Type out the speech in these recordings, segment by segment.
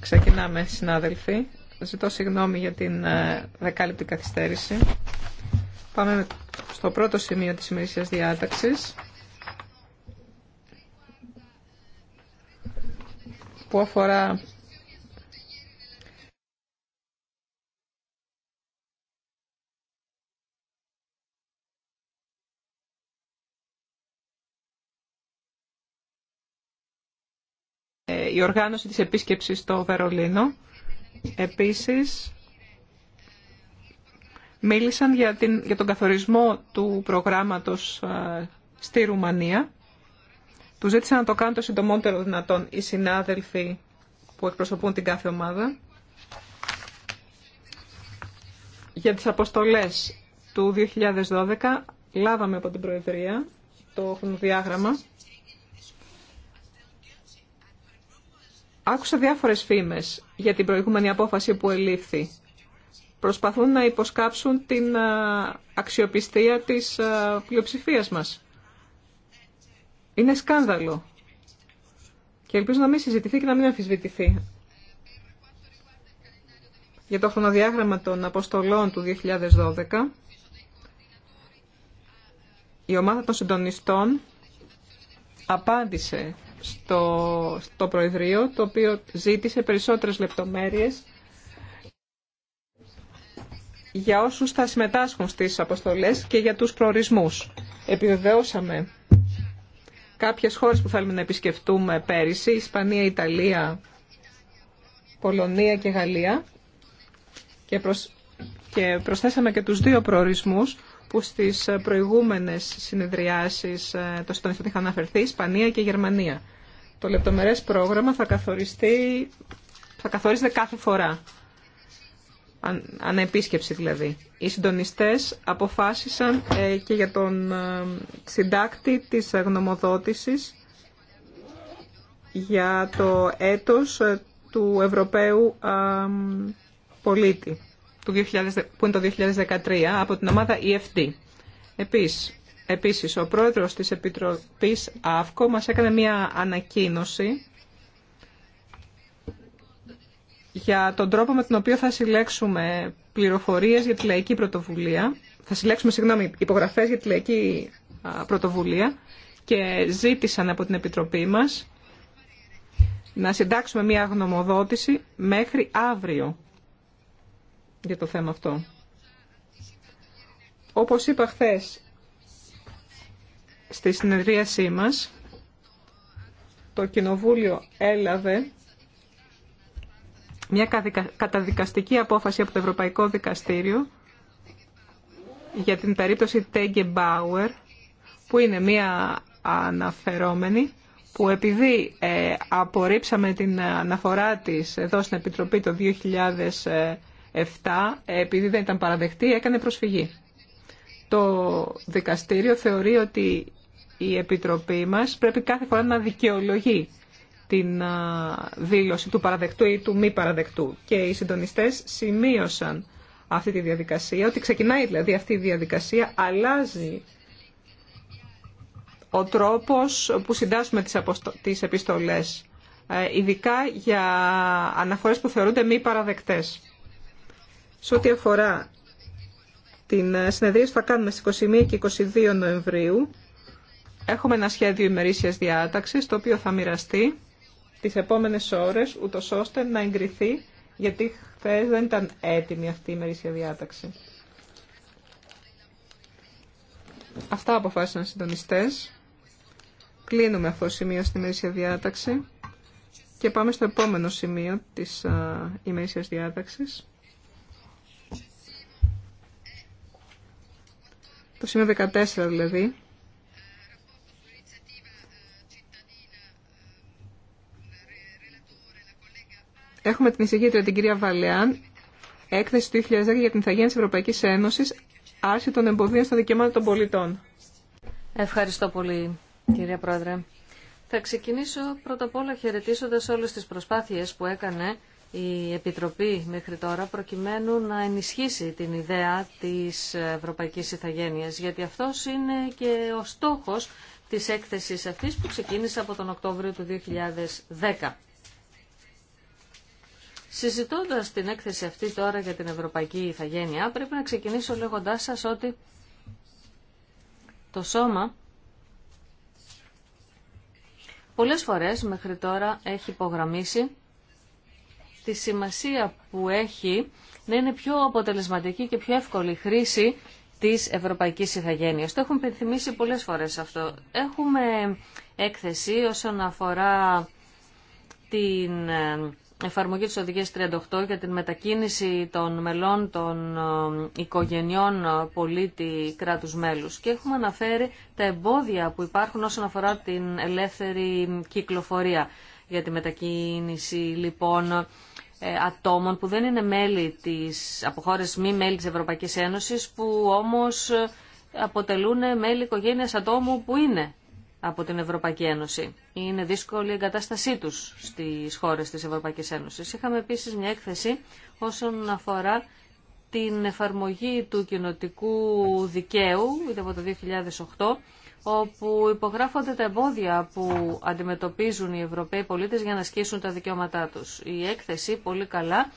Ξεκινάμε συνάδελφοι. Ζητώ συγγνώμη για την ε, δεκάλεπτη καθυστέρηση. Πάμε στο πρώτο σημείο της ημερήσιας διάταξης που αφορά η οργάνωση της επίσκεψης στο Βερολίνο. Επίσης, μίλησαν για, την, για τον καθορισμό του προγράμματος ε, στη Ρουμανία. Του ζήτησαν να το κάνουν το συντομότερο δυνατόν οι συνάδελφοι που εκπροσωπούν την κάθε ομάδα. Για τις αποστολές του 2012 λάβαμε από την Προεδρία το χρονοδιάγραμμα. Άκουσα διάφορες φήμες για την προηγούμενη απόφαση που ελήφθη. Προσπαθούν να υποσκάψουν την αξιοπιστία της πλειοψηφίας μας. Είναι σκάνδαλο. Και ελπίζω να μην συζητηθεί και να μην αμφισβητηθεί. Για το χρονοδιάγραμμα των αποστολών του 2012, η ομάδα των συντονιστών απάντησε στο, στο Προεδρείο, το οποίο ζήτησε περισσότερες λεπτομέρειες για όσους θα συμμετάσχουν στις αποστολές και για τους προορισμούς. Επιβεβαιώσαμε κάποιες χώρες που θέλουμε να επισκεφτούμε πέρυσι, Ισπανία, Ιταλία, Πολωνία και Γαλλία και, και προσθέσαμε και τους δύο προορισμούς που στις προηγούμενες συνεδριάσεις ε, το συντονιστό είχαν αναφερθεί, Ισπανία και Γερμανία. Το λεπτομερές πρόγραμμα θα καθοριστεί, θα καθορίζεται κάθε φορά. Αν, ανεπίσκεψη δηλαδή. Οι συντονιστές αποφάσισαν ε, και για τον ε, συντάκτη της γνωμοδότησης για το έτος ε, του Ευρωπαίου πολίτη του που είναι το 2013 από την ομάδα EFD. Επίσης, Επίσης, ο πρόεδρος της Επιτροπής ΑΦΚΟ μας έκανε μια ανακοίνωση για τον τρόπο με τον οποίο θα συλλέξουμε πληροφορίες για τη λαϊκή πρωτοβουλία. Θα συλλέξουμε, συγγνώμη, υπογραφές για τη λαϊκή πρωτοβουλία και ζήτησαν από την Επιτροπή μας να συντάξουμε μια γνωμοδότηση μέχρι αύριο για το θέμα αυτό. Όπως είπα χθες, στη συνεδρίασή μας το Κοινοβούλιο έλαβε μια καταδικαστική απόφαση από το Ευρωπαϊκό Δικαστήριο για την περίπτωση Τέγκε Μπάουερ, που είναι μια αναφερόμενη, που επειδή ε, απορρίψαμε την αναφορά της εδώ στην Επιτροπή το 2007, ε, επειδή δεν ήταν παραδεχτή έκανε προσφυγή. Το δικαστήριο θεωρεί ότι η Επιτροπή μας πρέπει κάθε φορά να δικαιολογεί την δήλωση του παραδεκτού ή του μη παραδεκτού. Και οι συντονιστές σημείωσαν αυτή τη διαδικασία, ότι ξεκινάει δηλαδή αυτή η διαδικασία, αλλάζει ο τρόπος που συντάσσουμε τις, αποστο... τις επιστολές, ε, ειδικά για αναφορές που θεωρούνται μη παραδεκτές. Σε ό,τι αφορά την ε, συνεδρία που θα κάνουμε στις 21 και 22 Νοεμβρίου, Έχουμε ένα σχέδιο ημερήσια διάταξη το οποίο θα μοιραστεί τις επόμενες ώρες, ούτω ώστε να εγκριθεί, γιατί χθε δεν ήταν έτοιμη αυτή η ημερήσια διάταξη. Αυτά αποφάσισαν οι συντονιστέ. Κλείνουμε αυτό το σημείο στην ημερήσια διάταξη και πάμε στο επόμενο σημείο της ημερήσια διάταξη. διάταξης. Το σημείο 14 δηλαδή, Έχουμε την εισηγήτρια την κυρία Βαλεάν, έκθεση του 2010 για την Ιθαγένεια της Ευρωπαϊκής Ένωσης, άρση των εμποδίων στα δικαιώματα των πολιτών. Ευχαριστώ πολύ, κυρία Πρόεδρε. Θα ξεκινήσω πρώτα απ' όλα χαιρετίζοντα όλες τις προσπάθειες που έκανε η Επιτροπή μέχρι τώρα προκειμένου να ενισχύσει την ιδέα της Ευρωπαϊκής Ιθαγένειας γιατί αυτός είναι και ο στόχος της έκθεσης αυτής που ξεκίνησε από τον Οκτώβριο του 2010. Συζητώντα την έκθεση αυτή τώρα για την Ευρωπαϊκή Ιθαγένεια, πρέπει να ξεκινήσω λέγοντάς σας ότι το σώμα πολλές φορές μέχρι τώρα έχει υπογραμμίσει τη σημασία που έχει να είναι πιο αποτελεσματική και πιο εύκολη χρήση της Ευρωπαϊκής Ιθαγένειας. Το έχουμε υπενθυμίσει πολλές φορές αυτό. Έχουμε έκθεση όσον αφορά την ε, εφαρμογή της οδηγίας 38 για την μετακίνηση των μελών των ε, οικογενειών ε, πολίτη κράτους μέλους και έχουμε αναφέρει τα εμπόδια που υπάρχουν όσον αφορά την ελεύθερη κυκλοφορία για τη μετακίνηση λοιπόν ε, ατόμων που δεν είναι μέλη της, από μη μέλη της Ευρωπαϊκής Ένωσης που όμως αποτελούν μέλη οικογένειας ατόμου που είναι από την Ευρωπαϊκή Ένωση. Είναι δύσκολη η εγκατάστασή τους στις χώρες της Ευρωπαϊκής Ένωσης. Είχαμε επίσης μια έκθεση όσον αφορά την εφαρμογή του κοινοτικού δικαίου, είτε από το 2008, όπου υπογράφονται τα εμπόδια που αντιμετωπίζουν οι Ευρωπαίοι πολίτες για να ασκήσουν τα δικαιώματά τους. Η έκθεση πολύ καλά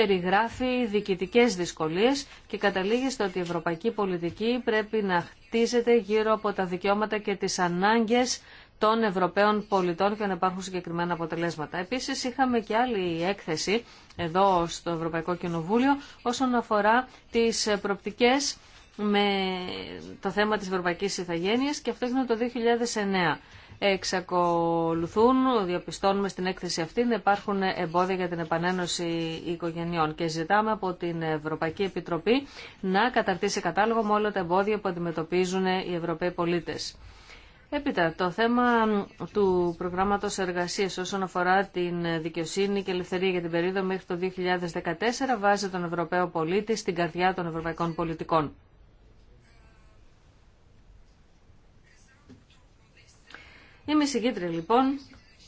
περιγράφει διοικητικές δυσκολίες και καταλήγει στο ότι η ευρωπαϊκή πολιτική πρέπει να χτίζεται γύρω από τα δικαιώματα και τις ανάγκες των Ευρωπαίων πολιτών και να υπάρχουν συγκεκριμένα αποτελέσματα. Επίσης είχαμε και άλλη έκθεση εδώ στο Ευρωπαϊκό Κοινοβούλιο όσον αφορά τις προπτικές με το θέμα της Ευρωπαϊκής Ιθαγένειας και αυτό έγινε το 2009 εξακολουθούν, διαπιστώνουμε στην έκθεση αυτή, να υπάρχουν εμπόδια για την επανένωση οικογενειών και ζητάμε από την Ευρωπαϊκή Επιτροπή να καταρτήσει κατάλογο με όλα τα εμπόδια που αντιμετωπίζουν οι Ευρωπαίοι πολίτες. Έπειτα, το θέμα του προγράμματος εργασίας όσον αφορά την δικαιοσύνη και ελευθερία για την περίοδο μέχρι το 2014 βάζει τον Ευρωπαίο πολίτη στην καρδιά των ευρωπαϊκών πολιτικών. Είμαι συγκίτρια λοιπόν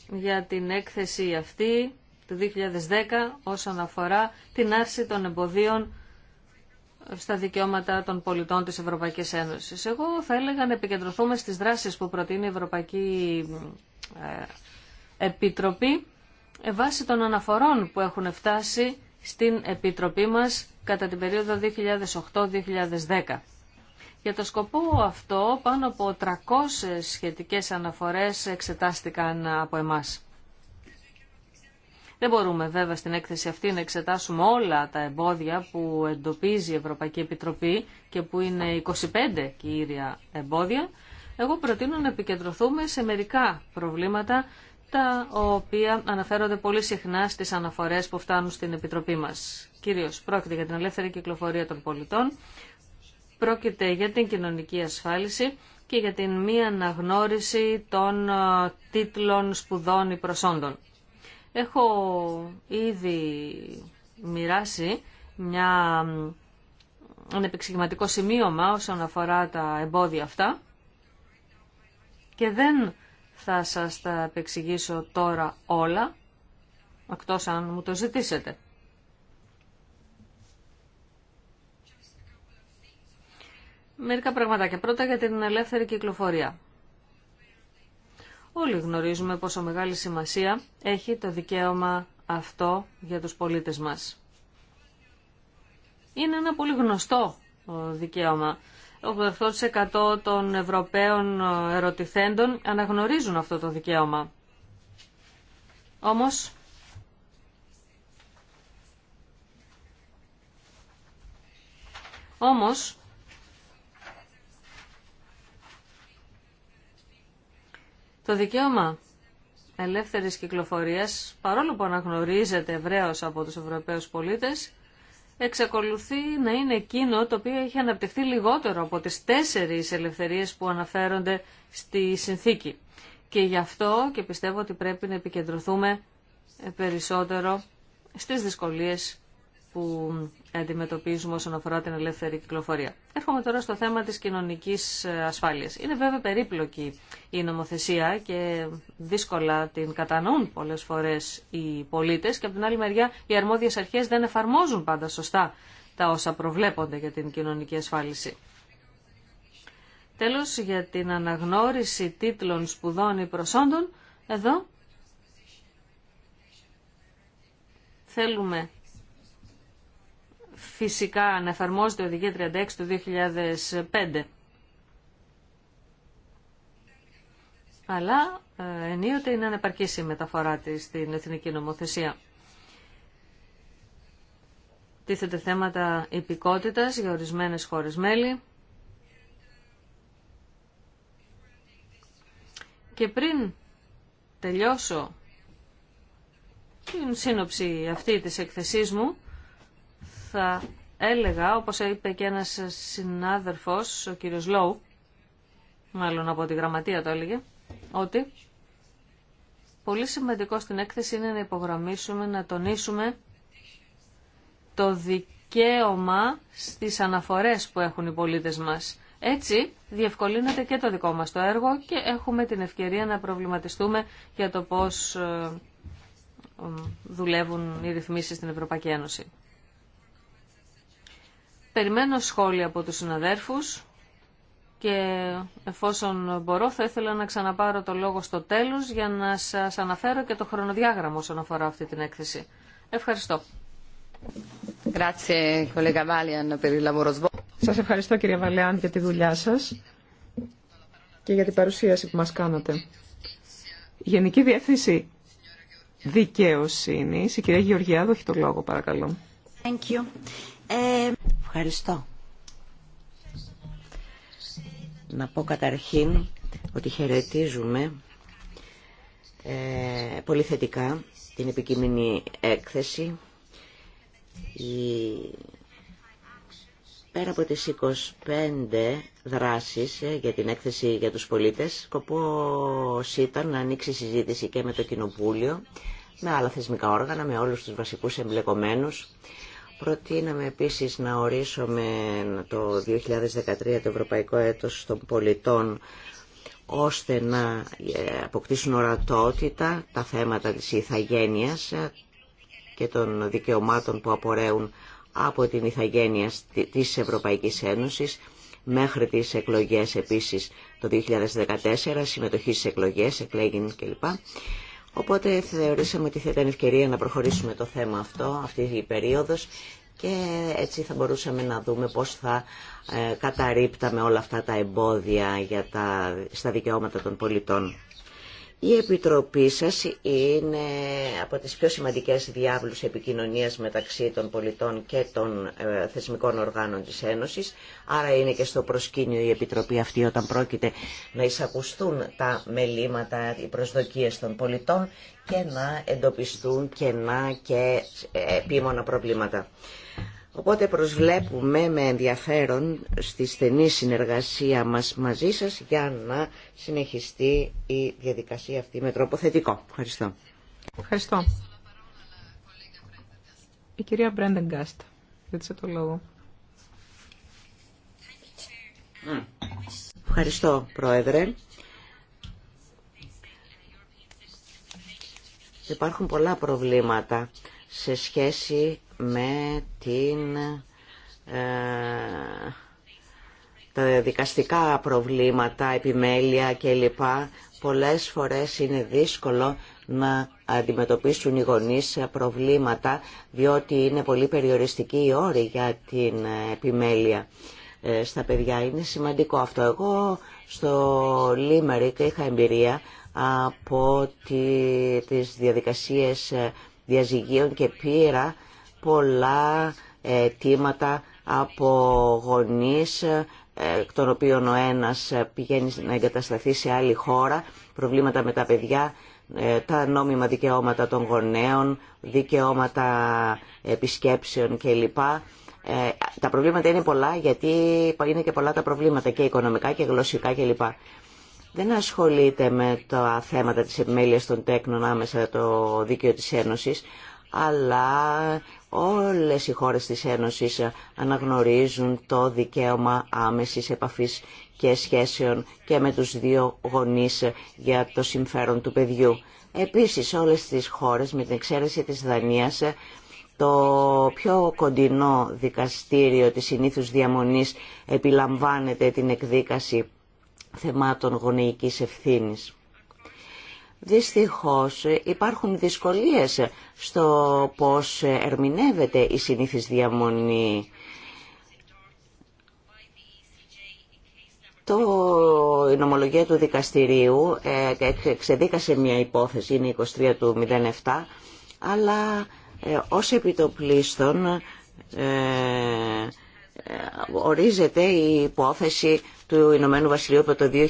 για την έκθεση αυτή του 2010 όσον αφορά την άρση των εμποδίων στα δικαιώματα των πολιτών της Ευρωπαϊκής Ένωσης. Εγώ θα έλεγα να επικεντρωθούμε στις δράσεις που προτείνει η Ευρωπαϊκή ε, Επιτροπή ε, βάσει των αναφορών που έχουν φτάσει στην Επιτροπή μας κατά την περίοδο 2008-2010. Για το σκοπό αυτό πάνω από 300 σχετικές αναφορές εξετάστηκαν από εμάς. Δεν μπορούμε βέβαια στην έκθεση αυτή να εξετάσουμε όλα τα εμπόδια που εντοπίζει η Ευρωπαϊκή Επιτροπή και που είναι 25 κύρια εμπόδια. Εγώ προτείνω να επικεντρωθούμε σε μερικά προβλήματα τα οποία αναφέρονται πολύ συχνά στις αναφορές που φτάνουν στην Επιτροπή μας. Κυρίως πρόκειται για την ελεύθερη κυκλοφορία των πολιτών, Πρόκειται για την κοινωνική ασφάλιση και για την μη αναγνώριση των ε, τίτλων σπουδών ή προσόντων. Έχω ήδη μοιράσει μια, ένα επεξηγηματικό σημείωμα όσον αφορά τα εμπόδια αυτά και δεν θα σας τα επεξηγήσω τώρα όλα, εκτός αν μου το ζητήσετε. Μερικά πραγματάκια. Πρώτα για την ελεύθερη κυκλοφορία. Όλοι γνωρίζουμε πόσο μεγάλη σημασία έχει το δικαίωμα αυτό για τους πολίτες μας. Είναι ένα πολύ γνωστό δικαίωμα. 88% των Ευρωπαίων ερωτηθέντων αναγνωρίζουν αυτό το δικαίωμα. Όμως, όμως Το δικαίωμα ελεύθερης κυκλοφορίας, παρόλο που αναγνωρίζεται ευρέως από τους Ευρωπαίους πολίτες, εξακολουθεί να είναι εκείνο το οποίο έχει αναπτυχθεί λιγότερο από τις τέσσερις ελευθερίες που αναφέρονται στη συνθήκη. Και γι' αυτό και πιστεύω ότι πρέπει να επικεντρωθούμε περισσότερο στις δυσκολίες που αντιμετωπίζουμε όσον αφορά την ελεύθερη κυκλοφορία. Έρχομαι τώρα στο θέμα της κοινωνικής ε, ασφάλειας. Είναι βέβαια περίπλοκη η νομοθεσία και δύσκολα την κατανοούν πολλές φορές οι πολίτες και από την άλλη μεριά οι αρμόδιες αρχές δεν εφαρμόζουν πάντα σωστά τα όσα προβλέπονται για την κοινωνική ασφάλιση. Τέλος, για την αναγνώριση τίτλων σπουδών ή προσόντων, εδώ θέλουμε φυσικά να εφαρμόζεται η Οδηγία 36 του 2005. Αλλά ε, ενίοτε είναι ανεπαρκής η μεταφορά της στην Εθνική Νομοθεσία. Τίθεται θέματα υπηκότητας για ορισμένες χώρες μέλη. Και πριν τελειώσω την σύνοψη αυτή της εκθεσής μου, θα έλεγα, όπως είπε και ένας συνάδελφος, ο κύριος Λόου, μάλλον από τη γραμματεία το έλεγε, ότι πολύ σημαντικό στην έκθεση είναι να υπογραμμίσουμε, να τονίσουμε το δικαίωμα στις αναφορές που έχουν οι πολίτες μας. Έτσι διευκολύνεται και το δικό μας το έργο και έχουμε την ευκαιρία να προβληματιστούμε για το πώς ε, ε, δουλεύουν οι ρυθμίσεις στην Ευρωπαϊκή Ένωση. Περιμένω σχόλια από τους συναδέρφους και εφόσον μπορώ θα ήθελα να ξαναπάρω το λόγο στο τέλος για να σας αναφέρω και το χρονοδιάγραμμα όσον αφορά αυτή την έκθεση. Ευχαριστώ. Σας ευχαριστώ κυρία Βαλεάν για τη δουλειά σας και για την παρουσίαση που μας κάνατε. Η Γενική Διεύθυνση Δικαιοσύνης, η κυρία Γεωργιάδου έχει το λόγο παρακαλώ. Thank you. Ε, Ευχαριστώ. Να πω καταρχήν ότι χαιρετίζουμε ε, πολύ θετικά την επικείμενη έκθεση. Η... Πέρα από τις 25 δράσεις ε, για την έκθεση για τους πολίτες, σκοπός ήταν να ανοίξει συζήτηση και με το Κοινοβούλιο, με άλλα θεσμικά όργανα, με όλους τους βασικούς εμπλεκομένους Προτείναμε επίσης να ορίσουμε το 2013 το Ευρωπαϊκό Έτος των Πολιτών ώστε να ε, αποκτήσουν ορατότητα τα θέματα της ηθαγένειας και των δικαιωμάτων που απορρέουν από την ηθαγένεια της Ευρωπαϊκής Ένωσης μέχρι τις εκλογές επίσης το 2014, συμμετοχή στις εκλογές, εκλέγην κλπ. Οπότε θεωρήσαμε ότι θα ήταν ευκαιρία να προχωρήσουμε το θέμα αυτό, αυτή η περίοδος και έτσι θα μπορούσαμε να δούμε πώς θα ε, καταρρύπταμε όλα αυτά τα εμπόδια για τα, στα δικαιώματα των πολιτών. Η Επιτροπή σας είναι από τις πιο σημαντικές διάβλους επικοινωνίας μεταξύ των πολιτών και των ε, θεσμικών οργάνων της Ένωσης, άρα είναι και στο προσκήνιο η Επιτροπή αυτή όταν πρόκειται να εισακουστούν τα μελήματα, οι προσδοκίες των πολιτών και να εντοπιστούν κενά και ε, επίμονα προβλήματα. Οπότε προσβλέπουμε με ενδιαφέρον στη στενή συνεργασία μας μαζί σας για να συνεχιστεί η διαδικασία αυτή με τρόπο θετικό. Ευχαριστώ. Ευχαριστώ. Η κυρία Μπρέντεν Γκάστ, ξέρω το λόγο. Ευχαριστώ, Πρόεδρε. Υπάρχουν πολλά προβλήματα σε σχέση με την, ε, τα δικαστικά προβλήματα, επιμέλεια κλπ. Πολλές φορές είναι δύσκολο να αντιμετωπίσουν οι γονείς προβλήματα, διότι είναι πολύ περιοριστική η όρη για την επιμέλεια. Ε, στα παιδιά είναι σημαντικό αυτό. Εγώ στο και είχα εμπειρία από τη, τις διαδικασίες διαζυγίων και πήρα πολλά αιτήματα από γονείς εκ των οποίων ο ένας πηγαίνει να εγκατασταθεί σε άλλη χώρα, προβλήματα με τα παιδιά, ε, τα νόμιμα δικαιώματα των γονέων, δικαιώματα επισκέψεων κλπ. Ε, τα προβλήματα είναι πολλά γιατί είναι και πολλά τα προβλήματα και οικονομικά και γλωσσικά κλπ. Δεν ασχολείται με τα θέματα της επιμέλειας των τέκνων άμεσα το δίκαιο της Ένωσης, αλλά Όλες οι χώρες της Ένωσης αναγνωρίζουν το δικαίωμα άμεσης επαφής και σχέσεων και με τους δύο γονείς για το συμφέρον του παιδιού. Επίσης όλες τις χώρες με την εξαίρεση της Δανίας το πιο κοντινό δικαστήριο της συνήθους διαμονής επιλαμβάνεται την εκδίκαση θεμάτων γονεϊκής ευθύνης. Δυστυχώς υπάρχουν δυσκολίες στο πώς ερμηνεύεται η συνήθις διαμονή. Το η νομολογία του δικαστηρίου εξεδίκασε ε, μια υπόθεση, είναι 23 του 07, αλλά ε, ως επιτοπλίστων ε, ε, ορίζεται η υπόθεση του Ηνωμένου Βασιλείου από το 2009.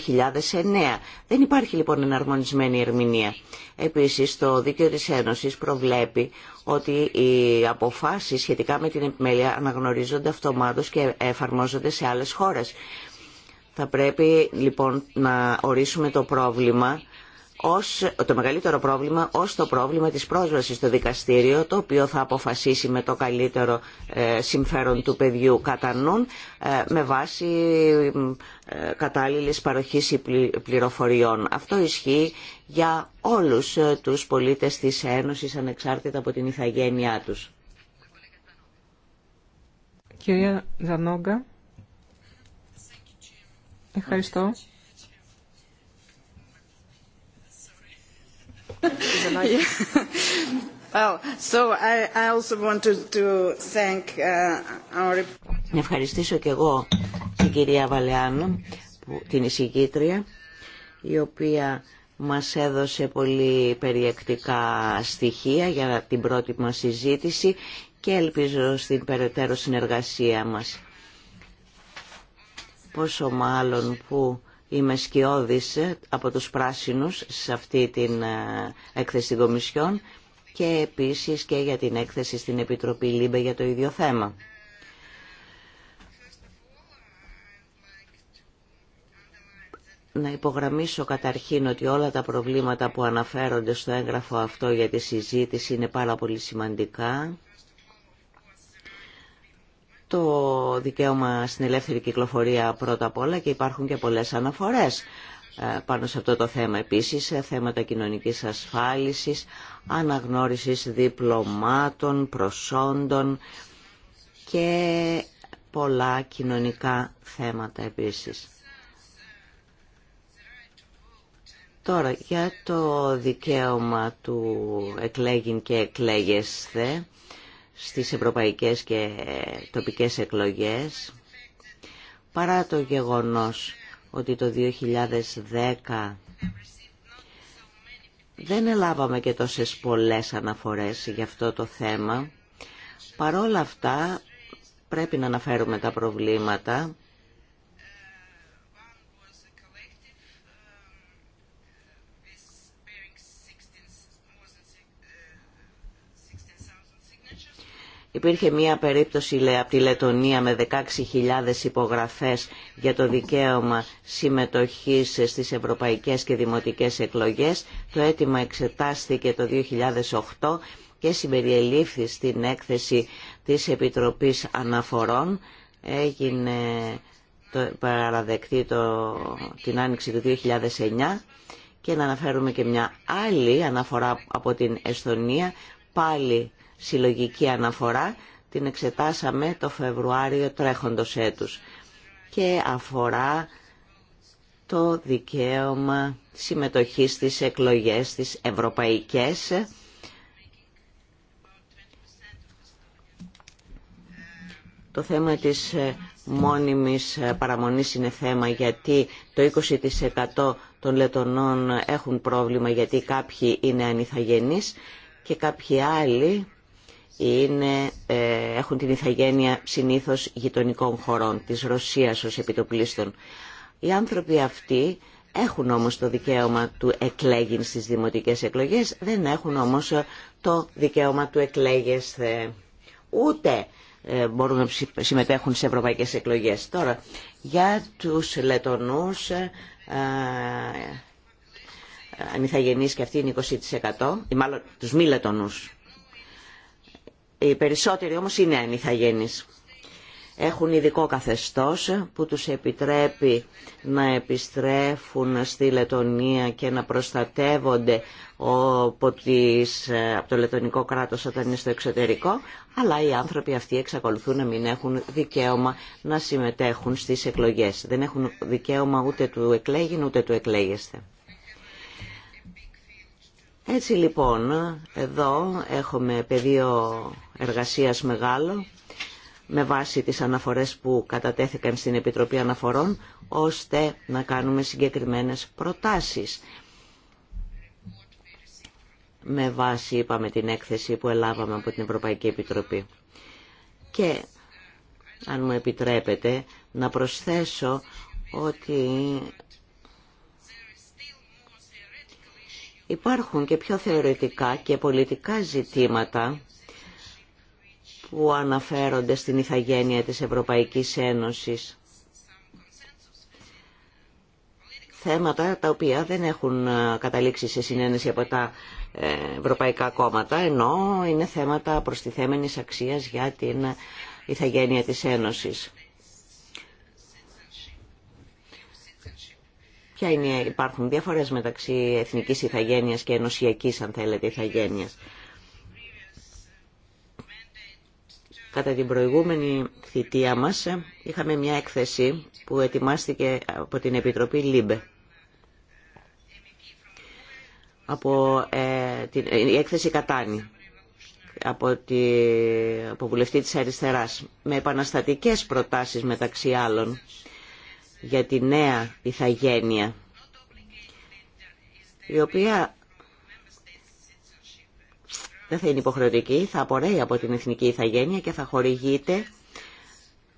Δεν υπάρχει λοιπόν εναρμονισμένη ερμηνεία. Επίσης το δίκαιο της Ένωσης προβλέπει ότι οι αποφάσεις σχετικά με την επιμέλεια αναγνωρίζονται αυτομάτως και εφαρμόζονται σε άλλες χώρες. Θα πρέπει λοιπόν να ορίσουμε το πρόβλημα ως το μεγαλύτερο πρόβλημα ως το πρόβλημα της πρόσβασης στο δικαστήριο το οποίο θα αποφασίσει με το καλύτερο ε, συμφέρον του παιδιού κατά νουν, ε, με βάση ε, κατάλληλης παροχής πληροφοριών. Αυτό ισχύει για όλους τους πολίτες της Ένωσης ανεξάρτητα από την ηθαγένειά τους. Κυρία Ζανόγκα, ευχαριστώ. ευχαριστήσω και εγώ την κυρία Βαλεανό, την εισηγήτρια, η οποία μας έδωσε πολύ περιεκτικά στοιχεία για την πρώτη μας συζήτηση και ελπίζω στην περαιτέρω συνεργασία μας. Πόσο μάλλον που Είμαι σκιώδης από τους πράσινους σε αυτή την ε, έκθεση των Κομισιών και επίσης και για την έκθεση στην Επιτροπή ΛΥΜΠΕ για το ίδιο θέμα. Να υπογραμμίσω καταρχήν ότι όλα τα προβλήματα που αναφέρονται στο έγγραφο αυτό για τη συζήτηση είναι πάρα πολύ σημαντικά το δικαίωμα στην ελεύθερη κυκλοφορία πρώτα απ' όλα και υπάρχουν και πολλές αναφορές ε, πάνω σε αυτό το θέμα. Επίσης, ε, θέματα κοινωνικής ασφάλισης, αναγνώρισης διπλωμάτων, προσόντων και πολλά κοινωνικά θέματα επίσης. Τώρα, για το δικαίωμα του εκλέγην και εκλέγεσθε, στις ευρωπαϊκές και τοπικές εκλογές παρά το γεγονός ότι το 2010 δεν ελάβαμε και τόσες πολλές αναφορές για αυτό το θέμα. Παρόλα αυτά πρέπει να αναφέρουμε τα προβλήματα Υπήρχε μια περίπτωση λέει, από τη Λετωνία με 16.000 υπογραφές για το δικαίωμα συμμετοχής στις ευρωπαϊκές και δημοτικές εκλογές. Το αίτημα εξετάστηκε το 2008 και συμπεριελήφθη στην έκθεση της Επιτροπής Αναφορών. Έγινε παραδεκτή το, την άνοιξη του 2009 και να αναφέρουμε και μια άλλη αναφορά από την Εσθονία πάλι συλλογική αναφορά, την εξετάσαμε το Φεβρουάριο τρέχοντος έτους και αφορά το δικαίωμα συμμετοχής στις εκλογές της ευρωπαϊκές Το θέμα της ε, μόνιμης ε, παραμονής είναι θέμα γιατί το 20% των Λετωνών έχουν πρόβλημα γιατί κάποιοι είναι ανιθαγενείς και κάποιοι άλλοι είναι, ε, έχουν την ηθαγένεια συνήθως γειτονικών χωρών, της Ρωσίας ως επιτοπλίστων. Οι άνθρωποι αυτοί έχουν όμως το δικαίωμα του εκλέγην στις δημοτικές εκλογές, δεν έχουν όμως το δικαίωμα του εκλέγεσθε. Ούτε ε, μπορούν να συμμετέχουν σε ευρωπαϊκές εκλογές. Τώρα, για τους Λετωνούς, ε, ε, και αυτοί είναι 20%, ή μάλλον τους μη Λετωνούς, οι περισσότεροι όμως είναι ανηθαγένεις. Έχουν ειδικό καθεστώς που τους επιτρέπει να επιστρέφουν στη Λετωνία και να προστατεύονται από, τις, από το λετωνικό κράτος όταν είναι στο εξωτερικό, αλλά οι άνθρωποι αυτοί εξακολουθούν να μην έχουν δικαίωμα να συμμετέχουν στις εκλογές. Δεν έχουν δικαίωμα ούτε του εκλέγην ούτε του εκλέγεστε. Έτσι λοιπόν, εδώ έχουμε πεδίο εργασίας μεγάλο, με βάση τις αναφορές που κατατέθηκαν στην Επιτροπή Αναφορών, ώστε να κάνουμε συγκεκριμένες προτάσεις. Με βάση, είπαμε, την έκθεση που ελάβαμε από την Ευρωπαϊκή Επιτροπή. Και, αν μου επιτρέπετε, να προσθέσω ότι Υπάρχουν και πιο θεωρητικά και πολιτικά ζητήματα που αναφέρονται στην ηθαγένεια της Ευρωπαϊκής Ένωσης. Θέματα τα οποία δεν έχουν ε, καταλήξει σε συνένεση από τα ε, ευρωπαϊκά κόμματα, ενώ είναι θέματα προστιθέμενης αξίας για την ηθαγένεια της Ένωσης. Ποια είναι, υπάρχουν διαφορές μεταξύ εθνικής ηθαγένειας και ενωσιακής, αν θέλετε, ηθαγένειας. Κατά την προηγούμενη θητεία μας ε, είχαμε μια έκθεση που ετοιμάστηκε από την Επιτροπή ΛΥΜΠΕ. Από, ε, την, ε, η έκθεση Κατάνη από, τη, από βουλευτή της Αριστεράς με επαναστατικές προτάσεις μεταξύ άλλων για τη νέα ηθαγένεια, η οποία δεν θα είναι υποχρεωτική, θα απορρέει από την εθνική ηθαγένεια και θα χορηγείται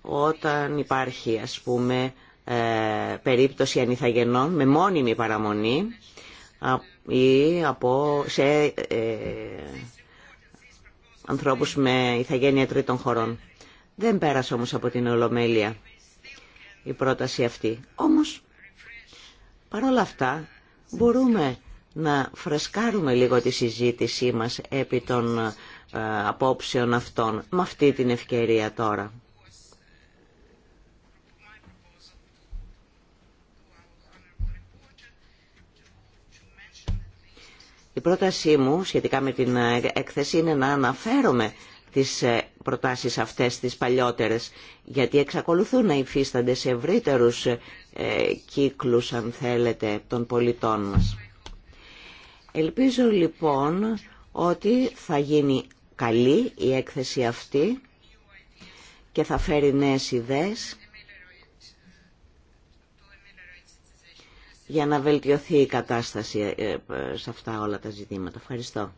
όταν υπάρχει, ας πούμε, ε, περίπτωση ανιθαγενών με μόνιμη παραμονή ή από, σε ε, ανθρώπους με ηθαγένεια τρίτων χωρών. Δεν πέρασε όμως από την Ολομέλεια η πρόταση αυτή. Όμως, παρόλα αυτά, μπορούμε να φρεσκάρουμε λίγο τη συζήτησή μας επί των ε, απόψεων αυτών, με αυτή την ευκαιρία τώρα. Η πρότασή μου σχετικά με την ε, έκθεση είναι να αναφέρομαι τις ε, προτάσεις αυτές τις παλιότερες, γιατί εξακολουθούν να υφίστανται σε ευρύτερους ε, ε, κύκλους, αν θέλετε, των πολιτών μας. Ελπίζω λοιπόν ότι θα γίνει καλή η έκθεση αυτή και θα φέρει νέες ιδέες για να βελτιωθεί η κατάσταση σε αυτά όλα τα ζητήματα. Ευχαριστώ.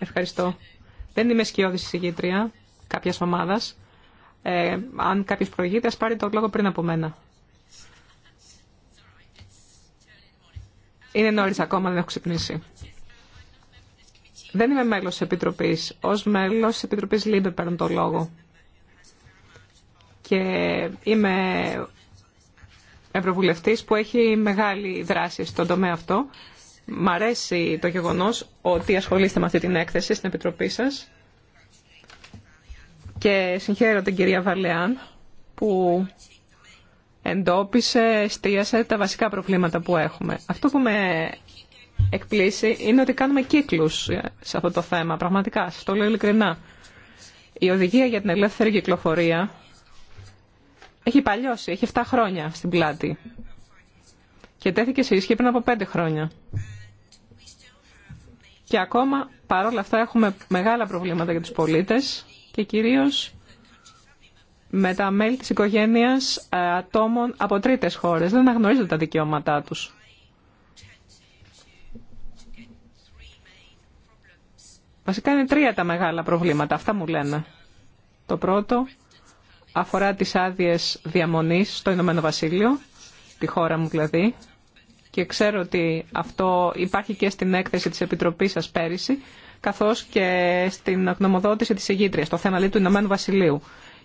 Ευχαριστώ. Δεν είμαι σκιώδης συγγήτρια κάποια ομάδας. Ε, αν κάποιος προηγείται, ας πάρει το λόγο πριν από μένα. Είναι νωρίς ακόμα, δεν έχω ξυπνήσει. Δεν είμαι μέλος της Επιτροπής. Ως μέλος της Επιτροπής ΛΥΜΠΕ παίρνω το λόγο και είμαι ευρωβουλευτής που έχει μεγάλη δράση στον τομέα αυτό. Μ' αρέσει το γεγονός ότι ασχολείστε με αυτή την έκθεση στην Επιτροπή σας και συγχαίρω την κυρία Βαλεάν που εντόπισε, εστίασε τα βασικά προβλήματα που έχουμε. Αυτό που με εκπλήσει είναι ότι κάνουμε κύκλους σε αυτό το θέμα, πραγματικά, σας το λέω ειλικρινά. Η οδηγία για την ελεύθερη κυκλοφορία έχει παλιώσει, έχει 7 χρόνια στην πλάτη και τέθηκε σε ισχύ πριν από 5 χρόνια. Και ακόμα, παρόλα αυτά, έχουμε μεγάλα προβλήματα για τους πολίτες και κυρίως με τα μέλη της οικογένειας ε, ατόμων από τρίτες χώρες. Δεν αναγνωρίζονται τα δικαιώματά τους. Βασικά είναι τρία τα μεγάλα προβλήματα. Αυτά μου λένε. Το πρώτο αφορά τις άδειες διαμονής στο Ηνωμένο Βασίλειο, τη χώρα μου δηλαδή, και ξέρω ότι αυτό υπάρχει και στην έκθεση της Επιτροπής σας πέρυσι, καθώς και στην γνωμοδότηση της Αιγύτριας, το θέμα του Ηνωμένου Βασιλείου.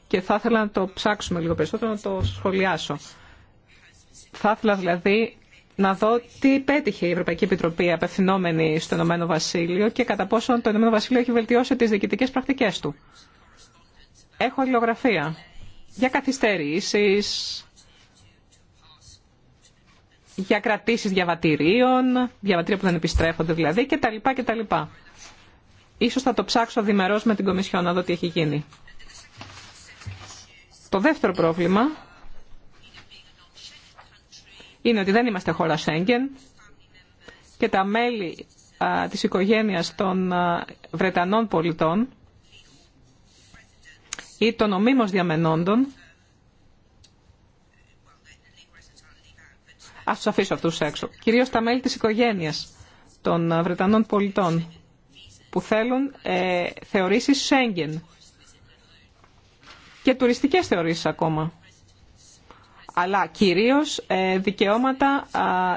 Και θα ήθελα να το ψάξουμε λίγο περισσότερο, να το σχολιάσω. Θα ήθελα δηλαδή να δω τι πέτυχε η Ευρωπαϊκή Επιτροπή απευθυνόμενη στο Ηνωμένο Βασίλειο και κατά πόσο το Ηνωμένο Βασίλειο έχει βελτιώσει τις διοικητικές πρακτικές του. Έχω αλληλογραφία για καθυστερήσεις, για κρατήσεις διαβατηρίων, διαβατήρια που δεν επιστρέφονται δηλαδή κτλ. κτλ. Ίσως θα το ψάξω διμερώς με την Κομισιόν να δω τι έχει γίνει. Το δεύτερο πρόβλημα είναι ότι δεν είμαστε χώρα Σέγγεν και τα μέλη της οικογένειας των Βρετανών πολιτών ή το νομίμος διαμενόντων. Ας τους αφήσω αυτούς έξω. Κυρίως τα μέλη της οικογένειας των ε, Βρετανών πολιτών που θέλουν ε, θεωρήσεις Σέγγεν και τουριστικές θεωρήσεις ακόμα. Αλλά κυρίως ε, δικαιώματα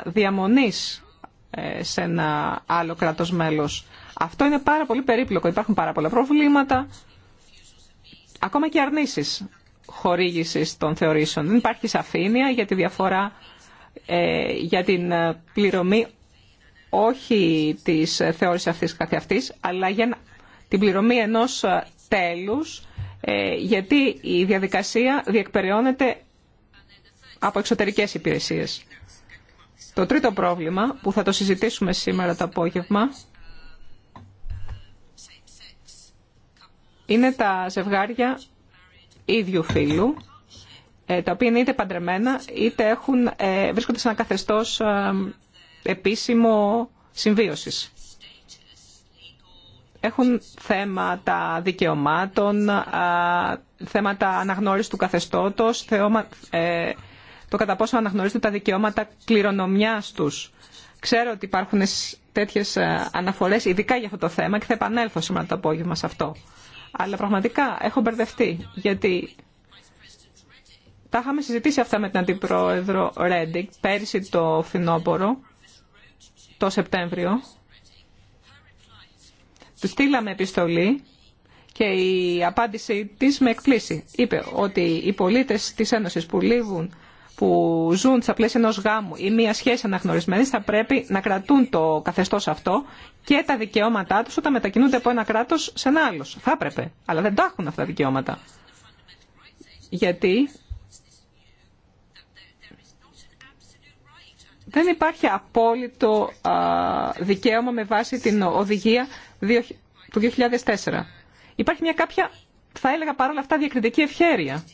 διαμονής ε, σε ένα άλλο κράτος μέλος. Αυτό είναι πάρα πολύ περίπλοκο. Υπάρχουν πάρα πολλά προβλήματα ακόμα και αρνήσεις χορήγησης των θεωρήσεων. Δεν υπάρχει σαφήνεια για τη διαφορά ε, για την ε, πληρωμή όχι της ε, θεώρησης αυτής καθεαυτής, αλλά για την πληρωμή ενός τέλους, γιατί η διαδικασία διεκπεραιώνεται από εξωτερικές υπηρεσίες. Το τρίτο πρόβλημα που θα το συζητήσουμε σήμερα το απόγευμα είναι τα ζευγάρια ίδιου φίλου, ε, τα οποία είναι είτε παντρεμένα, είτε έχουν, ε, βρίσκονται σε ένα καθεστώς ε, επίσημο συμβίωσης. Έχουν θέματα δικαιωμάτων, θέματα αναγνώρισης του καθεστώτος, το κατά πόσο αναγνωρίζονται τα δικαιώματα κληρονομιάς τους. Ξέρω ότι υπάρχουν τέτοιες αναφορές ειδικά για αυτό το θέμα και θα επανέλθω σήμερα το απόγευμα σε αυτό. Αλλά πραγματικά έχω μπερδευτεί, γιατί τα είχαμε συζητήσει αυτά με την Αντιπρόεδρο Ρέντιγκ πέρυσι το φθινόπωρο, το Σεπτέμβριο. Του στείλαμε επιστολή και η απάντηση της με εκπλήσει. Είπε ότι οι πολίτες της Ένωσης που λείβουν που ζουν στα πλαίσια ενό γάμου ή μια σχέση αναγνωρισμένη θα πρέπει να κρατούν το καθεστώ αυτό και τα δικαιώματά του όταν μετακινούνται από ένα κράτο σε ένα άλλο. Θα έπρεπε. Αλλά δεν τα έχουν αυτά τα δικαιώματα. Γιατί δεν υπάρχει απόλυτο δικαίωμα με βάση την οδηγία του 2004. Υπάρχει μια κάποια, θα έλεγα παρόλα αυτά, διακριτική ευχέρεια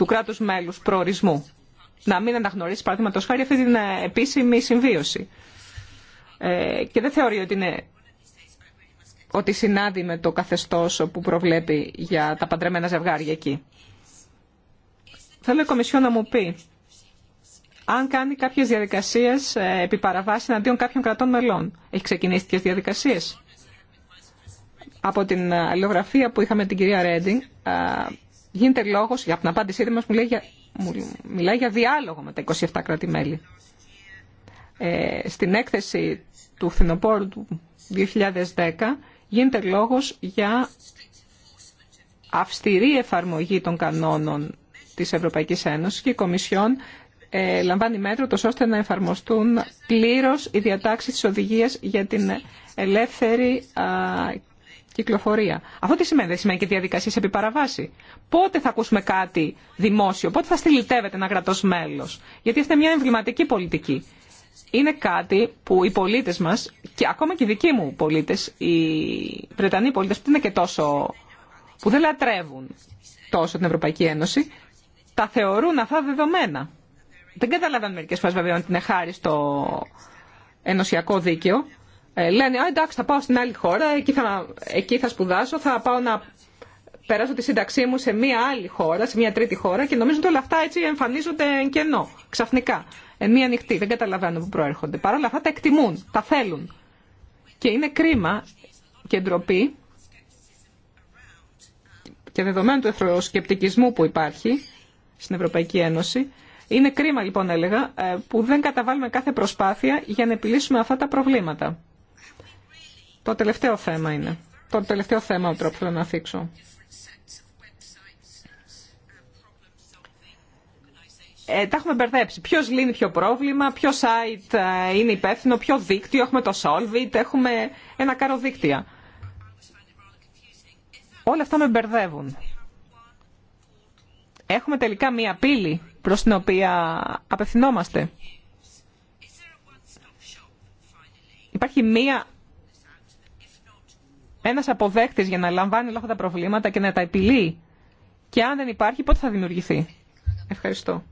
του κράτους μέλους προορισμού. Να μην αναγνωρίσει, παραδείγματος χάρη, αυτή την ε, επίσημη συμβίωση. Ε, και δεν θεωρεί ότι είναι ότι συνάδει με το καθεστώς που προβλέπει για τα παντρεμένα ζευγάρια εκεί. Θέλω η Κομισιό να μου πει αν κάνει κάποιες διαδικασίες ε, επί παραβάση εναντίον κάποιων κρατών μελών. Έχει ξεκινήσει τις διαδικασίες. Από την αλληλογραφία που είχαμε την κυρία Ρέντινγκ, γίνεται λόγο, για την απάντησή μας μιλάει για, μιλάει για διάλογο με τα 27 κράτη-μέλη. Ε, στην έκθεση του φθινοπόρου του 2010 γίνεται λόγος για αυστηρή εφαρμογή των κανόνων της Ευρωπαϊκής Ένωσης και η Κομισιόν ε, λαμβάνει μέτρο τόσο ώστε να εφαρμοστούν πλήρως οι διατάξεις της οδηγίας για την ελεύθερη α, κυκλοφορία. Αυτό τι σημαίνει, δεν σημαίνει και διαδικασίε επί παραβάση. Πότε θα ακούσουμε κάτι δημόσιο, πότε θα στυλιτεύεται ένα κρατό μέλο. Γιατί αυτή είναι μια εμβληματική πολιτική. Είναι κάτι που οι πολίτε μα, και ακόμα και οι δικοί μου πολίτε, οι Βρετανοί πολίτε που, είναι και τόσο, που δεν λατρεύουν τόσο την Ευρωπαϊκή Ένωση, τα θεωρούν αυτά δεδομένα. Δεν καταλαβαίνουν μερικέ φορέ βέβαια ότι είναι χάρη στο ενωσιακό δίκαιο, ε, λένε Α, εντάξει θα πάω στην άλλη χώρα, εκεί θα, εκεί θα σπουδάσω, θα πάω να περάσω τη σύνταξή μου σε μία άλλη χώρα, σε μία τρίτη χώρα και νομίζω ότι όλα αυτά έτσι εμφανίζονται εν κενό, ξαφνικά, εν μία νυχτή. Δεν καταλαβαίνω που προέρχονται. Παρ' όλα αυτά τα εκτιμούν, τα θέλουν. Και είναι κρίμα και ντροπή και δεδομένου του εθροσκεπτικισμού που υπάρχει στην Ευρωπαϊκή Ένωση, είναι κρίμα λοιπόν έλεγα ε, που δεν καταβάλουμε κάθε προσπάθεια για να επιλύσουμε αυτά τα προβλήματα. Το τελευταίο θέμα είναι. Το τελευταίο θέμα που θέλω να αφήξω. Ε, τα έχουμε μπερδέψει. Ποιος λύνει ποιο πρόβλημα, ποιο site ε, είναι υπεύθυνο, ποιο δίκτυο, έχουμε το Solvit, έχουμε ένα κάρο δίκτυα. Όλα αυτά με μπερδεύουν. Έχουμε τελικά μία πύλη προς την οποία απευθυνόμαστε. Υπάρχει μία ένας αποδέκτης για να λαμβάνει όλα τα προβλήματα και να τα επιλύει. Και αν δεν υπάρχει, πότε θα δημιουργηθεί. Ευχαριστώ.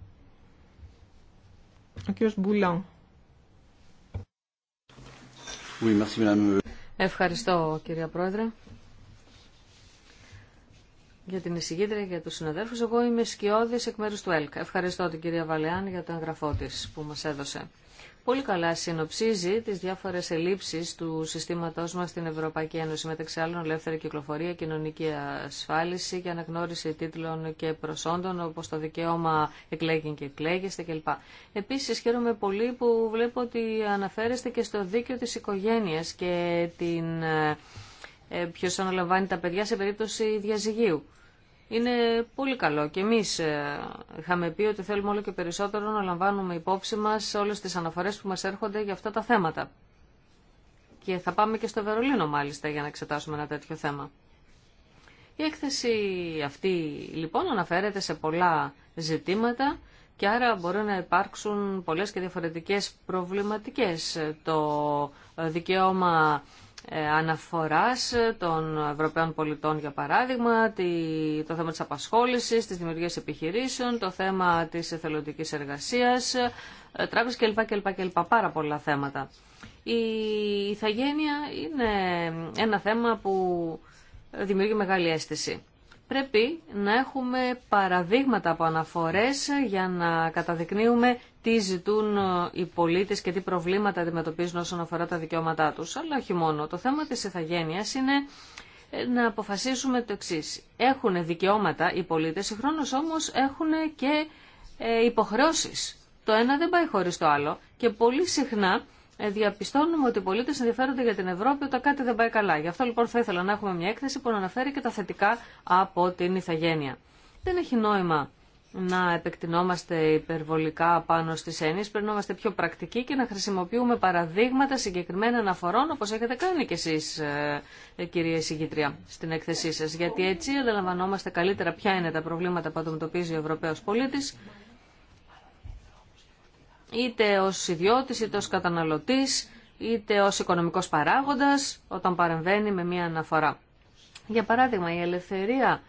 Ο κύριος Μπουλάν. Ευχαριστώ κυρία Πρόεδρε. Για την εισηγήτρια, για τους συναδέλφους, εγώ είμαι σκιώδης εκ μέρους του ΕΛΚ. Ευχαριστώ την κυρία Βαλεάν για το εγγραφό της που μας έδωσε πολύ καλά συνοψίζει τι διάφορε ελλείψει του συστήματο μα στην Ευρωπαϊκή Ένωση, μεταξύ άλλων ελεύθερη κυκλοφορία, κοινωνική ασφάλιση και αναγνώριση τίτλων και προσόντων, όπω το δικαίωμα εκλέγει και εκλέγεστε κλπ. Επίσης, χαίρομαι πολύ που βλέπω ότι αναφέρεστε και στο δίκαιο τη οικογένεια και την... Ε, ε, ποιος αναλαμβάνει τα παιδιά σε περίπτωση διαζυγίου είναι πολύ καλό και εμείς ε, είχαμε πει ότι θέλουμε όλο και περισσότερο να λαμβάνουμε υπόψη μας όλες τις αναφορές που μας έρχονται για αυτά τα θέματα. Και θα πάμε και στο Βερολίνο μάλιστα για να εξετάσουμε ένα τέτοιο θέμα. Η έκθεση αυτή λοιπόν αναφέρεται σε πολλά ζητήματα και άρα μπορεί να υπάρξουν πολλές και διαφορετικές προβληματικές. Το δικαίωμα ε, αναφοράς των Ευρωπαίων πολιτών, για παράδειγμα, το θέμα της απασχόλησης, της δημιουργίας επιχειρήσεων, το θέμα της εθελοντικής εργασίας, ε, τράπεζες κλπ. κλπ, κλπ. Πάρα πολλά θέματα. Η ηθαγένεια είναι ένα θέμα που δημιουργεί μεγάλη αίσθηση πρέπει να έχουμε παραδείγματα από αναφορές για να καταδεικνύουμε τι ζητούν ε, οι πολίτες και τι προβλήματα αντιμετωπίζουν όσον αφορά τα δικαιώματά τους. Αλλά όχι μόνο. Το θέμα της ηθαγένειας είναι ε, να αποφασίσουμε το εξή. Έχουν δικαιώματα οι πολίτες, συγχρόνως όμως έχουν και ε, υποχρεώσεις. Το ένα δεν πάει χωρίς το άλλο και πολύ συχνά ε, διαπιστώνουμε ότι οι πολίτε ενδιαφέρονται για την Ευρώπη όταν κάτι δεν πάει καλά. Γι' αυτό λοιπόν θα ήθελα να έχουμε μια έκθεση που να αναφέρει και τα θετικά από την ηθαγένεια. Δεν έχει νόημα να επεκτηνόμαστε υπερβολικά πάνω στι έννοιε. Πρέπει να είμαστε πιο πρακτικοί και να χρησιμοποιούμε παραδείγματα συγκεκριμένων αναφορών, όπω έχετε κάνει κι εσεί, ε, ε, κυρία Συγγήτρια, στην έκθεσή σα. Γιατί έτσι αντιλαμβανόμαστε καλύτερα ποια είναι τα προβλήματα που αντιμετωπίζει ο Ευρωπαίο πολίτη είτε ως ιδιώτης, είτε ως καταναλωτής, είτε ως οικονομικός παράγοντας όταν παρεμβαίνει με μία αναφορά. Για παράδειγμα, η ελευθερία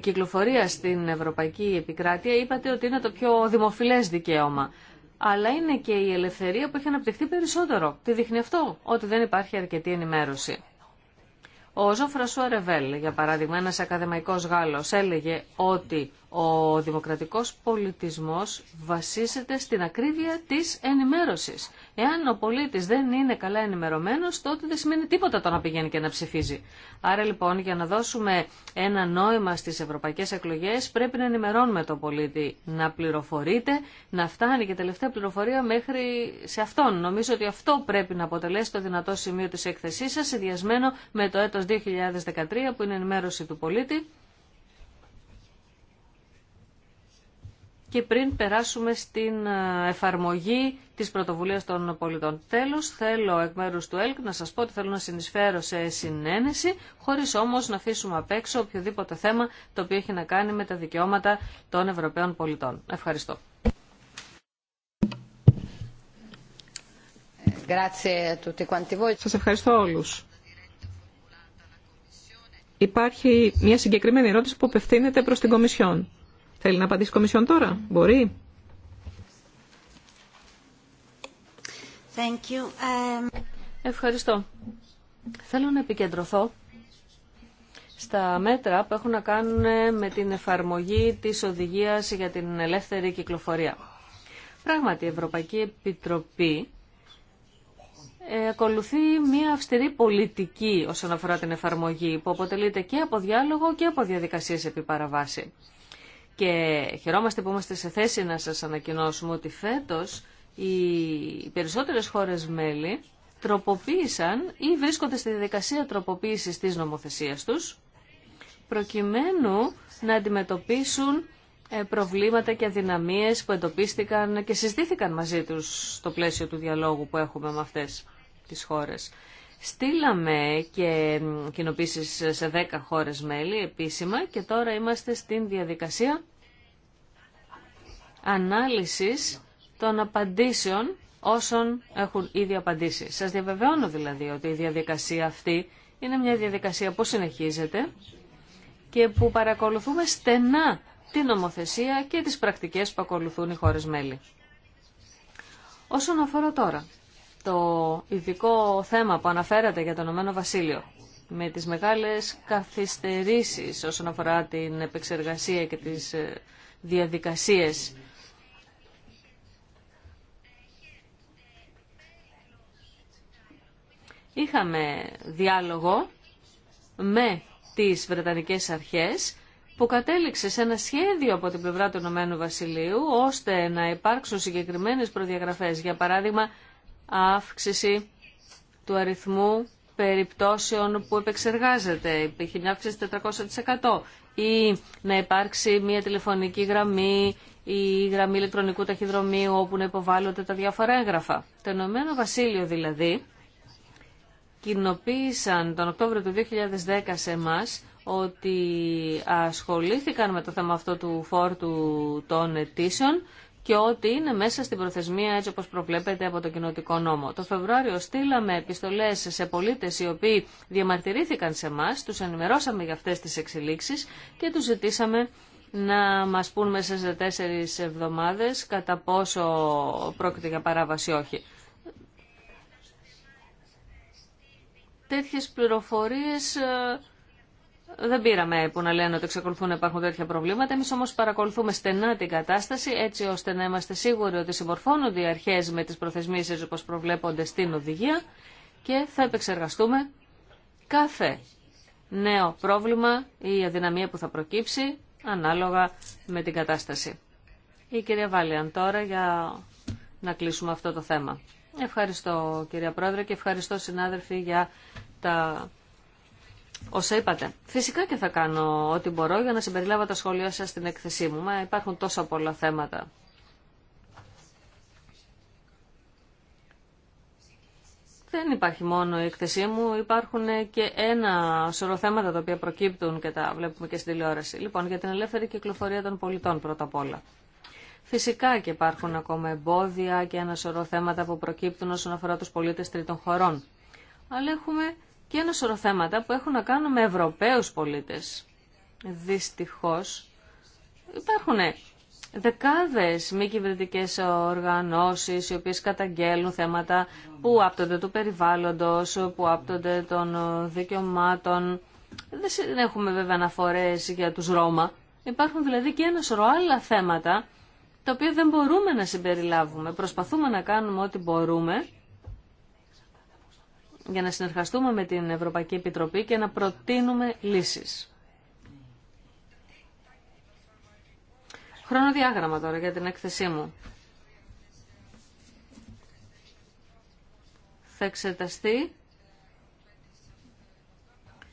κυκλοφορία στην Ευρωπαϊκή Επικράτεια είπατε ότι είναι το πιο δημοφιλές δικαίωμα. Αλλά είναι και η ελευθερία που έχει αναπτυχθεί περισσότερο. Τι δείχνει αυτό, ότι δεν υπάρχει αρκετή ενημέρωση. Ο Ζωφρασού για παράδειγμα, ένας ακαδημαϊκός Γάλλος, έλεγε ότι ο δημοκρατικός πολιτισμός βασίζεται στην ακρίβεια της ενημέρωσης. Εάν ο πολίτης δεν είναι καλά ενημερωμένος, τότε δεν σημαίνει τίποτα το να πηγαίνει και να ψηφίζει. Άρα λοιπόν για να δώσουμε ένα νόημα στις ευρωπαϊκές εκλογές πρέπει να ενημερώνουμε τον πολίτη, να πληροφορείται, να φτάνει και τελευταία πληροφορία μέχρι σε αυτόν. Νομίζω ότι αυτό πρέπει να αποτελέσει το δυνατό σημείο της έκθεσής σας, συνδυασμένο με το έτος 2013 που είναι ενημέρωση του πολίτη και πριν περάσουμε στην ε, εφαρμογή της πρωτοβουλίας των πολιτών. Τέλος, θέλω εκ μέρους του ΕΛΚ να σας πω ότι θέλω να συνεισφέρω σε συνένεση, χωρίς όμως να αφήσουμε απ' έξω οποιοδήποτε θέμα το οποίο έχει να κάνει με τα δικαιώματα των Ευρωπαίων πολιτών. Ευχαριστώ. Σας ευχαριστώ όλους. Υπάρχει μια συγκεκριμένη ερώτηση που απευθύνεται προς την Κομισιόν. Θέλει να απαντήσει η Κομισιόν τώρα. Μπορεί. Thank you. Ε, Ευχαριστώ. Θέλω να επικεντρωθώ στα μέτρα που έχουν να κάνουν με την εφαρμογή της οδηγίας για την ελεύθερη κυκλοφορία. Πράγματι, η Ευρωπαϊκή Επιτροπή ε, ακολουθεί μια αυστηρή πολιτική όσον αφορά την εφαρμογή που αποτελείται και από διάλογο και από διαδικασίες επί και χαιρόμαστε που είμαστε σε θέση να σας ανακοινώσουμε ότι φέτος οι περισσότερες χώρες μέλη τροποποίησαν ή βρίσκονται στη διαδικασία τροποποίησης της νομοθεσίας τους προκειμένου να αντιμετωπίσουν ε, προβλήματα και αδυναμίες που εντοπίστηκαν και συζητήθηκαν μαζί τους στο πλαίσιο του διαλόγου που έχουμε με αυτές τις χώρες. Στείλαμε και κοινοποιήσει σε 10 χώρες μέλη επίσημα και τώρα είμαστε στην διαδικασία ανάλυσης των απαντήσεων όσων έχουν ήδη απαντήσει. Σας διαβεβαιώνω δηλαδή ότι η διαδικασία αυτή είναι μια διαδικασία που συνεχίζεται και που παρακολουθούμε στενά την νομοθεσία και τις πρακτικές που ακολουθούν οι χώρες μέλη. Όσον αφορά τώρα το ειδικό θέμα που αναφέρατε για το Ηνωμένο Βασίλειο με τις μεγάλες καθυστερήσεις όσον αφορά την επεξεργασία και τις ε, διαδικασίες είχαμε διάλογο με τις Βρετανικές Αρχές που κατέληξε σε ένα σχέδιο από την πλευρά του Ηνωμένου Βασιλείου ώστε να υπάρξουν συγκεκριμένες προδιαγραφές, για παράδειγμα αύξηση του αριθμού περιπτώσεων που επεξεργάζεται. Υπήρχε μια αύξηση 400% ή να υπάρξει μια τηλεφωνική γραμμή ή γραμμή ηλεκτρονικού ταχυδρομείου όπου να υποβάλλονται τα διάφορα έγγραφα. Το Ενωμένο Βασίλειο δηλαδή κοινοποίησαν τον Οκτώβριο του 2010 σε εμά ότι ασχολήθηκαν με το θέμα αυτό του φόρτου των αιτήσεων και ότι είναι μέσα στην προθεσμία έτσι όπως προβλέπεται από το κοινοτικό νόμο. Το Φεβρουάριο στείλαμε επιστολές σε πολίτες οι οποίοι διαμαρτυρήθηκαν σε εμά, τους ενημερώσαμε για αυτές τις εξελίξεις και τους ζητήσαμε να μας πούν μέσα σε τέσσερις εβδομάδες κατά πόσο πρόκειται για παράβαση όχι. Τέτοιες πληροφορίες ε, δεν πήραμε που να λένε ότι εξακολουθούν να υπάρχουν τέτοια προβλήματα. Εμεί όμω παρακολουθούμε στενά την κατάσταση, έτσι ώστε να είμαστε σίγουροι ότι συμμορφώνονται οι αρχέ με τι προθεσμίε όπω προβλέπονται στην οδηγία και θα επεξεργαστούμε κάθε νέο πρόβλημα ή αδυναμία που θα προκύψει ανάλογα με την κατάσταση. Η κυρία Βάλιαν τώρα για να κλείσουμε αυτό το θέμα. Ευχαριστώ κυρία Πρόεδρε και ευχαριστώ συνάδελφοι για τα όσα είπατε. Φυσικά και θα κάνω ό,τι μπορώ για να συμπεριλάβω τα σχόλιά σας στην έκθεσή μου. Μα υπάρχουν τόσα πολλά θέματα. Δεν υπάρχει μόνο η έκθεσή μου, υπάρχουν και ένα σωρό θέματα τα οποία προκύπτουν και τα βλέπουμε και στην τηλεόραση. Λοιπόν, για την ελεύθερη κυκλοφορία των πολιτών πρώτα απ' όλα. Φυσικά και υπάρχουν ακόμα εμπόδια και ένα σωρό θέματα που προκύπτουν όσον αφορά τους πολίτες τρίτων χωρών. Αλλά έχουμε και ένα σωρό θέματα που έχουν να κάνουν με Ευρωπαίους πολίτες. Δυστυχώς υπάρχουν δεκάδες μη κυβερνητικέ οργανώσεις οι οποίες καταγγέλνουν θέματα που άπτονται του περιβάλλοντος, που άπτονται των δικαιωμάτων. Δεν έχουμε βέβαια αναφορές για τους Ρώμα. Υπάρχουν δηλαδή και ένα σωρό άλλα θέματα τα οποία δεν μπορούμε να συμπεριλάβουμε. Προσπαθούμε να κάνουμε ό,τι μπορούμε για να συνεργαστούμε με την Ευρωπαϊκή Επιτροπή και να προτείνουμε λύσεις. Χρονοδιάγραμμα τώρα για την έκθεσή μου. Θα εξεταστεί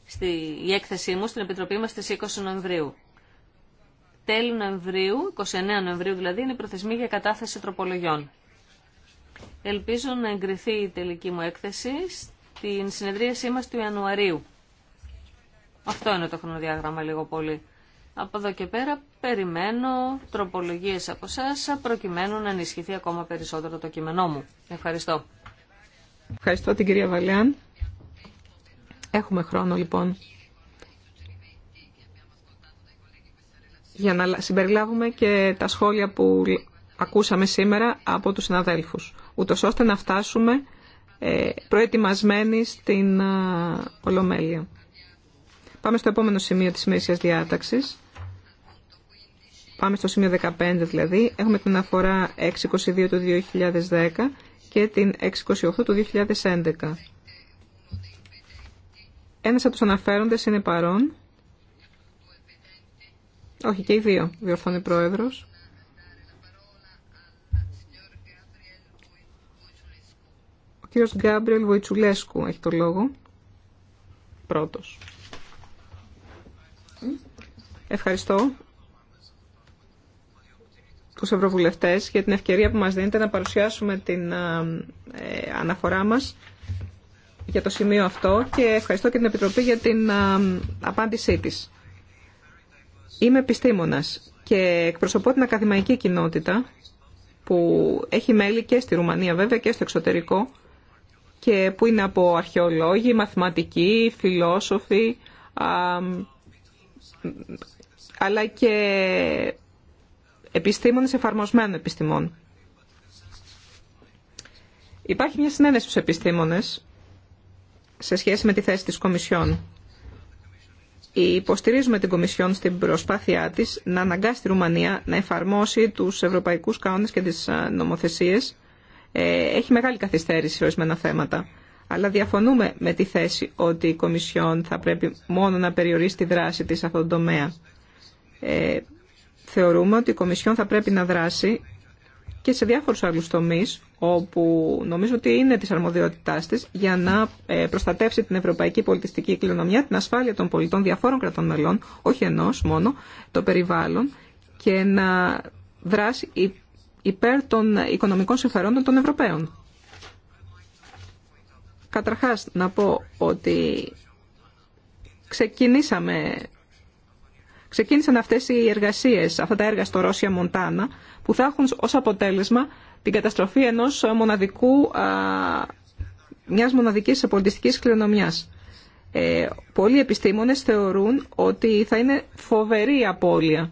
στη, η έκθεσή μου στην Επιτροπή μας στις 20 Νοεμβρίου. Τέλη Νοεμβρίου, 29 Νοεμβρίου δηλαδή, είναι η προθεσμή για κατάθεση τροπολογιών. Ελπίζω να εγκριθεί η τελική μου έκθεση την συνεδρίασή μας του Ιανουαρίου. Αυτό είναι το χρονοδιάγραμμα λίγο πολύ. Από εδώ και πέρα περιμένω τροπολογίες από εσά προκειμένου να ενισχυθεί ακόμα περισσότερο το κείμενό μου. Ευχαριστώ. Ευχαριστώ την κυρία Βαλιάν. Έχουμε χρόνο λοιπόν για να συμπεριλάβουμε και τα σχόλια που ακούσαμε σήμερα από τους συναδέλφους, ούτως ώστε να φτάσουμε ε, προετοιμασμένη στην ε, Ολομέλεια. Πάμε στο επόμενο σημείο της ημερησίας διάταξης. Πάμε στο σημείο 15 δηλαδή. Έχουμε την αφορά 622 του 2010 και την 628 του 2011. Ένας από τους αναφέροντες είναι παρόν. Όχι και οι δύο, διορθώνει πρόεδρος. κύριος Γκάμπριελ Βοητσουλέσκου έχει το λόγο. Πρώτος. Ευχαριστώ τους Ευρωβουλευτές για την ευκαιρία που μας δίνετε να παρουσιάσουμε την ε, ε, αναφορά μας για το σημείο αυτό και ευχαριστώ και την Επιτροπή για την ε, απάντησή της. Είμαι επιστήμονας και εκπροσωπώ την ακαδημαϊκή κοινότητα που έχει μέλη και στη Ρουμανία βέβαια και στο εξωτερικό και που είναι από αρχαιολόγοι, μαθηματικοί, φιλόσοφοι, αλλά και επιστήμονες εφαρμοσμένων επιστημών. Υπάρχει μια συνένεση στους επιστήμονες σε σχέση με τη θέση της Κομισιόν. Υποστηρίζουμε την Κομισιόν στην προσπάθειά της να αναγκάσει τη Ρουμανία να εφαρμόσει τους ευρωπαϊκούς κανόνες και τις ε, νομοθεσίες ε, έχει μεγάλη καθυστέρηση σε ορισμένα θέματα. Αλλά διαφωνούμε με τη θέση ότι η Κομισιόν θα πρέπει μόνο να περιορίσει τη δράση της σε αυτόν τον τομέα. Ε, θεωρούμε ότι η Κομισιόν θα πρέπει να δράσει και σε διάφορους άλλους τομείς όπου νομίζω ότι είναι της αρμοδιότητάς της για να ε, προστατεύσει την ευρωπαϊκή πολιτιστική κληρονομιά, την ασφάλεια των πολιτών διαφόρων κρατών μελών, όχι ενός μόνο, το περιβάλλον και να δράσει υπέρ των οικονομικών συμφερόντων των Ευρωπαίων. Καταρχάς να πω ότι ξεκινήσαμε, ξεκίνησαν αυτές οι εργασίες, αυτά τα έργα στο Ρώσια Μοντάνα, που θα έχουν ως αποτέλεσμα την καταστροφή ενός μοναδικού, μιας μοναδικής πολιτιστικής κληρονομιάς. Ε, πολλοί επιστήμονες θεωρούν ότι θα είναι φοβερή απώλεια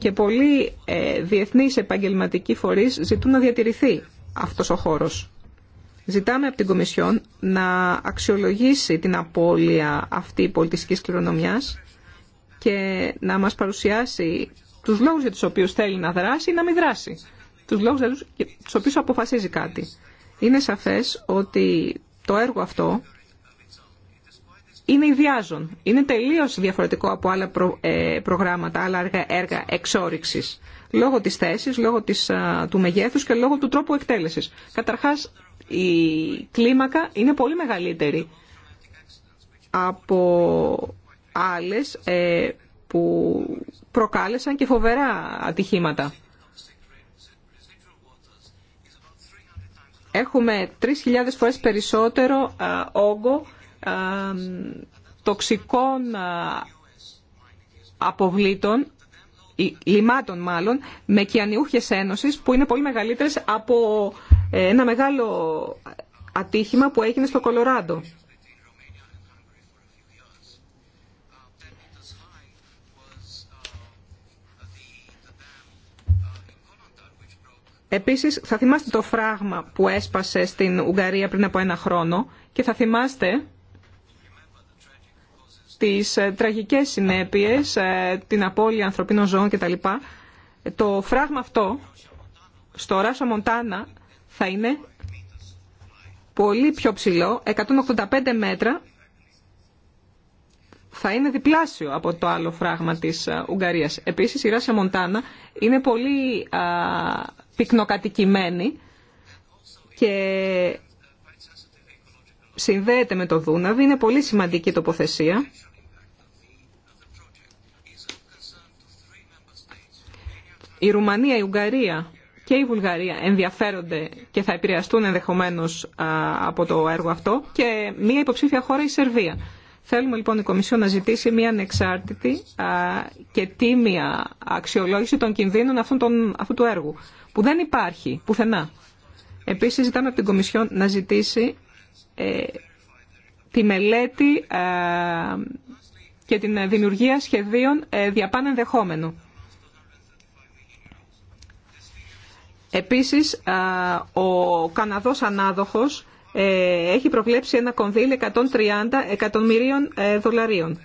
και πολλοί ε, διεθνείς επαγγελματικοί φορείς ζητούν να διατηρηθεί αυτός ο χώρος. Ζητάμε από την Κομισιόν να αξιολογήσει την απώλεια αυτή πολιτιστικής κληρονομιάς και να μας παρουσιάσει τους λόγους για τους οποίους θέλει να δράσει ή να μην δράσει. Τους λόγους για τους οποίους αποφασίζει κάτι. Είναι σαφές ότι το έργο αυτό είναι ιδιάζων. Είναι τελείως διαφορετικό από άλλα ε, προγράμματα, άλλα έργα, έργα Λόγω της θέσης, λόγω της, του μεγέθους και λόγω του τρόπου εκτέλεσης. Καταρχάς, η κλίμακα είναι πολύ μεγαλύτερη από άλλες ε, που προκάλεσαν και φοβερά ατυχήματα. Έχουμε 3.000 φορές περισσότερο όγκο τοξικών ε, αποβλήτων, λιμάτων μάλλον, με κιανιούχες ένωσης που είναι πολύ μεγαλύτερες από ε, ένα μεγάλο ατύχημα που έγινε στο Κολοράντο. Επίσης, θα θυμάστε το φράγμα που έσπασε στην Ουγγαρία πριν από ένα χρόνο και θα θυμάστε στις ε, τραγικές συνέπειες, ε, την απώλεια ανθρωπίνων ζώων κτλ. Το φράγμα αυτό στο Ράσο Μοντάνα θα είναι πολύ πιο ψηλό, 185 μέτρα θα είναι διπλάσιο από το άλλο φράγμα της ε, Ουγγαρίας. Επίσης η Ράσια Μοντάνα είναι πολύ πυκνοκατοικημένη και συνδέεται με το Δούναβι, είναι πολύ σημαντική τοποθεσία η Ρουμανία, η Ουγγαρία και η Βουλγαρία ενδιαφέρονται και θα επηρεαστούν ενδεχομένω από το έργο αυτό και μια υποψήφια χώρα η Σερβία. Θέλουμε λοιπόν η Κομισιό να ζητήσει μια ανεξάρτητη και τίμια αξιολόγηση των κινδύνων αυτού, του έργου, που δεν υπάρχει πουθενά. Επίσης ζητάμε από την Κομισιό να ζητήσει ε, τη μελέτη και την δημιουργία σχεδίων ε, ενδεχόμενου. Επίσης, ο Καναδός ανάδοχος ε, έχει προβλέψει ένα κονδύλι 130 εκατομμυρίων ε, δολαρίων.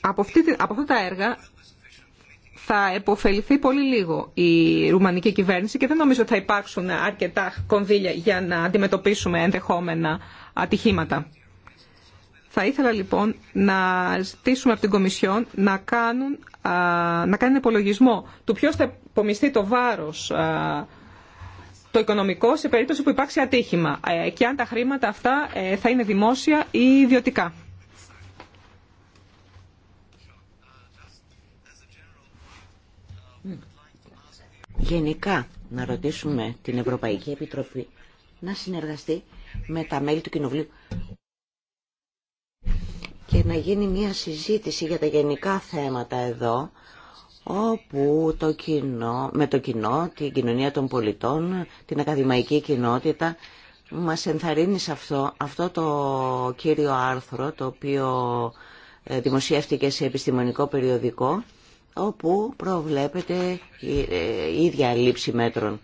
Από, από αυτά τα έργα θα επωφεληθεί πολύ λίγο η ρουμανική κυβέρνηση και δεν νομίζω ότι θα υπάρξουν αρκετά κονδύλια για να αντιμετωπίσουμε ενδεχόμενα ατυχήματα. Θα ήθελα λοιπόν να ζητήσουμε από την Κομισιόν να, κάνουν, να κάνει υπολογισμό του ποιος θα υπομειστεί το βάρος το οικονομικό σε περίπτωση που υπάρξει ατύχημα ε, και αν τα χρήματα αυτά ε, θα είναι δημόσια ή ιδιωτικά. Γενικά, να ρωτήσουμε την Ευρωπαϊκή Επιτροπή να συνεργαστεί με τα μέλη του Κοινοβουλίου και να γίνει μια συζήτηση για τα γενικά θέματα εδώ, όπου το κοινό, με το κοινό, την κοινωνία των πολιτών, την ακαδημαϊκή κοινότητα, μας ενθαρρύνει σε αυτό, αυτό το κύριο άρθρο, το οποίο ε, δημοσιεύτηκε σε επιστημονικό περιοδικό, όπου προβλέπεται η ε, ίδια λήψη μέτρων.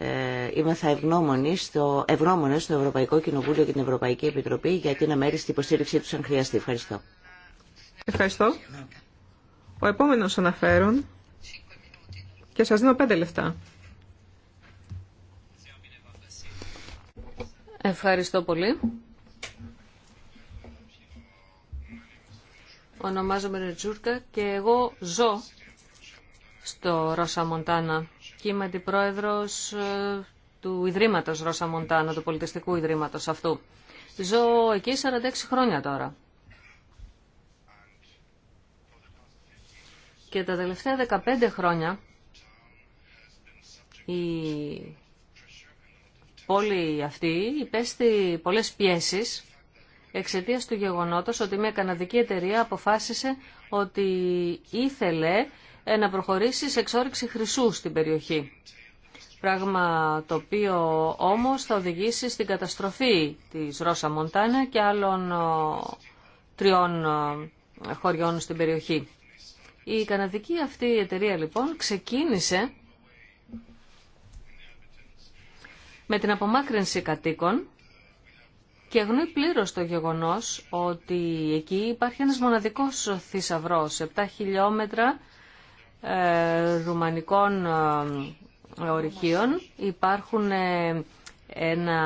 Ε, είμαι είμαστε στο, στο Ευρωπαϊκό Κοινοβούλιο και την Ευρωπαϊκή Επιτροπή για την αμέριστη υποστήριξή τους αν χρειαστεί. Ευχαριστώ. Ευχαριστώ. Ο επόμενο αναφέρον και σα δίνω πέντε λεφτά. Ευχαριστώ πολύ. Ονομάζομαι Ρετζούρκα και εγώ ζω στο Ρώσα Μοντάνα και είμαι αντιπρόεδρος ε, του Ιδρύματος Ρώσα Μοντάνα, του πολιτιστικού Ιδρύματος αυτού. Ζω εκεί 46 χρόνια τώρα. Και τα τελευταία 15 χρόνια η πόλη αυτή υπέστη πολλές πιέσεις εξαιτίας του γεγονότος ότι μια καναδική εταιρεία αποφάσισε ότι ήθελε ε, να προχωρήσει σε εξόριξη χρυσού στην περιοχή. Πράγμα το οποίο όμως θα οδηγήσει στην καταστροφή της Ρώσα Μοντάνα και άλλων τριών χωριών στην περιοχή. Η καναδική αυτή εταιρεία λοιπόν ξεκίνησε με την απομάκρυνση κατοίκων και αγνοεί πλήρω το γεγονός ότι εκεί υπάρχει ένας μοναδικός θησαυρό 7 χιλιόμετρα ε, ρουμανικών ε, ορυχείων υπάρχουν ε, ένα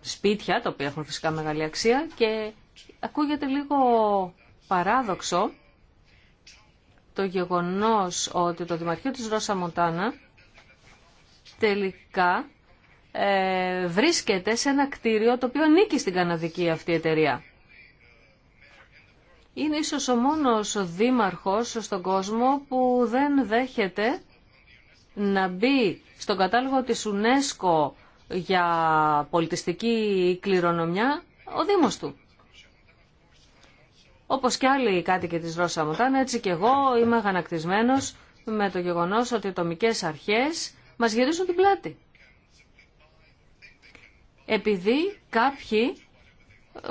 σπίτια, τα οποία έχουν φυσικά μεγάλη αξία και ακούγεται λίγο παράδοξο το γεγονός ότι το Δημαρχείο της Ρώσα Μοντάνα τελικά βρίσκεται σε ένα κτίριο το οποίο νίκει στην καναδική αυτή εταιρεία είναι ίσως ο μόνος δήμαρχος στον κόσμο που δεν δέχεται να μπει στον κατάλογο της UNESCO για πολιτιστική κληρονομιά ο Δήμος του. Όπως και άλλοι κάτοικοι της Ρώσα Μοτάν, έτσι και εγώ είμαι αγανακτισμένος με το γεγονός ότι οι τομικές αρχές μας γυρίζουν την πλάτη. Επειδή κάποιοι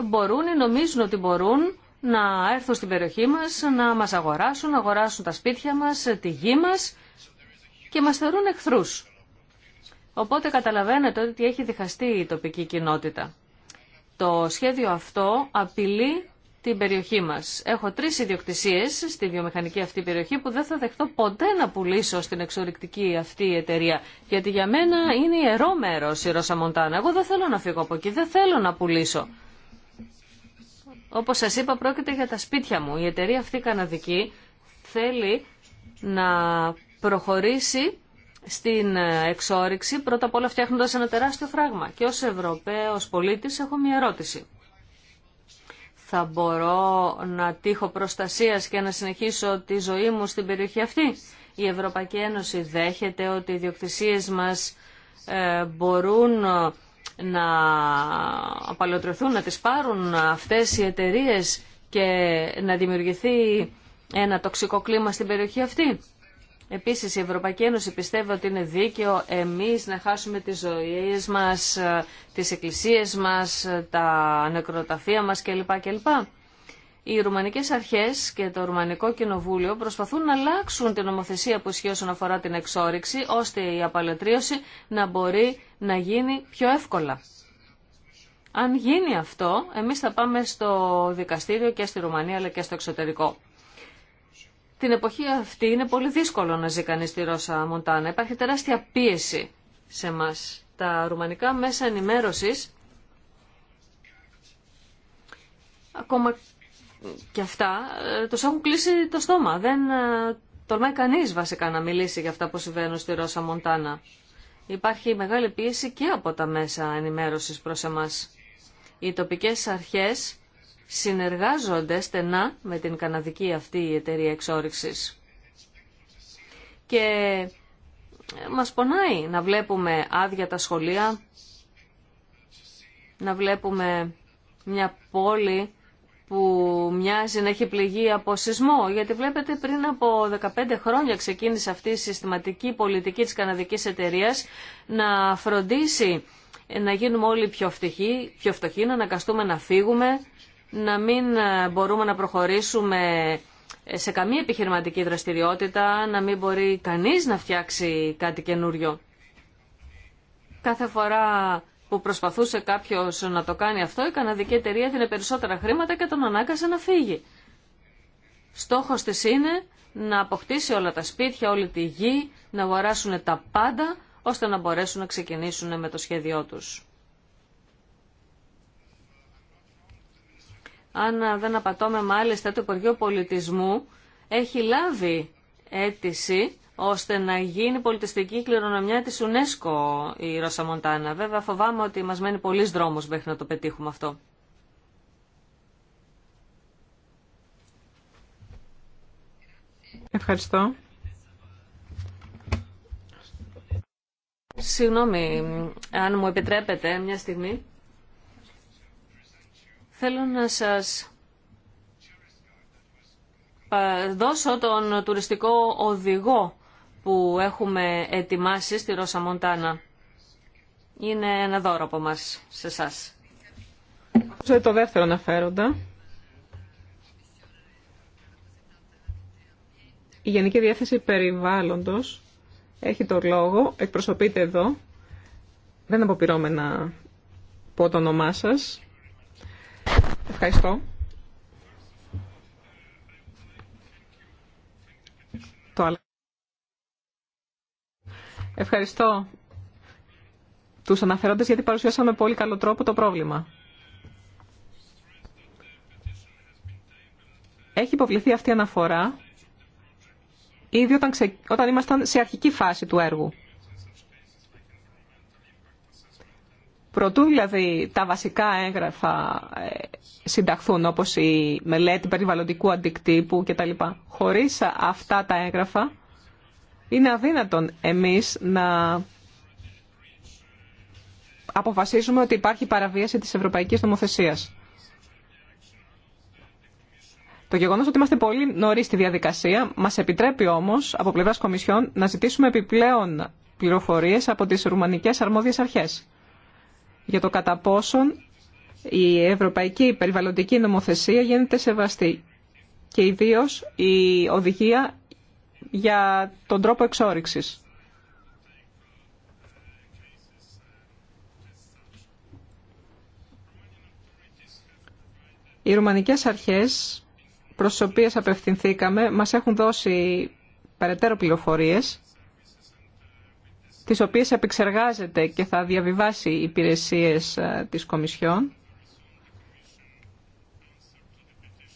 μπορούν ή νομίζουν ότι μπορούν να έρθουν στην περιοχή μας, να μας αγοράσουν, να αγοράσουν τα σπίτια μας, τη γη μας και μας θεωρούν εχθρούς. Οπότε καταλαβαίνετε ότι έχει διχαστεί η τοπική κοινότητα. Το σχέδιο αυτό απειλεί την περιοχή μας. Έχω τρεις ιδιοκτησίες στη βιομηχανική αυτή περιοχή που δεν θα δεχτώ ποτέ να πουλήσω στην εξορρυκτική αυτή εταιρεία. Γιατί για μένα είναι ιερό μέρος η Ρώσα Μοντάνα. Εγώ δεν θέλω να φύγω από εκεί, δεν θέλω να πουλήσω. Όπως σας είπα πρόκειται για τα σπίτια μου. Η εταιρεία αυτή καναδική θέλει να προχωρήσει στην ε, εξόριξη, πρώτα απ' όλα φτιάχνοντας ένα τεράστιο φράγμα. Και ως Ευρωπαίος πολίτης έχω μια ερώτηση. Θα μπορώ να τύχω προστασίας και να συνεχίσω τη ζωή μου στην περιοχή αυτή. Η Ευρωπαϊκή Ένωση δέχεται ότι οι διοκτησίες μας ε, μπορούν να απαλωτρεθούν, να τις πάρουν αυτές οι εταιρείε και να δημιουργηθεί ένα τοξικό κλίμα στην περιοχή αυτή. Επίσης η Ευρωπαϊκή Ένωση πιστεύει ότι είναι δίκαιο εμείς να χάσουμε τις ζωές μας, τις εκκλησίες μας, τα νεκροταφεία μας κλπ. κλπ οι ρουμανικές αρχές και το ρουμανικό κοινοβούλιο προσπαθούν να αλλάξουν την νομοθεσία που ισχύει όσον αφορά την εξόριξη, ώστε η απαλαιτρίωση να μπορεί να γίνει πιο εύκολα. Αν γίνει αυτό, εμείς θα πάμε στο δικαστήριο και στη Ρουμανία αλλά και στο εξωτερικό. Την εποχή αυτή είναι πολύ δύσκολο να ζει κανείς στη Ρώσα Μοντάνα. Υπάρχει τεράστια πίεση σε μας. Τα ρουμανικά μέσα ενημέρωσης ακόμα και αυτά ε, του έχουν κλείσει το στόμα. Δεν ε, τολμάει κανεί βασικά να μιλήσει για αυτά που συμβαίνουν στη Ρώσα Μοντάνα. Υπάρχει μεγάλη πίεση και από τα μέσα ενημέρωσης προς εμάς. Οι τοπικές αρχές συνεργάζονται στενά με την καναδική αυτή η εταιρεία εξόριξης. Και ε, μας πονάει να βλέπουμε άδεια τα σχολεία, να βλέπουμε μια πόλη που μοιάζει να έχει πληγεί από σεισμό, γιατί βλέπετε πριν από 15 χρόνια ξεκίνησε αυτή η συστηματική πολιτική της καναδικής εταιρείας να φροντίσει να γίνουμε όλοι πιο φτωχοί, πιο φτωχοί να αναγκαστούμε να φύγουμε, να μην μπορούμε να προχωρήσουμε σε καμία επιχειρηματική δραστηριότητα, να μην μπορεί κανείς να φτιάξει κάτι καινούριο. Κάθε φορά που προσπαθούσε κάποιο να το κάνει αυτό, η καναδική εταιρεία έδινε περισσότερα χρήματα και τον ανάγκασε να φύγει. Στόχος της είναι να αποκτήσει όλα τα σπίτια, όλη τη γη, να αγοράσουν τα πάντα, ώστε να μπορέσουν να ξεκινήσουν με το σχέδιό τους. Αν δεν απατώμε μάλιστα το Υπουργείο Πολιτισμού, έχει λάβει αίτηση ώστε να γίνει πολιτιστική κληρονομιά της UNESCO η Ρώσα Μοντάνα. Βέβαια φοβάμαι ότι μας μένει πολλής δρόμος μέχρι να το πετύχουμε αυτό. Ευχαριστώ. Συγγνώμη, αν μου επιτρέπετε μια στιγμή. Θέλω να σας δώσω τον τουριστικό οδηγό που έχουμε ετοιμάσει στη Ρώσα Μοντάνα. Είναι ένα δώρο από μας σε εσά. Σε το δεύτερο αναφέροντα. Η Γενική Διεύθυνση Περιβάλλοντος έχει το λόγο, εκπροσωπείται εδώ. Δεν με να πω το όνομά σας. Ευχαριστώ. Ευχαριστώ του αναφέροντες γιατί παρουσιάσαμε με πολύ καλό τρόπο το πρόβλημα. Έχει υποβληθεί αυτή η αναφορά ήδη όταν, όταν ήμασταν σε αρχική φάση του έργου. Προτού δηλαδή τα βασικά έγγραφα ε, συνταχθούν όπως η μελέτη περιβαλλοντικού αντικτύπου κτλ. Χωρίς αυτά τα έγγραφα είναι αδύνατον εμείς να αποφασίζουμε ότι υπάρχει παραβίαση της ευρωπαϊκής νομοθεσίας. Το γεγονός ότι είμαστε πολύ νωρίς στη διαδικασία μας επιτρέπει όμως από πλευράς Κομισιόν να ζητήσουμε επιπλέον πληροφορίες από τις ρουμανικές αρμόδιες αρχές για το κατά πόσον η ευρωπαϊκή περιβαλλοντική νομοθεσία γίνεται σεβαστή και ιδίως η οδηγία για τον τρόπο εξόριξης. Οι ρουμανικές αρχές προς τις οποίες απευθυνθήκαμε μας έχουν δώσει περαιτέρω πληροφορίες τις οποίες επεξεργάζεται και θα διαβιβάσει οι υπηρεσίες ε, της Κομισιόν.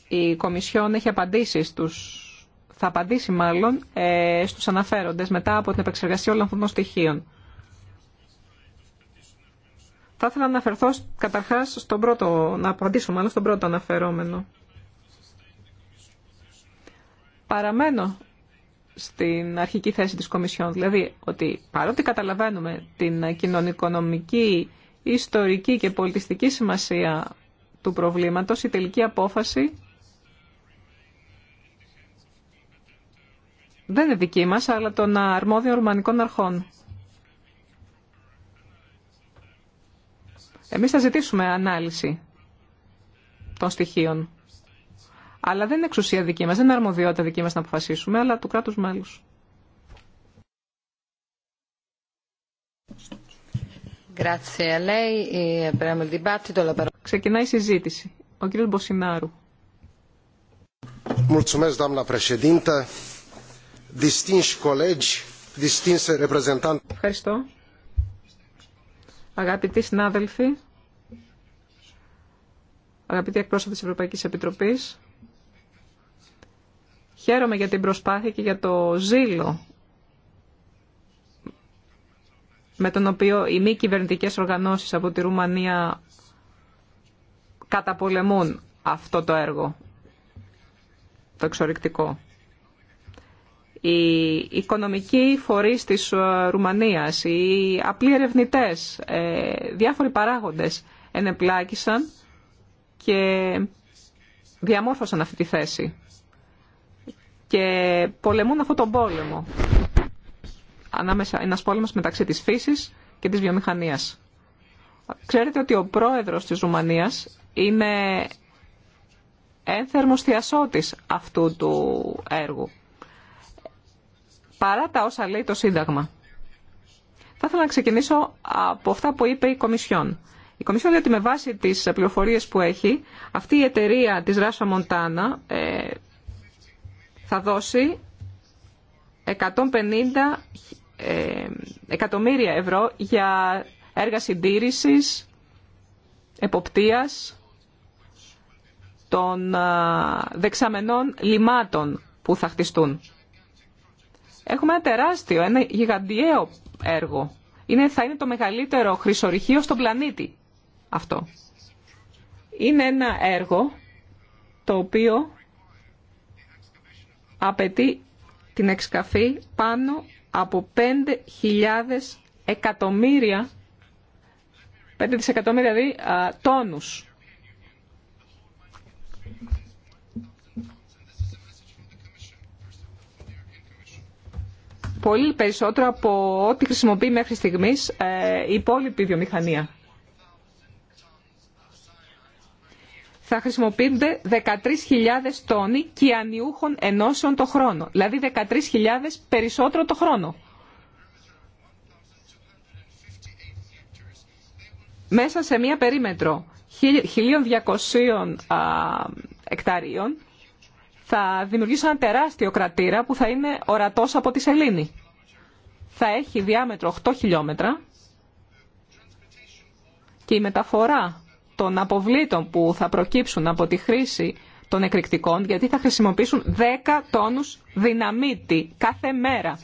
Η Κομισιόν έχει απαντήσει στους θα απαντήσει μάλλον ε, στους αναφέροντες μετά από την επεξεργασία όλων αυτών των στοιχείων. Θα ήθελα να αναφερθώ καταρχάς στον πρώτο, να απαντήσω μάλλον στον πρώτο αναφερόμενο. Παραμένω στην αρχική θέση της Κομισιόν, δηλαδή ότι παρότι καταλαβαίνουμε την κοινωνικονομική, ιστορική και πολιτιστική σημασία του προβλήματος, η τελική απόφαση δεν είναι δική μας, αλλά των αρμόδιων ρουμανικών αρχών. Εμείς θα ζητήσουμε ανάλυση των στοιχείων. Αλλά δεν είναι εξουσία δική μας, δεν είναι αρμοδιότητα δική μας να αποφασίσουμε, αλλά του κράτους μέλους. Ε, Ξεκινάει η συζήτηση. Ο κύριος Μποσινάρου. Ευχαριστώ. Αγαπητοί συνάδελφοι, αγαπητοί εκπρόσωποι της Ευρωπαϊκής Επιτροπής, χαίρομαι για την προσπάθεια και για το ζήλο με τον οποίο οι μη κυβερνητικέ οργανώσεις από τη Ρουμανία καταπολεμούν αυτό το έργο, το εξορρυκτικό οι οικονομικοί φορείς της ε, Ρουμανίας, οι απλοί ερευνητές, ε, διάφοροι παράγοντες ενεπλάκησαν και διαμόρφωσαν αυτή τη θέση και πολεμούν αυτόν τον πόλεμο. Ανάμεσα, ένας πόλεμος μεταξύ της φύσης και της βιομηχανίας. Ξέρετε ότι ο πρόεδρος της Ρουμανίας είναι ένθερμος θειασότης αυτού του έργου παρά τα όσα λέει το Σύνταγμα. Θα ήθελα να ξεκινήσω από αυτά που είπε η Κομισιόν. Η Κομισιόν λέει ότι με βάση τις πληροφορίε που έχει, αυτή η εταιρεία της Ράσα Μοντάνα ε, θα δώσει 150 ε, εκατομμύρια ευρώ για έργα συντήρησης, εποπτείας των ε, δεξαμενών λιμάτων που θα χτιστούν. Έχουμε ένα τεράστιο, ένα γιγαντιαίο έργο. Είναι, θα είναι το μεγαλύτερο χρυσορυχείο στον πλανήτη αυτό. Είναι ένα έργο το οποίο απαιτεί την εξκαφή πάνω από 5.000 εκατομμύρια 5 δισεκατομμύρια δηλαδή τόνους πολύ περισσότερο από ό,τι χρησιμοποιεί μέχρι στιγμής ε, η υπόλοιπη βιομηχανία. θα χρησιμοποιούνται 13.000 τόνοι κυανιούχων ενώσεων το χρόνο. Δηλαδή 13.000 περισσότερο το χρόνο. Μέσα σε μία περίμετρο 1.200 εκταρίων θα δημιουργήσει ένα τεράστιο κρατήρα που θα είναι ορατός από τη σελήνη. Θα έχει διάμετρο 8 χιλιόμετρα και η μεταφορά των αποβλήτων που θα προκύψουν από τη χρήση των εκρηκτικών, γιατί θα χρησιμοποιήσουν 10 τόνους δυναμίτη κάθε μέρα,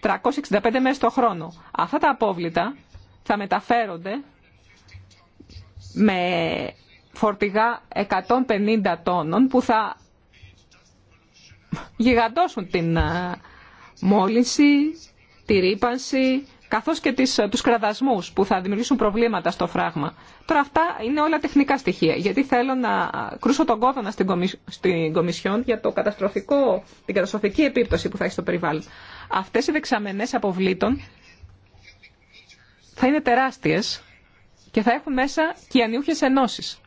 365 μέρες το χρόνο. Αυτά τα απόβλητα θα μεταφέρονται με φορτηγά 150 τόνων που θα γιγαντώσουν την ε, μόλυνση, τη ρήπανση, καθώς και τις, ε, τους κραδασμούς που θα δημιουργήσουν προβλήματα στο φράγμα. Τώρα αυτά είναι όλα τεχνικά στοιχεία, γιατί θέλω να ε, κρούσω τον κόδωνα στην, στην Κομισιόν για το καταστροφικό, την καταστροφική επίπτωση που θα έχει στο περιβάλλον. Αυτές οι δεξαμενές αποβλήτων θα είναι τεράστιες και θα έχουν μέσα κιανιούχες ενώσεις.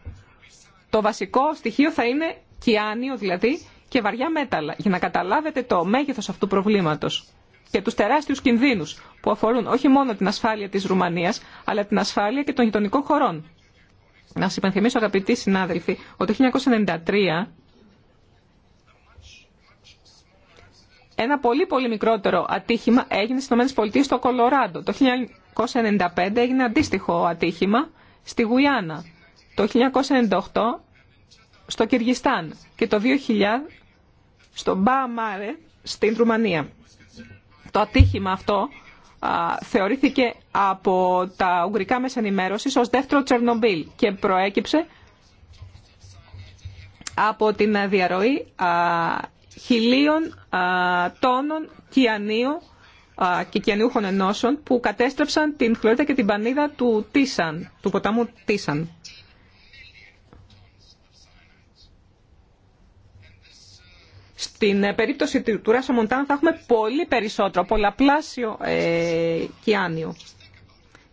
Το βασικό στοιχείο θα είναι κιάνιο, δηλαδή και βαριά μέταλλα για να καταλάβετε το μέγεθος αυτού προβλήματος και τους τεράστιους κινδύνους που αφορούν όχι μόνο την ασφάλεια της Ρουμανίας αλλά την ασφάλεια και των γειτονικών χωρών. Να σας υπενθυμίσω αγαπητοί συνάδελφοι ότι το 1993 ένα πολύ πολύ μικρότερο ατύχημα έγινε στις ΗΠΑ στο Κολοράντο. Το 1995 έγινε αντίστοιχο ατύχημα στη Γουιάννα. Το 1998 στο Κυργιστάν και το 2000 στο Μπαμάρε στην Ρουμανία. Το ατύχημα αυτό θεωρήθηκε από τα ουγγρικά μέσα ενημέρωση ως δεύτερο Τσερνομπίλ και προέκυψε από την διαρροή α, χιλίων τόνων κιανίου και κιανιούχων ενώσεων που κατέστρεψαν την χλωρίδα και την πανίδα του Τίσαν, του ποταμού Τίσαν. στην ε, περίπτωση του Ράσο Μοντάν θα έχουμε πολύ περισσότερο, πολλαπλάσιο ε, κιάνιο.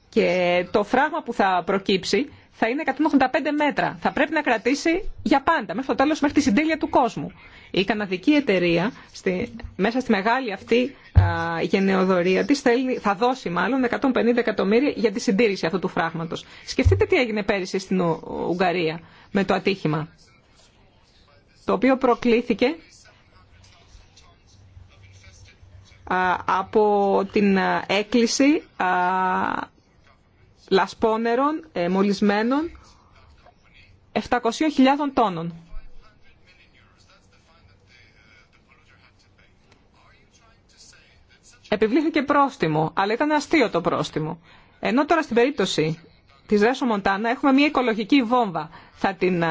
Και το φράγμα που θα προκύψει θα είναι 185 μέτρα. Θα πρέπει να κρατήσει για πάντα, μέχρι το τέλος, μέχρι τη συντέλεια του κόσμου. Η καναδική εταιρεία, στη, μέσα στη μεγάλη αυτή α, γενεοδορία της, θα δώσει μάλλον 150 εκατομμύρια για τη συντήρηση αυτού του φράγματος. Σκεφτείτε τι έγινε πέρυσι στην Ουγγαρία με το ατύχημα, το οποίο προκλήθηκε από την έκκληση λασπόνερων, ε, μολυσμένων, 700.000 τόνων. Επιβλήθηκε πρόστιμο, αλλά ήταν αστείο το πρόστιμο. Ενώ τώρα στην περίπτωση της Ρέσο Μοντάνα έχουμε μια οικολογική βόμβα. Θα την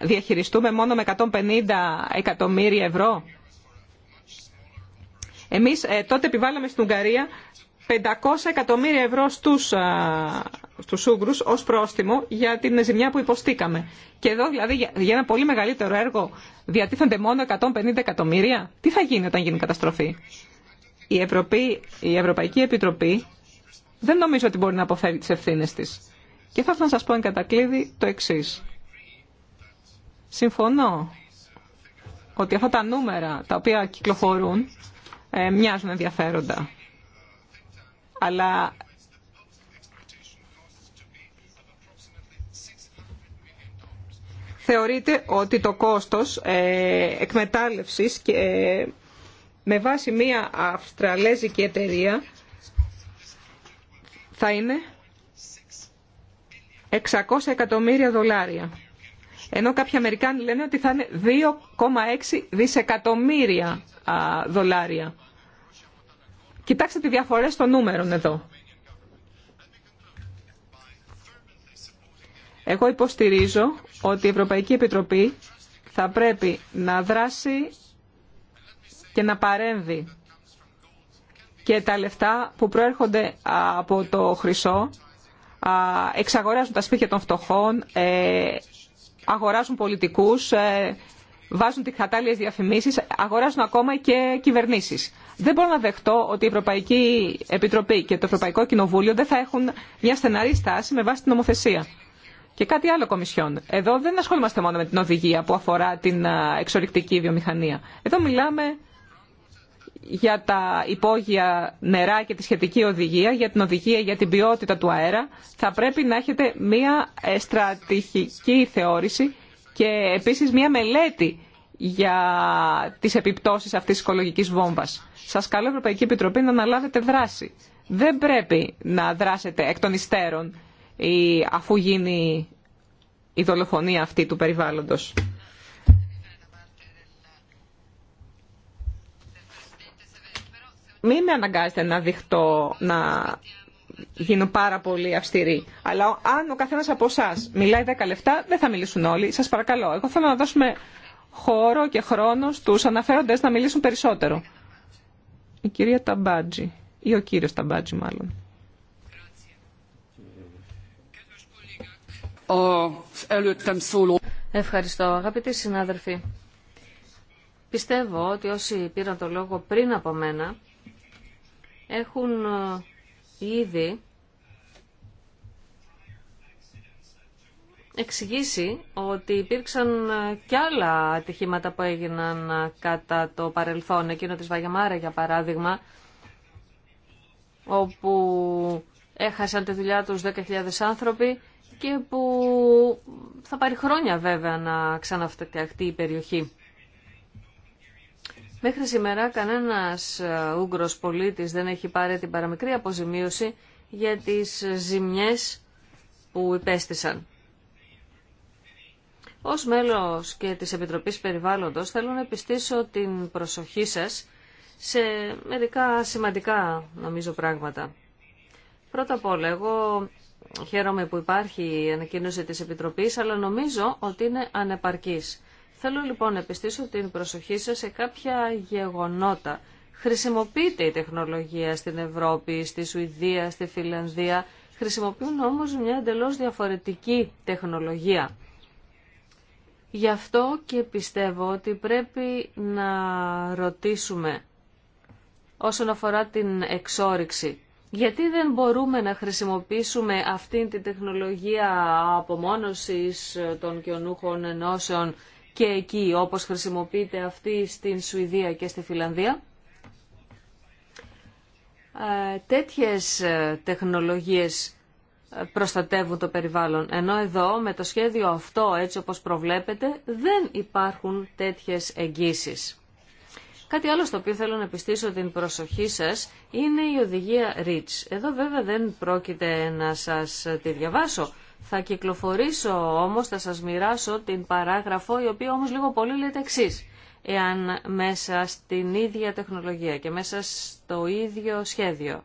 διαχειριστούμε μόνο με 150 εκατομμύρια ευρώ εμείς ε, τότε επιβάλαμε στην Ουγγαρία 500 εκατομμύρια ευρώ στους, α, στους Ούγγρους ως πρόστιμο για την ζημιά που υποστήκαμε. Και εδώ δηλαδή για ένα πολύ μεγαλύτερο έργο διατίθενται μόνο 150 εκατομμύρια. Τι θα γίνει όταν γίνει καταστροφή. Η, Ευρωπαϊκή Επιτροπή δεν νομίζω ότι μπορεί να αποφέρει τις ευθύνε της. Και θα ήθελα να σας πω εν κατακλείδη το εξή. Συμφωνώ ότι αυτά τα νούμερα τα οποία κυκλοφορούν ε, μοιάζουν ενδιαφέροντα. Αλλά θεωρείται ότι το κόστος ε, εκμετάλλευσης και, ε, με βάση μία αυστραλέζικη εταιρεία θα είναι 600 εκατομμύρια δολάρια. Ενώ κάποιοι Αμερικάνοι λένε ότι θα είναι 2,6 δισεκατομμύρια δολάρια. Κοιτάξτε τη διαφορέ των νούμερων εδώ. Εγώ υποστηρίζω ότι η Ευρωπαϊκή Επιτροπή θα πρέπει να δράσει και να παρέμβει. Και τα λεφτά που προέρχονται από το χρυσό εξαγοράζουν τα σπίτια των φτωχών, ε, αγοράζουν πολιτικούς, ε, βάζουν τις κατάλληλες διαφημίσεις, αγοράζουν ακόμα και κυβερνήσεις. Δεν μπορώ να δεχτώ ότι η Ευρωπαϊκή Επιτροπή και το Ευρωπαϊκό Κοινοβούλιο δεν θα έχουν μια στεναρή στάση με βάση την νομοθεσία. Και κάτι άλλο, Κομισιόν. Εδώ δεν ασχολούμαστε μόνο με την οδηγία που αφορά την εξορρυκτική βιομηχανία. Εδώ μιλάμε για τα υπόγεια νερά και τη σχετική οδηγία, για την οδηγία για την ποιότητα του αέρα. Θα πρέπει να έχετε μια ε, στρατηγική θεώρηση και επίσης μια μελέτη για τις επιπτώσεις αυτής τη οικολογική βόμβας. Σας καλώ Ευρωπαϊκή Επιτροπή να αναλάβετε δράση. Δεν πρέπει να δράσετε εκ των υστέρων ή αφού γίνει η δολοφονία αυτή του περιβάλλοντος. Μην με αναγκάζετε να δειχτώ, να γίνω πάρα πολύ αυστηρή. Αλλά αν ο καθένας από εσά μιλάει 10 λεπτά, δεν θα μιλήσουν όλοι. Σας παρακαλώ, εγώ θέλω να δώσουμε χώρο και χρόνο στους αναφέροντες να μιλήσουν περισσότερο. Η κυρία Ταμπάτζη, ή ο κύριος Ταμπάτζη μάλλον. Ευχαριστώ αγαπητοί συνάδελφοι. Πιστεύω ότι όσοι πήραν το λόγο πριν από μένα έχουν ε, ήδη εξηγήσει ότι υπήρξαν ε, και άλλα ατυχήματα που έγιναν ε, κατά το παρελθόν, εκείνο της Βαγιαμάρα για παράδειγμα, όπου έχασαν τη δουλειά τους 10.000 άνθρωποι και που θα πάρει χρόνια βέβαια να ξαναφτιαχτεί η περιοχή. Μέχρι σήμερα κανένας ε, Ούγγρος πολίτης δεν έχει πάρει την παραμικρή αποζημίωση για τις ζημιές που υπέστησαν. Ως μέλος και της Επιτροπής Περιβάλλοντος θέλω να επιστήσω την προσοχή σας σε μερικά σημαντικά νομίζω πράγματα. Πρώτα απ' όλα, εγώ χαίρομαι που υπάρχει η ανακοίνωση της Επιτροπής, αλλά νομίζω ότι είναι ανεπαρκής. Θέλω λοιπόν να επιστήσω την προσοχή σας σε κάποια γεγονότα. Χρησιμοποιείται η τεχνολογία στην Ευρώπη, στη Σουηδία, στη Φιλανδία. Χρησιμοποιούν όμως μια εντελώς διαφορετική τεχνολογία Γι' αυτό και πιστεύω ότι πρέπει να ρωτήσουμε όσον αφορά την εξόριξη. Γιατί δεν μπορούμε να χρησιμοποιήσουμε αυτήν την τεχνολογία απομόνωσης των κοινούχων ενώσεων και εκεί όπως χρησιμοποιείται αυτή στην Σουηδία και στη Φιλανδία. Ε, τέτοιες τεχνολογίες προστατεύουν το περιβάλλον. Ενώ εδώ με το σχέδιο αυτό έτσι όπως προβλέπετε δεν υπάρχουν τέτοιες εγγύσεις. Κάτι άλλο στο οποίο θέλω να πιστήσω την προσοχή σας είναι η οδηγία REACH. Εδώ βέβαια δεν πρόκειται να σας τη διαβάσω. Θα κυκλοφορήσω όμως, θα σας μοιράσω την παράγραφο η οποία όμως λίγο πολύ λέει εξή Εάν μέσα στην ίδια τεχνολογία και μέσα στο ίδιο σχέδιο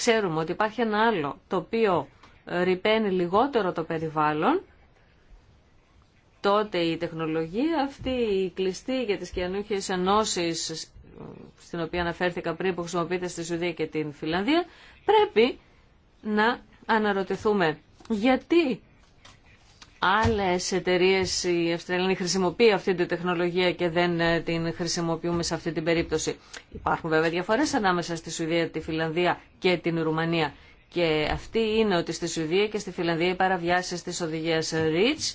ξέρουμε ότι υπάρχει ένα άλλο το οποίο ε, ρηπαίνει λιγότερο το περιβάλλον, τότε η τεχνολογία αυτή, η κλειστή για τις καινούχιες ενώσεις, στην οποία αναφέρθηκα πριν που χρησιμοποιείται στη Σουηδία και την Φιλανδία, πρέπει να αναρωτηθούμε γιατί άλλες εταιρείε η Αυστραλία χρησιμοποιεί αυτή τη τεχνολογία και δεν ε, την χρησιμοποιούμε σε αυτή την περίπτωση. Υπάρχουν βέβαια διαφορές ανάμεσα στη Σουηδία, τη Φιλανδία και την Ρουμανία. Και αυτή είναι ότι στη Σουηδία και στη Φιλανδία οι παραβιάσει της οδηγία REACH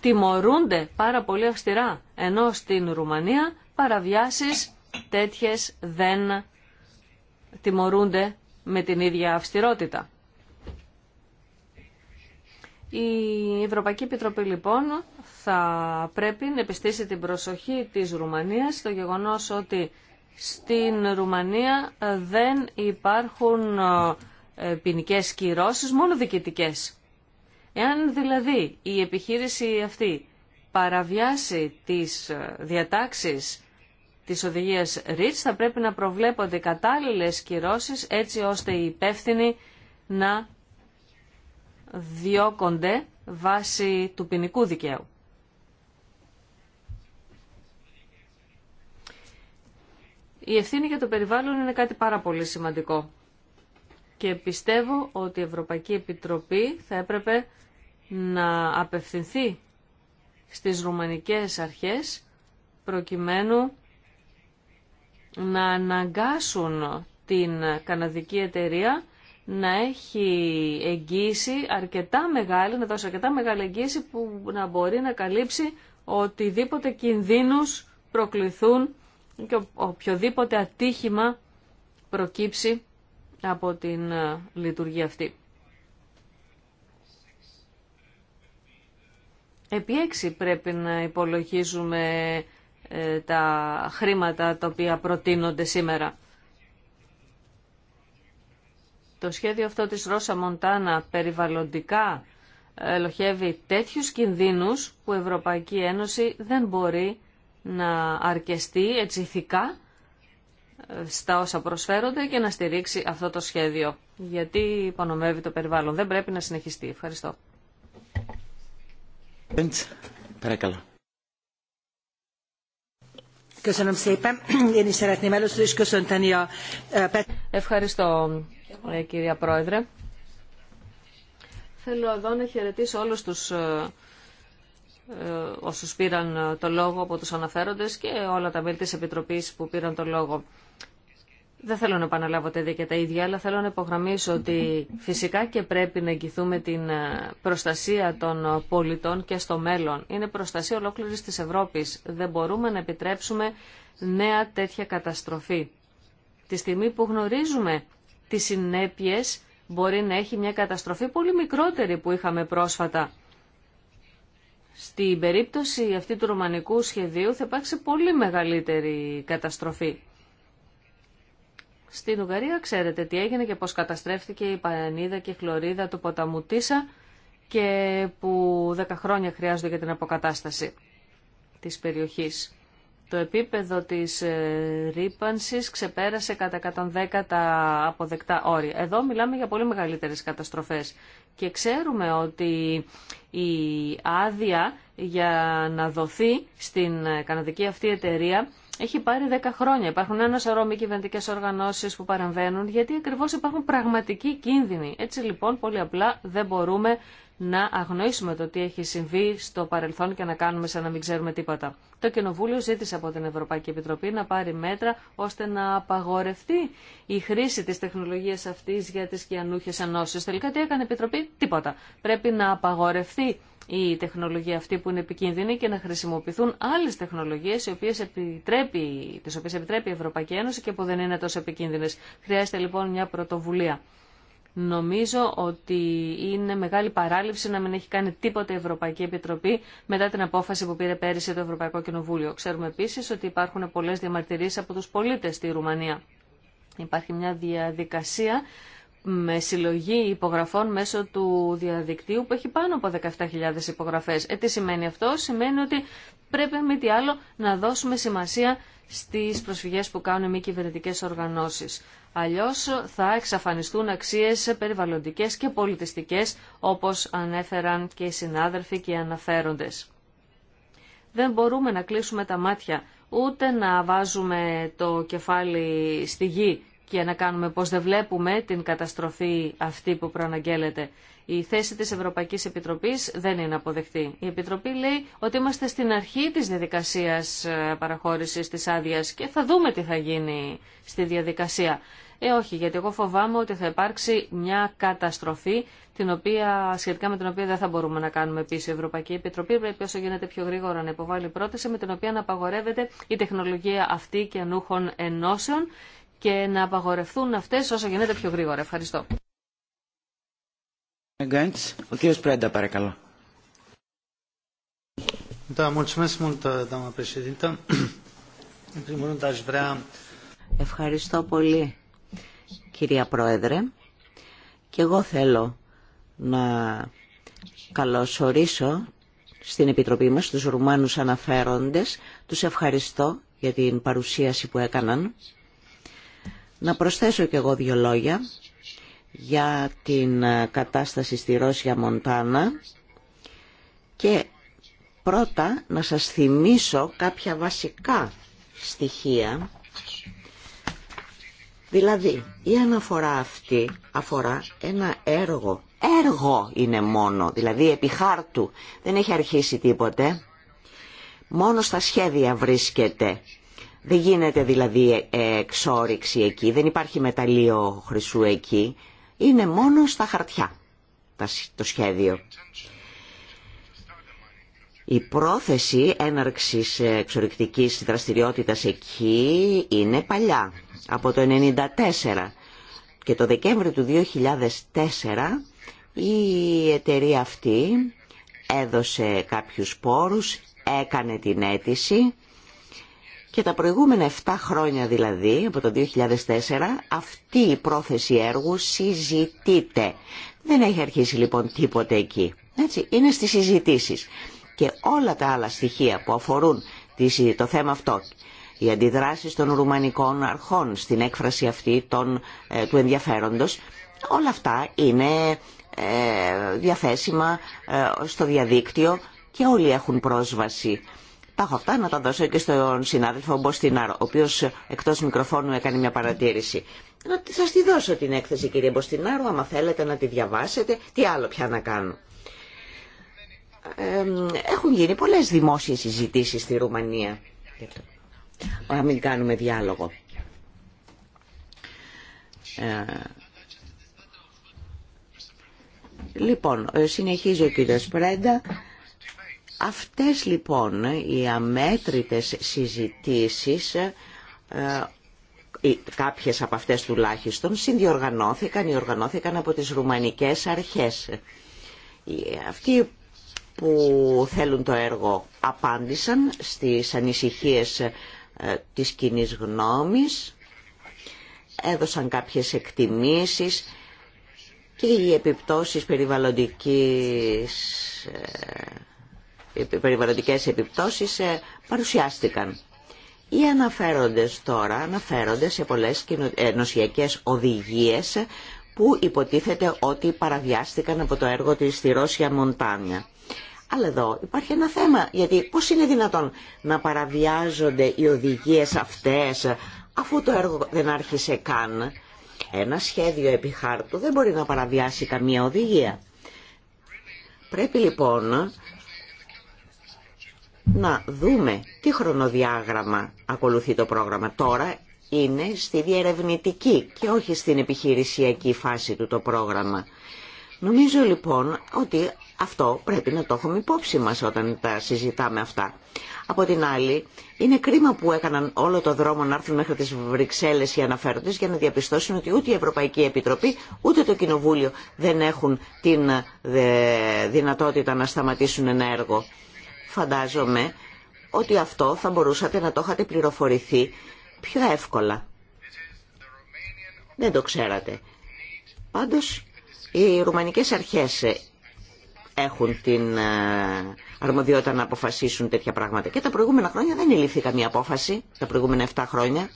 τιμωρούνται πάρα πολύ αυστηρά, ενώ στην Ρουμανία παραβιάσεις τέτοιες δεν τιμωρούνται με την ίδια αυστηρότητα. Η Ευρωπαϊκή Επιτροπή λοιπόν θα πρέπει να επιστήσει την προσοχή της Ρουμανίας στο γεγονός ότι στην Ρουμανία δεν υπάρχουν ε, ποινικέ κυρώσει, μόνο διοικητικέ. Εάν δηλαδή η επιχείρηση αυτή παραβιάσει τις ε, διατάξεις της οδηγίας REACH θα πρέπει να προβλέπονται κατάλληλες κυρώσεις έτσι ώστε οι υπεύθυνοι να διώκονται βάσει του ποινικού δικαίου. Η ευθύνη για το περιβάλλον είναι κάτι πάρα πολύ σημαντικό. Και πιστεύω ότι η Ευρωπαϊκή Επιτροπή θα έπρεπε να απευθυνθεί στις ρουμανικές αρχές προκειμένου να αναγκάσουν την καναδική εταιρεία να έχει εγγύηση αρκετά μεγάλη, να δώσει αρκετά μεγάλη εγγύηση που να μπορεί να καλύψει οτιδήποτε κινδύνους προκληθούν και οποιοδήποτε ατύχημα προκύψει από την ε, λειτουργία αυτή. Επί έξι πρέπει να υπολογίζουμε ε, τα χρήματα τα οποία προτείνονται σήμερα. Το σχέδιο αυτό της Ρώσα Μοντάνα περιβαλλοντικά ελοχεύει τέτοιους κινδύνους που η Ευρωπαϊκή Ένωση δεν μπορεί να αρκεστεί έτσι ηθικά ε, στα όσα προσφέρονται και να στηρίξει αυτό το σχέδιο. Γιατί υπονομεύει το περιβάλλον. Δεν πρέπει να συνεχιστεί. Ευχαριστώ. Eh, Ευχαριστώ ε, κυρία Πρόεδρε. Θέλω εδώ να χαιρετήσω όλους τους ε, ε, όσους πήραν το λόγο από τους αναφέροντες και όλα τα μέλη της Επιτροπής που πήραν το λόγο. Δεν θέλω να επαναλάβω τέτοια και τα ίδια, αλλά θέλω να υπογραμμίσω ότι φυσικά και πρέπει να εγγυθούμε την προστασία των πολιτών και στο μέλλον. Είναι προστασία ολόκληρη της Ευρώπης. Δεν μπορούμε να επιτρέψουμε νέα τέτοια καταστροφή. Τη στιγμή που γνωρίζουμε τις συνέπειες μπορεί να έχει μια καταστροφή πολύ μικρότερη που είχαμε πρόσφατα. Στην περίπτωση αυτή του ρωμανικού σχεδίου θα υπάρξει πολύ μεγαλύτερη καταστροφή. Στην Ουγγαρία ξέρετε τι έγινε και πώς καταστρέφτηκε η πανίδα και η χλωρίδα του ποταμού Τίσα και που 10 χρόνια χρειάζονται για την αποκατάσταση της περιοχής. Το επίπεδο της ε, ρήπανσης ξεπέρασε κατά 110 τα αποδεκτά όρια. Εδώ μιλάμε για πολύ μεγαλύτερες καταστροφές και ξέρουμε ότι η άδεια για να δοθεί στην ε, καναδική αυτή εταιρεία έχει πάρει 10 χρόνια. Υπάρχουν ένα σωρό μη κυβερνητικέ οργανώσει που παρεμβαίνουν, γιατί ακριβώ υπάρχουν πραγματικοί κίνδυνοι. Έτσι λοιπόν, πολύ απλά δεν μπορούμε να αγνοήσουμε το τι έχει συμβεί στο παρελθόν και να κάνουμε σαν να μην ξέρουμε τίποτα. Το Κοινοβούλιο ζήτησε από την Ευρωπαϊκή Επιτροπή να πάρει μέτρα ώστε να απαγορευτεί η χρήση της τεχνολογίας αυτής για τις κιανούχες ενώσεις. Τελικά τι έκανε η Επιτροπή, τίποτα. Πρέπει να απαγορευτεί η τεχνολογία αυτή που είναι επικίνδυνη και να χρησιμοποιηθούν άλλε τεχνολογίε τι οποίε επιτρέπει, επιτρέπει η Ευρωπαϊκή Ένωση και που δεν είναι τόσο επικίνδυνε. Χρειάζεται λοιπόν μια πρωτοβουλία. Νομίζω ότι είναι μεγάλη παράληψη να μην έχει κάνει τίποτα η Ευρωπαϊκή Επιτροπή μετά την απόφαση που πήρε πέρυσι το Ευρωπαϊκό Κοινοβούλιο. Ξέρουμε επίση ότι υπάρχουν πολλέ διαμαρτυρίε από του πολίτε στη Ρουμανία. Υπάρχει μια διαδικασία με συλλογή υπογραφών μέσω του διαδικτύου που έχει πάνω από 17.000 υπογραφές. Ε, τι σημαίνει αυτό, σημαίνει ότι πρέπει με τι άλλο να δώσουμε σημασία στις προσφυγές που κάνουν μη κυβερνητικέ οργανώσεις. Αλλιώς θα εξαφανιστούν αξίες περιβαλλοντικές και πολιτιστικές, όπως ανέφεραν και οι συνάδελφοι και οι αναφέροντες. Δεν μπορούμε να κλείσουμε τα μάτια, ούτε να βάζουμε το κεφάλι στη γη και να κάνουμε πως δεν βλέπουμε την καταστροφή αυτή που προαναγγέλλεται η θέση της Ευρωπαϊκής Επιτροπής δεν είναι αποδεκτή. Η Επιτροπή λέει ότι είμαστε στην αρχή της διαδικασίας ε, παραχώρησης της άδεια και θα δούμε τι θα γίνει στη διαδικασία. Ε, όχι, γιατί εγώ φοβάμαι ότι θα υπάρξει μια καταστροφή την οποία, σχετικά με την οποία δεν θα μπορούμε να κάνουμε επίση Η Ευρωπαϊκή Επιτροπή πρέπει όσο γίνεται πιο γρήγορα να υποβάλει πρόταση με την οποία να απαγορεύεται η τεχνολογία αυτή και ανούχων ενώσεων και να απαγορευτούν αυτές όσο γίνεται πιο γρήγορα. Ευχαριστώ. Ο παρακαλώ. Ευχαριστώ πολύ, κυρία Πρόεδρε. Και εγώ θέλω να καλωσορίσω στην Επιτροπή μας τους Ρουμάνους αναφέροντες. Τους ευχαριστώ για την παρουσίαση που έκαναν. Να προσθέσω και εγώ δύο λόγια για την ε, κατάσταση στη Ρώσια Μοντάνα και πρώτα να σας θυμίσω κάποια βασικά στοιχεία Δηλαδή, η αναφορά αυτή αφορά ένα έργο. Έργο είναι μόνο, δηλαδή επί χάρτου. Δεν έχει αρχίσει τίποτε. Μόνο στα σχέδια βρίσκεται. Δεν γίνεται δηλαδή ε, εξόριξη εκεί, δεν υπάρχει μεταλλείο χρυσού εκεί είναι μόνο στα χαρτιά το σχέδιο. Η πρόθεση έναρξης εξορυκτικής δραστηριότητας εκεί είναι παλιά, από το 1994. Και το Δεκέμβριο του 2004 η εταιρεία αυτή έδωσε κάποιους πόρους, έκανε την αίτηση και τα προηγούμενα 7 χρόνια δηλαδή, από το 2004, αυτή η πρόθεση έργου συζητείται. Δεν έχει αρχίσει λοιπόν τίποτε εκεί. είναι στις συζητήσεις. Και όλα τα άλλα στοιχεία που αφορούν το θέμα αυτό, οι αντιδράσεις των ρουμανικών αρχών στην έκφραση αυτή των, ε, του ενδιαφέροντος, όλα αυτά είναι ε, διαθέσιμα ε, στο διαδίκτυο και όλοι έχουν πρόσβαση τα έχω αυτά να τα δώσω και στον συνάδελφο Μποστινάρο, ο οποίος εκτός μικροφώνου έκανε μια παρατήρηση. Να σας τη δώσω την έκθεση κύριε Μποστινάρο, άμα θέλετε να τη διαβάσετε, τι άλλο πια να κάνω. έχουν γίνει πολλές δημόσιες συζητήσεις στη Ρουμανία. Να μην κάνουμε διάλογο. Ε, λοιπόν, ε, συνεχίζει ο κύριο Πρέντα Αυτές λοιπόν οι αμέτρητες συζητήσεις, ε, ε, κάποιες από αυτές τουλάχιστον, συνδιοργανώθηκαν ή οργανώθηκαν από τις ρουμανικές αρχές. Αυτοί που θέλουν το έργο απάντησαν στις ανησυχίες ε, της κοινή γνώμης, έδωσαν κάποιες εκτιμήσεις και οι επιπτώσεις περιβαλλοντικής περιβαλλοντικές επιπτώσεις ε, παρουσιάστηκαν. Η αναφέροντες τώρα αναφέρονται σε πολλές ε, νοσιακές οδηγίες που υποτίθεται ότι παραβιάστηκαν από το έργο της στη Ρώσια Μοντάνια. Αλλά εδώ υπάρχει ένα θέμα, γιατί πώς είναι δυνατόν να παραβιάζονται οι οδηγίες αυτές αφού το έργο δεν άρχισε καν. Ένα σχέδιο επιχάρτου δεν μπορεί να παραβιάσει καμία οδηγία. Πρέπει λοιπόν να δούμε τι χρονοδιάγραμμα ακολουθεί το πρόγραμμα. Τώρα είναι στη διερευνητική και όχι στην επιχειρησιακή φάση του το πρόγραμμα. Νομίζω λοιπόν ότι αυτό πρέπει να το έχουμε υπόψη μας όταν τα συζητάμε αυτά. Από την άλλη, είναι κρίμα που έκαναν όλο το δρόμο να έρθουν μέχρι τις Βρυξέλλες οι αναφέροντες για να διαπιστώσουν ότι ούτε η Ευρωπαϊκή Επιτροπή ούτε το Κοινοβούλιο δεν έχουν την ε, δυνατότητα να σταματήσουν ένα έργο φαντάζομαι ότι αυτό θα μπορούσατε να το είχατε πληροφορηθεί πιο εύκολα. Δεν το ξέρατε. Πάντως, οι ρουμανικές αρχές έχουν την ε, αρμοδιότητα να αποφασίσουν τέτοια πράγματα. Και τα προηγούμενα χρόνια δεν ελήφθη καμία απόφαση, τα προηγούμενα 7 χρόνια.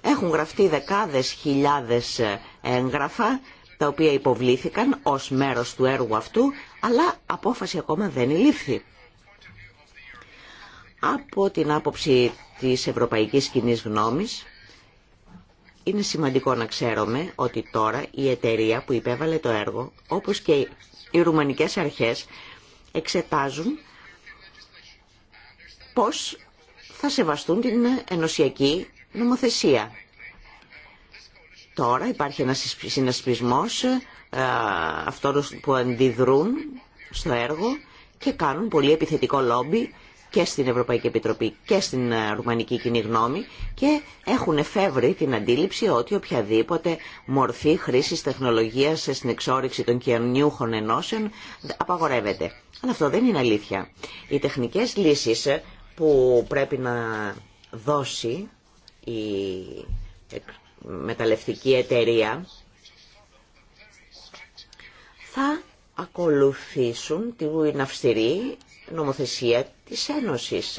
Έχουν γραφτεί δεκάδες χιλιάδες ε, έγγραφα, τα οποία υποβλήθηκαν ως μέρος του έργου αυτού, αλλά απόφαση ακόμα δεν ελήφθη. Από την άποψη της ευρωπαϊκής κοινή γνώμης, είναι σημαντικό να ξέρουμε ότι τώρα η εταιρεία που υπέβαλε το έργο, όπως και οι ρουμανικές αρχές, εξετάζουν πώς θα σεβαστούν την ενωσιακή νομοθεσία. Τώρα υπάρχει ένας συνασπισμός ε, αυτών που αντιδρούν στο έργο και κάνουν πολύ επιθετικό λόμπι και στην Ευρωπαϊκή Επιτροπή και στην ε, Ρουμανική Κοινή Γνώμη και έχουν εφεύρει την αντίληψη ότι οποιαδήποτε μορφή χρήσης τεχνολογίας στην εξόριξη των κοινούχων ενώσεων απαγορεύεται. Αλλά αυτό δεν είναι αλήθεια. Οι τεχνικές λύσεις ε, που πρέπει να δώσει η ε, μεταλλευτική εταιρεία θα ακολουθήσουν την αυστηρή νομοθεσία της Ένωσης.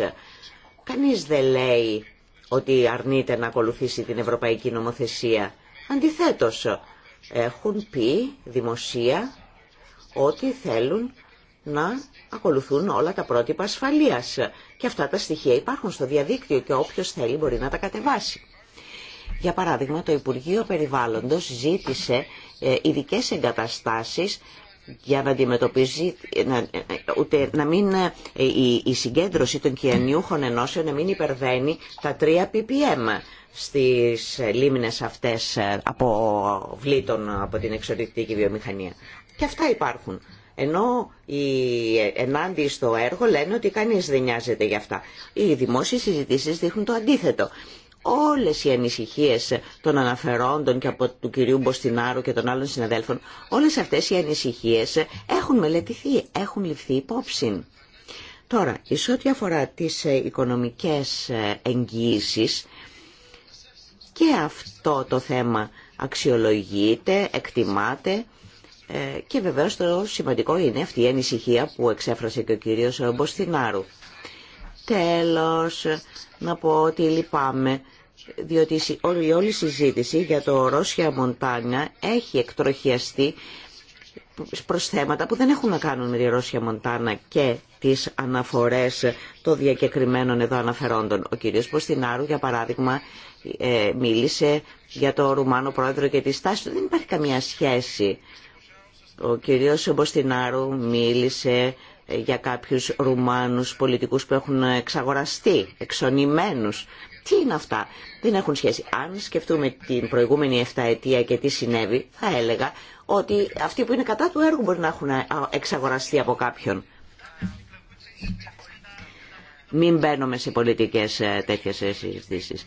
Κανείς δεν λέει ότι αρνείται να ακολουθήσει την ευρωπαϊκή νομοθεσία. Αντιθέτως, έχουν πει δημοσία ότι θέλουν να ακολουθούν όλα τα πρότυπα ασφαλείας. Και αυτά τα στοιχεία υπάρχουν στο διαδίκτυο και όποιος θέλει μπορεί να τα κατεβάσει. Για παράδειγμα, το Υπουργείο Περιβάλλοντος ζήτησε ε, ειδικέ εγκαταστάσεις για να αντιμετωπίζει να, ούτε, να μην, ε, η, η συγκέντρωση των κυανιούχων ενώσεων να μην υπερβαίνει τα 3 ppm στις λίμνες αυτές ε, από βλήτων από την εξορυκτική βιομηχανία. Και αυτά υπάρχουν. Ενώ οι ε, ενάντια στο έργο λένε ότι κανείς δεν νοιάζεται για αυτά. Οι δημόσιες συζητήσεις δείχνουν το αντίθετο όλες οι ανησυχίες των αναφερόντων και από του κυρίου Μποστινάρου και των άλλων συναδέλφων, όλες αυτές οι ανησυχίες έχουν μελετηθεί, έχουν ληφθεί υπόψη. Τώρα, εις ό,τι αφορά τις ε, οικονομικές ε, εγγύησεις, και αυτό το θέμα αξιολογείται, εκτιμάται ε, και βεβαίως το σημαντικό είναι αυτή η ανησυχία που εξέφρασε και ο κύριος Μποστινάρου. Τέλος, να πω ότι λυπάμαι, διότι η όλη συζήτηση για το Ρώσια Μοντάνια έχει εκτροχιαστεί προς θέματα που δεν έχουν να κάνουν με τη Ρώσια Μοντάνα και τις αναφορές των διακεκριμένων εδώ αναφερόντων. Ο κύριος Ποστινάρου, για παράδειγμα, ε, μίλησε για το Ρουμάνο πρόεδρο και τη στάση του. Δεν υπάρχει καμία σχέση. Ο κύριος Ποστινάρου μίλησε για κάποιους Ρουμάνους πολιτικούς που έχουν εξαγοραστεί, εξονημένους. Τι είναι αυτά, δεν έχουν σχέση. Αν σκεφτούμε την προηγούμενη 7 ετία και τι συνέβη, θα έλεγα ότι αυτοί που είναι κατά του έργου μπορεί να έχουν εξαγοραστεί από κάποιον. Μην μπαίνουμε σε πολιτικές ε, τέτοιες ε, συζητήσεις.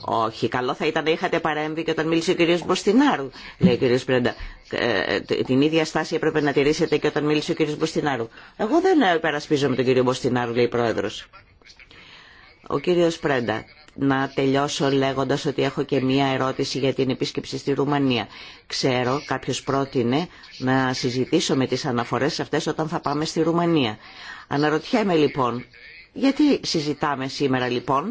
Όχι, καλό θα ήταν να είχατε παρέμβει και όταν μίλησε ο κύριος Μποστινάρου, λέει ο κύριος Πρέντα. Ε, την ίδια στάση έπρεπε να τηρήσετε και όταν μίλησε ο κύριος Μποστινάρου. Εγώ δεν ε, υπερασπίζομαι τον κύριο Μποστινάρου, λέει η Πρόεδρος. Ο κύριος Πρέντα, να τελειώσω λέγοντας ότι έχω και μία ερώτηση για την επίσκεψη στη Ρουμανία. Ξέρω, κάποιος πρότεινε να συζητήσω με τις αναφορές αυτές όταν θα πάμε στη Ρουμανία. Αναρωτιέμαι λοιπόν, γιατί συζητάμε σήμερα λοιπόν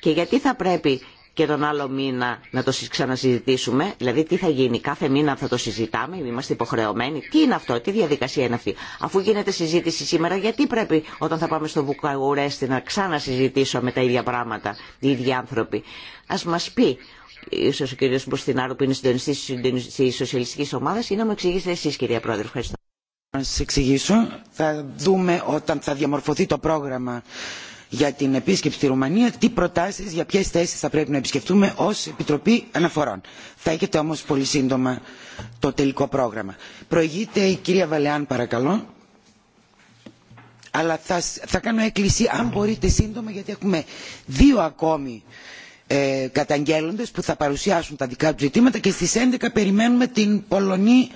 και γιατί θα πρέπει και τον άλλο μήνα να το ξανασυζητήσουμε. Δηλαδή τι θα γίνει, κάθε μήνα θα το συζητάμε, είμαστε υποχρεωμένοι. Τι είναι αυτό, τι διαδικασία είναι αυτή. Αφού γίνεται συζήτηση σήμερα, γιατί πρέπει όταν θα πάμε στο Βουκαγουρέστι να ξανασυζητήσουμε τα ίδια πράγματα, οι ίδιοι άνθρωποι. Α μα πει ίσω ο κύριο Μποστινάρου που είναι συντονιστή τη Σοσιαλιστική Ομάδα ή να μου εξηγήσετε εσεί κυρία Πρόεδρε. Ευχαριστώ. Να σα εξηγήσω. Θα δούμε όταν θα διαμορφωθεί το πρόγραμμα για την επίσκεψη στη Ρουμανία τι προτάσεις για ποιες θέσεις θα πρέπει να επισκεφτούμε ως Επιτροπή Αναφορών. Θα έχετε όμως πολύ σύντομα το τελικό πρόγραμμα. Προηγείται η κυρία Βαλεάν παρακαλώ. Αλλά θα, κάνω έκκληση αν μπορείτε σύντομα γιατί έχουμε δύο ακόμη ε, καταγγέλλοντες που θα παρουσιάσουν τα δικά του ζητήματα και στις 11 περιμένουμε την Πολωνή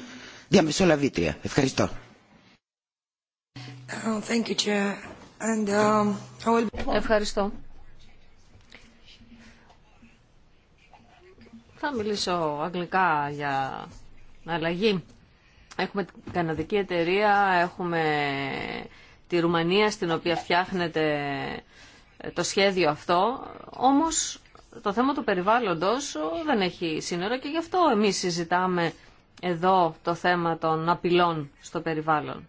διαμεσολαβήτρια. Ευχαριστώ. Oh, thank you, Um, Ευχαριστώ. Θα μιλήσω αγγλικά για αλλαγή. Έχουμε την καναδική εταιρεία, έχουμε τη Ρουμανία στην οποία φτιάχνεται το σχέδιο αυτό. Όμως το θέμα του περιβάλλοντος δεν έχει σύνορα και γι' αυτό εμείς συζητάμε εδώ το θέμα των απειλών στο περιβάλλον.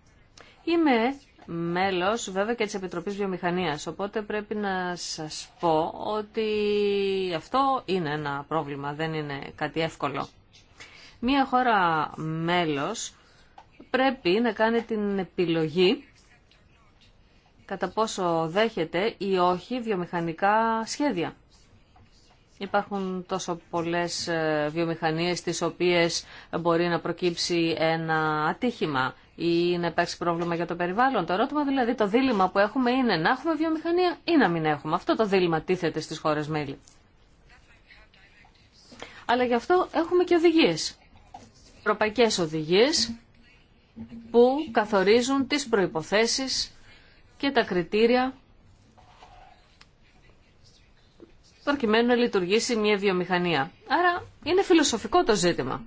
Είμαι μέλος βέβαια και της Επιτροπής Βιομηχανίας. Οπότε πρέπει να σας πω ότι αυτό είναι ένα πρόβλημα, δεν είναι κάτι εύκολο. Μία χώρα μέλος πρέπει να κάνει την επιλογή κατά πόσο δέχεται ή όχι βιομηχανικά σχέδια. Υπάρχουν τόσο πολλές ε, βιομηχανίες τις οποίες μπορεί να προκύψει ένα ατύχημα ή να υπάρξει πρόβλημα για το περιβάλλον. Το ερώτημα δηλαδή, το δίλημα που έχουμε είναι να έχουμε βιομηχανία ή να μην έχουμε. Αυτό το δίλημα τίθεται στις χώρες μέλη. Αλλά γι' αυτό έχουμε και οδηγίες. Ευρωπαϊκές οδηγίες που καθορίζουν τις προϋποθέσεις και τα κριτήρια προκειμένου να λειτουργήσει μια βιομηχανία. Άρα είναι φιλοσοφικό το ζήτημα.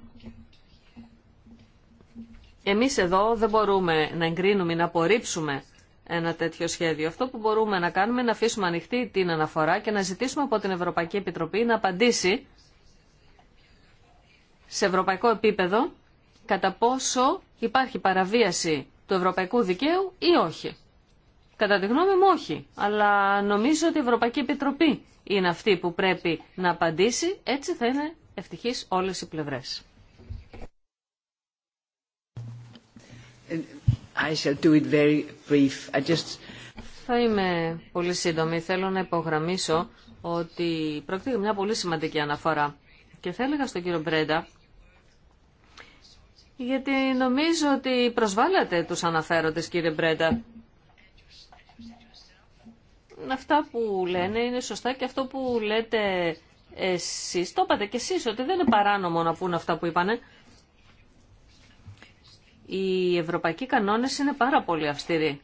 Εμείς εδώ δεν μπορούμε να εγκρίνουμε ή να απορρίψουμε ένα τέτοιο σχέδιο. Αυτό που μπορούμε να κάνουμε είναι να αφήσουμε ανοιχτή την αναφορά και να ζητήσουμε από την Ευρωπαϊκή Επιτροπή να απαντήσει σε ευρωπαϊκό επίπεδο κατά πόσο υπάρχει παραβίαση του ευρωπαϊκού δικαίου ή όχι. Κατά τη γνώμη μου όχι, αλλά νομίζω ότι η Ευρωπαϊκή Επιτροπή είναι αυτή που πρέπει να απαντήσει, έτσι θα είναι ευτυχείς όλες οι πλευρές. very Θα είμαι πολύ σύντομη. Θέλω να υπογραμμίσω ότι πρόκειται για μια πολύ σημαντική αναφορά. Και θα έλεγα στον κύριο Μπρέντα, γιατί νομίζω ότι προσβάλλατε τους αναφέροντες κύριε Μπρέντα αυτά που λένε είναι σωστά και αυτό που λέτε εσείς, το είπατε και εσείς ότι δεν είναι παράνομο να πούν αυτά που είπανε. Οι ευρωπαϊκοί κανόνες είναι πάρα πολύ αυστηροί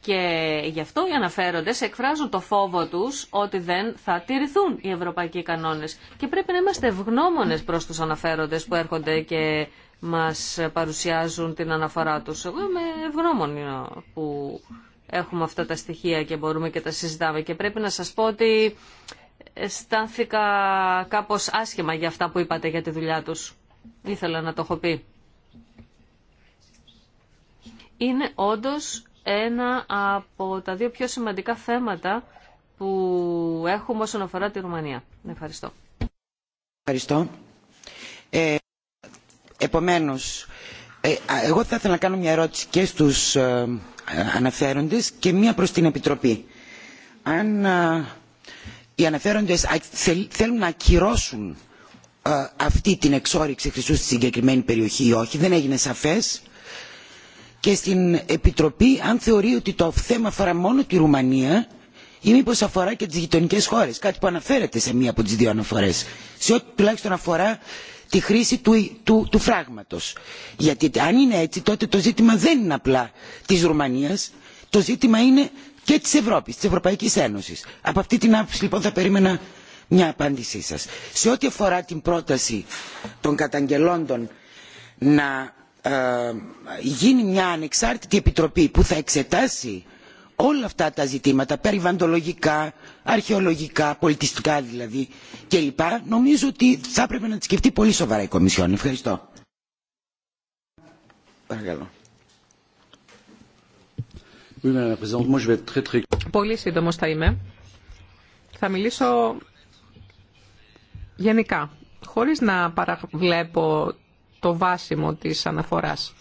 και γι' αυτό οι αναφέροντες εκφράζουν το φόβο τους ότι δεν θα τηρηθούν οι ευρωπαϊκοί κανόνες και πρέπει να είμαστε ευγνώμονε προς τους αναφέροντες που έρχονται και μας παρουσιάζουν την αναφορά τους. Εγώ είμαι που έχουμε αυτά τα στοιχεία και μπορούμε και τα συζητάμε. Και πρέπει να σας πω ότι αισθάνθηκα κάπως άσχημα για αυτά που είπατε για τη δουλειά τους. Ήθελα να το έχω πει. Είναι όντως ένα από τα δύο πιο σημαντικά θέματα που έχουμε όσον αφορά τη Ρουμανία. Ευχαριστώ. Ευχαριστώ. Ε, επομένως, ε, εγώ θα ήθελα να κάνω μια ερώτηση και στους ε, αναφέροντες και μία προς την Επιτροπή. Αν οι αναφέροντες θέλουν να ακυρώσουν αυτή την εξόριξη χρυσού στη συγκεκριμένη περιοχή ή όχι, δεν έγινε σαφές και στην Επιτροπή αν θεωρεί ότι το θέμα αφορά μόνο τη Ρουμανία ή μήπω αφορά και τις γειτονικές χώρες. Κάτι που αναφέρεται σε μία από τις δύο αναφορές, Σε ό,τι τουλάχιστον αφορά τη χρήση του, του, φράγματος. Γιατί αν είναι έτσι τότε το ζήτημα δεν είναι απλά της Ρουμανίας, το ζήτημα είναι και της Ευρώπης, της Ευρωπαϊκής Ένωσης. Από αυτή την άποψη λοιπόν θα περίμενα μια απάντησή σας. Σε ό,τι αφορά την πρόταση των καταγγελόντων να ε, γίνει μια ανεξάρτητη επιτροπή που θα εξετάσει όλα αυτά τα ζητήματα περιβαντολογικά αρχαιολογικά πολιτιστικά δηλαδή κλπ νομίζω ότι θα έπρεπε να τη σκεφτεί πολύ σοβαρά η κομισιόν. ευχαριστώ. Πολύ σύντομος θα είμαι. Θα μιλήσω γενικά, χωρίς να παραβλέπω το βάσιμο της αναφοράς.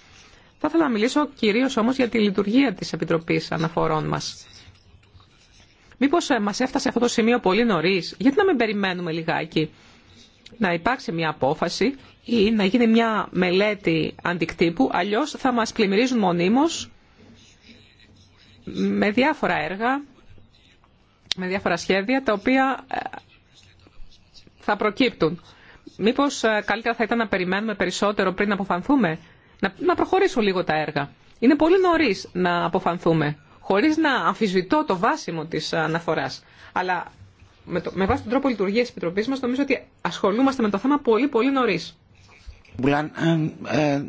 Θα ήθελα να μιλήσω κυρίως όμως για τη λειτουργία της Επιτροπής Αναφορών μας. Μήπως ε, μας έφτασε αυτό το σημείο πολύ νωρίς, γιατί να μην περιμένουμε λιγάκι να υπάρξει μια απόφαση ή να γίνει μια μελέτη αντικτύπου, αλλιώς θα μας πλημμυρίζουν μονίμως με διάφορα έργα, με διάφορα σχέδια τα οποία ε, θα προκύπτουν. Μήπως ε, καλύτερα θα ήταν να περιμένουμε περισσότερο πριν αποφανθούμε να, προχωρήσω λίγο τα έργα. Είναι πολύ νωρί να αποφανθούμε, χωρί να αμφισβητώ το βάσιμο τη αναφορά. Αλλά με, το, με βάση τον τρόπο λειτουργία τη Επιτροπή μα, νομίζω ότι ασχολούμαστε με το θέμα πολύ, πολύ νωρί. Ε,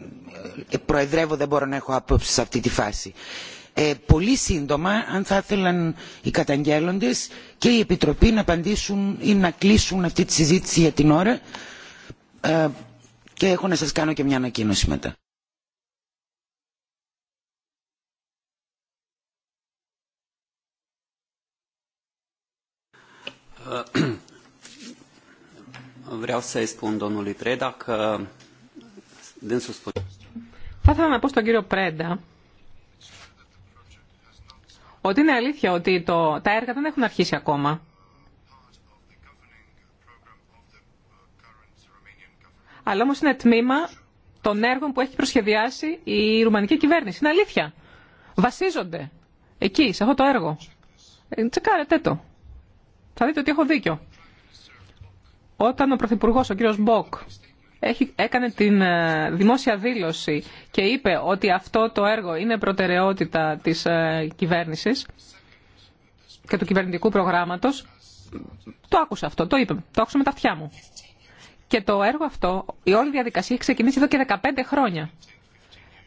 προεδρεύω, δεν μπορώ να έχω άποψη σε αυτή τη φάση. Ε, πολύ σύντομα, αν θα ήθελαν οι καταγγέλλοντε και η Επιτροπή να απαντήσουν ή να κλείσουν αυτή τη συζήτηση για την ώρα. Ε, και έχω να σας κάνω και μια ανακοίνωση μετά. Θα ήθελα να πω στον κύριο Πρέντα ότι είναι αλήθεια ότι το, τα έργα δεν έχουν αρχίσει ακόμα. Αλλά όμως είναι τμήμα των έργων που έχει προσχεδιάσει η ρουμανική κυβέρνηση. Είναι αλήθεια. Βασίζονται εκεί, σε αυτό το έργο. Τσεκάρετε το. Θα δείτε ότι έχω δίκιο. Όταν ο Πρωθυπουργό, ο κύριος Μποκ, έχει, έκανε την ε, δημόσια δήλωση και είπε ότι αυτό το έργο είναι προτεραιότητα της ε, κυβέρνησης και του κυβερνητικού προγράμματος, το άκουσα αυτό, το είπε, το άκουσα με τα αυτιά μου. Και το έργο αυτό, η όλη διαδικασία έχει ξεκινήσει εδώ και 15 χρόνια.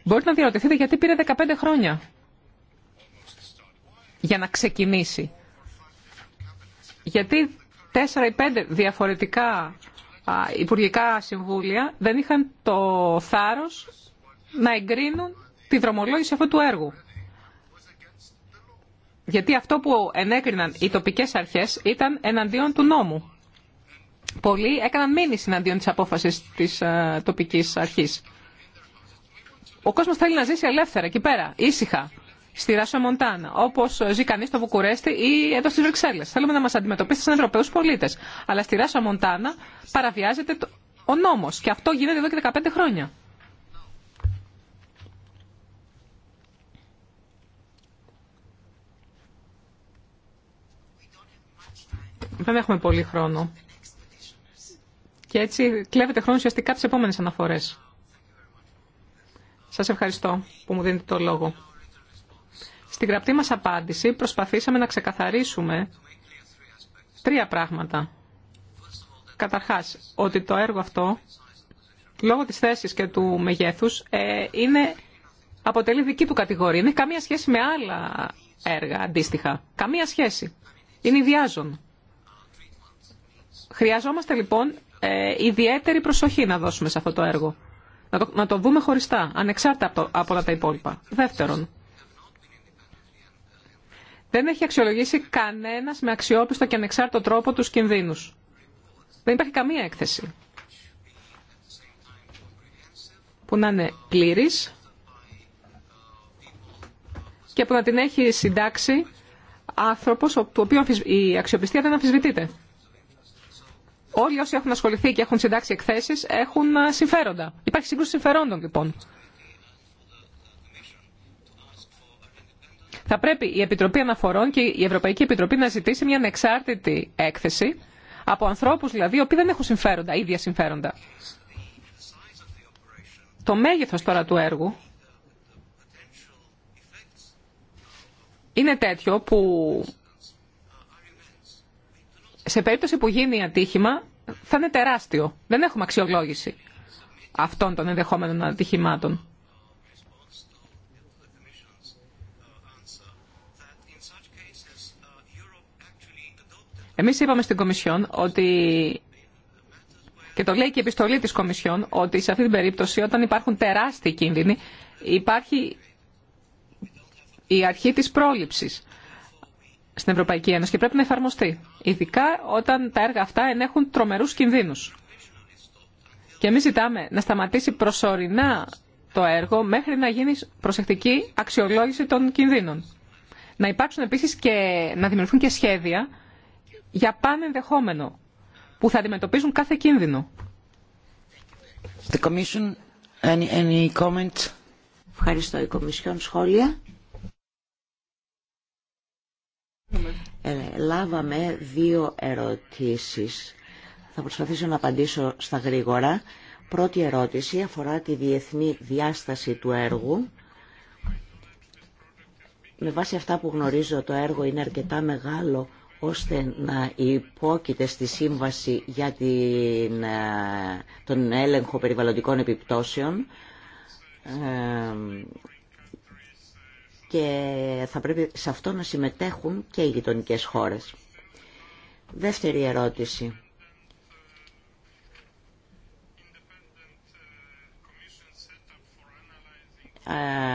Μπορείτε να διαρωτηθείτε γιατί πήρε 15 χρόνια για να ξεκινήσει. Γιατί τέσσερα ή πέντε διαφορετικά υπουργικά συμβούλια δεν είχαν το θάρρος να εγκρίνουν τη δρομολόγηση αυτού του έργου. Γιατί αυτό που ενέκριναν οι τοπικές αρχές ήταν εναντίον του νόμου. Πολλοί έκαναν μήνυση εναντίον της απόφασης της ε, τοπικής αρχής. Ο κόσμος θέλει να ζήσει ελεύθερα εκεί πέρα, ήσυχα στη Ράσο Μοντάνα, όπω ζει κανεί στο Βουκουρέστι ή εδώ στι Βρυξέλλε. Θέλουμε να μα αντιμετωπίσετε σαν Ευρωπαίου πολίτε. Αλλά στη Ράσο Μοντάνα παραβιάζεται ο νόμο και αυτό γίνεται εδώ και 15 χρόνια. Δεν έχουμε πολύ χρόνο. Και έτσι κλέβετε χρόνο ουσιαστικά τι επόμενε αναφορές. Σας ευχαριστώ που μου δίνετε το λόγο. Στη γραπτή μας απάντηση προσπαθήσαμε να ξεκαθαρίσουμε τρία πράγματα. Καταρχάς, ότι το έργο αυτό, λόγω της θέσης και του μεγέθους, ε, είναι, αποτελεί δική του κατηγορία. Είναι καμία σχέση με άλλα έργα αντίστοιχα. Καμία σχέση. Είναι ιδιάζων. Χρειαζόμαστε λοιπόν ε, ιδιαίτερη προσοχή να δώσουμε σε αυτό το έργο. Να το, να το δούμε χωριστά, ανεξάρτητα από, από όλα τα υπόλοιπα. Δεύτερον, δεν έχει αξιολογήσει κανένας με αξιόπιστο και ανεξάρτητο τρόπο τους κινδύνους. Δεν υπάρχει καμία έκθεση που να είναι πλήρης και που να την έχει συντάξει άνθρωπος του οποίου η αξιοπιστία δεν αμφισβητείται. Όλοι όσοι έχουν ασχοληθεί και έχουν συντάξει εκθέσεις έχουν συμφέροντα. Υπάρχει σύγκρουση συμφερόντων λοιπόν. Θα πρέπει η Επιτροπή Αναφορών και η Ευρωπαϊκή Επιτροπή να ζητήσει μια ανεξάρτητη έκθεση από ανθρώπου δηλαδή οι οποίοι δεν έχουν συμφέροντα, ίδια συμφέροντα. Το μέγεθο τώρα του έργου είναι τέτοιο που σε περίπτωση που γίνει ατύχημα θα είναι τεράστιο. Δεν έχουμε αξιολόγηση αυτών των ενδεχόμενων ατυχημάτων. Εμείς είπαμε στην Κομισιόν ότι και το λέει και η επιστολή της Κομισιόν ότι σε αυτή την περίπτωση όταν υπάρχουν τεράστιοι κίνδυνοι υπάρχει η αρχή της πρόληψης στην Ευρωπαϊκή Ένωση και πρέπει να εφαρμοστεί. Ειδικά όταν τα έργα αυτά ενέχουν τρομερούς κινδύνους. Και εμείς ζητάμε να σταματήσει προσωρινά το έργο μέχρι να γίνει προσεκτική αξιολόγηση των κινδύνων. Να υπάρξουν επίσης και να δημιουργηθούν και σχέδια για πάνε ενδεχόμενο που θα αντιμετωπίζουν κάθε κίνδυνο. any, any Ευχαριστώ. Η Κομισιόν σχόλια. Ε, λάβαμε δύο ερωτήσεις. Θα προσπαθήσω να απαντήσω στα γρήγορα. Πρώτη ερώτηση αφορά τη διεθνή διάσταση του έργου. Με βάση αυτά που γνωρίζω το έργο είναι αρκετά μεγάλο ώστε να υπόκειται στη Σύμβαση για την, ε, τον έλεγχο περιβαλλοντικών επιπτώσεων ε, και θα πρέπει σε αυτό να συμμετέχουν και οι γειτονικέ χώρες. Δεύτερη ερώτηση.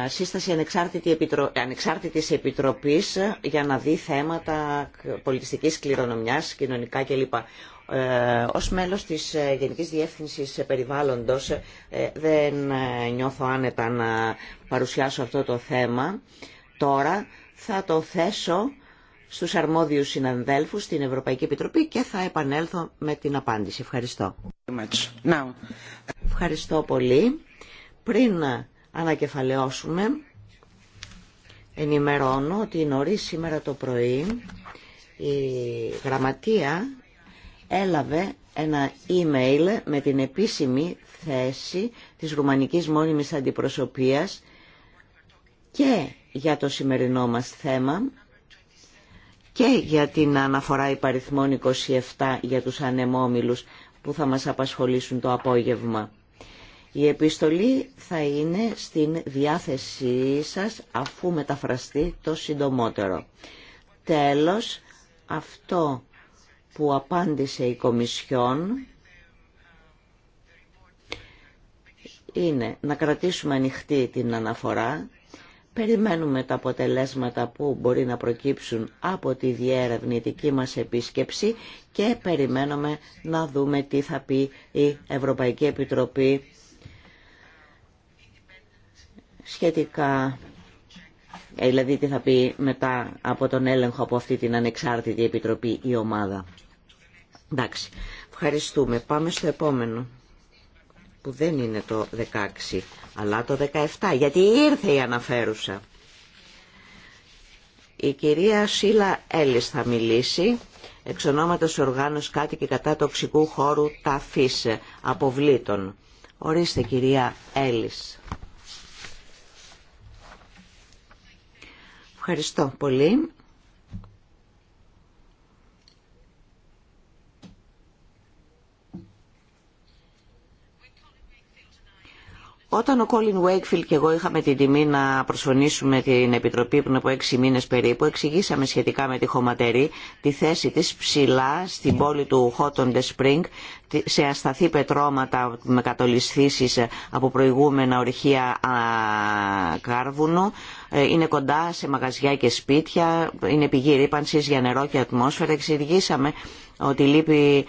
Ε, σύσταση ανεξάρτητη ανεξάρτητης επιτροπής ε, για να δει θέματα πολιτιστικής κληρονομιάς, κοινωνικά κλπ. Ε, ως μέλος της ε, Γενικής Διεύθυνσης Περιβάλλοντος δεν νιώθω άνετα να παρουσιάσω αυτό το θέμα. Τώρα θα το θέσω στους αρμόδιους συναδέλφους στην Ευρωπαϊκή Επιτροπή και θα επανέλθω με την απάντηση. Ευχαριστώ. Ευχαριστώ πολύ. Πριν ανακεφαλαιώσουμε. Ενημερώνω ότι νωρί σήμερα το πρωί η γραμματεία έλαβε ένα email με την επίσημη θέση της Ρουμανικής Μόνιμης Αντιπροσωπείας και για το σημερινό μας θέμα και για την αναφορά υπαριθμών 27 για τους ανεμόμυλους που θα μας απασχολήσουν το απόγευμα. Η επιστολή θα είναι στην διάθεσή σας αφού μεταφραστεί το συντομότερο. Τέλος, αυτό που απάντησε η Κομισιόν είναι να κρατήσουμε ανοιχτή την αναφορά, περιμένουμε τα αποτελέσματα που μπορεί να προκύψουν από τη διερευνητική μας επίσκεψη και περιμένουμε να δούμε τι θα πει η Ευρωπαϊκή Επιτροπή σχετικά, ε, δηλαδή τι θα πει μετά από τον έλεγχο από αυτή την ανεξάρτητη επιτροπή ή ομάδα. Εντάξει, ευχαριστούμε. Πάμε στο επόμενο, που δεν είναι το 16, αλλά το 17, γιατί ήρθε η αναφέρουσα. Η κυρία Σίλα Έλλης θα μιλήσει, εξ ονόματος οργάνωση κάτι και κατά τοξικού χώρου ταφής, αποβλήτων. Ορίστε κυρία Έλλης. Ευχαριστώ πολύ. Όταν ο Κόλιν Βέικφιλ και εγώ είχαμε την τιμή να προσφωνήσουμε την Επιτροπή πριν από έξι μήνες περίπου, εξηγήσαμε σχετικά με τη χωματερή τη θέση της ψηλά στην πόλη του Χότοντε Spring σε ασταθή πετρώματα με κατολισθήσεις από προηγούμενα ορυχεία κάρβουνο ε, είναι κοντά σε μαγαζιά και σπίτια, είναι πηγή ρήπανση για νερό και ατμόσφαιρα. Εξηγήσαμε ότι λείπει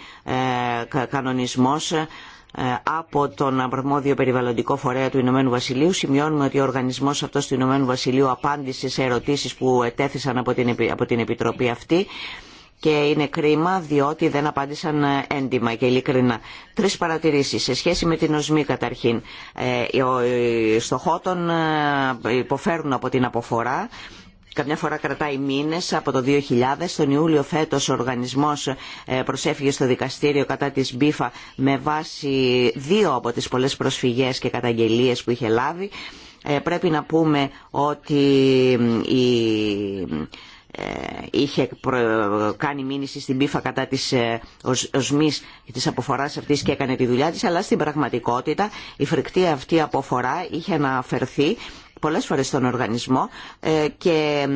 ε, κανονισμός ε, από τον αρμόδιο περιβαλλοντικό φορέα του Ηνωμένου Βασιλείου. Σημειώνουμε ότι ο οργανισμός αυτός του Ηνωμένου Βασιλείου απάντησε σε ερωτήσεις που ετέθησαν από την Επιτροπή αυτή και είναι κρίμα διότι δεν απάντησαν έντιμα και ειλικρινά. Τρεις παρατηρήσεις σε σχέση με την οσμή καταρχήν. Ε, οι στοχότων ε, υποφέρουν από την αποφορά. Καμιά φορά κρατάει μήνες από το 2000. Στον Ιούλιο φέτος ο οργανισμός ε, προσέφυγε στο δικαστήριο κατά της Μπίφα με βάση δύο από τις πολλές προσφυγές και καταγγελίες που είχε λάβει. Πρέπει να πούμε ότι η ε, είχε κάνει μήνυση στην πίφα κατά της οσμής ε, της αποφοράς αυτής και έκανε τη δουλειά της αλλά στην πραγματικότητα η φρικτή αυτή αποφορά είχε αναφερθεί πολλές φορές στον οργανισμό ε, και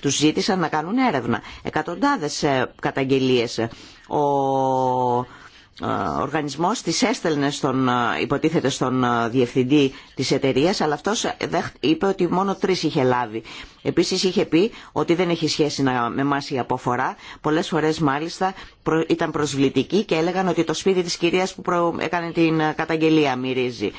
τους ζήτησαν να κάνουν έρευνα. Εκατοντάδες καταγγελίες. Ο ε, οργανισμός τις έστελνε στον, ε, υποτίθεται στον ε, διευθυντή της εταιρείας αλλά αυτός είπε ότι μόνο τρεις είχε λάβει. Επίσης είχε πει ότι δεν έχει σχέση με εμάς η αποφορά. Πολλές φορές μάλιστα ήταν προσβλητική και έλεγαν ότι το σπίτι της κυρίας που έκανε την καταγγελία μυρίζει.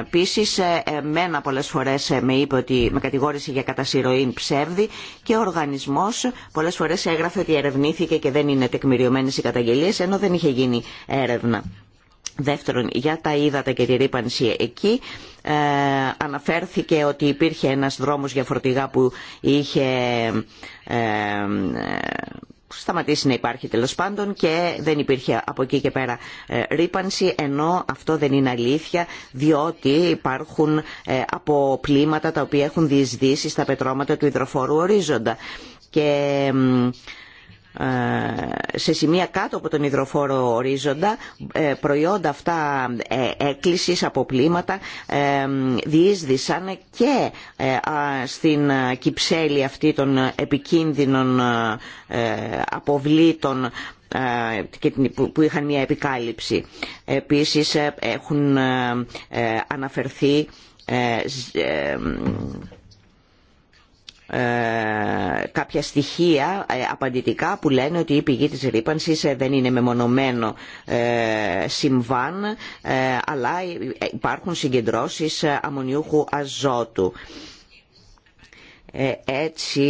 Επίση, ε, εμένα πολλέ φορέ ε, με είπε ότι με κατηγόρησε για κατασυρωή ψεύδη και ο οργανισμό πολλέ φορέ έγραφε ότι ερευνήθηκε και δεν είναι τεκμηριωμένε οι καταγγελίε ενώ δεν είχε γίνει έρευνα. Δεύτερον, για τα ύδατα και τη ρήπανση εκεί ε, αναφέρθηκε ότι υπήρχε ένας δρόμος για φορτηγά που είχε σταματήσει να υπάρχει τέλο πάντων και δεν υπήρχε από εκεί και πέρα ε, ρήπανση ενώ αυτό δεν είναι αλήθεια διότι υπάρχουν ε, αποπλήματα τα οποία έχουν διεισδύσει στα πετρώματα του υδροφόρου ορίζοντα και σε σημεία κάτω από τον υδροφόρο ορίζοντα ε, προϊόντα αυτά ε, έκκλησης, αποπλήματα ε, διείσδησαν και στην κυψέλη αυτή των επικίνδυνων αποβλήτων που είχαν μια επικάλυψη. Επίσης έχουν αναφερθεί ε, κάποια στοιχεία ε, απαντητικά που λένε ότι η πηγή της ρήπανσης ε, δεν είναι μεμονωμένο συμβάν αλλά υπάρχουν συγκεντρώσεις αμμονιούχου αζότου. Έτσι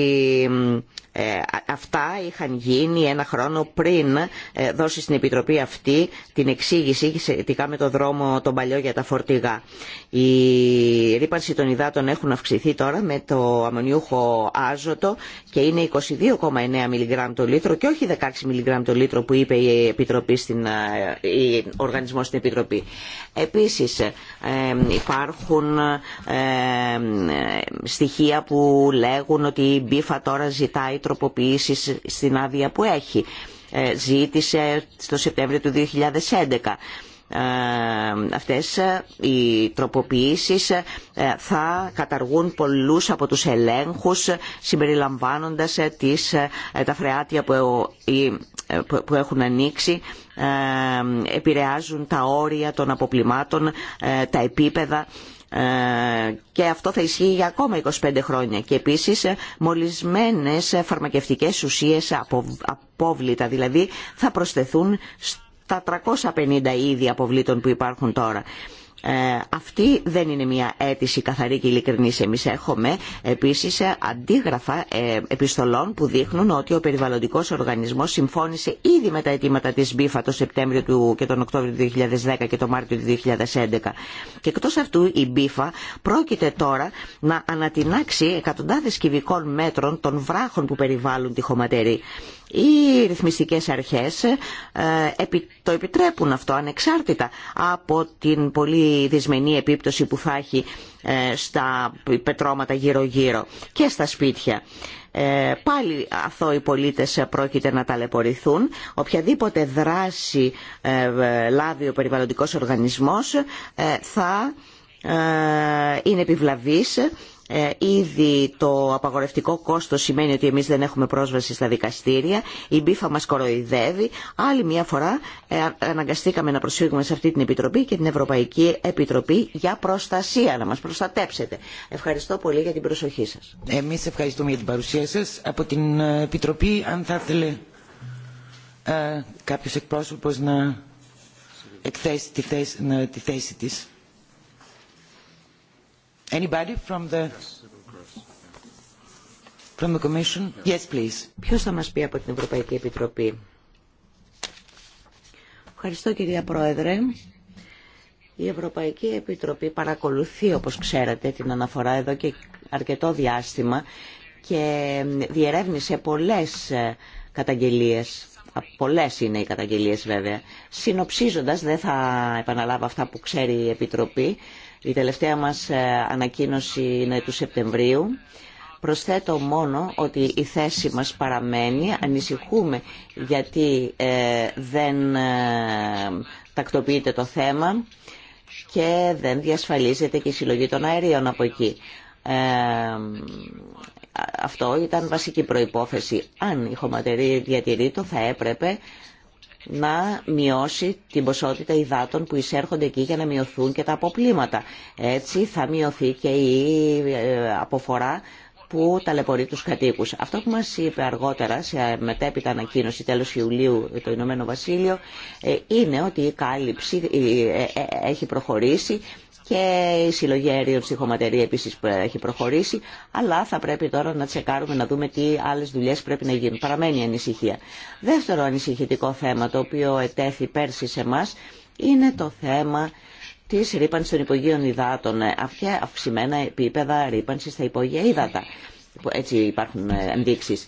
ε, αυτά είχαν γίνει ένα χρόνο πριν ε, δώσει στην Επιτροπή αυτή την εξήγηση σχετικά με το δρόμο τον παλιό για τα φορτηγά. Η ρήπανση των υδάτων έχουν αυξηθεί τώρα με το αμμονιούχο άζωτο και είναι 22,9 μιλιγκράμμ το λίτρο και όχι 16 μιλιγκράμμ το λίτρο που είπε η Επιτροπή στην, ε, οργανισμός στην Επιτροπή. Επίσης υπάρχουν στοιχεία που λέγουν ότι η μπίφα τώρα ζητάει τροποποιήσεις στην άδεια που έχει. Ε, ζήτησε στο Σεπτέμβριο του 2011. Ε, αυτές ε, οι τροποποιήσεις θα καταργούν πολλούς από τους ελέγχους συμπεριλαμβάνοντας τις, τα φρεάτια που, που έχουν ανοίξει επηρεάζουν τα όρια των αποπλημάτων, τα επίπεδα ε, και αυτό θα ισχύει για ακόμα 25 χρόνια και επίσης ε, μολυσμένες φαρμακευτικές ουσίες απόβλητα δηλαδή θα προσθεθούν στα 350 είδη αποβλήτων που υπάρχουν τώρα. Ε, αυτή δεν είναι μια αίτηση καθαρή και ειλικρινή. Εμεί έχουμε επίσης αντίγραφα ε, επιστολών που δείχνουν ότι ο περιβαλλοντικός οργανισμός συμφώνησε ήδη με τα αιτήματα της ΜΠΙΦΑ το Σεπτέμβριο του, και τον Οκτώβριο του 2010 και τον Μάρτιο του 2011. Και εκτό αυτού η ΜΠΙΦΑ πρόκειται τώρα να ανατινάξει εκατοντάδε κυβικών μέτρων των βράχων που περιβάλλουν τη χωματερή. Οι ρυθμιστικές αρχές ε, το επιτρέπουν αυτό ανεξάρτητα από την πολύ δυσμενή επίπτωση που θα έχει ε, στα πετρώματα γύρω-γύρω και στα σπίτια. Ε, πάλι οι πολίτες πρόκειται να ταλαιπωρηθούν. Οποιαδήποτε δράση λάβει ο περιβαλλοντικός οργανισμός θα είναι επιβλαβής ε, ήδη το απαγορευτικό κόστος σημαίνει ότι εμείς δεν έχουμε πρόσβαση στα δικαστήρια, η μπίφα μας κοροϊδεύει. Άλλη μια φορά ε, αναγκαστήκαμε να προσφύγουμε σε αυτή την Επιτροπή και την Ευρωπαϊκή Επιτροπή για προστασία, να μας προστατέψετε. Ευχαριστώ πολύ για την προσοχή σας. Εμείς ευχαριστούμε για την παρουσία σας. Από την ε, Επιτροπή, αν θα ήθελε ε, κάποιος εκπρόσωπος να εκθέσει τη θέση, τη θέση της. Anybody from the... Ποιος θα μας πει από την Ευρωπαϊκή Επιτροπή. Ευχαριστώ κυρία Πρόεδρε. Η Ευρωπαϊκή Επιτροπή παρακολουθεί, όπως ξέρετε, την αναφορά εδώ και αρκετό διάστημα και διερεύνησε πολλές ε, καταγγελίες. Πολλές είναι οι καταγγελίες βέβαια. Συνοψίζοντας, δεν θα επαναλάβω αυτά που ξέρει η Επιτροπή, η τελευταία μας ε, ανακοίνωση είναι του Σεπτεμβρίου. Προσθέτω μόνο ότι η θέση μας παραμένει. Ανησυχούμε γιατί ε, δεν ε, τακτοποιείται το θέμα και δεν διασφαλίζεται και η συλλογή των αερίων από εκεί. αυτό ήταν βασική προϋπόθεση. Αν η χωματερή διατηρεί το θα έπρεπε να μειώσει την ποσότητα υδάτων που εισέρχονται εκεί για να μειωθούν και τα αποπλήματα. Έτσι θα μειωθεί και η ε, αποφορά που ταλαιπωρεί τους κατοίκους. Αυτό που μας είπε αργότερα σε μετέπειτα ανακοίνωση τέλος Ιουλίου το Ηνωμένο Βασίλειο ε, είναι ότι η κάλυψη ε, έχει προχωρήσει και η συλλογή αερίων στη επίσης έχει προχωρήσει, αλλά θα πρέπει τώρα να τσεκάρουμε να δούμε τι άλλες δουλειές πρέπει να γίνουν. Παραμένει η ανησυχία. Δεύτερο ανησυχητικό θέμα το οποίο ετέθη πέρσι σε εμά είναι το θέμα της ρήπανσης των υπογείων υδάτων. Ε, Αυτά αυξημένα επίπεδα ρήπανσης στα υπόγεια υδάτα. Έτσι υπάρχουν ε, ενδείξεις.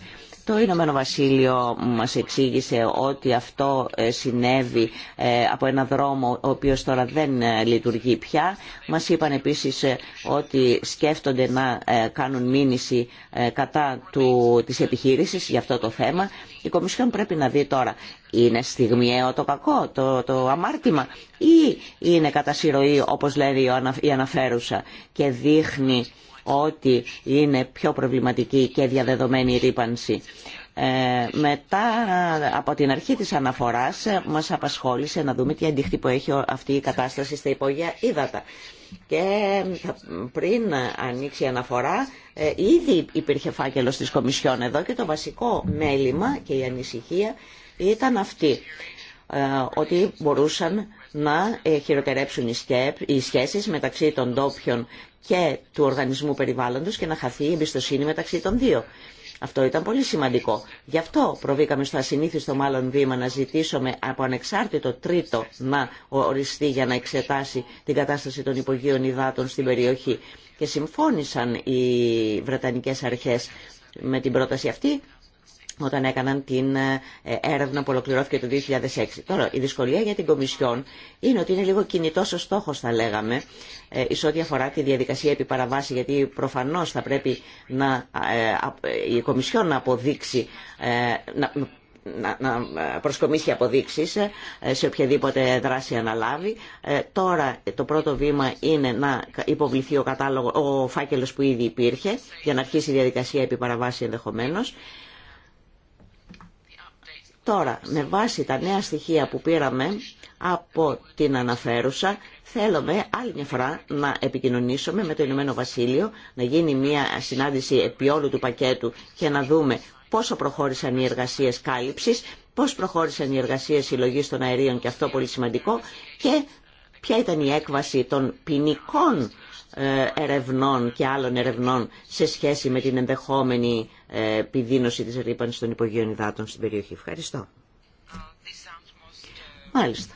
Το Ηνωμένο Βασίλειο μας εξήγησε ότι αυτό ε, συνέβη ε, από ένα δρόμο ο οποίος τώρα δεν ε, λειτουργεί πια. Μας είπαν επίσης ότι σκέφτονται να κάνουν μήνυση κατά του, της επιχείρησης για αυτό το θέμα. Η Κομισιόν πρέπει να δει τώρα είναι στιγμιαίο το κακό, το, το αμάρτημα ή είναι κατά συρροή όπως λέει η αναφέρουσα και δείχνει ότι είναι πιο προβληματική και διαδεδομένη η ρήπανση. Ε, μετά από την αρχή της αναφοράς μας απασχόλησε να δούμε τι που έχει αυτή η κατάσταση στα υπόγεια ύδατα. Και ε, πριν ανοίξει η αναφορά, ε, ήδη υπήρχε φάκελος της Κομισιόν εδώ και το βασικό μέλημα και η ανησυχία ήταν αυτή, ε, ότι μπορούσαν να ε, χειροτερέψουν οι σχέσεις μεταξύ των ντόπιων και του οργανισμού περιβάλλοντος και να χαθεί η εμπιστοσύνη μεταξύ των δύο. Αυτό ήταν πολύ σημαντικό. Γι' αυτό προβήκαμε στο ασυνήθιστο μάλλον βήμα να ζητήσουμε από ανεξάρτητο τρίτο να οριστεί για να εξετάσει την κατάσταση των υπογείων υδάτων στην περιοχή. Και συμφώνησαν οι Βρετανικές αρχές με την πρόταση αυτή όταν έκαναν την ε, έρευνα που ολοκληρώθηκε το 2006. Τώρα, η δυσκολία για την Κομισιόν είναι ότι είναι λίγο κινητό ο στόχο, θα λέγαμε, ε, ει ό,τι αφορά τη διαδικασία επί παραβάση, γιατί προφανώ θα πρέπει να, ε, η Κομισιόν να αποδείξει, να, να προσκομίσει αποδείξεις σε οποιαδήποτε δράση αναλάβει. Τώρα το πρώτο βήμα είναι να υποβληθεί ο, κατάλογο, ο φάκελος που ήδη υπήρχε για να αρχίσει η διαδικασία επί παραβάση ενδεχομένως Τώρα, με βάση τα νέα στοιχεία που πήραμε από την αναφέρουσα, θέλουμε άλλη μια φορά να επικοινωνήσουμε με το Ηνωμένο Βασίλειο, να γίνει μια συνάντηση επί όλου του πακέτου και να δούμε πόσο προχώρησαν οι εργασίες κάλυψης, πώς προχώρησαν οι εργασίες συλλογή των αερίων και αυτό πολύ σημαντικό και ποια ήταν η έκβαση των ποινικών ε, ερευνών και άλλων ερευνών σε σχέση με την ενδεχόμενη επιδείνωση της ρήπανσης των υπογείων υδάτων στην περιοχή. Ευχαριστώ. Μάλιστα.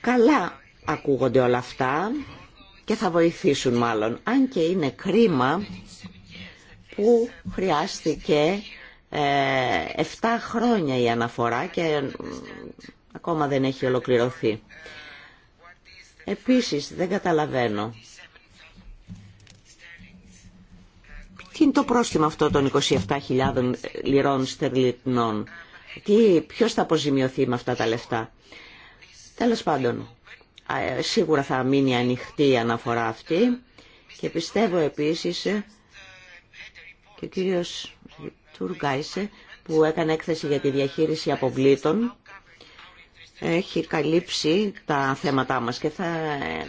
Καλά ακούγονται όλα αυτά και θα βοηθήσουν μάλλον. Αν και είναι κρίμα που χρειάστηκε 7 ε, χρόνια η αναφορά και ακόμα δεν έχει ολοκληρωθεί. Επίσης δεν καταλαβαίνω Τι είναι το πρόστιμο αυτό των 27.000 λιρών στερλιτνών. Τι, ποιος θα αποζημιωθεί με αυτά τα λεφτά. Τέλος πάντων, ε, σίγουρα θα μείνει ανοιχτή η αναφορά αυτή και πιστεύω επίσης ε, και ο κύριος Τουρκάισε που έκανε έκθεση για τη διαχείριση αποβλήτων έχει καλύψει τα θέματά μας και θα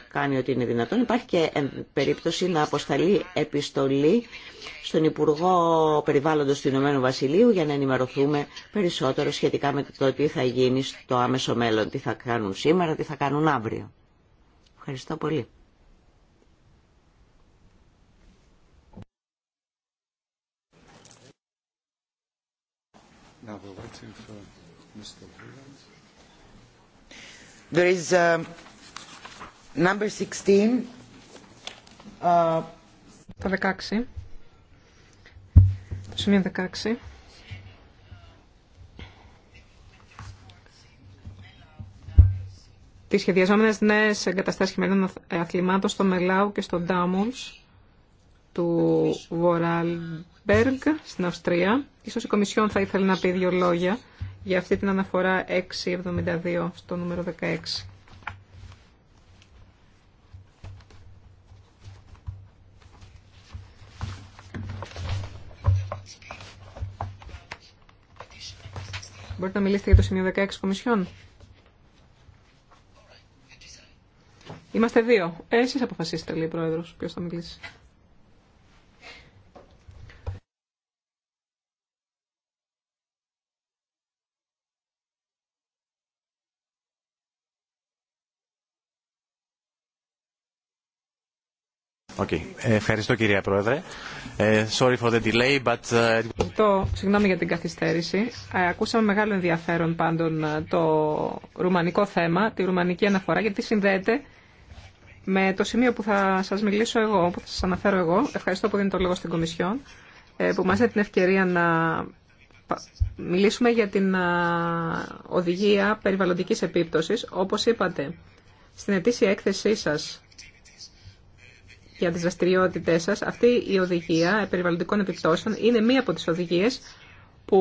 κάνει ό,τι είναι δυνατόν. Υπάρχει και ε, περίπτωση να αποσταλεί επιστολή στον Υπουργό Περιβάλλοντος του Ηνωμένου Βασιλείου για να ενημερωθούμε περισσότερο σχετικά με το τι θα γίνει στο άμεσο μέλλον, τι θα κάνουν σήμερα, τι θα κάνουν αύριο. Ευχαριστώ πολύ. for Mr. There is uh, number 16. Uh, Το 16. Το σημείο 16. σχεδιαζόμενες νέες εγκαταστάσεις χειμερινών αθλημάτων στο Μελάου και στο Ντάμουνς του Βοράλμπεργκ στην Αυστρία. Ίσως η Κομισιόν θα ήθελε να πει δύο λόγια για αυτή την αναφορά 672 στο νούμερο 16. Μπορείτε να μιλήσετε για το σημείο 16 Κομισιόν. Είμαστε δύο. Ε, εσείς αποφασίσετε, λέει η Πρόεδρος, ποιος θα μιλήσει. Okay. Ευχαριστώ κυρία Πρόεδρε. Ε, sorry for the delay, but... Ε, το συγγνώμη για την καθυστέρηση. Ε, ακούσαμε μεγάλο ενδιαφέρον πάντων το ρουμανικό θέμα, τη ρουμανική αναφορά, γιατί συνδέεται με το σημείο που θα σας μιλήσω εγώ, που θα σας αναφέρω εγώ. Ευχαριστώ που δίνετε το λόγο στην Κομισιόν, που μας έδινε την ευκαιρία να μιλήσουμε για την οδηγία περιβαλλοντικής επίπτωσης. Όπως είπατε, στην ετήσια έκθεσή σας για τις δραστηριότητε σας, αυτή η οδηγία περιβαλλοντικών επιπτώσεων είναι μία από τις οδηγίες που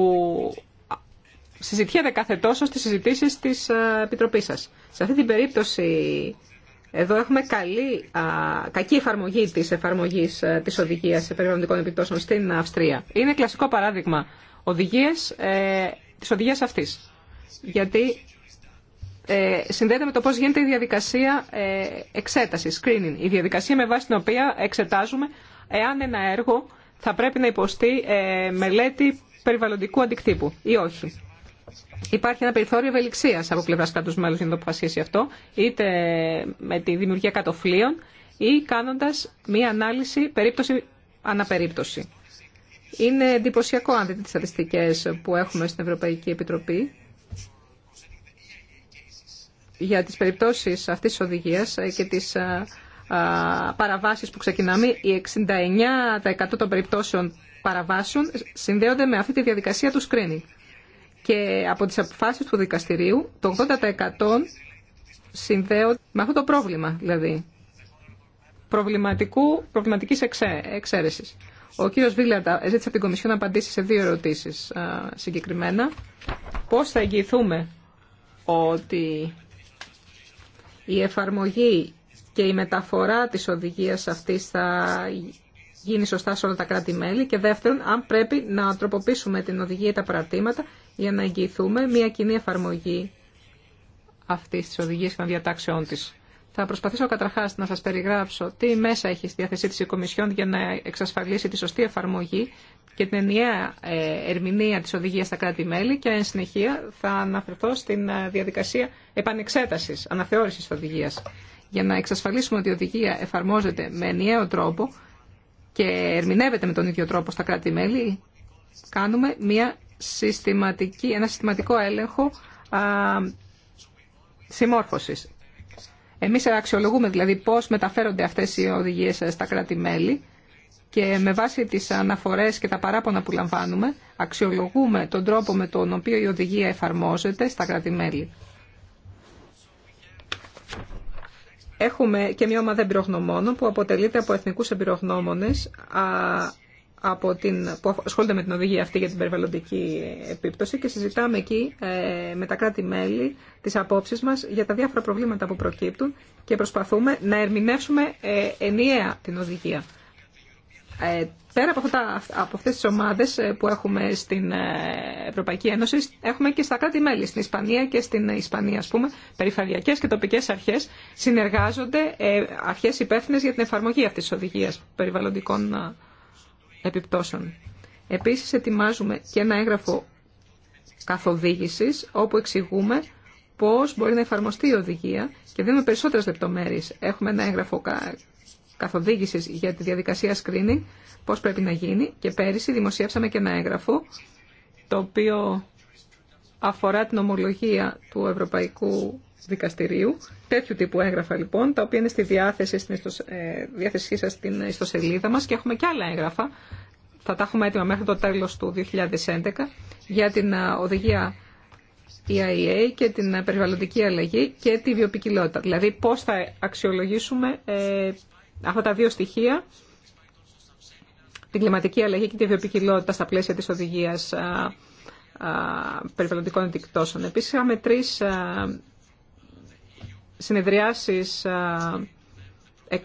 συζητιέται κάθε τόσο στις συζητήσεις της ε, Επιτροπής σας. Σε αυτή την περίπτωση εδώ έχουμε καλή, κακή εφαρμογή της εφαρμογής ε, της οδηγίας περιβαλλοντικών επιπτώσεων στην Αυστρία. Είναι κλασικό παράδειγμα οδηγίες, ε, της οδηγίας αυτής. Γιατί ε, συνδέεται με το πώς γίνεται η διαδικασία ε, εξέταση, screening. Η διαδικασία με βάση την οποία εξετάζουμε εάν ένα έργο θα πρέπει να υποστεί ε, μελέτη περιβαλλοντικού αντικτύπου ή όχι. Υπάρχει ένα περιθώριο ευελιξία από πλευρά κράτου μέλου για να το αποφασίσει αυτό, είτε με τη δημιουργία κατοφλίων ή κάνοντα μία ανάλυση περίπτωση αναπερίπτωση. Είναι εντυπωσιακό αν δείτε τι στατιστικέ που έχουμε στην Ευρωπαϊκή Επιτροπή για τις περιπτώσεις αυτής της οδηγίας ε, και τις ε, ε, παραβάσεις που ξεκινάμε, οι 69% των περιπτώσεων παραβάσεων συνδέονται με αυτή τη διαδικασία του screening. Και από τις αποφάσεις του δικαστηρίου, το 80% συνδέονται με αυτό το πρόβλημα, δηλαδή προβληματικού, προβληματικής εξαίρεσης. Ο κύριος Βίλαντα ζήτησε από την Κομισιόν να απαντήσει σε δύο ερωτήσεις συγκεκριμένα. Πώς θα εγγυηθούμε ότι η εφαρμογή και η μεταφορά της οδηγίας αυτής θα γίνει σωστά σε όλα τα κράτη-μέλη και δεύτερον, αν πρέπει να τροποποιήσουμε την οδηγία ή τα παρατήματα για να εγγυηθούμε μια κοινή εφαρμογή αυτής της οδηγίας και των διατάξεών της. Θα προσπαθήσω καταρχά να σα περιγράψω τι μέσα έχει στη διάθεσή τη η Κομισιόν για να εξασφαλίσει τη σωστή εφαρμογή και την ενιαία ε, ερμηνεία τη οδηγία στα κράτη-μέλη και, εν συνεχεία, θα αναφερθώ στην ε, διαδικασία επανεξέταση, αναθεώρηση τη οδηγία. Για να εξασφαλίσουμε ότι η οδηγία εφαρμόζεται με ενιαίο τρόπο και ερμηνεύεται με τον ίδιο τρόπο στα κράτη-μέλη, κάνουμε μια συστηματική, ένα συστηματικό έλεγχο συμμόρφωσης. Εμείς αξιολογούμε δηλαδή πώς μεταφέρονται αυτές οι οδηγίες στα κράτη-μέλη και με βάση τις αναφορές και τα παράπονα που λαμβάνουμε αξιολογούμε τον τρόπο με τον οποίο η οδηγία εφαρμόζεται στα κράτη-μέλη. Έχουμε και μια ομάδα εμπειρογνωμόνων που αποτελείται από εθνικούς εμπειρογνώμονες από την, που ασχολούνται με την οδηγία αυτή για την περιβαλλοντική επίπτωση και συζητάμε εκεί ε, με τα κράτη-μέλη τις απόψεις μας για τα διάφορα προβλήματα που προκύπτουν και προσπαθούμε να ερμηνεύσουμε ε, ενιαία την οδηγία. Ε, πέρα από, αυτά, από αυτές τις ομάδες που έχουμε στην Ευρωπαϊκή Ένωση, έχουμε και στα κράτη-μέλη, στην Ισπανία και στην Ισπανία, ας πούμε, περιφερειακές και τοπικές αρχές συνεργάζονται ε, αρχές υπεύθυνες για την εφαρμογή αυτής της οδηγίας περιβαλλοντικών επιπτώσεων. Επίσης, ετοιμάζουμε και ένα έγγραφο καθοδήγησης, όπου εξηγούμε πώς μπορεί να εφαρμοστεί η οδηγία και δίνουμε περισσότερες λεπτομέρειες. Έχουμε ένα έγγραφο καθοδήγησης για τη διαδικασία screening, πώς πρέπει να γίνει και πέρυσι δημοσιεύσαμε και ένα έγγραφο το οποίο αφορά την ομολογία του Ευρωπαϊκού Δικαστηρίου Τέτοιου τύπου έγγραφα λοιπόν, τα οποία είναι στη διάθεση, στην ιστοσ... ε, διάθεσή σας στην ιστοσελίδα μας και έχουμε και άλλα έγγραφα, θα τα έχουμε έτοιμα μέχρι το τέλος του 2011, για την ε, οδηγία EIA και την ε, περιβαλλοντική αλλαγή και τη βιοπικιλότητα. Δηλαδή πώς θα αξιολογήσουμε ε, αυτά τα δύο στοιχεία, την κλιματική αλλαγή και τη βιοπικιλότητα στα πλαίσια της οδηγίας περιβαλλοντικών δικτώσεων. Επίσης, είχαμε τρεις συνεδριάσεις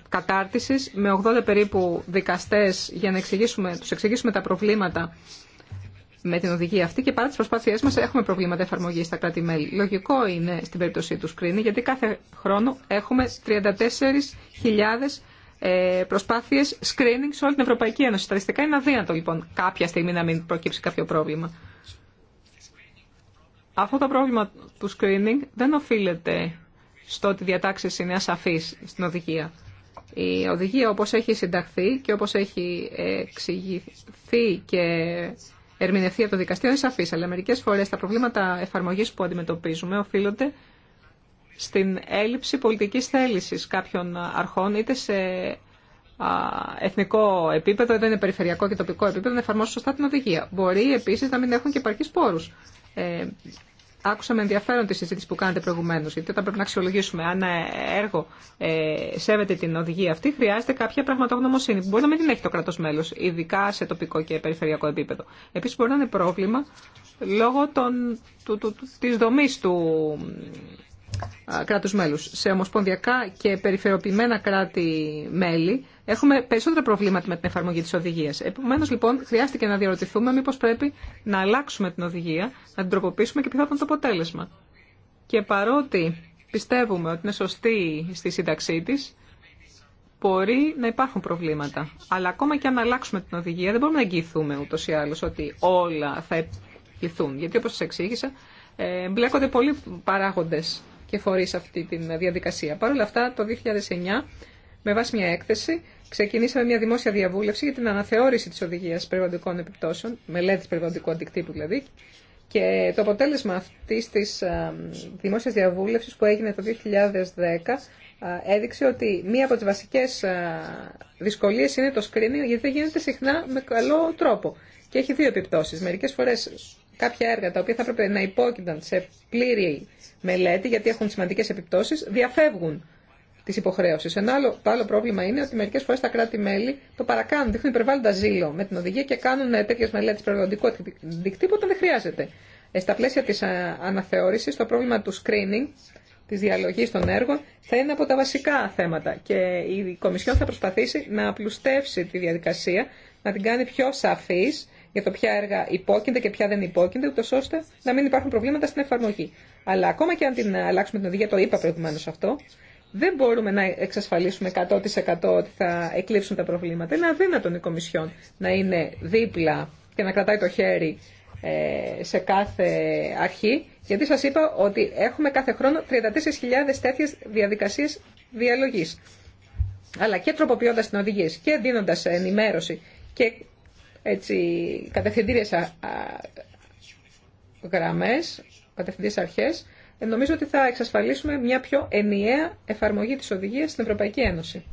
κατάρτισης με 80 περίπου δικαστές για να εξηγήσουμε, τους εξηγήσουμε τα προβλήματα με την οδηγία αυτή και παρά τις προσπάθειές μας έχουμε προβλήματα εφαρμογής στα κράτη-μέλη. Λογικό είναι στην περίπτωσή του screening γιατί κάθε χρόνο έχουμε 34.000 ε, προσπάθειες screening σε όλη την Ευρωπαϊκή Ένωση. Στατιστικά είναι αδύνατο λοιπόν κάποια στιγμή να μην προκύψει κάποιο πρόβλημα. Αυτό το πρόβλημα του screening δεν οφείλεται στο ότι διατάξει είναι ασαφή στην οδηγία. Η οδηγία όπως έχει συνταχθεί και όπως έχει εξηγηθεί και ερμηνευθεί από το δικαστήριο είναι σαφής, αλλά μερικές φορές τα προβλήματα εφαρμογής που αντιμετωπίζουμε οφείλονται στην έλλειψη πολιτικής θέλησης κάποιων αρχών, είτε σε εθνικό επίπεδο, είτε είναι περιφερειακό και τοπικό επίπεδο, να εφαρμόσουν σωστά την οδηγία. Μπορεί επίσης να μην έχουν και επαρκείς πόρους. Ε, άκουσα με ενδιαφέρον τη συζήτηση που κάνετε προηγουμένω. Γιατί όταν πρέπει να αξιολογήσουμε αν ένα ε, έργο ε, σέβεται την οδηγία αυτή, χρειάζεται κάποια πραγματογνωμοσύνη που μπορεί να μην την έχει το κράτο μέλο, ειδικά σε τοπικό και περιφερειακό επίπεδο. Επίση, μπορεί να είναι πρόβλημα λόγω τη δομή δομής του, κράτους μέλους. Σε ομοσπονδιακά και περιφερειοποιημένα κράτη-μέλη έχουμε περισσότερα προβλήματα με την εφαρμογή της οδηγίας. Επομένως, λοιπόν, χρειάστηκε να διαρωτηθούμε μήπως πρέπει να αλλάξουμε την οδηγία, να την τροποποιήσουμε και ποιο θα ήταν το αποτέλεσμα. Και παρότι πιστεύουμε ότι είναι σωστή στη σύνταξή της, μπορεί να υπάρχουν προβλήματα. Αλλά ακόμα και αν αλλάξουμε την οδηγία, δεν μπορούμε να εγγυηθούμε ούτω ή άλλω ότι όλα θα εγγυηθούν. Γιατί όπω σα εξήγησα, ε, μπλέκονται πολλοί παράγοντε και φορεί αυτή τη διαδικασία. Παρ' όλα αυτά, το 2009, με βάση μια έκθεση, ξεκινήσαμε μια δημόσια διαβούλευση για την αναθεώρηση τη οδηγία περιβαλλοντικών επιπτώσεων, μελέτη περιβαλλοντικού αντικτύπου δηλαδή, και το αποτέλεσμα αυτή τη δημόσια διαβούλευση που έγινε το 2010 έδειξε ότι μία από τι βασικέ δυσκολίε είναι το screening γιατί δεν γίνεται συχνά με καλό τρόπο. Και έχει δύο επιπτώσει. Μερικέ φορέ κάποια έργα τα οποία θα έπρεπε να υπόκεινταν σε πλήρη μελέτη, γιατί έχουν σημαντικέ επιπτώσει, διαφεύγουν τη υποχρέωση. το άλλο πρόβλημα είναι ότι μερικέ φορέ τα κράτη-μέλη το παρακάνουν, δείχνουν υπερβάλλοντα ζήλο με την οδηγία και κάνουν τέτοιε μελέτε περιβαλλοντικού δικτύπου όταν δεν χρειάζεται. Ε, στα πλαίσια τη ε, αναθεώρηση, το πρόβλημα του screening, τη διαλογή των έργων, θα είναι από τα βασικά θέματα. Και η Κομισιόν θα προσπαθήσει να απλουστεύσει τη διαδικασία, να την κάνει πιο σαφής για το ποια έργα υπόκεινται και ποια δεν υπόκεινται, ούτω ώστε να μην υπάρχουν προβλήματα στην εφαρμογή. Αλλά ακόμα και αν την αλλάξουμε την οδηγία, το είπα προηγουμένω αυτό, δεν μπορούμε να εξασφαλίσουμε 100% ότι θα εκλείψουν τα προβλήματα. Είναι αδύνατον η Κομισιόν να είναι δίπλα και να κρατάει το χέρι ε, σε κάθε αρχή, γιατί σας είπα ότι έχουμε κάθε χρόνο 34.000 τέτοιες διαδικασίες διαλογής. Αλλά και τροποποιώντας την οδηγίες και δίνοντας ενημέρωση και έτσι, κατευθυντήριες γραμμές, κατευθυντήριες αρχές, ε, νομίζω ότι θα εξασφαλίσουμε μια πιο ενιαία εφαρμογή της οδηγίας στην Ευρωπαϊκή Ένωση.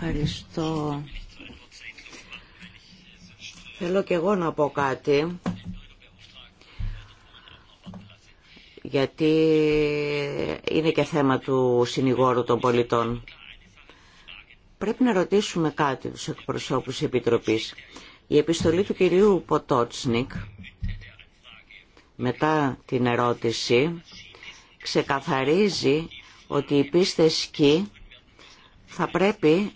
Ευχαριστώ. Θέλω και εγώ να πω κάτι. γιατί είναι και θέμα του συνηγόρου των πολιτών. Πρέπει να ρωτήσουμε κάτι τους εκπροσώπους Επιτροπής. Η επιστολή του κυρίου Ποτότσνικ μετά την ερώτηση ξεκαθαρίζει ότι οι πίστες ΚΙ θα πρέπει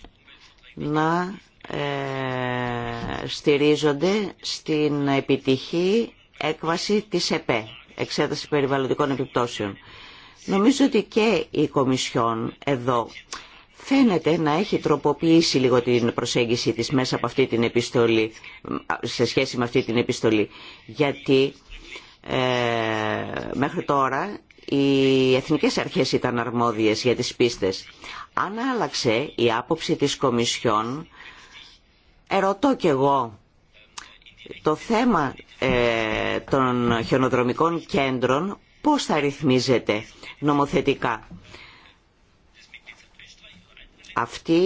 να ε, στηρίζονται στην επιτυχή έκβαση της ΕΠΕ εξέταση περιβαλλοντικών επιπτώσεων. Νομίζω ότι και η Κομισιόν εδώ φαίνεται να έχει τροποποιήσει λίγο την προσέγγιση της μέσα από αυτή την επιστολή, σε σχέση με αυτή την επιστολή. Γιατί ε, μέχρι τώρα οι εθνικές αρχές ήταν αρμόδιες για τις πίστες. Αν άλλαξε η άποψη της Κομισιόν, ερωτώ κι εγώ το θέμα ε, των χιονοδρομικών κέντρων πώς θα ρυθμίζεται νομοθετικά. Αυτή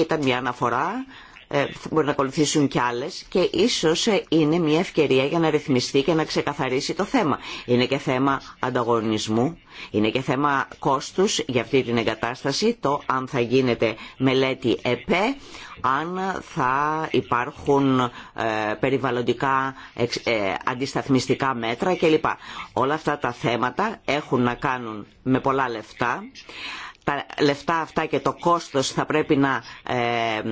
ήταν μια αναφορά, ε, μπορεί να ακολουθήσουν κι άλλες και ίσως ε, είναι μια ευκαιρία για να ρυθμιστεί και να ξεκαθαρίσει το θέμα. Είναι και θέμα ανταγωνισμού, είναι και θέμα κόστους για αυτή την εγκατάσταση, το αν θα γίνεται μελέτη ΕΠΕ, αν θα υπάρχουν ε, περιβαλλοντικά ε, αντισταθμιστικά μέτρα κλπ. Όλα αυτά τα θέματα έχουν να κάνουν με πολλά λεφτά. Τα λεφτά αυτά και το κόστος θα πρέπει να ε,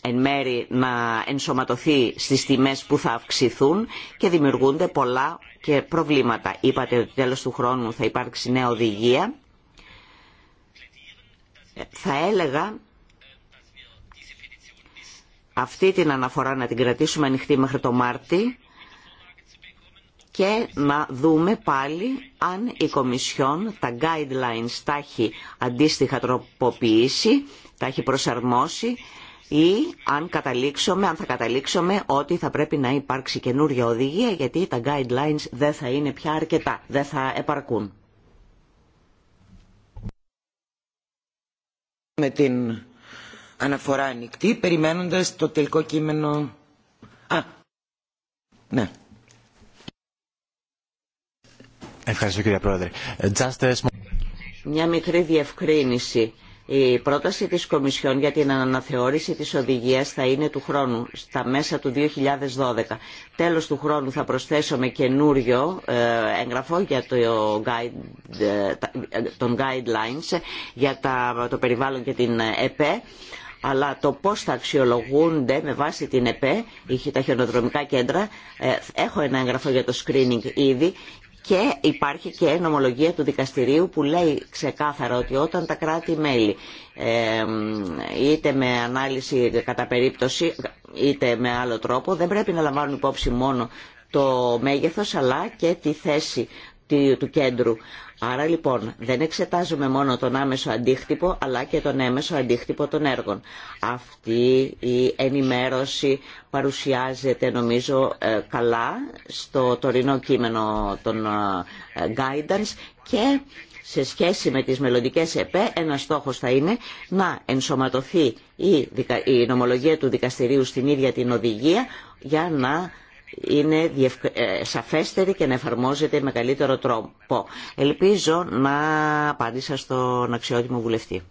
εν μέρη να ενσωματωθεί στις τιμές που θα αυξηθούν και δημιουργούνται πολλά και προβλήματα. Είπατε ότι τέλος του χρόνου θα υπάρξει νέα οδηγία. Θα έλεγα αυτή την αναφορά να την κρατήσουμε ανοιχτή μέχρι το Μάρτι και να δούμε πάλι αν η Κομισιόν τα guidelines τα έχει αντίστοιχα τροποποιήσει, τα έχει προσαρμόσει ή αν, καταλήξουμε, αν θα καταλήξουμε ότι θα πρέπει να υπάρξει καινούργια οδηγία γιατί τα guidelines δεν θα είναι πια αρκετά, δεν θα επαρκούν. Με την αναφορά ανοιχτή, περιμένοντας το τελικό κείμενο... Α, ναι. Ευχαριστώ κύριε Πρόεδρε. Ε, Μια μικρή διευκρίνηση. Η πρόταση της Κομισιόν για την αναθεώρηση της οδηγίας θα είναι του χρόνου, στα μέσα του 2012. Τέλος του χρόνου θα προσθέσουμε καινούριο ε, έγγραφο για το guide, ε, guidelines για το περιβάλλον και την ΕΠΕ αλλά το πώς θα αξιολογούνται με βάση την ΕΠΕ, τα χιονοδρομικά κέντρα, ε, έχω ένα έγγραφο για το screening ήδη και υπάρχει και νομολογία του δικαστηρίου που λέει ξεκάθαρα ότι όταν τα κράτη-μέλη ε, είτε με ανάλυση κατά περίπτωση είτε με άλλο τρόπο δεν πρέπει να λαμβάνουν υπόψη μόνο το μέγεθος αλλά και τη θέση του κέντρου. Άρα λοιπόν δεν εξετάζουμε μόνο τον άμεσο αντίκτυπο αλλά και τον έμεσο αντίκτυπο των έργων. Αυτή η ενημέρωση παρουσιάζεται νομίζω ε, καλά στο τωρινό κείμενο των ε, guidance και σε σχέση με τις μελλοντικέ ΕΠΕ ένα στόχος θα είναι να ενσωματωθεί η νομολογία του δικαστηρίου στην ίδια την οδηγία για να είναι ε, σαφέστερη και να εφαρμόζεται με καλύτερο τρόπο. Ελπίζω να απάντησα στον αξιότιμο βουλευτή.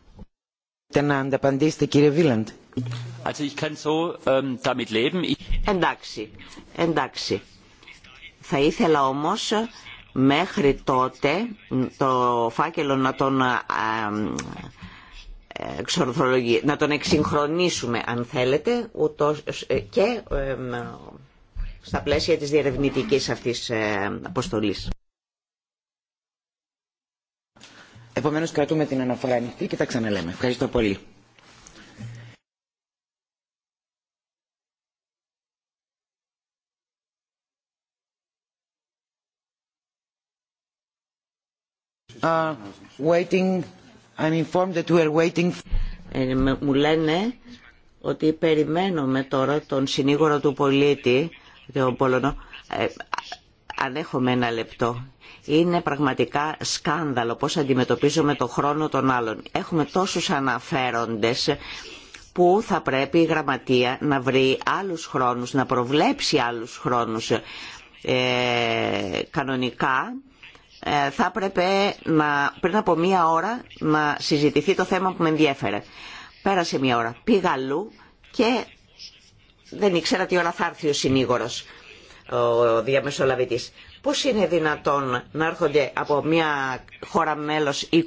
Να κύριε ähm, Εντάξει, εντάξει. Θα ήθελα όμως μέχρι τότε το φάκελο να τον, να τον εξυγχρονίσουμε αν θέλετε ε, και στα πλαίσια της διερευνητικής αυτής ε, αποστολής. Επομένως κρατούμε την αναφορά ανοιχτή και τα ξαναλέμε. Ευχαριστώ πολύ. Uh, waiting. I'm informed that we are waiting. Ε, μου λένε ότι περιμένουμε τώρα τον συνήγορο του πολίτη ε, αν έχουμε ένα λεπτό. Είναι πραγματικά σκάνδαλο πώς αντιμετωπίζουμε το χρόνο των άλλων. Έχουμε τόσους αναφέροντες που θα πρέπει η γραμματεία να βρει άλλους χρόνους, να προβλέψει άλλους χρόνους. Ε, κανονικά ε, θα πρέπει να, πριν από μία ώρα να συζητηθεί το θέμα που με ενδιέφερε. Πέρασε μία ώρα. Πήγα αλλού και δεν ήξερα τι ώρα θα έρθει ο συνήγορο, ο διαμεσολαβητής. Πώς είναι δυνατόν να έρχονται από μια χώρα μέλος 20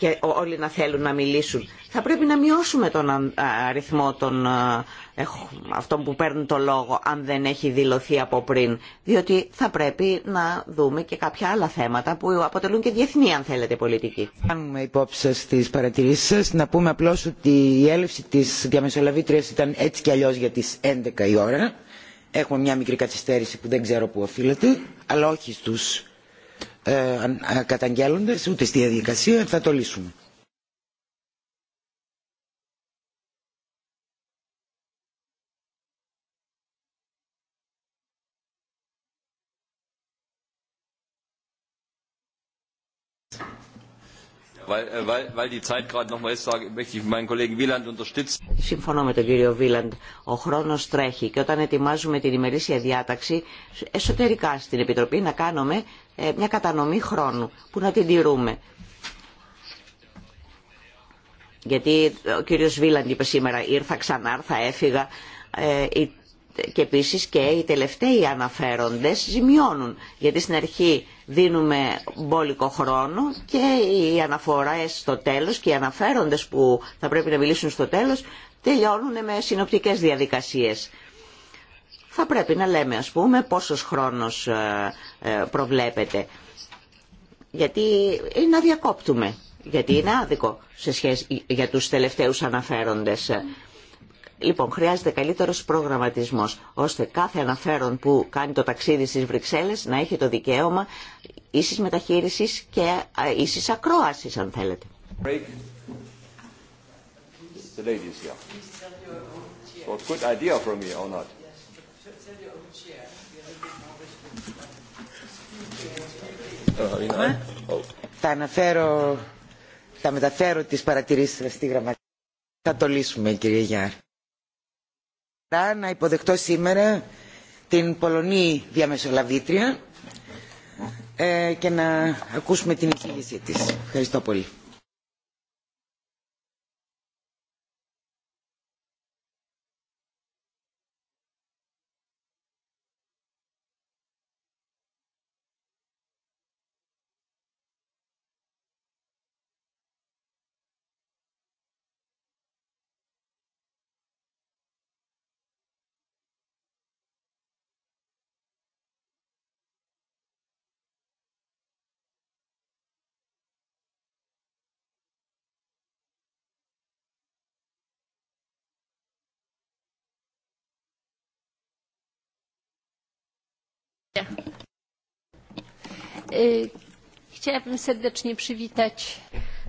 και όλοι να θέλουν να μιλήσουν. Θα πρέπει να μειώσουμε τον αριθμό των αυτών που παίρνουν το λόγο αν δεν έχει δηλωθεί από πριν. Διότι θα πρέπει να δούμε και κάποια άλλα θέματα που αποτελούν και διεθνή αν θέλετε πολιτική. Κάνουμε υπόψη σας τις παρατηρήσεις σας. Να πούμε απλώς ότι η έλευση της διαμεσολαβήτριας ήταν έτσι κι αλλιώς για τις 11 η ώρα. Έχουμε μια μικρή καθυστέρηση που δεν ξέρω που οφείλεται, αλλά όχι στους ε, ε, καταγγέλλοντες ούτε στη διαδικασία θα το λύσουμε. Συμφωνώ με τον κύριο Βίλαντ. Ο χρόνος τρέχει και όταν ετοιμάζουμε την ημερήσια διάταξη εσωτερικά στην Επιτροπή να κάνουμε ε, μια κατανομή χρόνου που να την τηρούμε. Γιατί ο κύριος Βίλαντ είπε σήμερα ήρθα, ξανάρθα, έφυγα. Ε, η και επίσης και οι τελευταίοι αναφέροντες ζημιώνουν γιατί στην αρχή δίνουμε μπόλικο χρόνο και οι αναφορέ ε, στο τέλος και οι αναφέροντες που θα πρέπει να μιλήσουν στο τέλος τελειώνουν με συνοπτικές διαδικασίες. Θα πρέπει να λέμε ας πούμε πόσος χρόνος ε, ε, προβλέπεται γιατί είναι να διακόπτουμε γιατί είναι άδικο σε για τους τελευταίους αναφέροντες. Λοιπόν, χρειάζεται καλύτερος προγραμματισμός, ώστε κάθε αναφέρον που κάνει το ταξίδι στις Βρυξέλλες να έχει το δικαίωμα ίση μεταχείρισης και ίση ακρόασης, αν θέλετε. Θα αναφέρω, θα μεταφέρω τις παρατηρήσεις στη γραμματική. Θα το λύσουμε, κύριε Γιάρ να υποδεχτώ σήμερα την Πολωνή διαμεσολαβήτρια ε, και να ακούσουμε την εισήγησή της. Ευχαριστώ πολύ.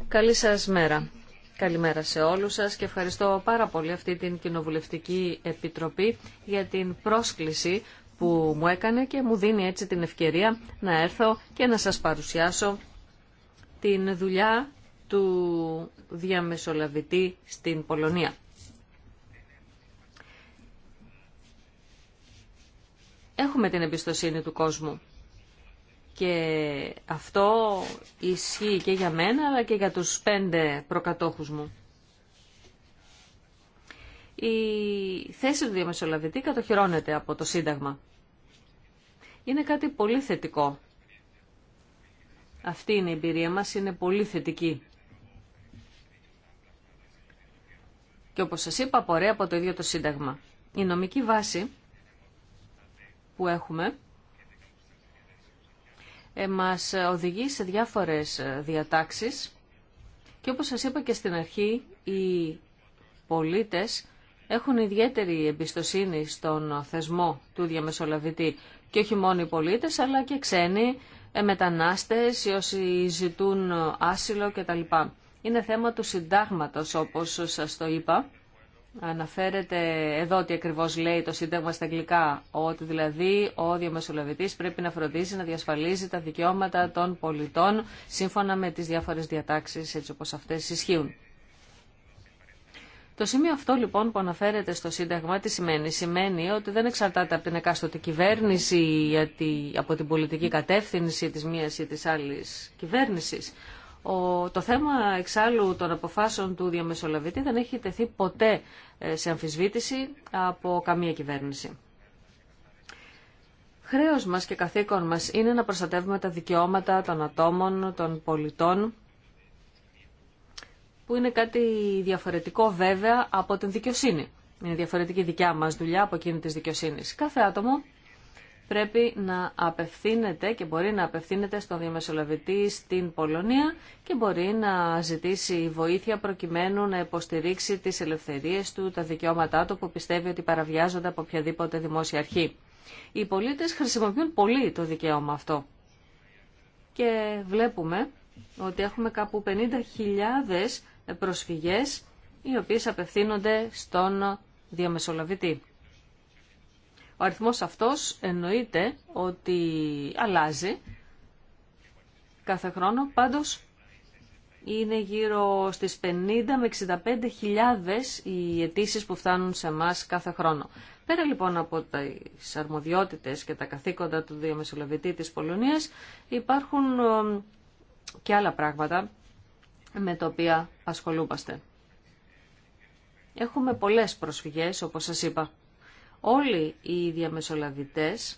Καλή σας μέρα. Καλημέρα σε όλους σας και ευχαριστώ πάρα πολύ αυτή την Κοινοβουλευτική Επιτροπή για την πρόσκληση που μου έκανε και μου δίνει έτσι την ευκαιρία να έρθω και να σας παρουσιάσω την δουλειά του διαμεσολαβητή στην Πολωνία. έχουμε την εμπιστοσύνη του κόσμου. Και αυτό ισχύει και για μένα, αλλά και για τους πέντε προκατόχους μου. Η θέση του διαμεσολαβητή κατοχυρώνεται από το Σύνταγμα. Είναι κάτι πολύ θετικό. Αυτή είναι η εμπειρία μας, είναι πολύ θετική. Και όπως σας είπα, απορρέει από το ίδιο το Σύνταγμα. Η νομική βάση που έχουμε ε, μας οδηγεί σε διάφορες ε, διατάξεις και όπως σας είπα και στην αρχή οι πολίτες έχουν ιδιαίτερη εμπιστοσύνη στον θεσμό του διαμεσολαβητή και όχι μόνο οι πολίτες αλλά και ξένοι ε, μετανάστες οι όσοι ζητούν άσυλο κτλ. Είναι θέμα του συντάγματος όπως σας το είπα Αναφέρεται εδώ τι ακριβώς λέει το Σύνταγμα στα αγγλικά, ότι δηλαδή ο διαμεσολαβητή πρέπει να φροντίζει να διασφαλίζει τα δικαιώματα των πολιτών σύμφωνα με τις διάφορε διατάξεις έτσι όπως αυτές ισχύουν. Το σημείο αυτό λοιπόν που αναφέρεται στο Σύνταγμα τι σημαίνει. Σημαίνει ότι δεν εξαρτάται από την εκάστοτε κυβέρνηση ή από την πολιτική κατεύθυνση της μίας ή της άλλης κυβέρνησης το θέμα εξάλλου των αποφάσεων του διαμεσολαβητή δεν έχει τεθεί ποτέ ε, σε αμφισβήτηση από καμία κυβέρνηση. Χρέος μας και καθήκον μας είναι να προστατεύουμε τα δικαιώματα των ατόμων, των πολιτών, που είναι κάτι διαφορετικό βέβαια από την δικαιοσύνη. Είναι διαφορετική δικιά μας δουλειά από εκείνη της δικαιοσύνης. Κάθε άτομο πρέπει να απευθύνεται και μπορεί να απευθύνεται στον διαμεσολαβητή στην Πολωνία και μπορεί να ζητήσει βοήθεια προκειμένου να υποστηρίξει τις ελευθερίες του, τα δικαιώματά του που πιστεύει ότι παραβιάζονται από οποιαδήποτε δημόσια αρχή. Οι πολίτες χρησιμοποιούν πολύ το δικαίωμα αυτό. Και βλέπουμε ότι έχουμε κάπου 50.000 προσφυγές οι οποίες απευθύνονται στον διαμεσολαβητή. Ο αριθμός αυτός εννοείται ότι αλλάζει κάθε χρόνο, πάντως είναι γύρω στις 50 με 65 χιλιάδες οι αιτήσει που φτάνουν σε εμά κάθε χρόνο. Πέρα λοιπόν από τις αρμοδιότητες και τα καθήκοντα του διαμεσολαβητή της Πολωνίας υπάρχουν ε, και άλλα πράγματα με τα οποία ασχολούμαστε. Έχουμε πολλές προσφυγές όπως σας είπα όλοι οι διαμεσολαβητές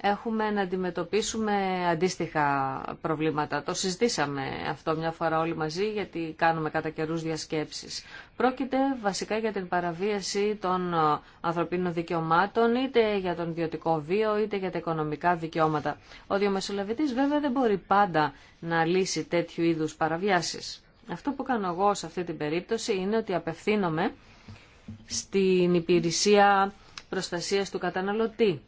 έχουμε να αντιμετωπίσουμε αντίστοιχα προβλήματα. Το συζητήσαμε αυτό μια φορά όλοι μαζί γιατί κάνουμε κατά καιρούς διασκέψεις. Πρόκειται βασικά για την παραβίαση των ε, ανθρωπίνων δικαιωμάτων είτε για τον ιδιωτικό βίο είτε για τα οικονομικά δικαιώματα. Ο διαμεσολαβητής βέβαια δεν μπορεί πάντα να λύσει τέτοιου είδους παραβιάσεις. Αυτό που κάνω εγώ σε αυτή την περίπτωση είναι ότι απευθύνομαι στην υπηρεσία προστασίας του καταναλωτή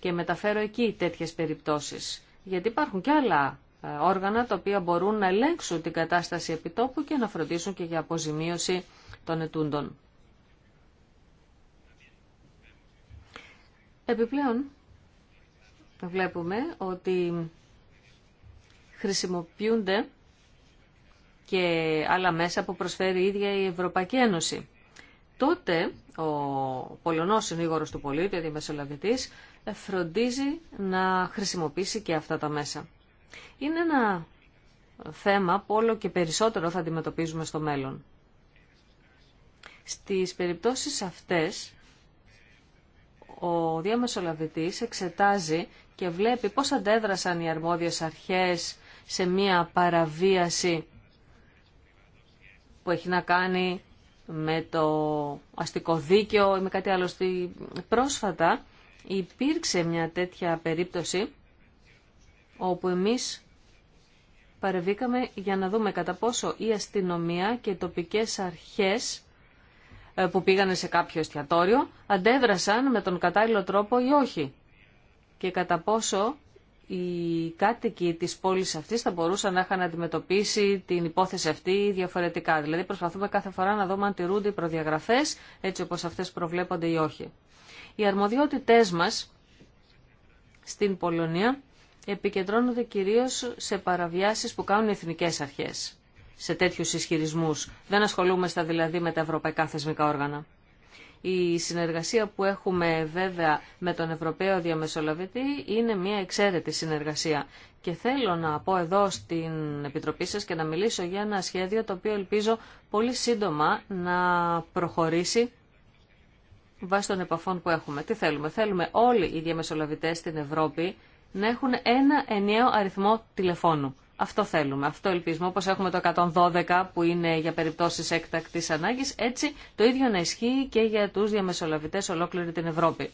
και μεταφέρω εκεί τέτοιες περιπτώσεις. Γιατί υπάρχουν και άλλα ε, όργανα τα οποία μπορούν να ελέγξουν την κατάσταση επιτόπου και να φροντίσουν και για αποζημίωση των ετούντων. Επιπλέον, βλέπουμε ότι χρησιμοποιούνται και άλλα μέσα που προσφέρει η ίδια η Ευρωπαϊκή Ένωση τότε ο Πολωνός συνήγορος του πολίτη, ο διαμεσολαβητής, φροντίζει να χρησιμοποιήσει και αυτά τα μέσα. Είναι ένα θέμα που όλο και περισσότερο θα αντιμετωπίζουμε στο μέλλον. Στις περιπτώσεις αυτές, ο διαμεσολαβητής εξετάζει και βλέπει πώς αντέδρασαν οι αρμόδιες αρχές σε μία παραβίαση που έχει να κάνει με το αστικό δίκαιο ή με κάτι άλλο. Στη πρόσφατα υπήρξε μια τέτοια περίπτωση όπου εμείς παρεβήκαμε για να δούμε κατά πόσο η αστυνομία και οι τοπικές αρχές ε, που πήγανε σε κάποιο εστιατόριο αντέδρασαν με τον κατάλληλο τρόπο ή όχι και κατά πόσο οι κάτοικοι τη πόλη αυτή θα μπορούσαν να είχαν αντιμετωπίσει την υπόθεση αυτή διαφορετικά. Δηλαδή προσπαθούμε κάθε φορά να δούμε αν τηρούνται οι προδιαγραφέ έτσι όπως αυτές προβλέπονται ή όχι. Οι αρμοδιότητε μας στην Πολωνία επικεντρώνονται κυρίως σε παραβιάσεις που κάνουν οι εθνικές αρχές, σε τέτοιους ισχυρισμού. Δεν ασχολούμαστε δηλαδή με τα ευρωπαϊκά θεσμικά όργανα. Η συνεργασία που έχουμε βέβαια με τον Ευρωπαίο Διαμεσολαβητή είναι μια εξαίρετη συνεργασία. Και θέλω να πω εδώ στην Επιτροπή σας και να μιλήσω για ένα σχέδιο το οποίο ελπίζω πολύ σύντομα να προχωρήσει βάσει των επαφών που έχουμε. Τι θέλουμε. Θέλουμε όλοι οι διαμεσολαβητές στην Ευρώπη να έχουν ένα ενιαίο αριθμό τηλεφώνου. Αυτό θέλουμε, αυτό ελπίζουμε. Όπως έχουμε το 112 που είναι για περιπτώσεις έκτακτης ανάγκης, έτσι το ίδιο να ισχύει και για τους διαμεσολαβητές ολόκληρη την Ευρώπη.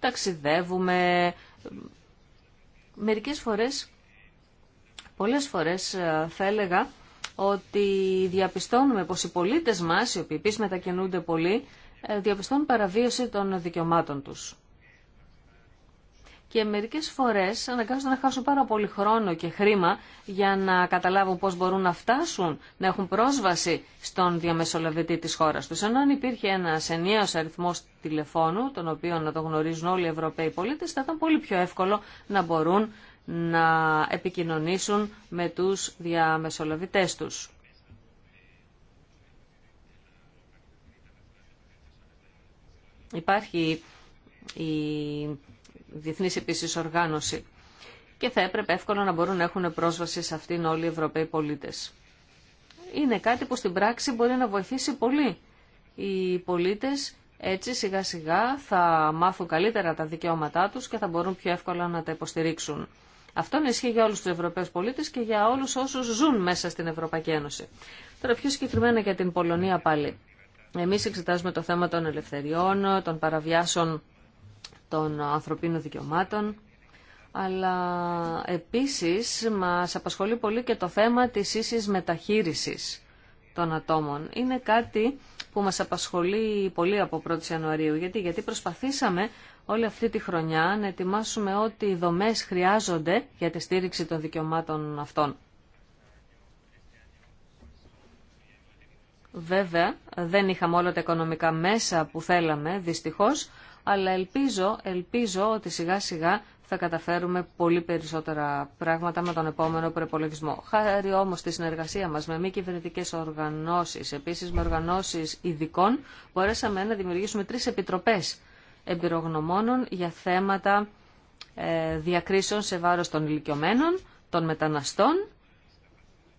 Ταξιδεύουμε, μερικές φορές, πολλές φορές ε, θα έλεγα, ότι διαπιστώνουμε πως οι πολίτες μας, οι οποίοι μετακινούνται πολύ, ε, διαπιστώνουν παραβίωση των δικαιωμάτων τους και μερικές φορές αναγκάζονται να χάσουν πάρα πολύ χρόνο και χρήμα για να καταλάβουν πώς μπορούν να φτάσουν, να έχουν πρόσβαση στον διαμεσολαβητή της χώρας του. Ενώ αν υπήρχε ένας ενιαίος αριθμό τηλεφώνου, τον οποίο να το γνωρίζουν όλοι οι Ευρωπαίοι πολίτες, θα ήταν πολύ πιο εύκολο να μπορούν να επικοινωνήσουν με του διαμεσολαβητέ του. Υπάρχει η Διεθνή επίση οργάνωση και θα έπρεπε εύκολα να μπορούν να έχουν πρόσβαση σε αυτήν όλοι οι Ευρωπαίοι πολίτε. Είναι κάτι που στην πράξη μπορεί να βοηθήσει πολύ. Οι πολίτε έτσι σιγά σιγά θα μάθουν καλύτερα τα δικαιώματά του και θα μπορούν πιο εύκολα να τα υποστηρίξουν. Αυτό είναι ισχύει για όλου του Ευρωπαίου πολίτε και για όλου όσου ζουν μέσα στην Ευρωπαϊκή Ένωση. Τώρα πιο συγκεκριμένα για την Πολωνία πάλι. Εμεί εξετάζουμε το θέμα των ελευθεριών, των παραβιάσεων των ανθρωπίνων δικαιωμάτων, αλλά επίσης μας απασχολεί πολύ και το θέμα της ίσης μεταχείρισης των ατόμων. Είναι κάτι που μας απασχολεί πολύ από 1η Ιανουαρίου. Γιατί, γιατί προσπαθήσαμε όλη αυτή τη χρονιά να ετοιμάσουμε ό,τι οι δομές χρειάζονται για τη στήριξη των δικαιωμάτων αυτών. Βέβαια, δεν είχαμε όλα τα οικονομικά μέσα που θέλαμε, δυστυχώς, αλλά ελπίζω, ελπίζω ότι σιγά σιγά θα καταφέρουμε πολύ περισσότερα πράγματα με τον επόμενο προπολογισμό. Χάρη όμως στη συνεργασία μας με μη κυβερνητικέ οργανώσεις, επίσης με οργανώσεις ειδικών, μπορέσαμε να δημιουργήσουμε τρεις επιτροπές εμπειρογνωμόνων για θέματα ε, διακρίσεων σε βάρος των ηλικιωμένων, των μεταναστών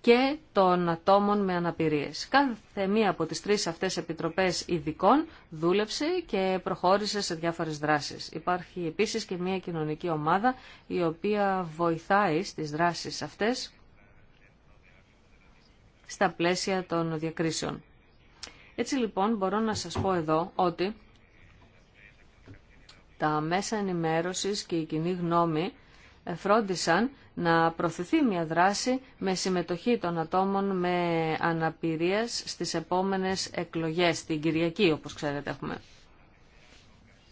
και των ατόμων με αναπηρίες. Κάθε μία από τις τρεις αυτές επιτροπές ειδικών δούλεψε και προχώρησε σε διάφορες δράσεις. Υπάρχει επίσης και μία κοινωνική ομάδα η οποία βοηθάει στις δράσεις αυτές στα πλαίσια των διακρίσεων. Έτσι λοιπόν μπορώ να σας πω εδώ ότι τα μέσα ενημέρωσης και η κοινή γνώμη φρόντισαν να προωθηθεί μια δράση με συμμετοχή των ατόμων με αναπηρίας στις επόμενες εκλογές, την Κυριακή όπως ξέρετε έχουμε.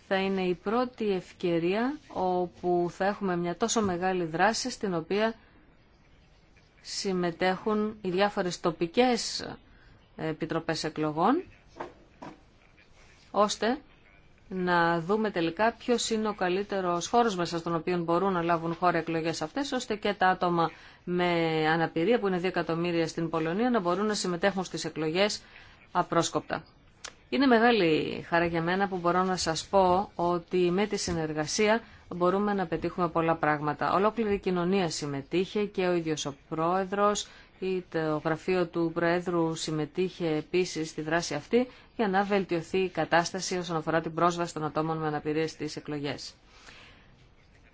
Θα είναι η πρώτη ευκαιρία όπου θα έχουμε μια τόσο μεγάλη δράση στην οποία συμμετέχουν οι διάφορες τοπικές επιτροπές εκλογών ώστε να δούμε τελικά ποιο είναι ο καλύτερος χώρο μέσα στον οποίο μπορούν να λάβουν χώρα εκλογές αυτές, ώστε και τα άτομα με αναπηρία που είναι 2 εκατομμύρια στην Πολωνία να μπορούν να συμμετέχουν στις εκλογές απρόσκοπτα. Είναι μεγάλη χαρά για μένα που μπορώ να σας πω ότι με τη συνεργασία μπορούμε να πετύχουμε πολλά πράγματα. Ολόκληρη η κοινωνία συμμετείχε και ο ίδιος ο πρόεδρος, ή το γραφείο του Προέδρου συμμετείχε επίση στη δράση αυτή για να βελτιωθεί η κατάσταση όσον αφορά την πρόσβαση των ατόμων με αναπηρία στι εκλογέ.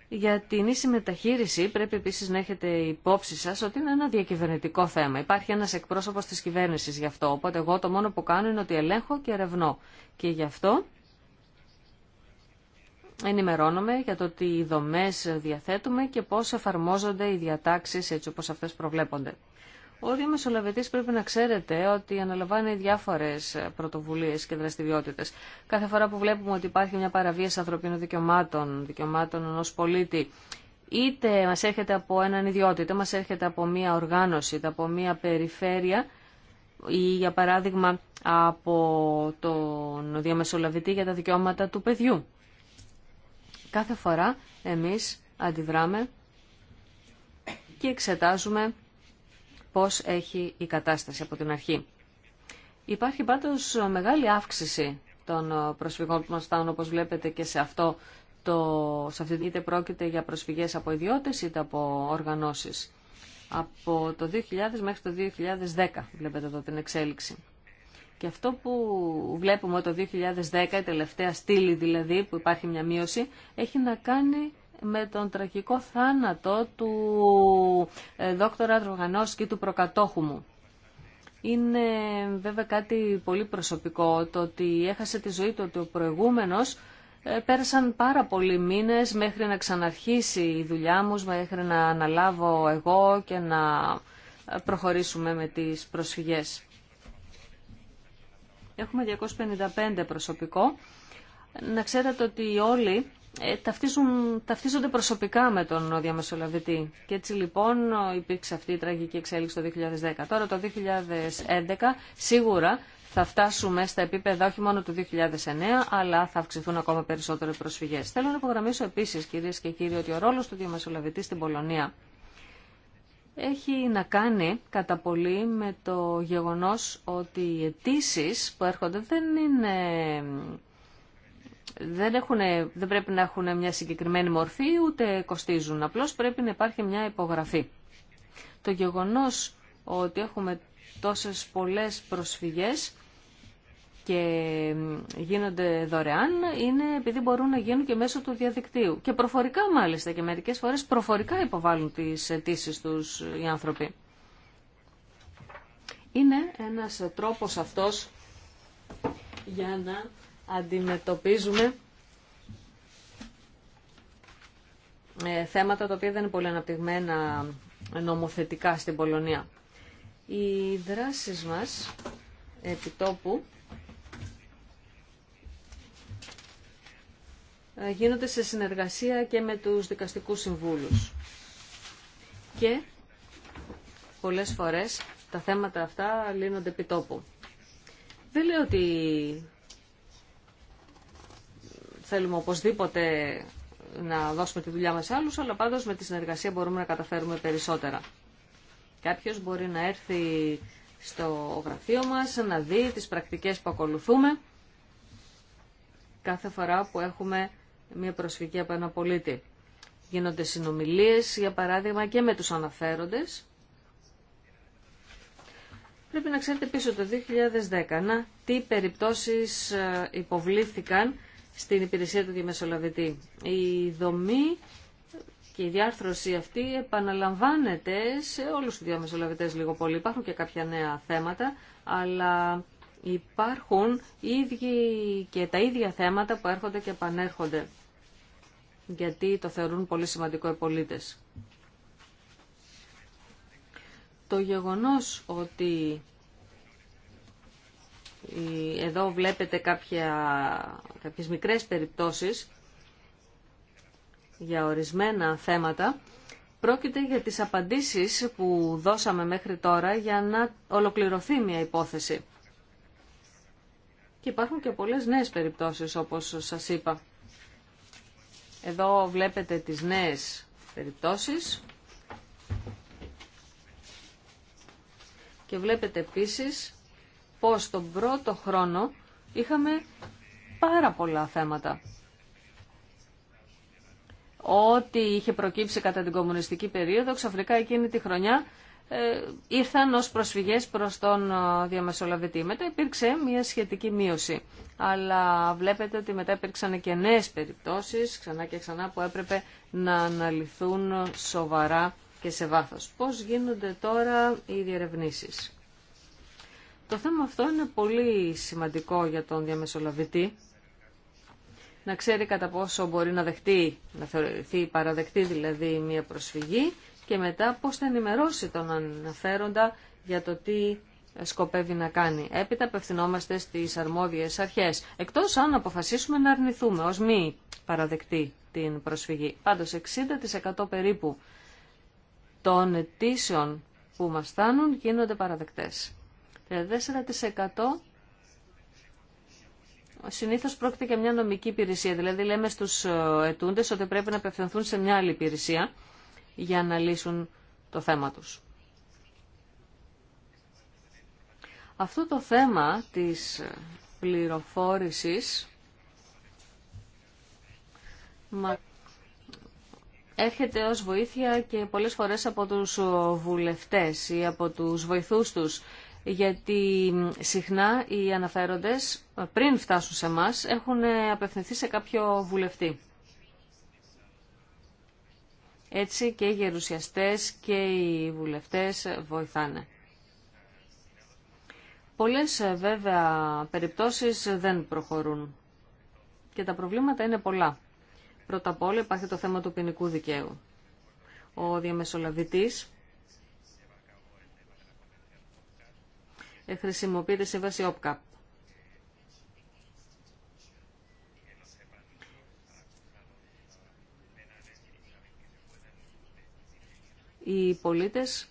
Για την ίση μεταχείριση πρέπει επίσης να έχετε υπόψη σας ότι είναι ένα διακυβερνητικό θέμα. Υπάρχει ένας εκπρόσωπος της κυβέρνησης γι' αυτό, οπότε εγώ το μόνο που κάνω είναι ότι ελέγχω και ερευνώ. Και γι' αυτό ενημερώνομαι για το τι δομές διαθέτουμε και πώς εφαρμόζονται οι διατάξεις έτσι όπως αυτές προβλέπονται. Ο διαμεσολαβητής πρέπει να ξέρετε ότι αναλαμβάνει διάφορες πρωτοβουλίες και δραστηριότητες. Κάθε φορά που βλέπουμε ότι υπάρχει μια παραβίαση ανθρωπίνων δικαιωμάτων, δικαιωμάτων ενός πολίτη, είτε μας έρχεται από έναν ιδιότητα, είτε μας έρχεται από μια οργάνωση, είτε από μια περιφέρεια, ή για παράδειγμα από τον διαμεσολαβητή για τα δικαιώματα του παιδιού. Κάθε φορά εμείς αντιδράμε και εξετάζουμε πώς έχει η κατάσταση από την αρχή. Υπάρχει πάντως μεγάλη αύξηση των προσφυγών που μας φτάνουν, όπως βλέπετε και σε αυτό το, σε είτε πρόκειται για προσφυγές από ιδιώτες είτε από οργανώσεις. Από το 2000 μέχρι το 2010 βλέπετε εδώ την εξέλιξη. Και αυτό που βλέπουμε το 2010, η τελευταία στήλη δηλαδή που υπάρχει μια μείωση, έχει να κάνει με τον τραγικό θάνατο του ε, δόκτωρα και του προκατόχου μου. Είναι βέβαια κάτι πολύ προσωπικό το ότι έχασε τη ζωή του ότι ο προηγούμενος ε, πέρασαν πάρα πολλοί μήνες μέχρι να ξαναρχίσει η δουλειά μου, μέχρι να αναλάβω εγώ και να ε, προχωρήσουμε με τις προσφυγές. Έχουμε 255 προσωπικό. Να ξέρετε ότι όλοι ε, ταυτίζουν, ταυτίζονται προσωπικά με τον διαμεσολαβητή. Και έτσι λοιπόν υπήρξε αυτή η τραγική εξέλιξη το 2010. Τώρα το 2011 σίγουρα θα φτάσουμε στα επίπεδα όχι μόνο του 2009, αλλά θα αυξηθούν ακόμα περισσότερο οι προσφυγές. Θέλω να υπογραμμίσω επίσης, κυρίες και κύριοι, ότι ο ρόλος του διαμεσολαβητή στην Πολωνία έχει να κάνει κατά πολύ με το γεγονός ότι οι αιτήσει που έρχονται δεν είναι δεν, έχουν, δεν πρέπει να έχουν μια συγκεκριμένη μορφή ούτε κοστίζουν. Απλώς πρέπει να υπάρχει μια υπογραφή. Το γεγονός ότι έχουμε τόσες πολλές προσφυγές και γίνονται δωρεάν είναι επειδή μπορούν να γίνουν και μέσω του διαδικτύου. Και προφορικά μάλιστα και μερικές φορές προφορικά υποβάλλουν τις αιτήσει τους οι άνθρωποι. Είναι ένας τρόπος αυτός για να αντιμετωπίζουμε ε, θέματα τα οποία δεν είναι πολύ αναπτυγμένα νομοθετικά στην Πολωνία. Οι δράσεις μας επιτόπου ε, γίνονται σε συνεργασία και με τους δικαστικούς συμβούλους. Και πολλές φορές τα θέματα αυτά λύνονται επιτόπου. Δεν λέω ότι θέλουμε οπωσδήποτε να δώσουμε τη δουλειά μας σε άλλους, αλλά πάντως με τη συνεργασία μπορούμε να καταφέρουμε περισσότερα. Κάποιος μπορεί να έρθει στο γραφείο μας, να δει τις πρακτικές που ακολουθούμε κάθε φορά που έχουμε μια προσφυγή από ένα πολίτη. Γίνονται συνομιλίες, για παράδειγμα, και με τους αναφέροντες. Πρέπει να ξέρετε πίσω το 2010, τι περιπτώσεις ε, υποβλήθηκαν στην υπηρεσία του διαμεσολαβητή. Η δομή και η διάρθρωση αυτή επαναλαμβάνεται σε όλους τους διαμεσολαβητές λίγο πολύ. Υπάρχουν και κάποια νέα θέματα, αλλά υπάρχουν ίδιοι και τα ίδια θέματα που έρχονται και επανέρχονται, γιατί το θεωρούν πολύ σημαντικό οι πολίτες. Το γεγονός ότι εδώ βλέπετε κάποια, κάποιες μικρές περιπτώσεις για ορισμένα θέματα. Πρόκειται για τις απαντήσεις που δώσαμε μέχρι τώρα για να ολοκληρωθεί μια υπόθεση. Και υπάρχουν και πολλές νέες περιπτώσεις όπως σας είπα. Εδώ βλέπετε τις νέες περιπτώσεις. Και βλέπετε επίσης πως τον πρώτο χρόνο είχαμε πάρα πολλά θέματα. Ό,τι είχε προκύψει κατά την κομμουνιστική περίοδο, ξαφνικά εκείνη τη χρονιά ε, ήρθαν ως προσφυγές προς τον ε, διαμεσολαβητή. Μετά υπήρξε μια σχετική μείωση. Αλλά βλέπετε ότι μετά υπήρξαν και νέες περιπτώσεις, ξανά και ξανά, που έπρεπε να αναλυθούν σοβαρά και σε βάθος. Πώς γίνονται τώρα οι διερευνήσεις. Το θέμα αυτό είναι πολύ σημαντικό για τον διαμεσολαβητή. Να ξέρει κατά πόσο μπορεί να δεχτεί, να θεωρηθεί παραδεκτή δηλαδή μια προσφυγή και μετά πώς θα ενημερώσει τον αναφέροντα για το τι σκοπεύει να κάνει. Έπειτα απευθυνόμαστε στις αρμόδιες αρχές, εκτός αν αποφασίσουμε να αρνηθούμε ως μη παραδεκτή την προσφυγή. Πάντως 60% περίπου των αιτήσεων που μας φτάνουν γίνονται παραδεκτές. 4% ε, συνήθως πρόκειται για μια νομική υπηρεσία. Δηλαδή λέμε στους ε, ετούντες ότι πρέπει να απευθυνθούν σε μια άλλη υπηρεσία για να λύσουν το θέμα τους. Αυτό το θέμα της ε, πληροφόρησης έρχεται ως βοήθεια και πολλές φορές από τους βουλευτές ή από τους βοηθούς τους γιατί συχνά οι αναφέροντες πριν φτάσουν σε εμά έχουν απευθυνθεί σε κάποιο βουλευτή. Έτσι και οι γερουσιαστές και οι βουλευτές βοηθάνε. Πολλές ε, βέβαια περιπτώσεις δεν προχωρούν και τα προβλήματα είναι πολλά. Πρώτα απ' όλα υπάρχει το θέμα του ποινικού δικαίου. Ο διαμεσολαβητής Ε, χρησιμοποιείται σε βάση OPCAP. Οι πολίτες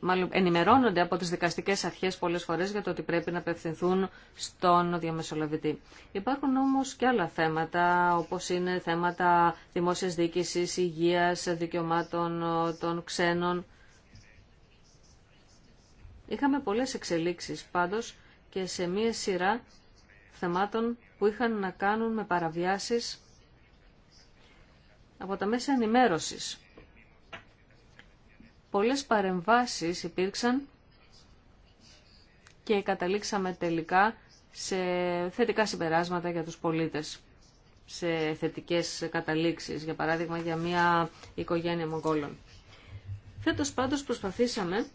μάλλον ενημερώνονται από τις δικαστικές αρχές πολλές φορές για το ότι πρέπει να απευθυνθούν στον διαμεσολαβητή. Υπάρχουν όμως και άλλα θέματα, όπως είναι θέματα δημόσιας διοίκησης, υγείας, δικαιωμάτων ε, των ξένων. Είχαμε πολλές εξελίξεις πάντως και σε μία σειρά θεμάτων που είχαν να κάνουν με παραβιάσεις από τα μέσα ενημέρωσης. Πολλές παρεμβάσεις υπήρξαν και καταλήξαμε τελικά σε θετικά συμπεράσματα για τους πολίτες, σε θετικές καταλήξεις, για παράδειγμα για μια οικογένεια Μογγόλων. Φέτος πάντως προσπαθήσαμε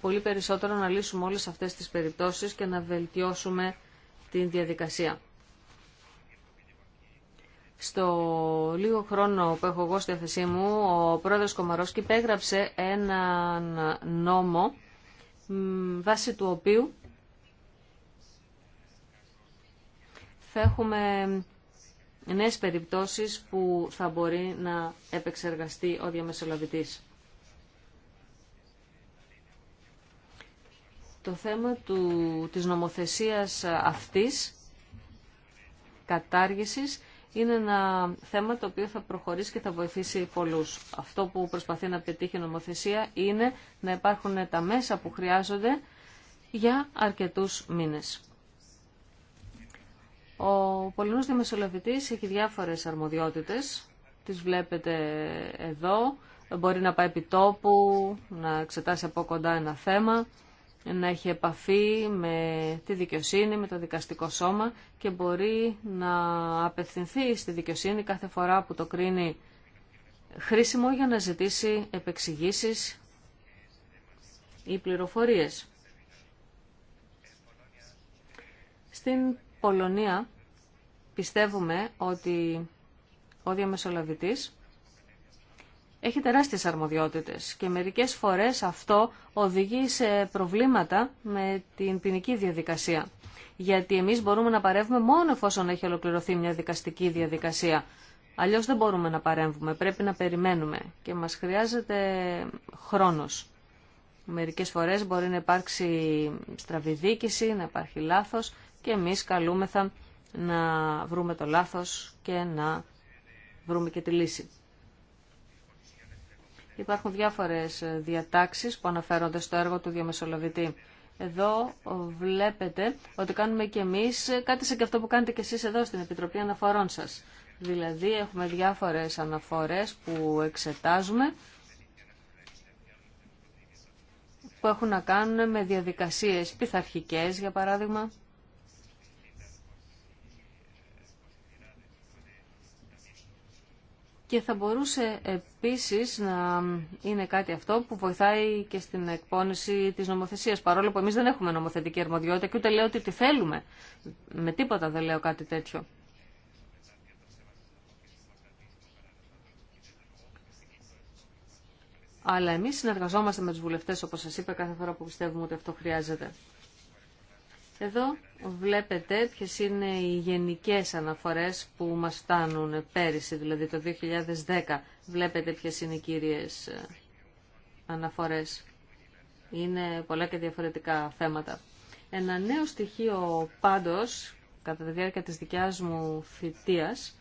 πολύ περισσότερο να λύσουμε όλες αυτές τις περιπτώσεις και να βελτιώσουμε την διαδικασία. Στο λίγο χρόνο που έχω εγώ στη θέση μου, ο πρόεδρος Κομαρόσκι υπέγραψε ένα νόμο βάσει του οποίου θα έχουμε νέες περιπτώσεις που θα μπορεί να επεξεργαστεί ο διαμεσολαβητής. το θέμα του, της νομοθεσίας αυτής, κατάργησης, είναι ένα θέμα το οποίο θα προχωρήσει και θα βοηθήσει πολλούς. Αυτό που προσπαθεί να πετύχει η νομοθεσία είναι να υπάρχουν τα μέσα που χρειάζονται για αρκετούς μήνες. Ο Πολωνός Διαμεσολαβητής έχει διάφορες αρμοδιότητες. Τις βλέπετε εδώ. Μπορεί να πάει επί τόπου, να εξετάσει από κοντά ένα θέμα να έχει επαφή με τη δικαιοσύνη, με το δικαστικό σώμα και μπορεί να απευθυνθεί στη δικαιοσύνη κάθε φορά που το κρίνει χρήσιμο για να ζητήσει επεξηγήσεις ή πληροφορίες. Στην Πολωνία πιστεύουμε ότι ο διαμεσολαβητής έχει τεράστιες αρμοδιότητες και μερικές φορές αυτό οδηγεί σε προβλήματα με την ποινική διαδικασία. Γιατί εμείς μπορούμε να παρεύουμε μόνο εφόσον έχει ολοκληρωθεί μια δικαστική διαδικασία. Αλλιώς δεν μπορούμε να παρέμβουμε, πρέπει να περιμένουμε και μας χρειάζεται χρόνος. Μερικές φορές μπορεί να υπάρξει στραβιδίκηση, να υπάρχει λάθος και εμείς καλούμεθα να βρούμε το λάθος και να βρούμε και τη λύση. Υπάρχουν διάφορες ε, διατάξεις που αναφέρονται στο έργο του διαμεσολαβητή. Εδώ ε, βλέπετε ότι κάνουμε και εμείς ε, κάτι σαν και αυτό που κάνετε και εσείς εδώ στην Επιτροπή Αναφορών σας. Δηλαδή έχουμε διάφορες αναφορές που εξετάζουμε που έχουν να κάνουν με διαδικασίες πειθαρχικές για παράδειγμα Και θα μπορούσε επίσης να είναι κάτι αυτό που βοηθάει και στην εκπόνηση της νομοθεσίας, παρόλο που εμείς δεν έχουμε νομοθετική αρμοδιότητα και ούτε λέω ότι τη θέλουμε. Με τίποτα δεν λέω κάτι τέτοιο. Αλλά εμείς συνεργαζόμαστε με τους βουλευτές, όπως σας είπα, κάθε φορά που πιστεύουμε ότι αυτό χρειάζεται. Εδώ βλέπετε ποιες είναι οι γενικές αναφορές που μας φτάνουν πέρυσι, δηλαδή το 2010. Βλέπετε ποιες είναι οι κύριες ε, αναφορές. Είναι πολλά και διαφορετικά θέματα. Ένα νέο στοιχείο πάντως, κατά τη διάρκεια της δικιάς μου θητείας,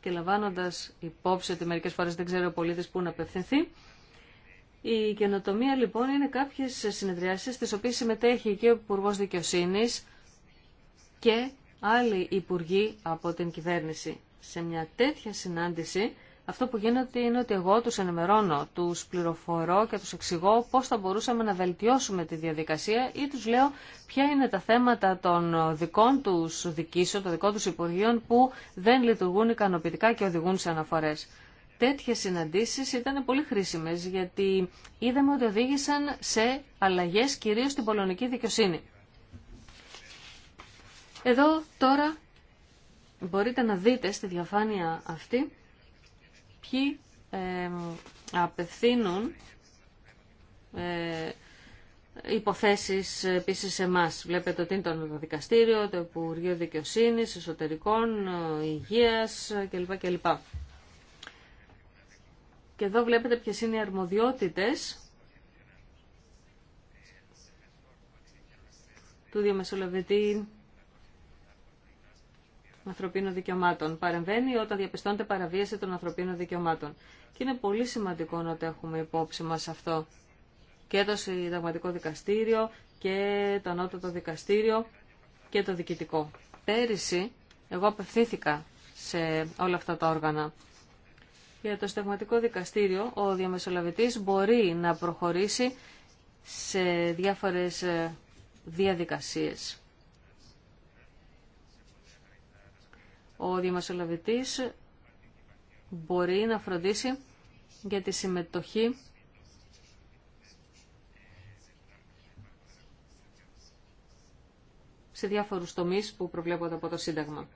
και λαμβάνοντας υπόψη ότι μερικές φορές δεν ξέρω ο πού να απευθυνθεί, η καινοτομία λοιπόν είναι κάποιε συνεδριάσεις στι οποίε συμμετέχει και ο υπουργό Δικαιοσύνη και άλλοι υπουργοί από την κυβέρνηση. Σε μια τέτοια συνάντηση αυτό που γίνεται είναι ότι εγώ τους ενημερώνω, του πληροφορώ και του εξηγώ πώ θα μπορούσαμε να βελτιώσουμε τη διαδικασία ή τους λέω ποια είναι τα θέματα των δικών του δικήσεων, των δικών του υπουργείων που δεν λειτουργούν ικανοποιητικά και οδηγούν σε αναφορέ τέτοιες συναντήσεις ήταν πολύ χρήσιμες γιατί είδαμε ότι οδήγησαν σε αλλαγές κυρίως στην πολωνική δικαιοσύνη. Εδώ τώρα μπορείτε να δείτε στη διαφάνεια αυτή ποιοι απευθύνουν ε, υποθέσεις επίσης σε εμάς. Βλέπετε ότι είναι το δικαστήριο, το Υπουργείο Δικαιοσύνης, Εσωτερικών, ε, Υγείας κλπ. Και εδώ βλέπετε ποιες είναι οι αρμοδιότητες του διαμεσολαβητή ανθρωπίνων δικαιωμάτων. Παρεμβαίνει όταν διαπιστώνεται παραβίαση των ανθρωπίνων δικαιωμάτων. Και είναι πολύ σημαντικό να το έχουμε υπόψη μας αυτό. Και το συνταγματικό δικαστήριο και το ανώτατο δικαστήριο και το διοικητικό. Πέρυσι εγώ απευθύνθηκα σε όλα αυτά τα όργανα για το στεγματικό Δικαστήριο ο διαμεσολαβητής μπορεί να προχωρήσει σε διάφορες ε, διαδικασίες. Ο διαμεσολαβητής μπορεί να φροντίσει για τη συμμετοχή σε διάφορους τομείς που προβλέπονται από το Σύνταγμα.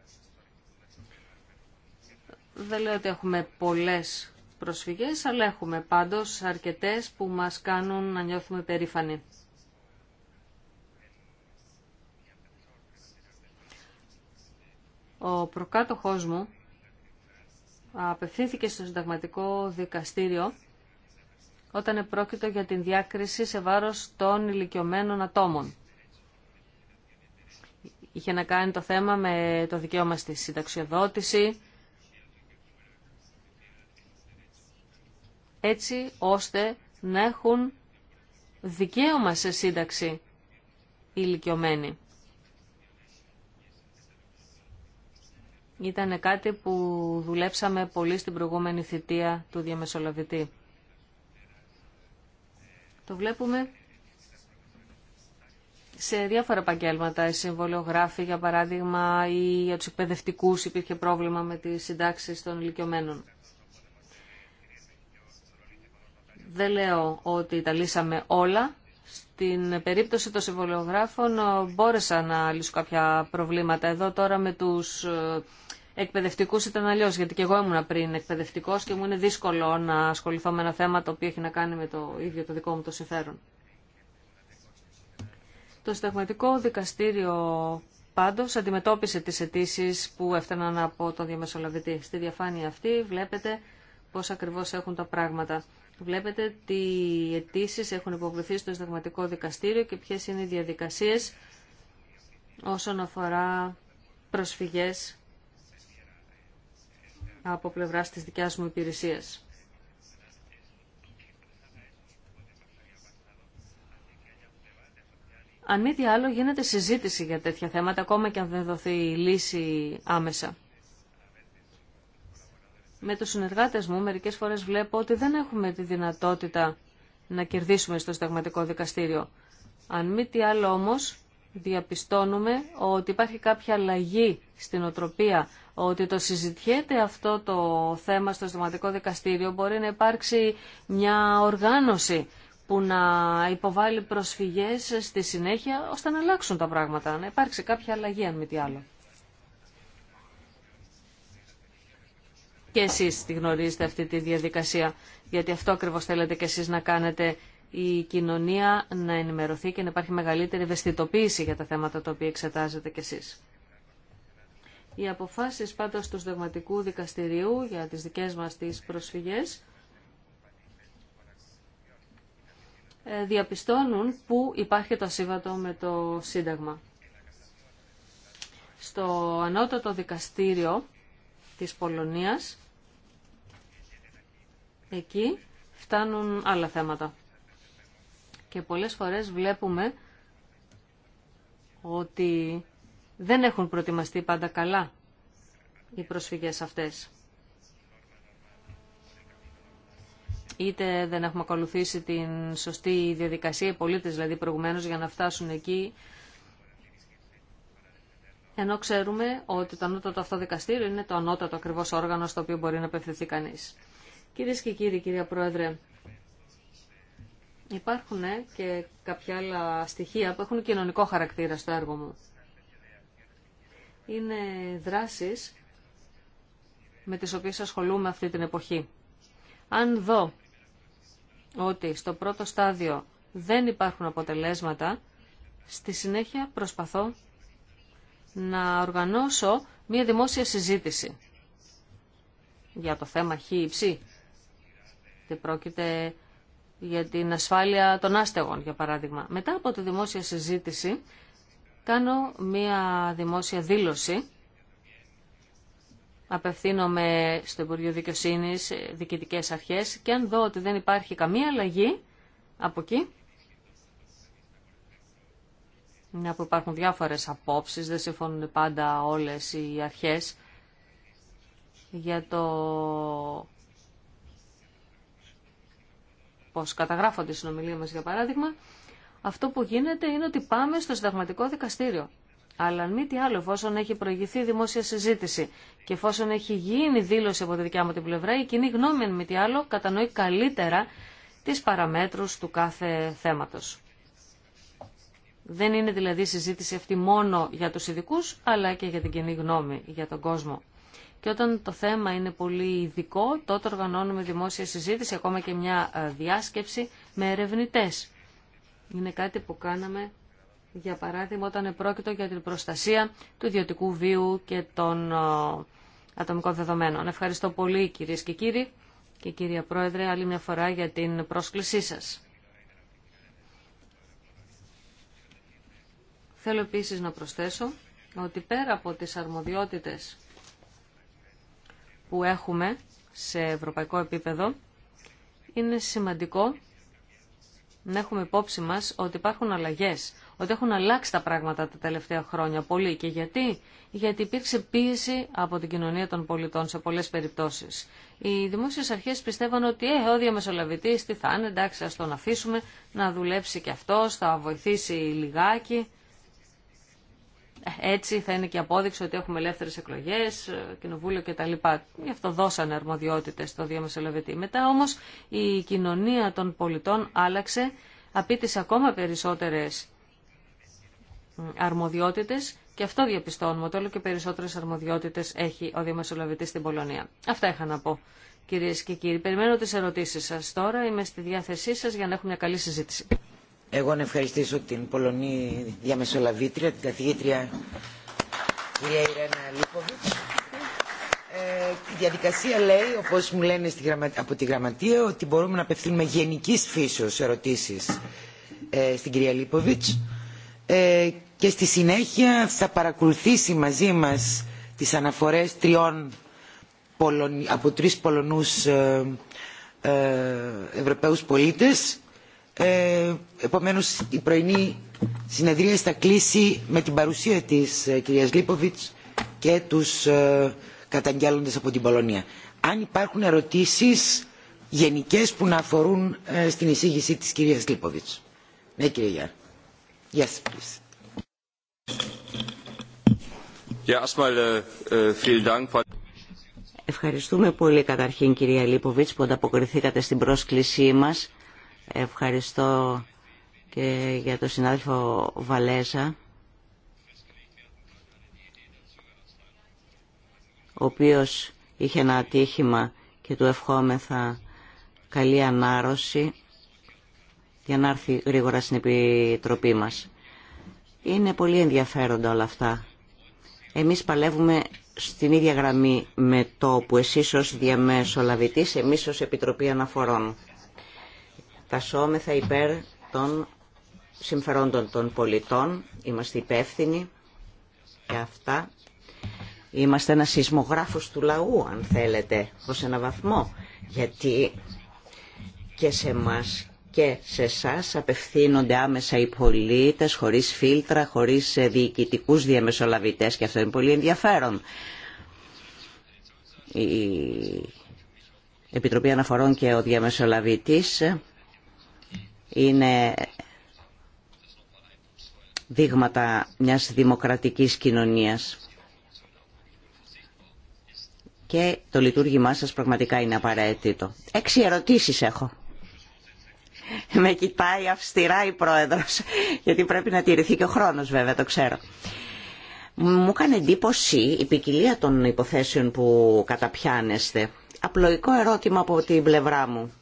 Δεν λέω ότι έχουμε πολλές προσφυγές, αλλά έχουμε πάντως αρκετές που μας κάνουν να νιώθουμε περήφανοι. Ο προκάτοχός μου απευθύνθηκε στο συνταγματικό δικαστήριο όταν επρόκειτο για την διάκριση σε βάρος των ηλικιωμένων ατόμων. Είχε να κάνει το θέμα με το δικαίωμα στη συνταξιοδότηση, έτσι ώστε να έχουν δικαίωμα σε σύνταξη ηλικιωμένοι. Ήταν κάτι που δουλέψαμε πολύ στην προηγούμενη θητεία του διαμεσολαβητή. Το βλέπουμε σε διάφορα επαγγέλματα. Οι συμβολιογράφοι, για παράδειγμα, ή για τους εκπαιδευτικού υπήρχε πρόβλημα με τις συντάξεις των ηλικιωμένων. Δεν λέω ότι τα λύσαμε όλα. Στην περίπτωση των συμβολιογράφων ε, μπόρεσα να λύσω κάποια προβλήματα. Εδώ τώρα με τους ε, εκπαιδευτικούς ήταν αλλιώ, γιατί και εγώ ήμουν πριν εκπαιδευτικός και μου είναι δύσκολο να ασχοληθώ με ένα θέμα το οποίο έχει να κάνει με το ίδιο το δικό μου το συμφέρον. Το Συνταγματικό Δικαστήριο πάντως αντιμετώπισε τις αιτήσει που έφταναν από τον διαμεσολαβητή. Στη διαφάνεια αυτή βλέπετε πώς ακριβώς έχουν τα πράγματα. Βλέπετε τι αιτήσει έχουν υποβληθεί στο συνταγματικό δικαστήριο και ποιες είναι οι διαδικασίες όσον αφορά προσφυγές από πλευράς της δικιάς μου υπηρεσίας. Αν μη τι άλλο γίνεται συζήτηση για τέτοια θέματα, ακόμα και αν δεν δοθεί λύση άμεσα με τους συνεργάτες μου μερικές φορές βλέπω ότι δεν έχουμε τη δυνατότητα να κερδίσουμε στο σταγματικό δικαστήριο. Αν μη τι άλλο όμως διαπιστώνουμε ότι υπάρχει κάποια αλλαγή στην οτροπία, ότι το συζητιέται αυτό το θέμα στο σταγματικό δικαστήριο, μπορεί να υπάρξει μια οργάνωση που να υποβάλει προσφυγές στη συνέχεια ώστε να αλλάξουν τα πράγματα, να υπάρξει κάποια αλλαγή αν μη τι άλλο. και εσείς τη γνωρίζετε αυτή τη διαδικασία, γιατί αυτό ακριβώς θέλετε και εσείς να κάνετε η κοινωνία να ενημερωθεί και να υπάρχει μεγαλύτερη ευαισθητοποίηση για τα θέματα τα οποία εξετάζετε κι εσείς. Οι αποφάσεις πάντως του Συνταγματικού Δικαστηρίου για τις δικές μας τις προσφυγές ε, διαπιστώνουν που υπάρχει το ασύμβατο με το Σύνταγμα. Στο ανώτατο δικαστήριο της Πολωνίας εκεί φτάνουν άλλα θέματα. Και πολλές φορές βλέπουμε ότι δεν έχουν προετοιμαστεί πάντα καλά οι προσφυγές αυτές. Είτε δεν έχουμε ακολουθήσει την σωστή διαδικασία, οι πολίτες δηλαδή προηγουμένως για να φτάσουν εκεί, ενώ ξέρουμε ότι το ανώτατο αυτό δικαστήριο είναι το ανώτατο ακριβώς όργανο στο οποίο μπορεί να απευθυνθεί κανείς. Κυρίες και κύριοι, κυρία Πρόεδρε, υπάρχουν και κάποια άλλα στοιχεία που έχουν κοινωνικό χαρακτήρα στο έργο μου. Είναι δράσεις με τις οποίες ασχολούμαι αυτή την εποχή. Αν δω ότι στο πρώτο στάδιο δεν υπάρχουν αποτελέσματα, στη συνέχεια προσπαθώ να οργανώσω μία δημόσια συζήτηση για το θέμα χ ότι πρόκειται για την ασφάλεια των άστεγων, για παράδειγμα. Μετά από τη δημόσια συζήτηση, κάνω μία δημόσια δήλωση. Απευθύνομαι στο Υπουργείο Δικαιοσύνη, διοικητικέ αρχέ και αν δω ότι δεν υπάρχει καμία αλλαγή από εκεί, μια που υπάρχουν διάφορες απόψεις, δεν συμφωνούν πάντα όλες οι αρχές για το πώς καταγράφονται οι συνομιλίες μας για παράδειγμα, αυτό που γίνεται είναι ότι πάμε στο συνταγματικό δικαστήριο. Αλλά αν μη τι άλλο, εφόσον έχει προηγηθεί δημόσια συζήτηση και εφόσον έχει γίνει δήλωση από τη δικιά μου την πλευρά, η κοινή γνώμη, αν μη τι άλλο, κατανοεί καλύτερα τις παραμέτρους του κάθε θέματος. Δεν είναι δηλαδή συζήτηση αυτή μόνο για τους ειδικού, αλλά και για την κοινή γνώμη, για τον κόσμο. Και όταν το θέμα είναι πολύ ειδικό, τότε οργανώνουμε δημόσια συζήτηση, ακόμα και μια ε, διάσκεψη με ερευνητέ. Είναι κάτι που κάναμε, για παράδειγμα, όταν επρόκειτο για την προστασία του ιδιωτικού βίου και των ε, ατομικών δεδομένων. Ευχαριστώ πολύ κυρίες και κύριοι και κυρία Πρόεδρε άλλη μια φορά για την πρόσκλησή σας. Θέλω επίσης να προσθέσω ότι πέρα από τις αρμοδιότητες που έχουμε σε ευρωπαϊκό επίπεδο, είναι σημαντικό να έχουμε υπόψη μας ότι υπάρχουν αλλαγές, ότι έχουν αλλάξει τα πράγματα τα τελευταία χρόνια πολύ. Και γιατί? Γιατί υπήρξε πίεση από την κοινωνία των πολιτών σε πολλές περιπτώσεις. Οι δημόσιες αρχές πιστεύαν ότι ε, ο διαμεσολαβητής τι θα είναι, εντάξει ας τον αφήσουμε να δουλέψει και αυτός, θα βοηθήσει λιγάκι. Έτσι θα είναι και απόδειξη ότι έχουμε ελεύθερε εκλογές, ε, κοινοβούλιο κτλ. Γι' αυτό δώσανε αρμοδιότητε στο διαμεσολαβητή. Μετά όμω η κοινωνία των πολιτών άλλαξε, απίτησε ακόμα περισσότερε αρμοδιότητε, και αυτό διαπιστώνουμε ότι όλο και περισσότερε αρμοδιότητε έχει ο διαμεσολαβητή στην Πολωνία. Αυτά είχα να πω. Κυρίες και κύριοι, περιμένω τις ερωτήσεις σας τώρα. Είμαι στη διάθεσή σας για να έχουμε μια καλή συζήτηση. Εγώ να ευχαριστήσω την Πολωνή διαμεσολαβήτρια, την καθηγήτρια κυρία Ιρένα Λίποβιτς. Ε, η διαδικασία λέει, όπως μου λένε στη, από τη Γραμματεία, ότι μπορούμε να απευθύνουμε γενικής φύσεως ερωτήσεις ε, στην κυρία Λίποβιτς ε, και στη συνέχεια θα παρακολουθήσει μαζί μας τις αναφορές τριών από τρεις Πολωνούς ε, ε, Ευρωπαίους πολίτες ε, επομένως η πρωινή συνεδρία θα κλείσει με την παρουσία της ε, κυρίας Λίποβιτς και τους ε, καταγγέλλοντες από την Πολωνία. Αν υπάρχουν ερωτήσεις γενικές που να αφορούν στην εισήγηση της κυρίας Λίποβιτς. Ναι κύριε äh, äh, Ευχαριστούμε πολύ καταρχήν κυρία Λίποβιτς που ανταποκριθήκατε στην πρόσκλησή μας Ευχαριστώ και για τον συνάδελφο Βαλέσα, ο οποίος είχε ένα ατύχημα και του ευχόμεθα καλή ανάρρωση για να έρθει γρήγορα στην Επιτροπή μας. Είναι πολύ ενδιαφέροντα όλα αυτά. Εμείς παλεύουμε στην ίδια γραμμή με το που εσείς ως διαμέσολαβητής, εμείς ως Επιτροπή Αναφορών τασόμεθα υπέρ των συμφερόντων των πολιτών, είμαστε υπεύθυνοι για αυτά. Είμαστε ένα σεισμογράφος του λαού, αν θέλετε, ως ένα βαθμό, γιατί και σε μας και σε εσά απευθύνονται άμεσα οι πολίτε χωρίς φίλτρα, χωρίς ε, διοικητικού διαμεσολαβητές και αυτό είναι πολύ ενδιαφέρον. Η Επιτροπή Αναφορών και ο διαμεσολαβητής είναι δείγματα μιας δημοκρατικής κοινωνίας. Και το λειτουργήμά σας πραγματικά είναι απαραίτητο. Έξι ερωτήσεις έχω. Με κοιτάει αυστηρά η πρόεδρος, γιατί πρέπει να τηρηθεί και ο χρόνος βέβαια, το ξέρω. Μου κάνει εντύπωση η ποικιλία των υποθέσεων που καταπιάνεστε. Απλοϊκό ερώτημα από την πλευρά μου.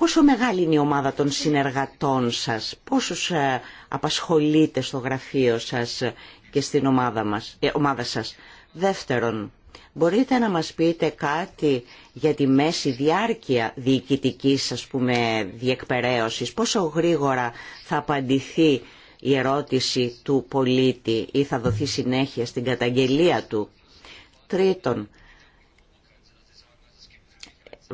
Πόσο μεγάλη είναι η ομάδα των συνεργατών σας, πόσους ε, απασχολείτε στο γραφείο σας και στην ομάδα, μας, ε, σας. Δεύτερον, μπορείτε να μας πείτε κάτι για τη μέση διάρκεια διοικητικής ας πούμε, διεκπαιρέωσης. Πόσο γρήγορα θα απαντηθεί η ερώτηση του πολίτη ή θα δοθεί συνέχεια στην καταγγελία του. Τρίτον,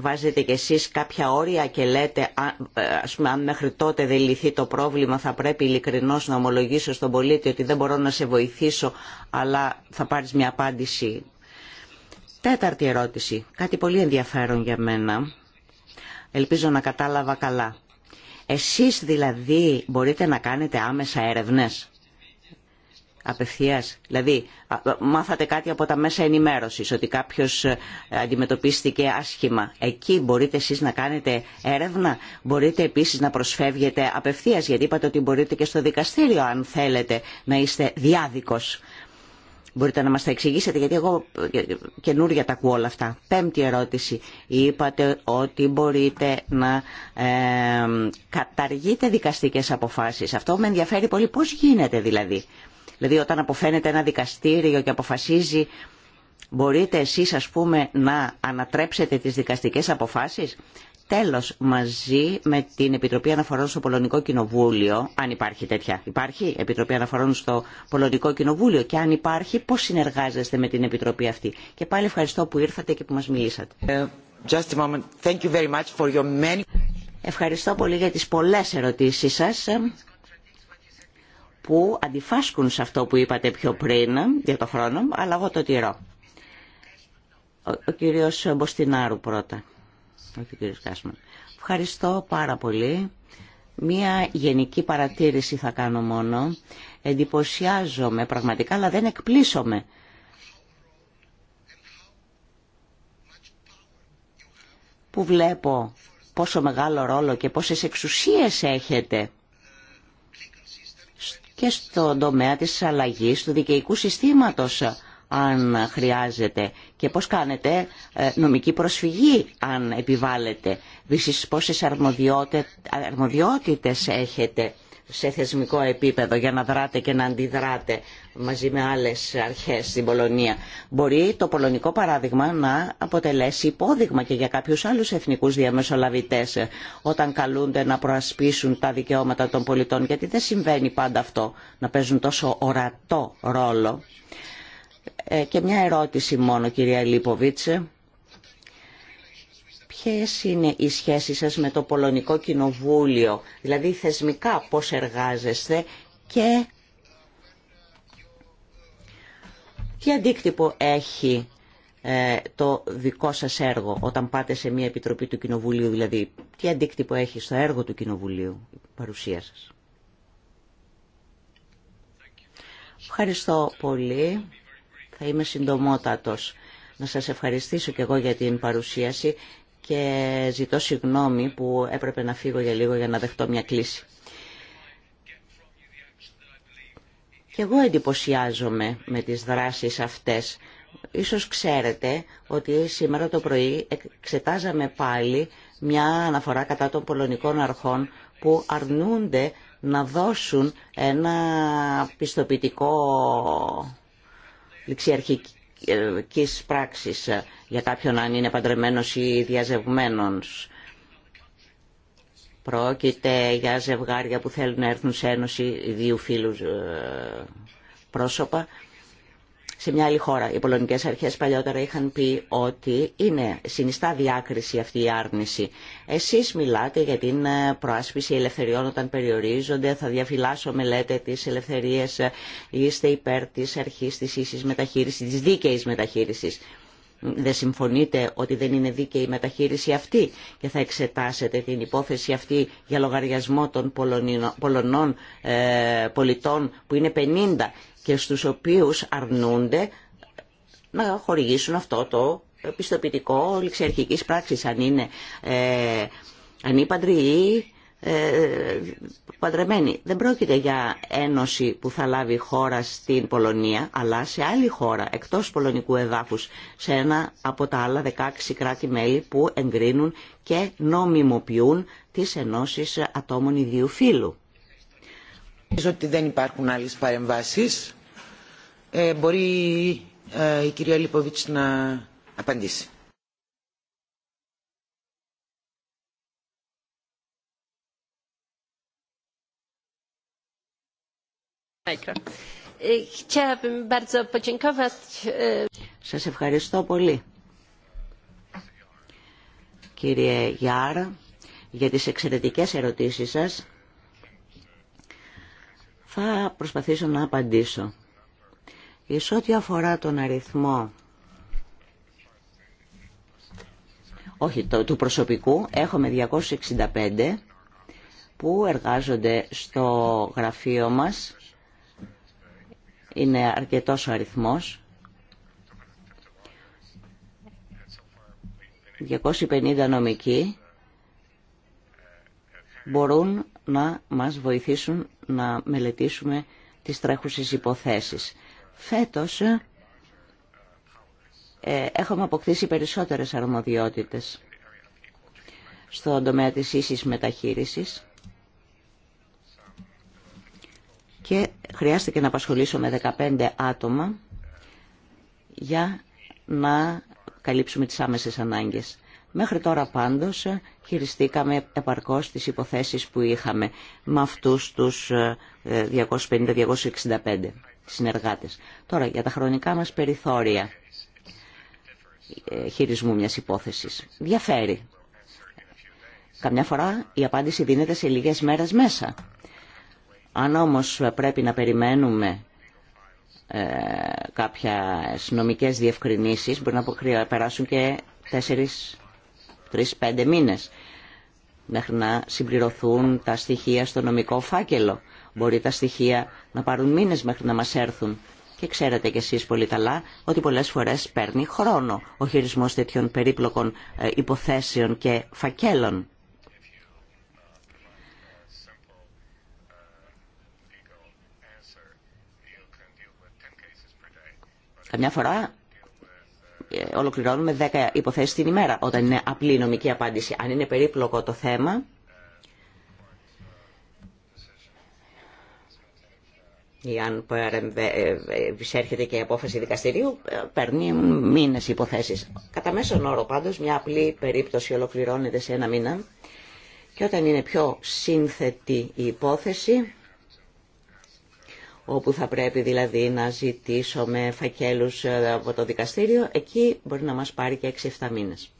βάζετε κι εσείς κάποια όρια και λέτε ε, ας αν μέχρι τότε δεν λυθεί το πρόβλημα θα πρέπει ειλικρινώς να ομολογήσω στον πολίτη ότι δεν μπορώ να σε βοηθήσω αλλά θα πάρεις μια απάντηση. Τέταρτη ερώτηση, κάτι πολύ ενδιαφέρον για μένα. Ελπίζω να κατάλαβα καλά. Εσείς δηλαδή μπορείτε να κάνετε άμεσα έρευνες απευθεία. Δηλαδή, μάθατε κάτι από τα μέσα ενημέρωση ότι κάποιο ε, αντιμετωπίστηκε άσχημα. Εκεί μπορείτε εσεί να κάνετε έρευνα, μπορείτε επίση να προσφεύγετε απευθεία, γιατί είπατε ότι μπορείτε και στο δικαστήριο, αν θέλετε, να είστε διάδικο, Μπορείτε να μας τα εξηγήσετε, γιατί εγώ ε, καινούρια τα ακούω όλα αυτά. Πέμπτη ερώτηση. Είπατε ότι μπορείτε να ε, καταργείτε δικαστικές αποφάσεις. Αυτό με ενδιαφέρει πολύ. Πώς γίνεται δηλαδή. Δηλαδή όταν αποφαίνεται ένα δικαστήριο και αποφασίζει μπορείτε εσείς ας πούμε να ανατρέψετε τις δικαστικές αποφάσεις. Τέλος, μαζί με την Επιτροπή Αναφορών στο Πολωνικό Κοινοβούλιο, αν υπάρχει τέτοια, υπάρχει Επιτροπή Αναφορών στο Πολωνικό Κοινοβούλιο και αν υπάρχει, πώς συνεργάζεστε με την Επιτροπή αυτή. Και πάλι ευχαριστώ που ήρθατε και που μας μιλήσατε. Ε, just a moment. Thank you very much for your many... Ευχαριστώ πολύ για τις πολλές ερωτήσεις σας που αντιφάσκουν σε αυτό που είπατε πιο πριν για το χρόνο, αλλά εγώ το τηρώ. Ο, ο κύριος Μποστινάρου πρώτα. Όχι ο κύριος Κάσμαν. Ευχαριστώ πάρα πολύ. Μία γενική παρατήρηση θα κάνω μόνο. Εντυπωσιάζομαι πραγματικά, αλλά δεν εκπλήσωμαι. Που βλέπω πόσο μεγάλο ρόλο και πόσες εξουσίες έχετε και στον τομέα της αλλαγής του δικαιικού συστήματος αν χρειάζεται και πώς κάνετε ε, νομική προσφυγή αν επιβάλλετε, πόσες αρμοδιότητες έχετε σε θεσμικό επίπεδο για να δράτε και να αντιδράτε μαζί με άλλες αρχές στην Πολωνία. Μπορεί το πολωνικό παράδειγμα να αποτελέσει υπόδειγμα και για κάποιους άλλους εθνικούς διαμεσολαβητές όταν καλούνται να προασπίσουν τα δικαιώματα των πολιτών γιατί δεν συμβαίνει πάντα αυτό να παίζουν τόσο ορατό ρόλο. Ε, και μια ερώτηση μόνο κυρία Λίποβιτσε ποιες είναι οι σχέσεις σας με το Πολωνικό Κοινοβούλιο, δηλαδή θεσμικά πώς εργάζεστε και τι αντίκτυπο έχει ε, το δικό σας έργο όταν πάτε σε μια επιτροπή του Κοινοβουλίου, δηλαδή τι αντίκτυπο έχει στο έργο του Κοινοβουλίου η παρουσία σας. Ευχαριστώ πολύ. Θα είμαι συντομότατος. Να σας ευχαριστήσω και εγώ για την παρουσίαση και ζητώ συγγνώμη που έπρεπε να φύγω για λίγο για να δεχτώ μια κλίση. Και εγώ εντυπωσιάζομαι με τις δράσεις αυτές. Ίσως ξέρετε ότι σήμερα το πρωί εξετάζαμε πάλι μια αναφορά κατά των πολωνικών αρχών που αρνούνται να δώσουν ένα πιστοποιητικό ληξιαρχική ερωτικής πράξης ε, για κάποιον αν είναι παντρεμένος ή διαζευγμένος. Πρόκειται για ζευγάρια που θέλουν να έρθουν σε ένωση δύο φίλου ε, πρόσωπα σε μια άλλη χώρα. Οι πολωνικές αρχές παλιότερα είχαν πει ότι είναι συνιστά διάκριση αυτή η άρνηση. Εσείς μιλάτε για την ε, προάσπιση ελευθεριών όταν περιορίζονται, θα διαφυλάσω μελέτε τις ελευθερίες, είστε υπέρ της αρχής της ίσης μεταχείρισης, της δίκαιης μεταχείρισης δεν συμφωνείτε ότι δεν είναι δίκαιη η μεταχείριση αυτή και θα εξετάσετε την υπόθεση αυτή για λογαριασμό των Πολωνών ε, πολιτών που είναι 50 και στους οποίους αρνούνται να χορηγήσουν αυτό το πιστοποιητικό ληξιαρχικής πράξης αν είναι ε, ανήπαντροι ή ε, παντρεμένοι. Δεν πρόκειται για ένωση που θα λάβει χώρα στην Πολωνία, αλλά σε άλλη χώρα, εκτός πολωνικού εδάφους, σε ένα από τα άλλα 16 κράτη-μέλη που εγκρίνουν και νομιμοποιούν τις ενώσεις ατόμων ιδίου φύλου. Νομίζω ότι δεν υπάρχουν άλλες παρεμβάσεις. Ε, μπορεί ε, η κυρία Λιποβίτς να απαντήσει. Ε, ε, ε. Σας ευχαριστώ πολύ, κύριε Γιάρ, για τις εξαιρετικές ερωτήσεις σας. Θα προσπαθήσω να απαντήσω. Εις ό,τι αφορά τον αριθμό όχι το, του προσωπικού, έχουμε 265 που εργάζονται στο γραφείο μας είναι αρκετός ο αριθμός. 250 νομικοί μπορούν να μας βοηθήσουν να μελετήσουμε τις τρέχουσες υποθέσεις. Φέτος ε, έχουμε αποκτήσει περισσότερες αρμοδιότητες στον τομέα της ίσης μεταχείρισης και χρειάστηκε να απασχολήσω με 15 άτομα για να καλύψουμε τις άμεσες ανάγκες. Μέχρι τώρα πάντως χειριστήκαμε επαρκώς τις υποθέσεις που είχαμε με αυτούς τους 250-265 ε, συνεργάτες. Τώρα για τα χρονικά μας περιθώρια ε, χειρισμού μιας υπόθεσης. Διαφέρει. Καμιά φορά η απάντηση δίνεται σε λίγες μέρες μέσα αν όμως πρέπει να περιμένουμε ε, κάποια νομικές διευκρινήσεις, μπορεί να περάσουν και 4-3-5 πέντε μηνες μέχρι να συμπληρωθούν τα στοιχεία στο νομικό φάκελο. Μπορεί τα στοιχεία να πάρουν μήνες μέχρι να μας έρθουν. Και ξέρετε κι εσείς πολύ καλά ότι πολλές φορές παίρνει χρόνο ο χειρισμός τέτοιων περίπλοκων ε, υποθέσεων και φακέλων. Καμιά φορά ε, ολοκληρώνουμε 10 υποθέσεις την ημέρα όταν είναι απλή νομική απάντηση. Αν είναι περίπλοκο το θέμα, ή αν ε, ε, εισέρχεται και η απόφαση δικαστηρίου, παίρνει μήνες υποθέσεις. Κατά μέσον όρο πάντως μια απλή περίπτωση ολοκληρώνεται σε ένα μήνα και όταν είναι πιο σύνθετη η υπόθεση όπου θα πρέπει δηλαδή να ζητήσουμε φακέλους ε, από το δικαστήριο, εκεί μπορεί να μας πάρει και 6-7 μήνες.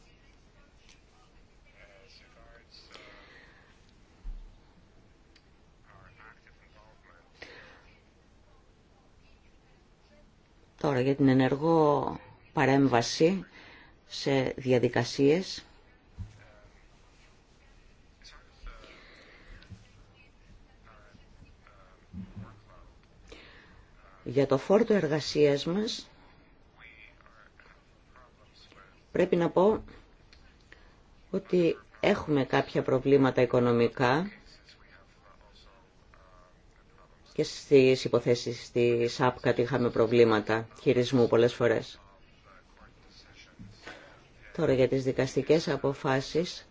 Τώρα για την ενεργό παρέμβαση σε διαδικασίες Για το φόρτο εργασίας μας πρέπει να πω ότι έχουμε κάποια προβλήματα οικονομικά και στις υποθέσεις της ΑΠΚΑΤ είχαμε προβλήματα χειρισμού πολλές φορές. Τώρα για τις δικαστικές αποφάσεις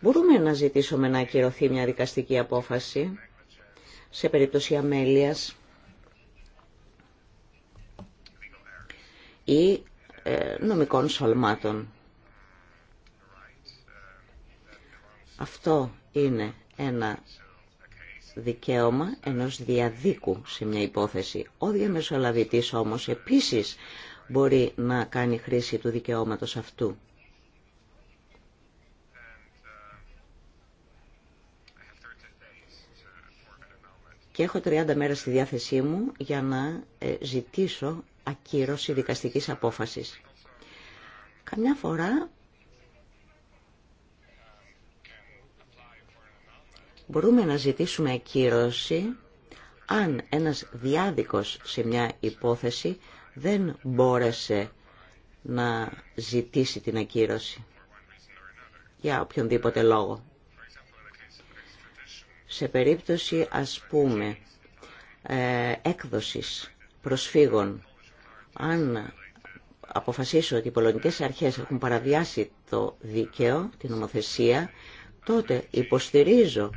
μπορούμε να ζητήσουμε να ακυρωθεί μια δικαστική απόφαση σε περίπτωση αμέλειας ή ε, νομικών σωλμάτων. Αυτό είναι ένα δικαίωμα ενός διαδίκου σε μια υπόθεση. Ο διαμεσολαβητής όμως επίσης μπορεί να κάνει χρήση του δικαιώματος αυτού. και έχω 30 μέρες στη διάθεσή μου για να ε, ζητήσω ακύρωση δικαστικής απόφασης. Καμιά φορά μπορούμε να ζητήσουμε ακύρωση αν ένας διάδικος σε μια υπόθεση δεν μπόρεσε να ζητήσει την ακύρωση για οποιονδήποτε λόγο σε περίπτωση ας πούμε ε, έκδοσης προσφύγων αν αποφασίσω ότι οι πολωνικές αρχές έχουν παραβιάσει το δίκαιο, την νομοθεσία, τότε υποστηρίζω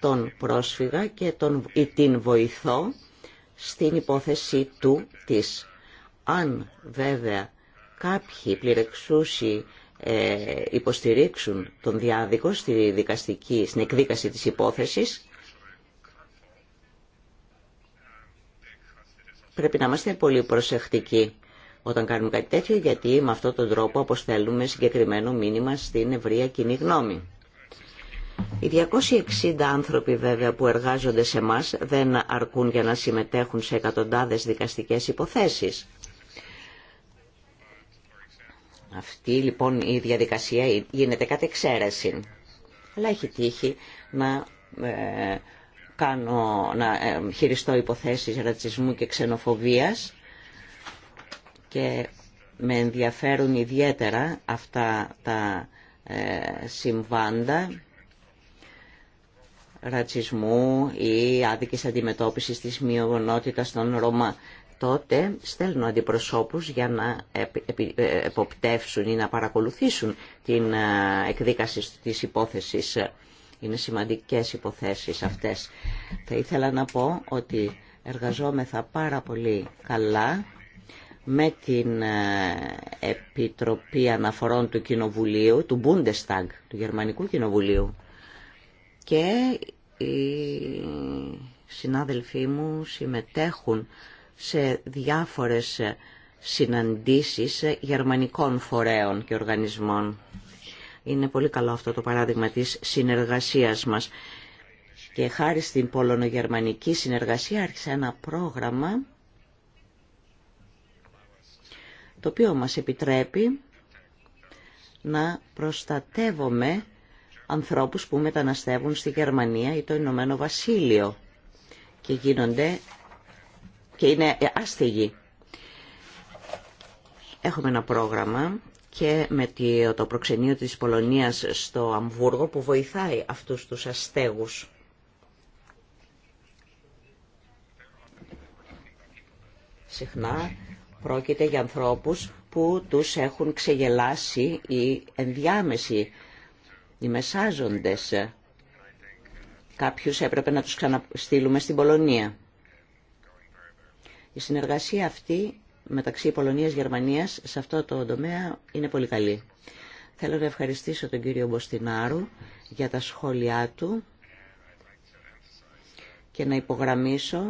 τον πρόσφυγα και τον, ή την βοηθώ στην υπόθεση του της. Αν βέβαια κάποιοι πληρεξούσιοι ε, υποστηρίξουν τον διάδικο στη δικαστική, στην εκδίκαση της υπόθεσης πρέπει να είμαστε πολύ προσεκτικοί όταν κάνουμε κάτι τέτοιο γιατί με αυτόν τον τρόπο αποστέλουμε συγκεκριμένο μήνυμα στην ευρεία κοινή γνώμη. Οι 260 άνθρωποι βέβαια που εργάζονται σε μας δεν αρκούν για να συμμετέχουν σε εκατοντάδες δικαστικές υποθέσεις. Αυτή λοιπόν η διαδικασία γίνεται κατ' εξαίρεση. Αλλά έχει τύχει να, ε, κάνω, να ε, χειριστώ υποθέσεις ρατσισμού και ξενοφοβίας και με ενδιαφέρουν ιδιαίτερα αυτά τα ε, συμβάντα ρατσισμού ή άδικης αντιμετώπισης της μειονότητας των Ρώμα τότε στέλνω αντιπροσώπους για να ε, εποπτεύσουν ή να παρακολουθήσουν την ε, εκδίκαση της υπόθεσης. Είναι σημαντικές υποθέσεις αυτές. Θα ήθελα να πω ότι εργαζόμεθα πάρα πολύ καλά με την ε, Επιτροπή Αναφορών του Κοινοβουλίου, του Bundestag, του Γερμανικού Κοινοβουλίου. Και οι συνάδελφοί μου συμμετέχουν σε διάφορες συναντήσεις γερμανικών φορέων και οργανισμών. Είναι πολύ καλό αυτό το παράδειγμα της συνεργασίας μας. Και χάρη στην πολωνογερμανική συνεργασία άρχισε ένα πρόγραμμα το οποίο μας επιτρέπει να προστατεύουμε ανθρώπους που μεταναστεύουν στη Γερμανία ή το Ηνωμένο Βασίλειο και γίνονται και είναι άστιγοι. Έχουμε ένα πρόγραμμα και με το προξενείο της Πολωνίας στο Αμβούργο που βοηθάει αυτούς τους αστέγους. Συχνά πρόκειται για ανθρώπους που τους έχουν ξεγελάσει οι ενδιάμεσοι, οι μεσάζοντες. Κάποιους έπρεπε να τους ξαναστείλουμε στην Πολωνία. Η συνεργασία αυτή μεταξύ Πολωνίας-Γερμανίας σε αυτό το τομέα είναι πολύ καλή. Θέλω να ευχαριστήσω τον κύριο Μποστινάρου για τα σχόλιά του και να υπογραμμίσω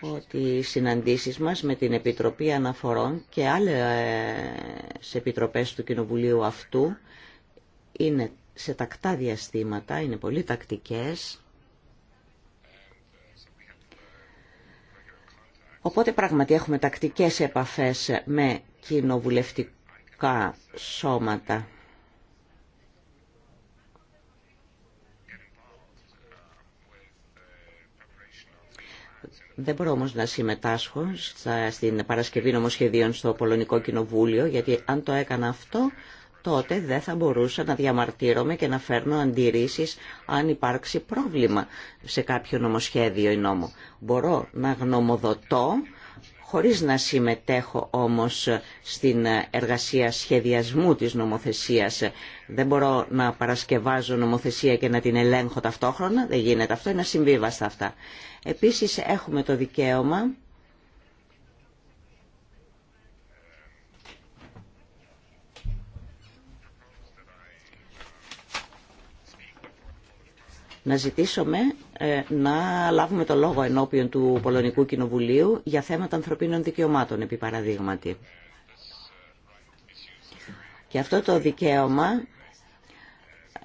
ότι οι συναντήσεις μας με την Επιτροπή Αναφορών και άλλες επιτροπές του Κοινοβουλίου αυτού είναι σε τακτά διαστήματα, είναι πολύ τακτικές Οπότε πράγματι έχουμε τακτικές επαφές με κοινοβουλευτικά σώματα. Δεν μπορώ όμως να συμμετάσχω στην παρασκευή νομοσχεδίων στο Πολωνικό Κοινοβούλιο, γιατί αν το έκανα αυτό τότε δεν θα μπορούσα να διαμαρτύρομαι και να φέρνω αντιρρήσεις αν υπάρξει πρόβλημα σε κάποιο νομοσχέδιο ή νόμο. Μπορώ να γνωμοδοτώ χωρίς να συμμετέχω όμως στην εργασία σχεδιασμού της νομοθεσίας. Δεν μπορώ να παρασκευάζω νομοθεσία και να την ελέγχω ταυτόχρονα, δεν γίνεται αυτό, είναι ασυμβίβαστα αυτά. Επίσης έχουμε το δικαίωμα να ζητήσουμε ε, να λάβουμε το λόγο ενώπιον του Πολωνικού Κοινοβουλίου για θέματα ανθρωπίνων δικαιωμάτων, επί παραδείγματι. Και αυτό το δικαίωμα,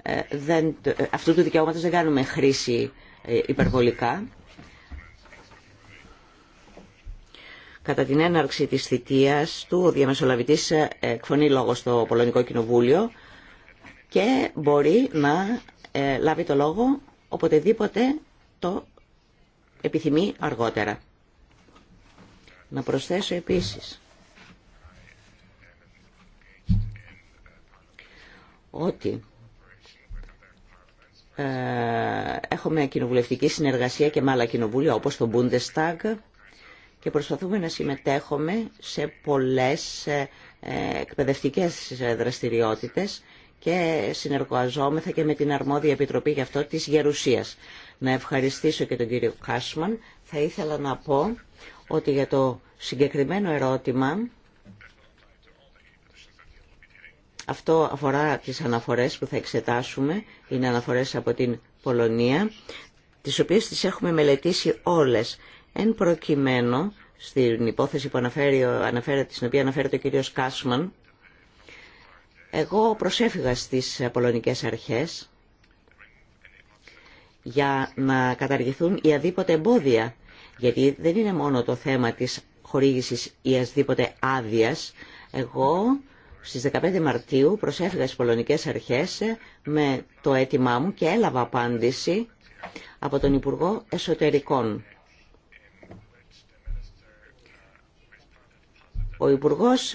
ε, δεν, ε, αυτού του δικαιώματος δεν κάνουμε χρήση υπερβολικά. Κατά την έναρξη της θητείας του, ο διαμεσολαβητής εκφωνεί λόγο στο Πολωνικό Κοινοβούλιο και μπορεί να ε, λάβει το λόγο οποτεδήποτε το επιθυμεί αργότερα. Να προσθέσω επίσης ότι ε, έχουμε κοινοβουλευτική συνεργασία και με άλλα κοινοβούλια όπως το Bundestag και προσπαθούμε να συμμετέχουμε σε πολλές ε, ε εκπαιδευτικές δραστηριότητες και συνεργαζόμεθα και με την αρμόδια επιτροπή γι' αυτό της Γερουσίας. Να ευχαριστήσω και τον κύριο Κάσμαν. Θα ήθελα να πω ότι για το συγκεκριμένο ερώτημα αυτό αφορά τις αναφορές που θα εξετάσουμε, είναι αναφορές από την Πολωνία, τις οποίες τις έχουμε μελετήσει όλες. Εν προκειμένου, στην υπόθεση που αναφέρει, αναφέρεται, στην οποία αναφέρεται ο κύριος Κάσμαν, εγώ προσέφυγα στις πολωνικές αρχές για να καταργηθούν οι αδίποτε εμπόδια, γιατί δεν είναι μόνο το θέμα της χορήγησης ή ασδήποτε άδεια. Εγώ στις 15 Μαρτίου προσέφυγα στις πολωνικές αρχές με το αίτημά μου και έλαβα απάντηση από τον Υπουργό Εσωτερικών. Ο Υπουργός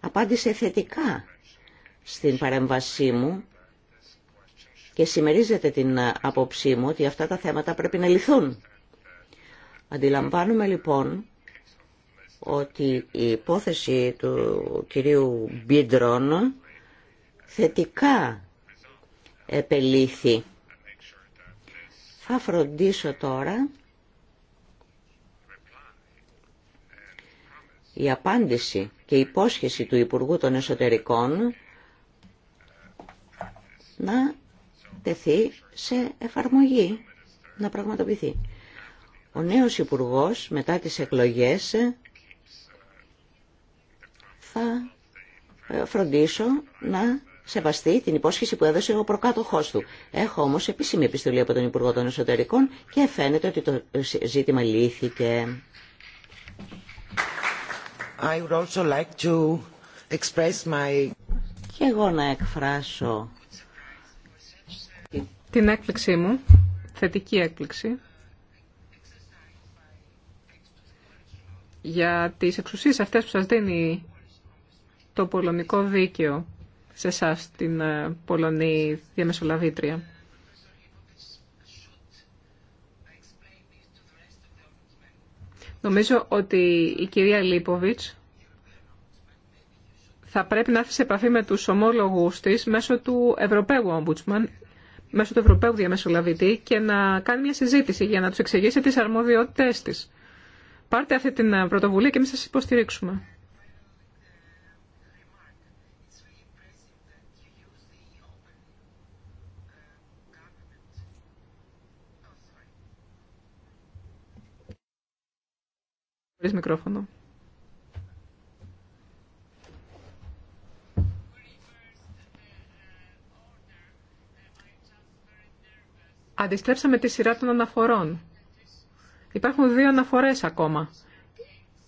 απάντησε θετικά στην παρέμβασή μου και συμμερίζεται την άποψή μου ότι αυτά τα θέματα πρέπει να λυθούν. Αντιλαμβάνουμε λοιπόν ότι η υπόθεση του κυρίου Μπίντρον θετικά επελήθη. Θα φροντίσω τώρα η απάντηση και η υπόσχεση του Υπουργού των Εσωτερικών να τεθεί σε εφαρμογή, να πραγματοποιηθεί. Ο νέος Υπουργός μετά τις εκλογές θα ε, φροντίσω να σεβαστεί την υπόσχεση που έδωσε ο προκάτοχός του. Έχω όμως επίσημη επιστολή από τον Υπουργό των Εσωτερικών και φαίνεται ότι το ζήτημα λύθηκε. I would also like to express my... Και εγώ να εκφράσω την έκπληξή μου, θετική έκπληξη, για τις εξουσίες αυτές που σας δίνει το πολωνικό δίκαιο σε εσά την ε, Πολωνή διαμεσολαβήτρια. Νομίζω ότι η κυρία Λίποβιτς θα πρέπει να έρθει σε επαφή με τους ομόλογους της μέσω του Ευρωπαίου Ομπούτσμαν μέσω του Ευρωπαίου Διαμεσολαβητή και να κάνει μια συζήτηση για να τους εξηγήσει τις αρμοδιότητές τη. Πάρτε αυτή την πρωτοβουλία και εμείς σα υποστηρίξουμε. Μικρόφωνο. αντιστρέψαμε τη σειρά των αναφορών. Υπάρχουν δύο αναφορές ακόμα.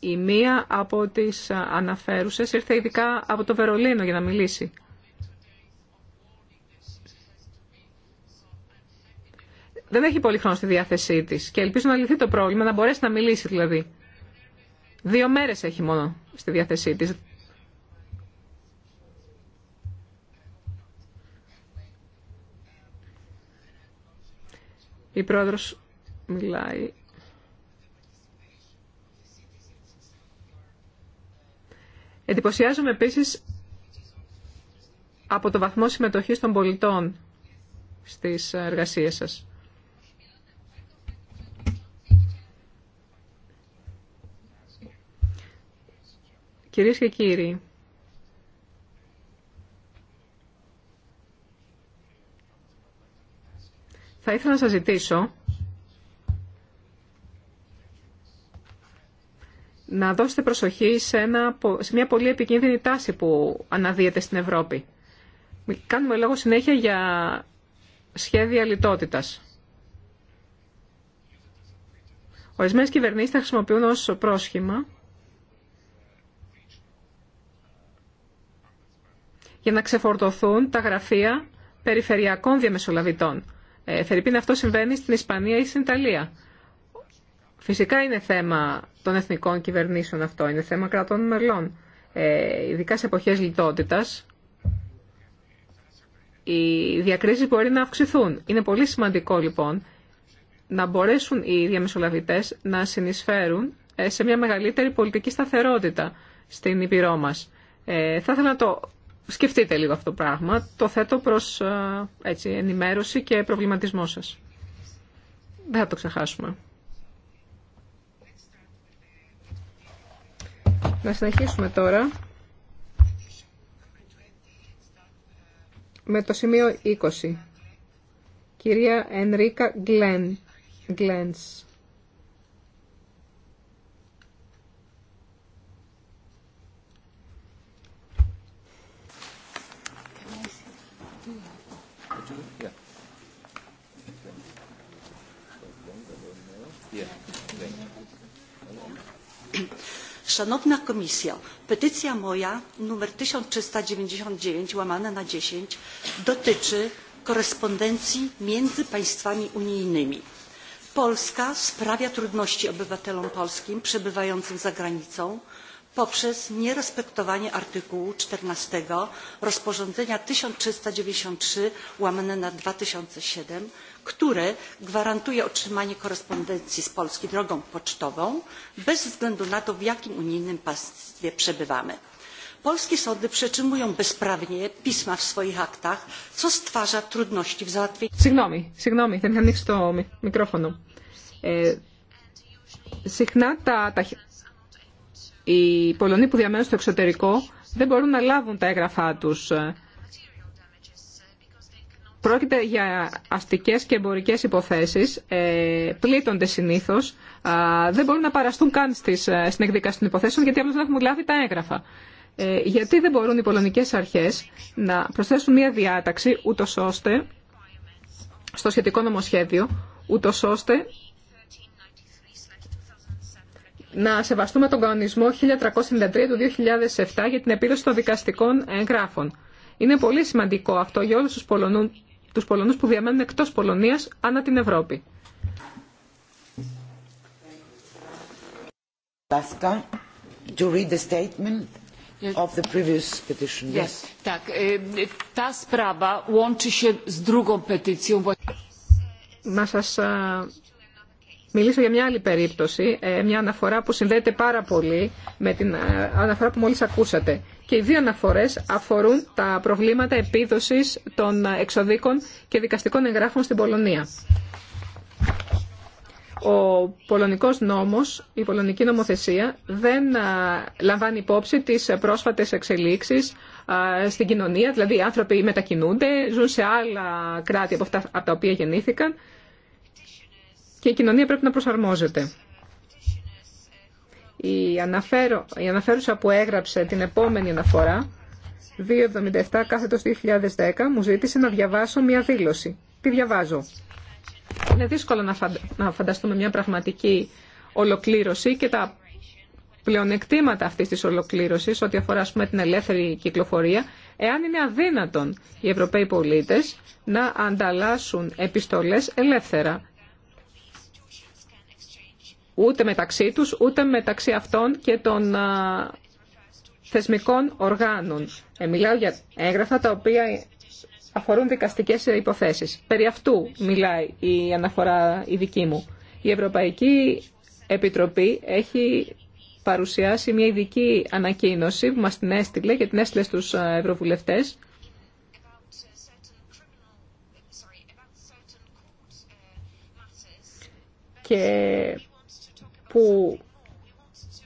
Η μία από τις αναφέρουσες ήρθε ειδικά από το Βερολίνο για να μιλήσει. Δεν έχει πολύ χρόνο στη διάθεσή της και ελπίζω να λυθεί το πρόβλημα, να μπορέσει να μιλήσει δηλαδή. Δύο μέρες έχει μόνο στη διάθεσή της. Η πρόεδρος μιλάει. Εντυπωσιάζομαι επίσης από το βαθμό συμμετοχής των πολιτών στις εργασίες σας. Κυρίες και κύριοι, Θα ήθελα να σας ζητήσω να δώσετε προσοχή σε, ένα, σε μια πολύ επικίνδυνη τάση που αναδύεται στην Ευρώπη. Κάνουμε λόγο συνέχεια για σχέδια λιτότητας. Ορισμένες κυβερνήσεις τα χρησιμοποιούν ως πρόσχημα για να ξεφορτωθούν τα γραφεία περιφερειακών διαμεσολαβητών ε, Φερρυπίν, αυτό συμβαίνει στην Ισπανία ή στην Ιταλία. Φυσικά είναι θέμα των εθνικών κυβερνήσεων αυτό, είναι θέμα κρατών μελών. Ε, ειδικά σε εποχές λιτότητας, οι διακρίσεις μπορεί να αυξηθούν. Είναι πολύ σημαντικό λοιπόν να μπορέσουν οι διαμεσολαβητές να συνεισφέρουν ε, σε μια μεγαλύτερη πολιτική σταθερότητα στην Ήπειρό μας. Ε, θα ήθελα σκεφτείτε λίγο αυτό το πράγμα. Το θέτω προς ε, ενημέρωση και προβληματισμό σας. Δεν θα το ξεχάσουμε. Να συνεχίσουμε τώρα με το σημείο 20. Κυρία Ενρίκα Γκλέν, Γκλέντς. Szanowna Komisjo, petycja moja numer 1399 łamana na 10 dotyczy korespondencji między państwami unijnymi. Polska sprawia trudności obywatelom polskim przebywającym za granicą poprzez nierespektowanie artykułu 14 rozporządzenia 1393 łamane na 2007, które gwarantuje otrzymanie korespondencji z Polski drogą pocztową bez względu na to, w jakim unijnym państwie przebywamy. Polskie sądy przetrzymują bezprawnie pisma w swoich aktach, co stwarza trudności w załatwieniu... Συγγνώμη, συγγνώμη, ten οι Πολωνοί που διαμένουν στο εξωτερικό δεν μπορούν να λάβουν τα έγγραφά τους. Πρόκειται για αστικές και εμπορικές υποθέσεις, ε, πλήττονται συνήθως, δεν μπορούν να παραστούν καν στις, ε, στην εκδίκαση των υποθέσεων γιατί απλώς δεν έχουν λάβει τα έγγραφα. Ε, γιατί δεν μπορούν οι πολωνικές αρχές να προσθέσουν μια διάταξη ούτως στο σχετικό νομοσχέδιο, ούτως ώστε να σεβαστούμε τον κανονισμό 1393 του 2007 για την επίδοση των δικαστικών εγγράφων. Είναι πολύ σημαντικό αυτό για όλους τους Πολωνού, τους Πολωνούς που διαμένουν εκτός Πολωνίας ανά την Ευρώπη. Να σας μιλήσω για μια άλλη περίπτωση, ε, μια αναφορά που συνδέεται πάρα πολύ με την ε, αναφορά που μόλις ακούσατε. Και οι δύο αναφορές αφορούν τα προβλήματα επίδοσης των εξοδίκων και δικαστικών εγγράφων στην Πολωνία. Ο πολωνικός νόμος, η πολωνική νομοθεσία δεν ε, λαμβάνει υπόψη τις πρόσφατες εξελίξεις στην κοινωνία, δηλαδή οι άνθρωποι μετακινούνται, ζουν σε άλλα κράτη από, αυτά, από τα οποία γεννήθηκαν και η κοινωνία πρέπει να προσαρμόζεται. Η, αναφέρω, η αναφέρουσα που έγραψε την επόμενη αναφορά, 277 κάθετος 2010, μου ζήτησε να διαβάσω μια δήλωση. Τι διαβάζω. Είναι δύσκολο να, να φανταστούμε μια πραγματική ολοκλήρωση και τα πλεονεκτήματα αυτή τη ολοκλήρωση, ό,τι αφορά πούμε, την ελεύθερη κυκλοφορία, εάν είναι αδύνατον οι Ευρωπαίοι πολίτε να ανταλλάσσουν επιστολέ ελεύθερα ούτε μεταξύ τους, ούτε μεταξύ αυτών και των θεσμικών οργάνων. Ε, μιλάω για έγγραφα τα οποία αφορούν δικαστικές υποθέσεις. Περί αυτού μιλάει η αναφορά η δική μου. Η Ευρωπαϊκή Επιτροπή έχει παρουσιάσει μια ειδική ανακοίνωση που μας την έστειλε και την έστειλε στους ευρωβουλευτές και που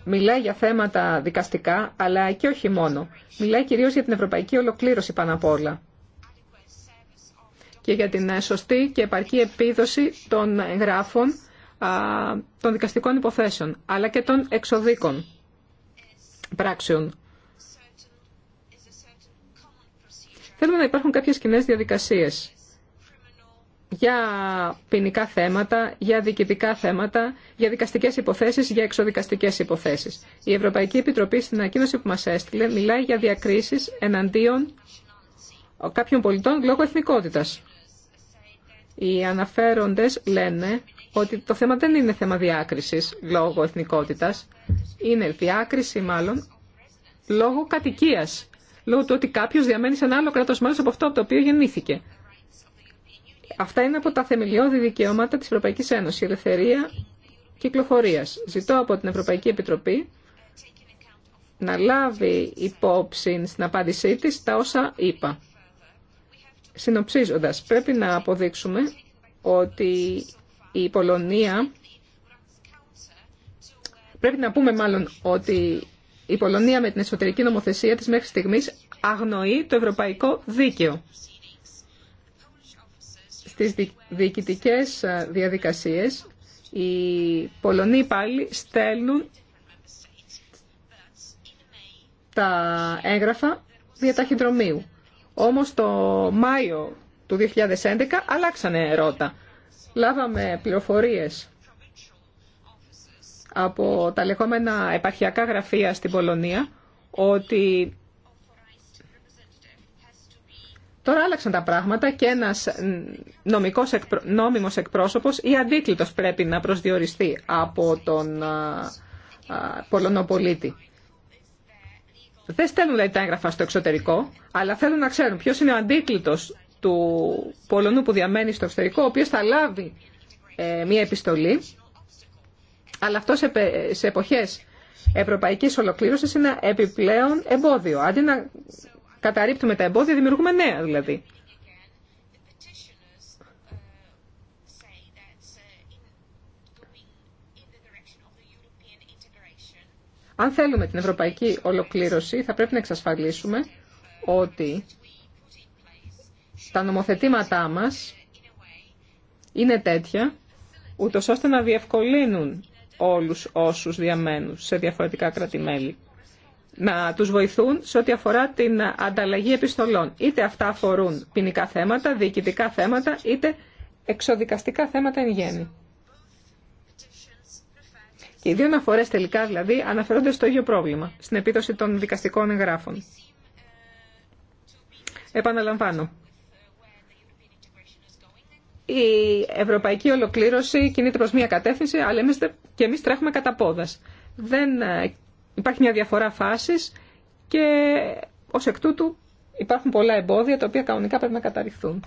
μιλάει για θέματα δικαστικά, αλλά και όχι μόνο. Μιλάει κυρίως για την ευρωπαϊκή ολοκλήρωση πάνω απ' όλα και για την ε, σωστή και επαρκή επίδοση των εγγράφων των δικαστικών υποθέσεων, αλλά και των εξοδίκων πράξεων. Θέλουμε να υπάρχουν κάποιες κοινέ διαδικασίες για ποινικά θέματα, για διοικητικά θέματα, για δικαστικές υποθέσεις, για εξοδικαστικές υποθέσεις. Η Ευρωπαϊκή Επιτροπή στην ανακοίνωση που μας έστειλε μιλάει για διακρίσεις εναντίον κάποιων πολιτών λόγω εθνικότητας. Οι αναφέροντες λένε ότι το θέμα δεν είναι θέμα διάκρισης λόγω εθνικότητας, είναι διάκριση μάλλον λόγω κατοικίας, λόγω του ότι κάποιος διαμένει σε ένα άλλο κράτος μέλος από αυτό το οποίο γεννήθηκε. Αυτά είναι από τα θεμελιώδη δικαιώματα της Ευρωπαϊκής Ένωσης, η ελευθερία κυκλοφορίας. Ζητώ από την Ευρωπαϊκή Επιτροπή να λάβει υπόψη στην απάντησή της τα όσα είπα. Συνοψίζοντας, πρέπει να αποδείξουμε ότι η Πολωνία... Πρέπει να πούμε μάλλον ότι η Πολωνία με την εσωτερική νομοθεσία της μέχρι στιγμής αγνοεί το ευρωπαϊκό δίκαιο στις διοικητικές διαδικασίες οι Πολωνοί πάλι στέλνουν τα έγγραφα διαταχυδρομείου. Όμως το Μάιο του 2011 αλλάξανε ρότα. Λάβαμε πληροφορίες από τα λεγόμενα επαρχιακά γραφεία στην Πολωνία ότι Τώρα άλλαξαν τα πράγματα και ένας νομικός, νόμιμος εκπρόσωπος ή αντίκλητος πρέπει να προσδιοριστεί από τον Πολωνοπολίτη. Δεν στέλνουν δηλαδή, τα έγγραφα στο εξωτερικό, αλλά θέλουν να ξέρουν ποιος είναι ο αντίκλητος του Πολωνού που διαμένει στο εξωτερικό, ο οποίος θα λάβει ε, μία επιστολή. Αλλά αυτό σε, σε εποχές ευρωπαϊκής ολοκλήρωσης είναι επιπλέον εμπόδιο. Αντί να καταρρύπτουμε τα εμπόδια, δημιουργούμε νέα δηλαδή. Αν θέλουμε την ευρωπαϊκή ολοκλήρωση, θα πρέπει να εξασφαλίσουμε ότι τα νομοθετήματά μας είναι τέτοια, ούτως ώστε να διευκολύνουν όλους όσους διαμένουν σε διαφορετικά μέλή να τους βοηθούν σε ό,τι αφορά την ανταλλαγή επιστολών. Είτε αυτά αφορούν ποινικά θέματα, διοικητικά θέματα, είτε εξοδικαστικά θέματα εν γέννη. Και οι δύο αναφορές τελικά δηλαδή αναφέρονται στο ίδιο πρόβλημα, στην επίδοση των δικαστικών εγγράφων. Επαναλαμβάνω. Η ευρωπαϊκή ολοκλήρωση κινείται προς μία κατεύθυνση, αλλά εμείς και εμείς τρέχουμε κατά πόδας. Δεν ε, υπάρχει μια διαφορά φάσης και ως εκ τούτου υπάρχουν πολλά εμπόδια τα οποία κανονικά πρέπει να καταρριφθούν.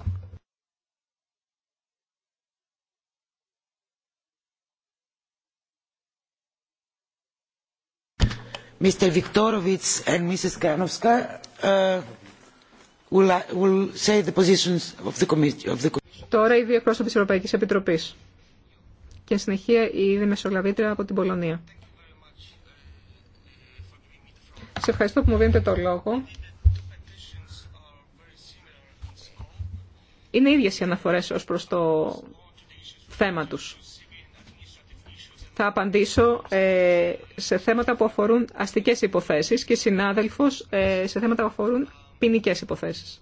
Mr. and Mrs. Kranovska uh, uh, will, say the positions of the committee. Of the... Τώρα οι δύο εκπρόσωποι της Ευρωπαϊκής Επιτροπής και συνεχεία η Δημεσολαβήτρια από την Πολωνία. Σε ευχαριστώ που μου δίνετε το λόγο. Είναι ίδιες οι αναφορέ ω προς το θέμα τους. Θα απαντήσω ε, σε θέματα που αφορούν αστικές υποθέσεις και συνάδελφος ε, σε θέματα που αφορούν ποινικές υποθέσεις.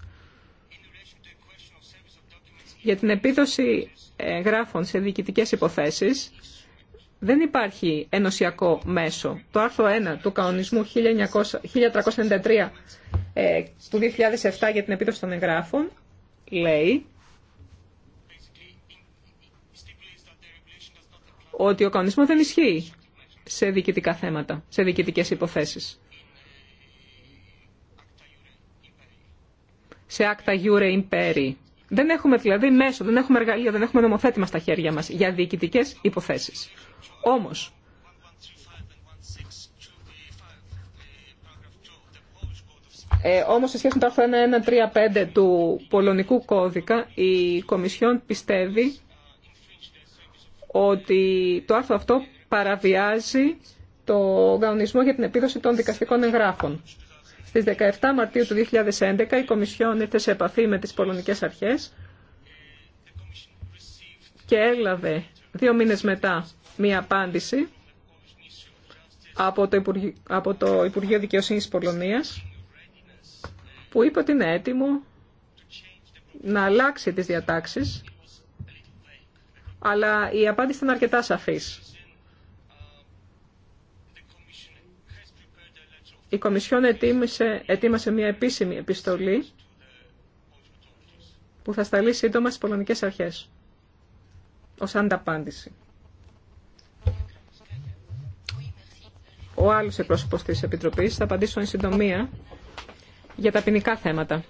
Για την επίδοση ε, γράφων σε διοικητικές υποθέσεις, δεν υπάρχει ενωσιακό μέσο. Το άρθρο 1 του κανονισμού 1393 ε, του 2007 για την επίδοση των εγγράφων λέει ότι ο κανονισμός δεν ισχύει σε διοικητικά θέματα, σε διοικητικές υποθέσεις. Σε acta jure imperi δεν έχουμε δηλαδή μέσο, δεν έχουμε εργαλεία, δεν έχουμε νομοθέτημα στα χέρια μας για διοικητικές υποθέσεις. Όμως, Ε, Όμω, σε σχέση με το άρθρο 1135 του Πολωνικού Κώδικα, η Κομισιόν πιστεύει ότι το άρθρο αυτό παραβιάζει το κανονισμό για την επίδοση των δικαστικών εγγράφων. Στις 17 Μαρτίου του 2011 η Κομισιόν ήρθε σε επαφή με τις πολωνικές αρχές και έλαβε δύο μήνες μετά μία απάντηση από το, Υπουργείο, από το Δικαιοσύνης Πολωνίας που είπε ότι είναι έτοιμο να αλλάξει τις διατάξεις αλλά η απάντηση ήταν αρκετά σαφής. η Κομισιόν ετοίμασε, ετοίμασε μια επίσημη επιστολή που θα σταλεί σύντομα στις πολωνικές αρχές ως ανταπάντηση. Ο άλλος εκπρόσωπος της Επιτροπής θα απαντήσω εν συντομία για τα ποινικά θέματα.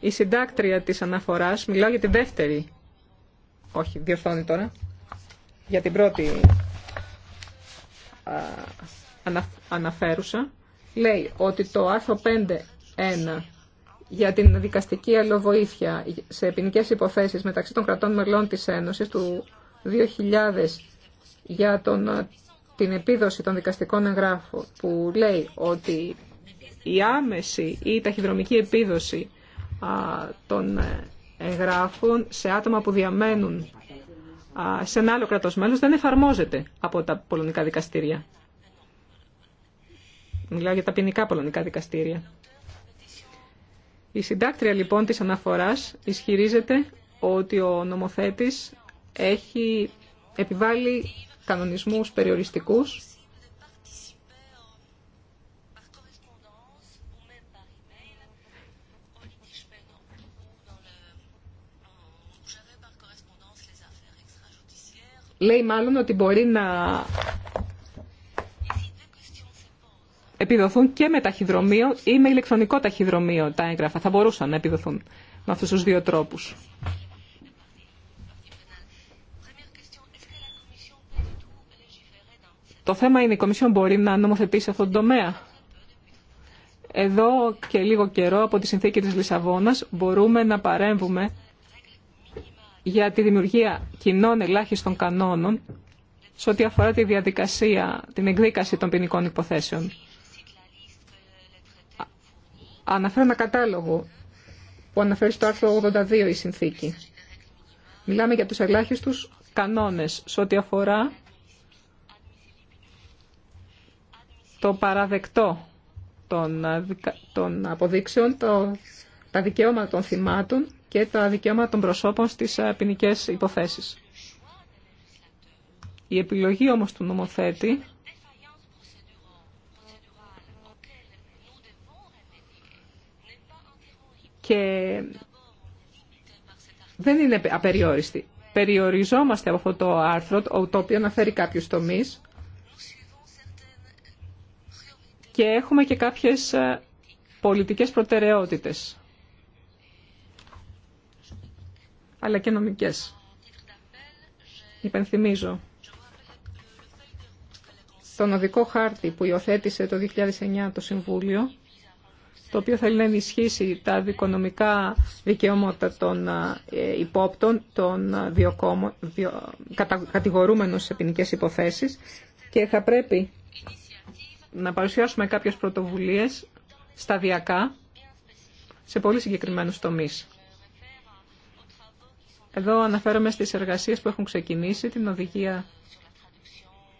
Η συντάκτρια της αναφοράς, μιλάω για τη δεύτερη, όχι, διορθώνει τώρα, για την πρώτη αναφέρουσα λέει ότι το άρθρο 5.1 για την δικαστική αλλοβοήθεια σε ποινικέ υποθέσεις μεταξύ των κρατών μελών της Ένωσης του 2000 για τον, την επίδοση των δικαστικών εγγράφων που λέει ότι η άμεση ή η ταχυδρομική επίδοση των εγγράφων σε άτομα που διαμένουν α, σε ένα άλλο κρατός μέλος δεν εφαρμόζεται από τα πολωνικά δικαστήρια. Μιλάω για τα ποινικά πολωνικά δικαστήρια. Η συντάκτρια λοιπόν της αναφοράς ισχυρίζεται ότι ο νομοθέτης έχει επιβάλει κανονισμούς περιοριστικούς Λέει μάλλον ότι μπορεί να επιδοθούν και με ταχυδρομείο ή με ηλεκτρονικό ταχυδρομείο τα έγγραφα. Θα μπορούσαν να επιδοθούν με αυτούς τους δύο τρόπους. Το θέμα είναι η Κομισιόν μπορεί να νομοθετήσει αυτόν τον τομέα. Εδώ και λίγο καιρό από τη συνθήκη της Λισαβόνας μπορούμε να παρέμβουμε για τη δημιουργία κοινών ελάχιστων κανόνων σε ό,τι αφορά τη διαδικασία, την εκδίκαση των ποινικών υποθέσεων. Αναφέρω ένα κατάλογο που αναφέρει στο άρθρο 82 η συνθήκη. Μιλάμε για τους ελάχιστους κανόνες σε ό,τι αφορά το παραδεκτό των, αποδείξεων, το, τα δικαιώματα των θυμάτων και τα δικαιώματα των προσώπων στις ε, ποινικέ υποθέσεις. Η επιλογή όμως του νομοθέτη και δεν είναι απεριόριστη. Περιοριζόμαστε από αυτό το άρθρο, το οποίο αναφέρει κάποιους τομείς και έχουμε και κάποιες ε, πολιτικές προτεραιότητες αλλά και νομικές. Υπενθυμίζω τον οδικό χάρτη που υιοθέτησε το 2009 το Συμβούλιο το οποίο θέλει να ενισχύσει τα δικονομικά δικαιώματα των ε, υπόπτων, των ε, διοκόμων, διο, κατα, κατηγορούμενων σε ποινικέ υποθέσεις και θα πρέπει να παρουσιάσουμε κάποιε πρωτοβουλίες σταδιακά σε πολύ συγκεκριμένους τομείς. Εδώ αναφέρομαι στις εργασίες που έχουν ξεκινήσει, την οδηγία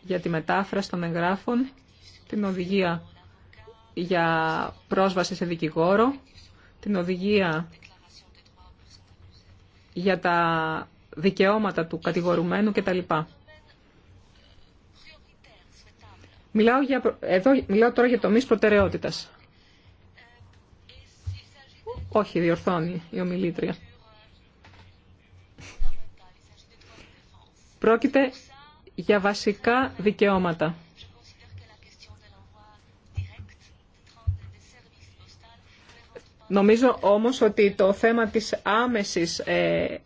για τη μετάφραση των εγγράφων, την οδηγία για πρόσβαση σε δικηγόρο, την οδηγία για τα δικαιώματα του κατηγορουμένου κτλ. Μιλάω, για, εδώ, μιλάω τώρα για τομείς προτεραιότητας. Όχι, διορθώνει η ομιλήτρια. Πρόκειται για βασικά δικαιώματα. Νομίζω όμως ότι το θέμα της άμεσης ε,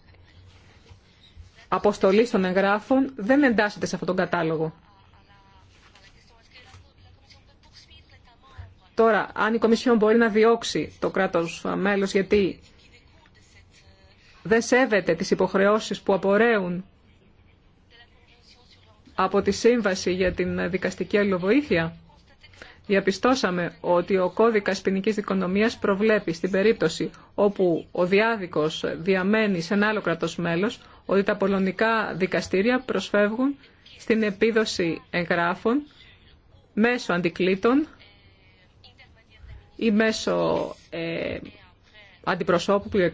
αποστολής των εγγράφων δεν εντάσσεται σε αυτόν τον κατάλογο. Τώρα, αν η Κομισιόν μπορεί να διώξει το κράτος μέλος γιατί δεν σέβεται τις υποχρεώσεις που απορρέουν από τη Σύμβαση για την Δικαστική Αλληλοβοήθεια, Διαπιστώσαμε ότι ο κώδικας ποινική δικονομία προβλέπει στην περίπτωση όπου ο διάδικος διαμένει σε ένα άλλο κρατός μέλος ότι τα πολωνικά δικαστήρια προσφεύγουν στην επίδοση εγγράφων μέσω αντικλήτων ή μέσω ε, αντιπροσώπου του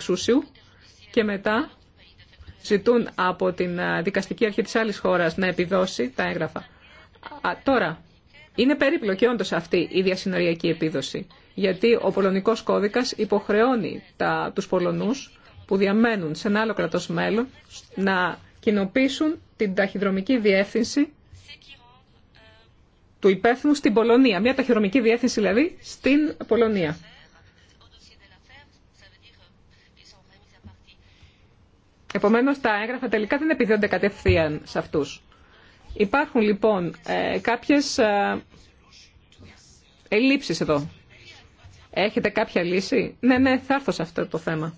και μετά ζητούν από την δικαστική αρχή της άλλης χώρας να επιδώσει τα έγγραφα. τώρα, είναι περίπλοκη όντω αυτή η διασυνοριακή επίδοση, γιατί ο πολωνικός κώδικας υποχρεώνει του τους Πολωνούς που διαμένουν σε ένα άλλο κρατός μέλλον να κοινοποιήσουν την ταχυδρομική διεύθυνση του υπεύθυνου στην Πολωνία. Μια ταχυδρομική διεύθυνση δηλαδή στην Πολωνία. Επομένως, τα έγγραφα τελικά δεν επιδιώνται κατευθείαν σε αυτούς. Υπάρχουν λοιπόν ε, κάποιες ε, ελλείψεις εδώ. Έχετε κάποια λύση. Ναι, ναι, θα έρθω σε αυτό το θέμα.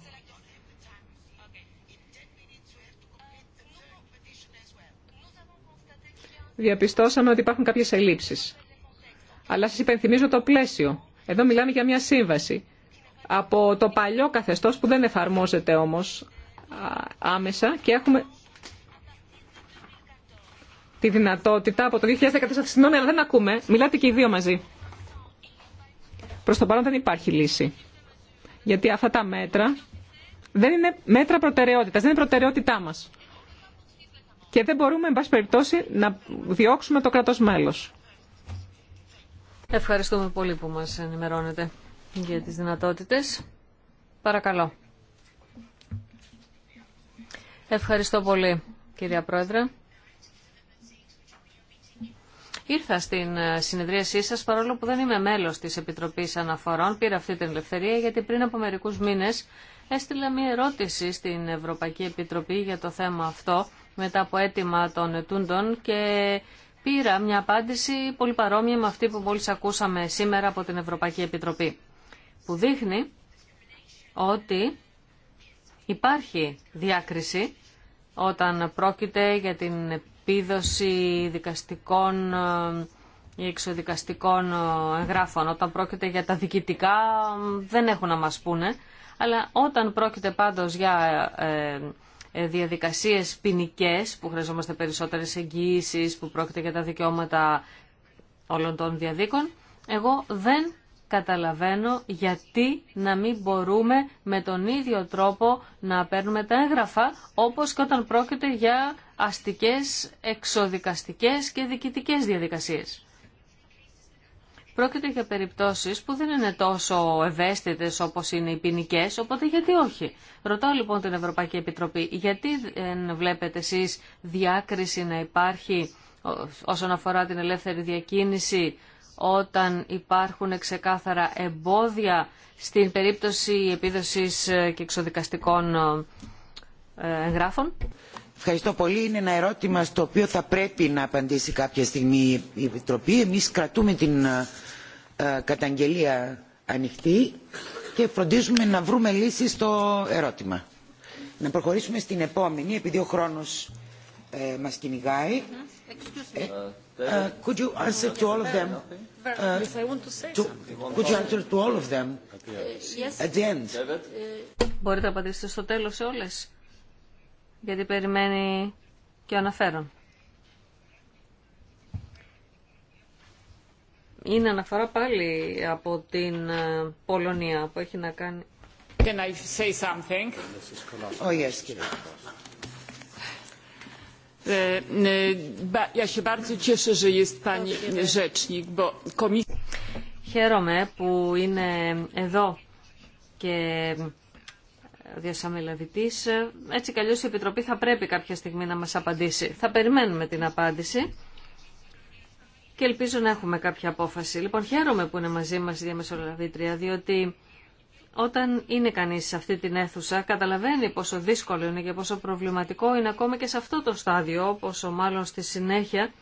Διαπιστώσαμε ότι υπάρχουν κάποιες ελλείψεις. Αλλά σας υπενθυμίζω το πλαίσιο. Εδώ μιλάμε για μια σύμβαση. Από το παλιό καθεστώς που δεν εφαρμόζεται όμως άμεσα και έχουμε τη δυνατότητα από το 2014 στην αλλά δεν ακούμε. Μιλάτε και οι δύο μαζί. Προς το παρόν δεν υπάρχει λύση. Γιατί αυτά τα μέτρα δεν είναι μέτρα προτεραιότητας, δεν είναι προτεραιότητά μας. Και δεν μπορούμε, εν πάση περιπτώσει, να διώξουμε το κρατό μέλο. Ευχαριστούμε πολύ που μας ενημερώνετε για τι δυνατότητε. Παρακαλώ. Ευχαριστώ πολύ, κυρία Πρόεδρε. Ήρθα στην ε, συνεδρίασή σα, παρόλο που δεν είμαι μέλος της Επιτροπής Αναφορών. Πήρα αυτή την ελευθερία γιατί πριν από μερικού μήνες έστειλα μία ερώτηση στην Ευρωπαϊκή Επιτροπή για το θέμα αυτό μετά από αίτημα των ετούντων και πήρα μια απάντηση πολύ παρόμοια με αυτή που μόλις ακούσαμε σήμερα από την Ευρωπαϊκή Επιτροπή που δείχνει ότι υπάρχει διάκριση όταν πρόκειται για την επίδοση δικαστικών ε, ή εξοδικαστικών ε, εγγράφων. Όταν πρόκειται για τα διοικητικά δεν έχουν να μας πούνε. Αλλά όταν πρόκειται πάντως για ε, διαδικασίες ποινικέ που χρειαζόμαστε περισσότερες εγγυήσεις, που πρόκειται για τα δικαιώματα όλων των διαδίκων, εγώ δεν καταλαβαίνω γιατί να μην μπορούμε με τον ίδιο τρόπο να παίρνουμε τα έγγραφα όπως και όταν πρόκειται για αστικές, εξοδικαστικές και διοικητικές διαδικασίες. Πρόκειται για περιπτώσεις που δεν είναι τόσο ευαίσθητες όπως είναι οι ποινικέ, οπότε γιατί όχι. Ρωτάω λοιπόν την Ευρωπαϊκή Επιτροπή, γιατί δεν βλέπετε εσείς διάκριση να υπάρχει ε, όσον αφορά την ελεύθερη διακίνηση όταν υπάρχουν ξεκάθαρα εμπόδια στην περίπτωση επίδοσης ε, και εξοδικαστικών ε, εγγράφων. Ευχαριστώ πολύ. Είναι ένα ερώτημα στο οποίο θα πρέπει να απαντήσει κάποια στιγμή η Επιτροπή. Εμείς κρατούμε την ε, καταγγελία ανοιχτή και φροντίζουμε να βρούμε λύση στο ερώτημα. Να προχωρήσουμε στην επόμενη, επειδή ο χρόνος ε, μας κυνηγάει. Mm-hmm. Ε, ε, could you answer to all of them? Could you answer to all of them at the end? Μπορείτε να απαντήσετε στο τέλος σε όλες, γιατί περιμένει και ο αναφέρον. Είναι αναφορά πάλι από την Πολωνία που έχει να κάνει... Can I say something? Oh yes, κύριε. Ja Χαίρομαι που είναι εδώ και διασαμιλαβητής. Έτσι κι αλλιώς η Επιτροπή θα πρέπει κάποια στιγμή να μας απαντήσει. Θα περιμένουμε την απάντηση και ελπίζω να έχουμε κάποια απόφαση. Λοιπόν, χαίρομαι που είναι μαζί μας η διαμεσολαβήτρια, διότι όταν είναι κανείς σε αυτή την αίθουσα, καταλαβαίνει πόσο δύσκολο είναι και πόσο προβληματικό είναι ακόμα και σε αυτό το στάδιο, πόσο μάλλον στη συνέχεια.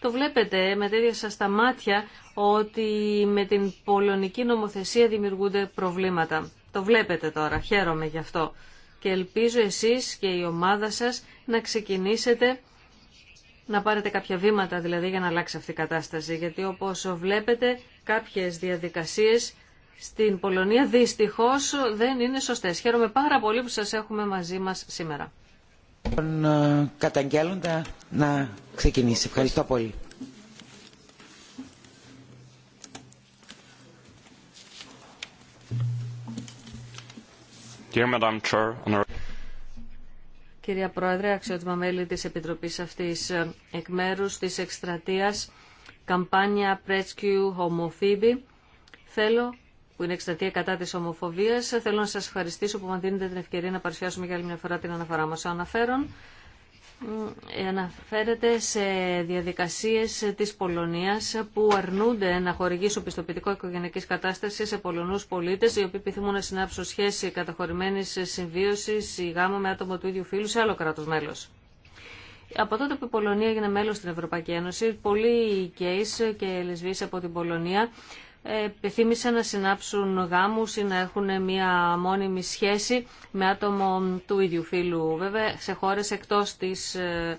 Το βλέπετε με τέτοια σας τα μάτια ότι με την πολωνική νομοθεσία δημιουργούνται προβλήματα. Το βλέπετε τώρα, χαίρομαι γι' αυτό. Και ελπίζω εσείς και η ομάδα σας να ξεκινήσετε να πάρετε κάποια βήματα δηλαδή για να αλλάξει αυτή η κατάσταση. Γιατί όπως βλέπετε κάποιες διαδικασίες στην Πολωνία δυστυχώ, δεν είναι σωστέ. Χαίρομαι πάρα πολύ που σα έχουμε μαζί μα σήμερα. Ε, να ξεκινήσει. Ευχαριστώ πολύ. Κυρία Πρόεδρε, αξιότιμα μέλη της Επιτροπής αυτής ε, εκ μέρους της εκστρατείας καμπάνια Πρέτσκιου Ομοφίβη, θέλω που είναι εκστρατεία κατά τη ομοφοβία. Θέλω να σα ευχαριστήσω που μου δίνετε την ευκαιρία να παρουσιάσουμε για άλλη μια φορά την αναφορά μα. αναφέρον ε, αναφέρεται σε διαδικασίε τη Πολωνία που αρνούνται να χορηγήσουν πιστοποιητικό οικογενειακή κατάσταση... σε Πολωνούς πολίτες οι οποίοι επιθυμούν να συνάψουν σχέση καταχωρημένη συμβίωση ή γάμο με άτομο του ίδιου φίλου σε άλλο κράτο μέλο. Από τότε που η Πολωνία έγινε μέλο στην Ευρωπαϊκή Ένωση, πολλοί γκέις και λεσβείς από την Πολωνία επιθύμησαν να συνάψουν γάμους ή να έχουν μία μόνιμη σχέση με άτομο του ίδιου φίλου. Βέβαια σε χώρες εκτός της ε,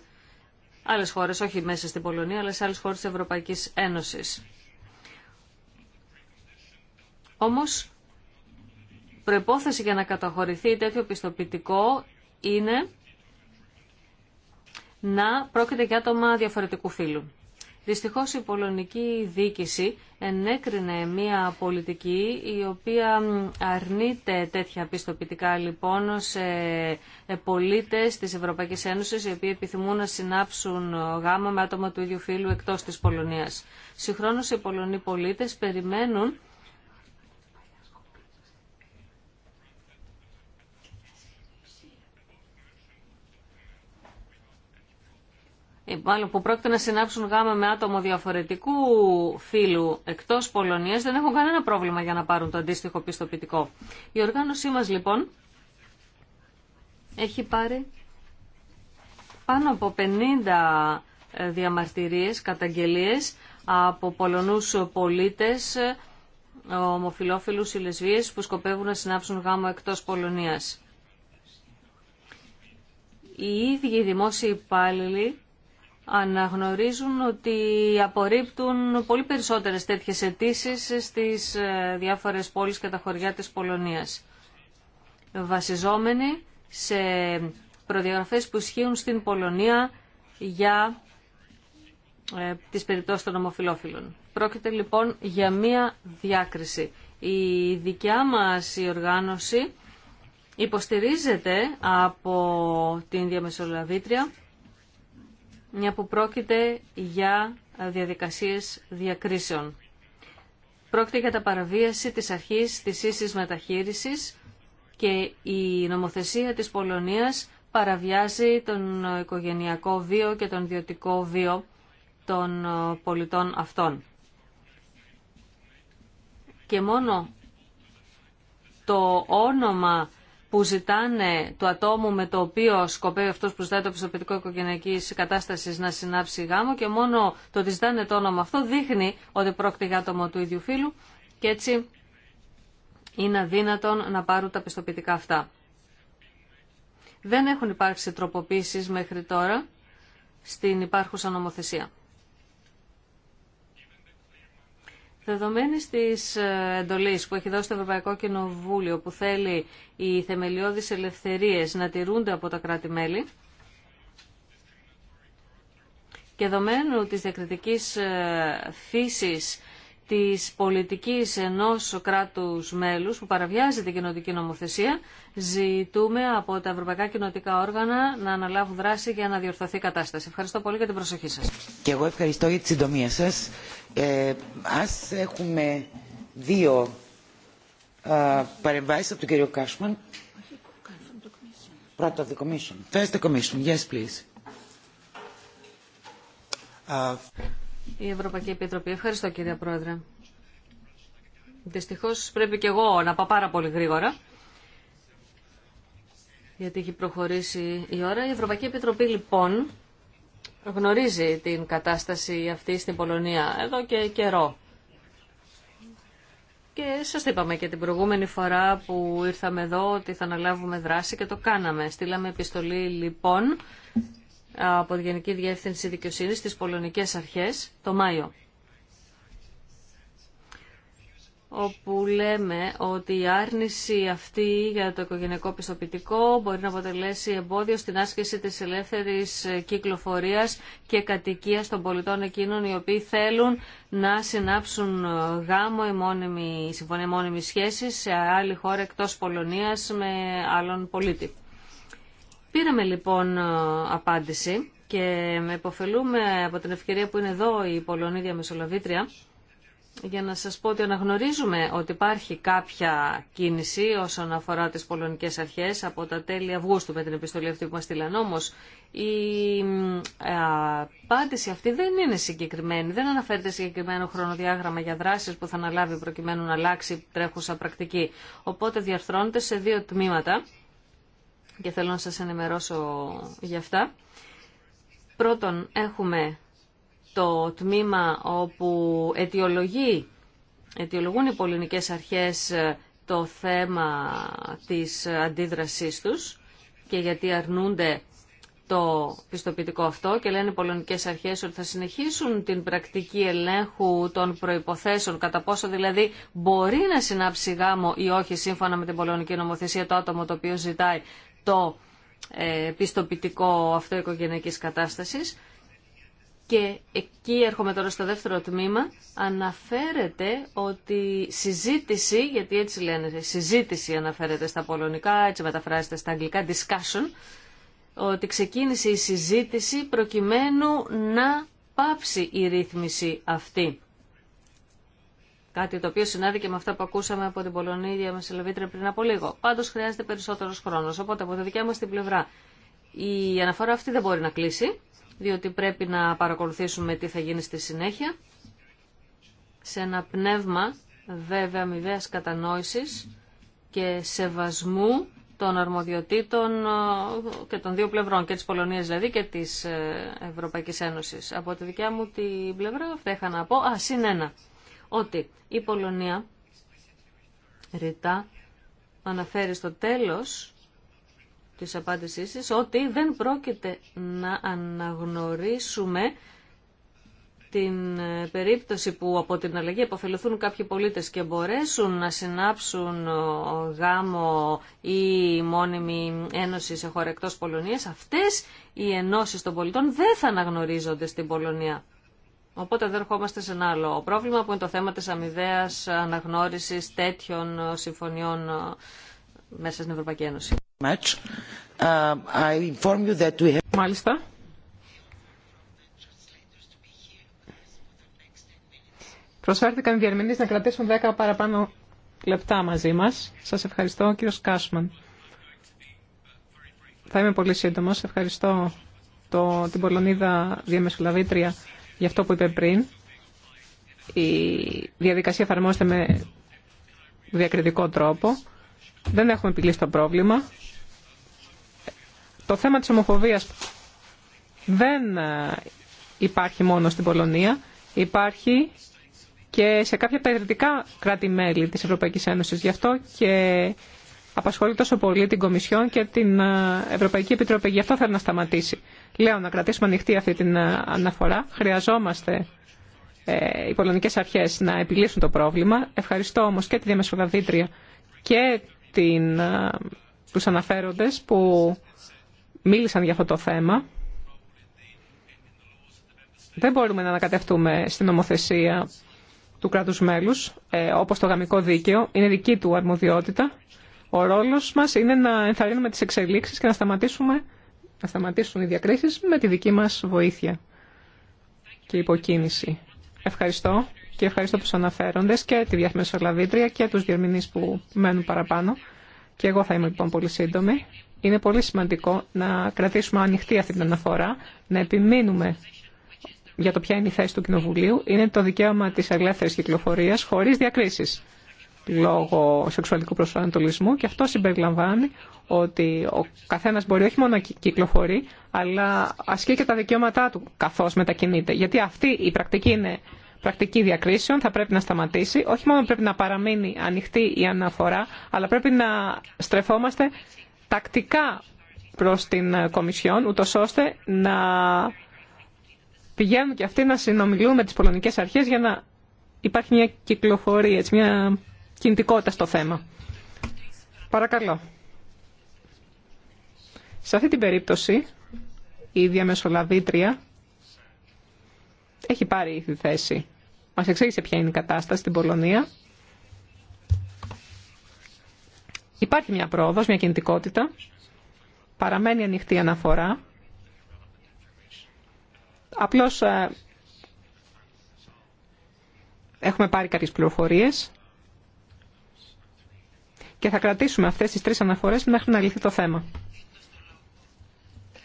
άλλες χώρες, όχι μέσα στην Πολωνία, αλλά σε άλλες χώρες της Ευρωπαϊκής Ένωσης. Όμως, προπόθεση για να καταχωρηθεί τέτοιο πιστοποιητικό είναι να πρόκειται για άτομα διαφορετικού φύλου. Δυστυχώς η πολωνική δίκηση ενέκρινε μια πολιτική η οποία αρνείται τέτοια πιστοποιητικά λοιπόν σε ε, πολίτες της Ευρωπαϊκής Ένωσης οι οποίοι επιθυμούν να συνάψουν γάμο με άτομα του ίδιου φίλου εκτός της Πολωνίας. Συγχρόνως οι πολωνοί πολίτες περιμένουν Ε, που πρόκειται να συνάψουν γάμα με άτομο διαφορετικού φύλου εκτός Πολωνίας δεν έχουν κανένα πρόβλημα για να πάρουν το αντίστοιχο πιστοποιητικό. Η οργάνωσή μας λοιπόν έχει πάρει πάνω από 50 ε, διαμαρτυρίες, καταγγελίες από Πολωνούς πολίτες, ε, ομοφιλόφιλους ή λεσβίες που σκοπεύουν να συνάψουν γάμο εκτός Πολωνίας. Οι ίδιοι δημόσιοι υπάλληλοι αναγνωρίζουν ότι απορρίπτουν πολύ περισσότερες τέτοιες αιτήσει στις ε, διάφορες πόλεις και τα χωριά της Πολωνίας. Βασιζόμενοι σε προδιαγραφές που ισχύουν στην Πολωνία για ε, τις περιπτώσεις των ομοφιλόφίλων. Πρόκειται λοιπόν για μία διάκριση. Η δικιά μας η οργάνωση υποστηρίζεται από την διαμεσολαβήτρια μια που πρόκειται για διαδικασίες διακρίσεων. Πρόκειται για τα παραβίαση της αρχής της ίσης μεταχείρισης και η νομοθεσία της Πολωνίας παραβιάζει τον οικογενειακό βίο και τον ιδιωτικό βίο των πολιτών αυτών. Και μόνο το όνομα που ζητάνε του ατόμου με το οποίο σκοπεύει αυτός που ζητάει το πιστοποιητικό οικογενειακής κατάστασης να συνάψει γάμο και μόνο το ότι ζητάνε το όνομα αυτό δείχνει ότι πρόκειται για άτομο του ίδιου φίλου και έτσι είναι αδύνατον να πάρουν τα πιστοποιητικά αυτά. Δεν έχουν υπάρξει τροποποίησεις μέχρι τώρα στην υπάρχουσα νομοθεσία. Δεδομένη της ε, εντολή που έχει δώσει το Ευρωπαϊκό Κοινοβούλιο που θέλει οι θεμελιώδει ελευθερίες να τηρούνται από τα κράτη-μέλη και δεδομένου της διακριτική ε, φύσης της πολιτικής ενός κράτους μέλους που παραβιάζει την κοινοτική νομοθεσία, ζητούμε από τα ευρωπαϊκά κοινοτικά όργανα να αναλάβουν δράση για να διορθωθεί η κατάσταση. Ευχαριστώ πολύ για την προσοχή σας. Και εγώ ευχαριστώ για τη συντομία σας. Ε, ας έχουμε δύο παρεμβάσει παρεμβάσεις από τον κύριο Κάσμαν. Πρώτα από την Commission. First the Commission. Yes, please. Uh... Η Ευρωπαϊκή Επιτροπή. Ευχαριστώ κύριε Πρόεδρε. Δυστυχώς πρέπει και εγώ να πάω πάρα πολύ γρήγορα γιατί έχει προχωρήσει η ώρα. Η Ευρωπαϊκή Επιτροπή λοιπόν γνωρίζει την κατάσταση αυτή στην Πολωνία εδώ και καιρό. Και σας είπαμε και την προηγούμενη φορά που ήρθαμε εδώ ότι θα αναλάβουμε δράση και το κάναμε. Στείλαμε επιστολή λοιπόν από τη Γενική Διεύθυνση Δικαιοσύνη στις Πολωνικές Αρχές το Μάιο όπου λέμε ότι η άρνηση αυτή για το οικογενειακό πιστοποιητικό μπορεί να αποτελέσει εμπόδιο στην άσκηση της ελεύθερης κυκλοφορίας και κατοικίας των πολιτών εκείνων οι οποίοι θέλουν να συνάψουν γάμο ή μόνιμη, συμφωνία σε άλλη χώρα εκτός Πολωνίας με άλλον πολίτη. Πήραμε λοιπόν ε, απάντηση και με υποφελούμε από την ευκαιρία που είναι εδώ η Πολωνή Διαμεσολαβήτρια για να σας πω ότι αναγνωρίζουμε ότι υπάρχει κάποια κίνηση όσον αφορά τις πολωνικές αρχές από τα τέλη Αυγούστου με την επιστολή αυτή που μας στείλαν. Όμως η ε, απάντηση αυτή δεν είναι συγκεκριμένη, δεν αναφέρεται συγκεκριμένο χρονοδιάγραμμα για δράσεις που θα αναλάβει προκειμένου να αλλάξει τρέχουσα πρακτική. Οπότε διαρθρώνεται σε δύο τμήματα και θέλω να σας ενημερώσω για αυτά. Πρώτον, έχουμε το τμήμα όπου αιτιολογεί, αιτιολογούν οι πολυνικές αρχές ε, το θέμα της αντίδρασής τους και γιατί αρνούνται το πιστοποιητικό αυτό και λένε οι πολωνικές αρχές ότι θα συνεχίσουν την πρακτική ελέγχου των προϋποθέσεων κατά πόσο δηλαδή μπορεί να συνάψει γάμο ή όχι σύμφωνα με την πολωνική νομοθεσία το άτομο το οποίο ζητάει το ε, πιστοποιητικό αυτό κατάστασης. Και εκεί έρχομαι τώρα στο δεύτερο τμήμα, αναφέρεται ότι συζήτηση, γιατί έτσι λένε, συζήτηση αναφέρεται στα πολωνικά, έτσι μεταφράζεται στα αγγλικά, discussion, ότι ξεκίνησε η συζήτηση προκειμένου να πάψει η ρύθμιση αυτή. Κάτι το οποίο συνάδει και με αυτά που ακούσαμε από την Πολωνίδια Μεσελεβίτρια πριν από λίγο. Πάντω χρειάζεται περισσότερο χρόνο. Οπότε από τη δικιά μα την πλευρά η αναφορά αυτή δεν μπορεί να κλείσει, διότι πρέπει να παρακολουθήσουμε τι θα γίνει στη συνέχεια. Σε ένα πνεύμα βέβαια αμοιβαία κατανόηση και σεβασμού των αρμοδιοτήτων ε, και των δύο πλευρών, και τη Πολωνία δηλαδή και τη ε, Ευρωπαϊκή Ένωση. Από τη δικιά μου την πλευρά αυτά είχα να πω. Α, συν ένα ότι η Πολωνία ρητά αναφέρει στο τέλος της απάντησής της ότι δεν πρόκειται να αναγνωρίσουμε την ε, περίπτωση που από την αλλαγή αποφελωθούν κάποιοι πολίτες και μπορέσουν να συνάψουν ε, γάμο ή μόνιμη ένωση σε χώρα εκτός Πολωνίας, αυτές οι ενώσεις των πολιτών δεν θα αναγνωρίζονται στην Πολωνία. Οπότε δεν ερχόμαστε σε ένα άλλο πρόβλημα που είναι το θέμα της αμοιβαίας αναγνώρισης τέτοιων συμφωνιών ε, μέσα στην Ευρωπαϊκή Ένωση. Uh, Μάλιστα. Προσφέρθηκαν οι διερμηνείς να κρατήσουν 10 παραπάνω λεπτά μαζί μας. Σας ευχαριστώ, κύριο Κάσμαν. Θα είμαι πολύ σύντομος. Ευχαριστώ το, την Πολωνίδα Διαμεσολαβήτρια Γι' αυτό που είπε πριν. Η διαδικασία εφαρμόζεται με διακριτικό τρόπο. Δεν έχουμε επιλύσει το πρόβλημα. Το θέμα της ομοφοβίας δεν ε, υπάρχει μόνο στην Πολωνία. Υπάρχει και σε κάποια από τα ιδρυτικά κράτη-μέλη της Ευρωπαϊκής Ένωσης. Γι' αυτό και απασχολεί τόσο πολύ την Κομισιόν και την ε, Ευρωπαϊκή Επιτροπή. Γι' αυτό θέλω να σταματήσει. Λέω να κρατήσουμε ανοιχτή αυτή την ε, αναφορά. Χρειαζόμαστε ε, οι πολωνικές αρχές να επιλύσουν το πρόβλημα. Ευχαριστώ όμως και τη Διαμεσολαβήτρια και την, τους αναφέροντες που μίλησαν για αυτό το θέμα. Δεν μπορούμε να ανακατευτούμε στην νομοθεσία του κράτους μέλους, όπως το γαμικό δίκαιο. Είναι δική του αρμοδιότητα. Ο ρόλο μα είναι να ενθαρρύνουμε τι εξελίξει και να, σταματήσουμε, να σταματήσουν οι διακρίσει με τη δική μα βοήθεια και υποκίνηση. Ευχαριστώ και ευχαριστώ του αναφέροντε και τη διαμεσολαβήτρια και του διερμηνεί που μένουν παραπάνω. Και εγώ θα είμαι λοιπόν πολύ σύντομη. Είναι πολύ σημαντικό να κρατήσουμε ανοιχτή αυτή την αναφορά, να επιμείνουμε για το ποια είναι η θέση του Κοινοβουλίου. Είναι το δικαίωμα τη ελεύθερη κυκλοφορία χωρί διακρίσει λόγω σεξουαλικού προσανατολισμού και αυτό συμπεριλαμβάνει ότι ο καθένας μπορεί όχι μόνο να κυκλοφορεί, αλλά ασκεί και τα δικαιώματά του καθώς μετακινείται. Γιατί αυτή η πρακτική είναι πρακτική διακρίσεων, θα πρέπει να σταματήσει. Όχι μόνο πρέπει να παραμείνει ανοιχτή η αναφορά, αλλά πρέπει να στρεφόμαστε τακτικά προς την ε, Κομισιόν, ούτω ώστε να πηγαίνουν και αυτοί να συνομιλούν με τις πολωνικές αρχές για να υπάρχει μια κυκλοφορία, έτσι, μια κινητικότητα στο θέμα. Παρακαλώ. Σε αυτή την περίπτωση η διαμεσολαβήτρια έχει πάρει τη θέση. Μας εξήγησε ποια είναι η κατάσταση στην Πολωνία. Υπάρχει μια πρόοδος, μια κινητικότητα. Παραμένει ανοιχτή αναφορά. Απλώς ε, έχουμε πάρει κάποιες πληροφορίες και θα κρατήσουμε αυτές τις τρεις αναφορές μέχρι να λυθεί το θέμα.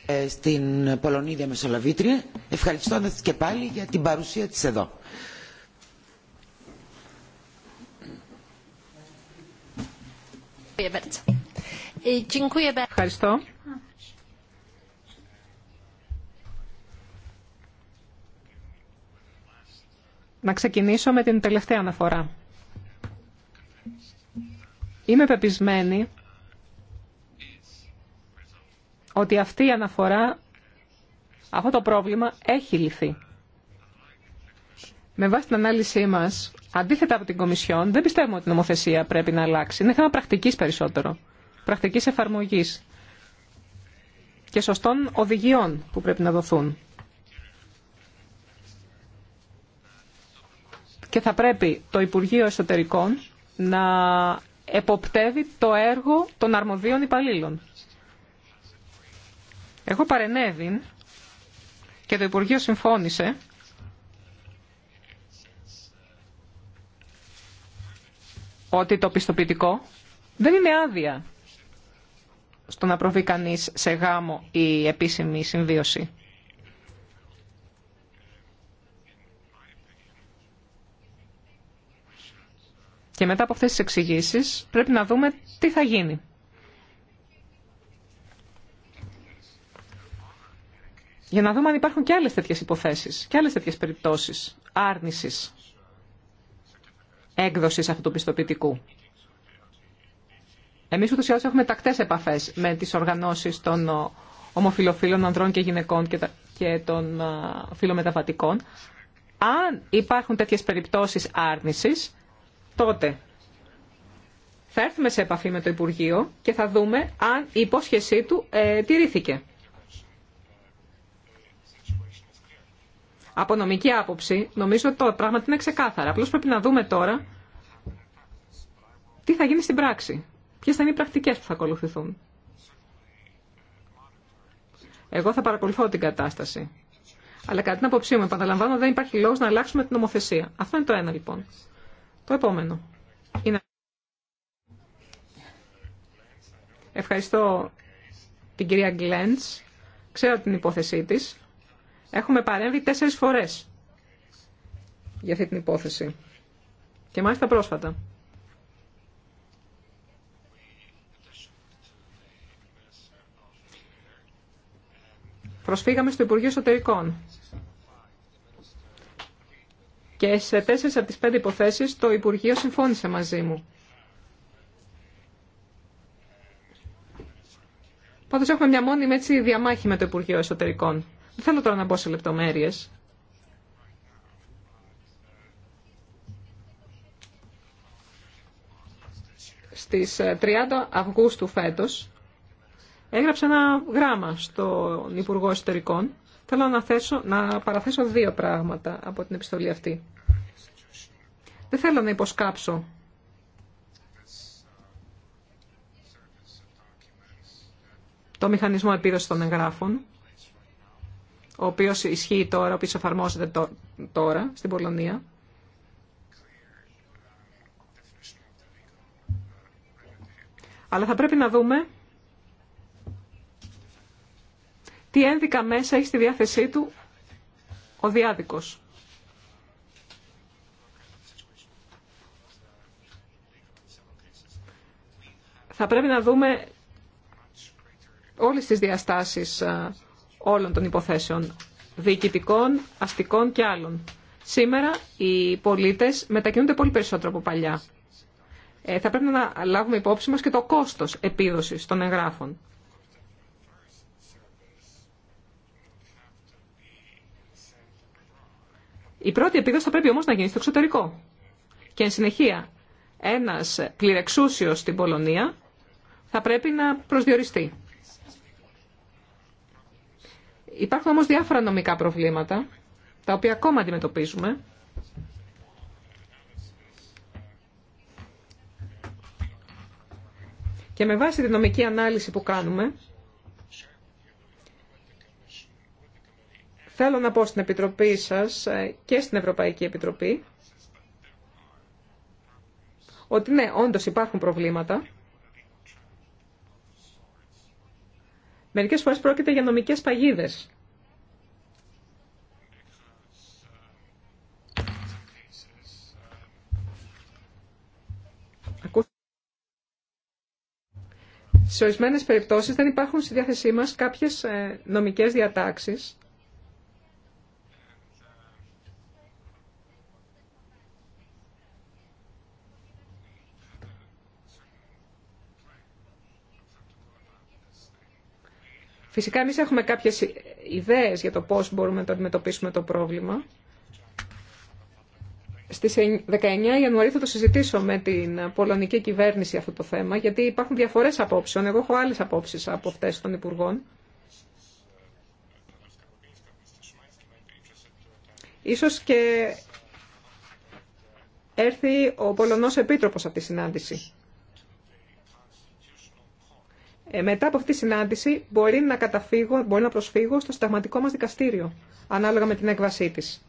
Ε, στην Πολωνίδια Μεσολαβήτρια, ευχαριστώντας και πάλι για την παρουσία της εδώ. Ευχαριστώ. Να ξεκινήσω με την τελευταία αναφορά. Είμαι πεπισμένη ότι αυτή η αναφορά, αυτό το πρόβλημα έχει λυθεί. Με βάση την ανάλυση μας, αντίθετα από την Κομισιόν, δεν πιστεύουμε ότι η νομοθεσία πρέπει να αλλάξει. Είναι θέμα πρακτικής περισσότερο, πρακτικής εφαρμογής και σωστών οδηγιών που πρέπει να δοθούν. Και θα πρέπει το Υπουργείο Εσωτερικών να εποπτεύει το έργο των αρμοδίων υπαλλήλων. Έχω παρενέβη και το Υπουργείο συμφώνησε ότι το πιστοποιητικό δεν είναι άδεια στο να προβεί κανείς σε γάμο η επίσημη συμβίωση. Και μετά από αυτές τις εξηγήσει πρέπει να δούμε τι θα γίνει. Για να δούμε αν υπάρχουν και άλλες τέτοιες υποθέσεις και άλλες τέτοιες περιπτώσεις άρνησης έκδοσης αυτού του πιστοποιητικού. Εμείς ούτως ή έχουμε τακτές επαφές με τις οργανώσεις των ε, ομοφιλοφίλων ανδρών και γυναικών και των ε, φιλομεταβατικών. Αν υπάρχουν τέτοιες περιπτώσεις άρνησης, τότε θα έρθουμε σε επαφή με το Υπουργείο και θα δούμε αν η υπόσχεσή του ε, τηρήθηκε. Από νομική άποψη, νομίζω ότι το πράγμα είναι ξεκάθαρα. Απλώς πρέπει να δούμε τώρα τι θα γίνει στην πράξη. Ποιες θα είναι οι πρακτικές που θα ακολουθηθούν. Εγώ θα παρακολουθώ την κατάσταση. Αλλά κατά την άποψή μου, επαναλαμβάνω, δεν υπάρχει λόγος να αλλάξουμε την νομοθεσία. Αυτό είναι το ένα λοιπόν. Το επόμενο. Είναι... Ευχαριστώ την κυρία Γκλέντς. Ξέρω την υπόθεσή της. Έχουμε παρέμβει τέσσερις φορές για αυτή την υπόθεση. Και μάλιστα πρόσφατα. Προσφύγαμε στο Υπουργείο Εσωτερικών και σε τέσσερις από τις πέντε υποθέσεις το Υπουργείο συμφώνησε μαζί μου. Πάντως έχουμε μια μόνιμη έτσι διαμάχη με το Υπουργείο Εσωτερικών. Δεν θέλω τώρα να μπω σε λεπτομέρειες. Στις 30 ε, Αυγούστου φέτος έγραψε ένα γράμμα στον Υπουργό Εσωτερικών Θέλω να, θέσω, να παραθέσω δύο πράγματα από την επιστολή αυτή. Δεν θέλω να υποσκάψω το μηχανισμό επίδοσης των εγγράφων, ο οποίος ισχύει τώρα, ο οποίος εφαρμόζεται τώρα στην Πολωνία. Αλλά θα πρέπει να δούμε τι ένδικα μέσα έχει στη διάθεσή του ο διάδικος. Θα πρέπει να δούμε όλες τις διαστάσεις ε, όλων των υποθέσεων, διοικητικών, αστικών και άλλων. Σήμερα οι πολίτες μετακινούνται πολύ περισσότερο από παλιά. Ε, θα πρέπει να λάβουμε υπόψη μας και το κόστος επίδοσης των εγγράφων. Η πρώτη επίδοση θα πρέπει όμως να γίνει στο εξωτερικό. Και εν συνεχεία, ένας πληρεξούσιο στην Πολωνία θα πρέπει να προσδιοριστεί. Υπάρχουν όμως διάφορα νομικά προβλήματα, τα οποία ακόμα αντιμετωπίζουμε. Και με βάση τη νομική ανάλυση που κάνουμε, Θέλω να πω στην Επιτροπή σας ε, και στην Ευρωπαϊκή Επιτροπή ότι ναι, όντως υπάρχουν προβλήματα. Μερικές φορές πρόκειται για νομικές παγίδες. Σε ορισμένε περιπτώσεις δεν υπάρχουν στη διάθεσή μας κάποιες ε, νομικές διατάξεις Φυσικά εμείς έχουμε κάποιες ιδέες για το πώς μπορούμε να αντιμετωπίσουμε το πρόβλημα. Στις 19 Ιανουαρίου θα το συζητήσω με την πολωνική κυβέρνηση αυτό το θέμα, γιατί υπάρχουν διαφορές απόψεων. Εγώ έχω άλλες απόψεις από αυτές των Υπουργών. Ίσως και έρθει ο Πολωνός Επίτροπος από τη συνάντηση. Ε, μετά από αυτή τη συνάντηση μπορεί να καταφύγω, μπορεί να προσφύγω στο συνταγματικό μας δικαστήριο, ανάλογα με την έκβασή της.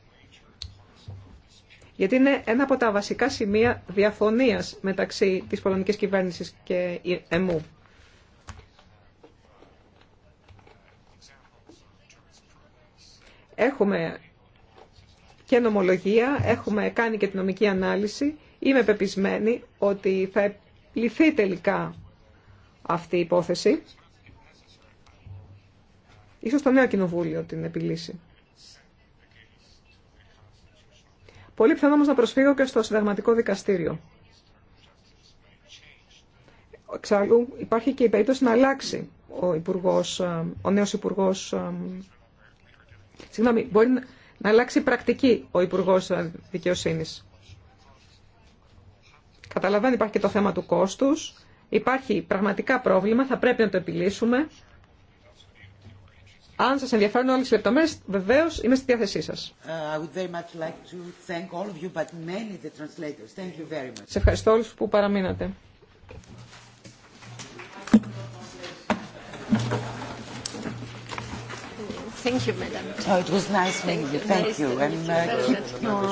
Γιατί είναι ένα από τα βασικά σημεία διαφωνίας μεταξύ της πολωνικής κυβέρνησης και εμού. Έχουμε και νομολογία, έχουμε κάνει και την νομική ανάλυση. Είμαι πεπισμένη ότι θα λυθεί τελικά αυτή η υπόθεση. Ίσως το νέο κοινοβούλιο την επιλύσει. Πολύ πιθανό όμως να προσφύγω και στο συνταγματικό δικαστήριο. Εξάλλου υπάρχει και η περίπτωση να αλλάξει ο, υπουργός, ε, ο νέος υπουργός... Ε, συγγνώμη, μπορεί να, αλλάξει πρακτική ο υπουργός ε, δικαιοσύνης. Καταλαβαίνει υπάρχει και το θέμα του κόστους Υπάρχει πραγματικά πρόβλημα, θα πρέπει να το επιλύσουμε. Αν σας ενδιαφέρουν όλες τις λεπτομέρειες, βεβαίως είμαι στη διάθεσή σας. Σε ευχαριστώ όλους που παραμείνατε. Thank you,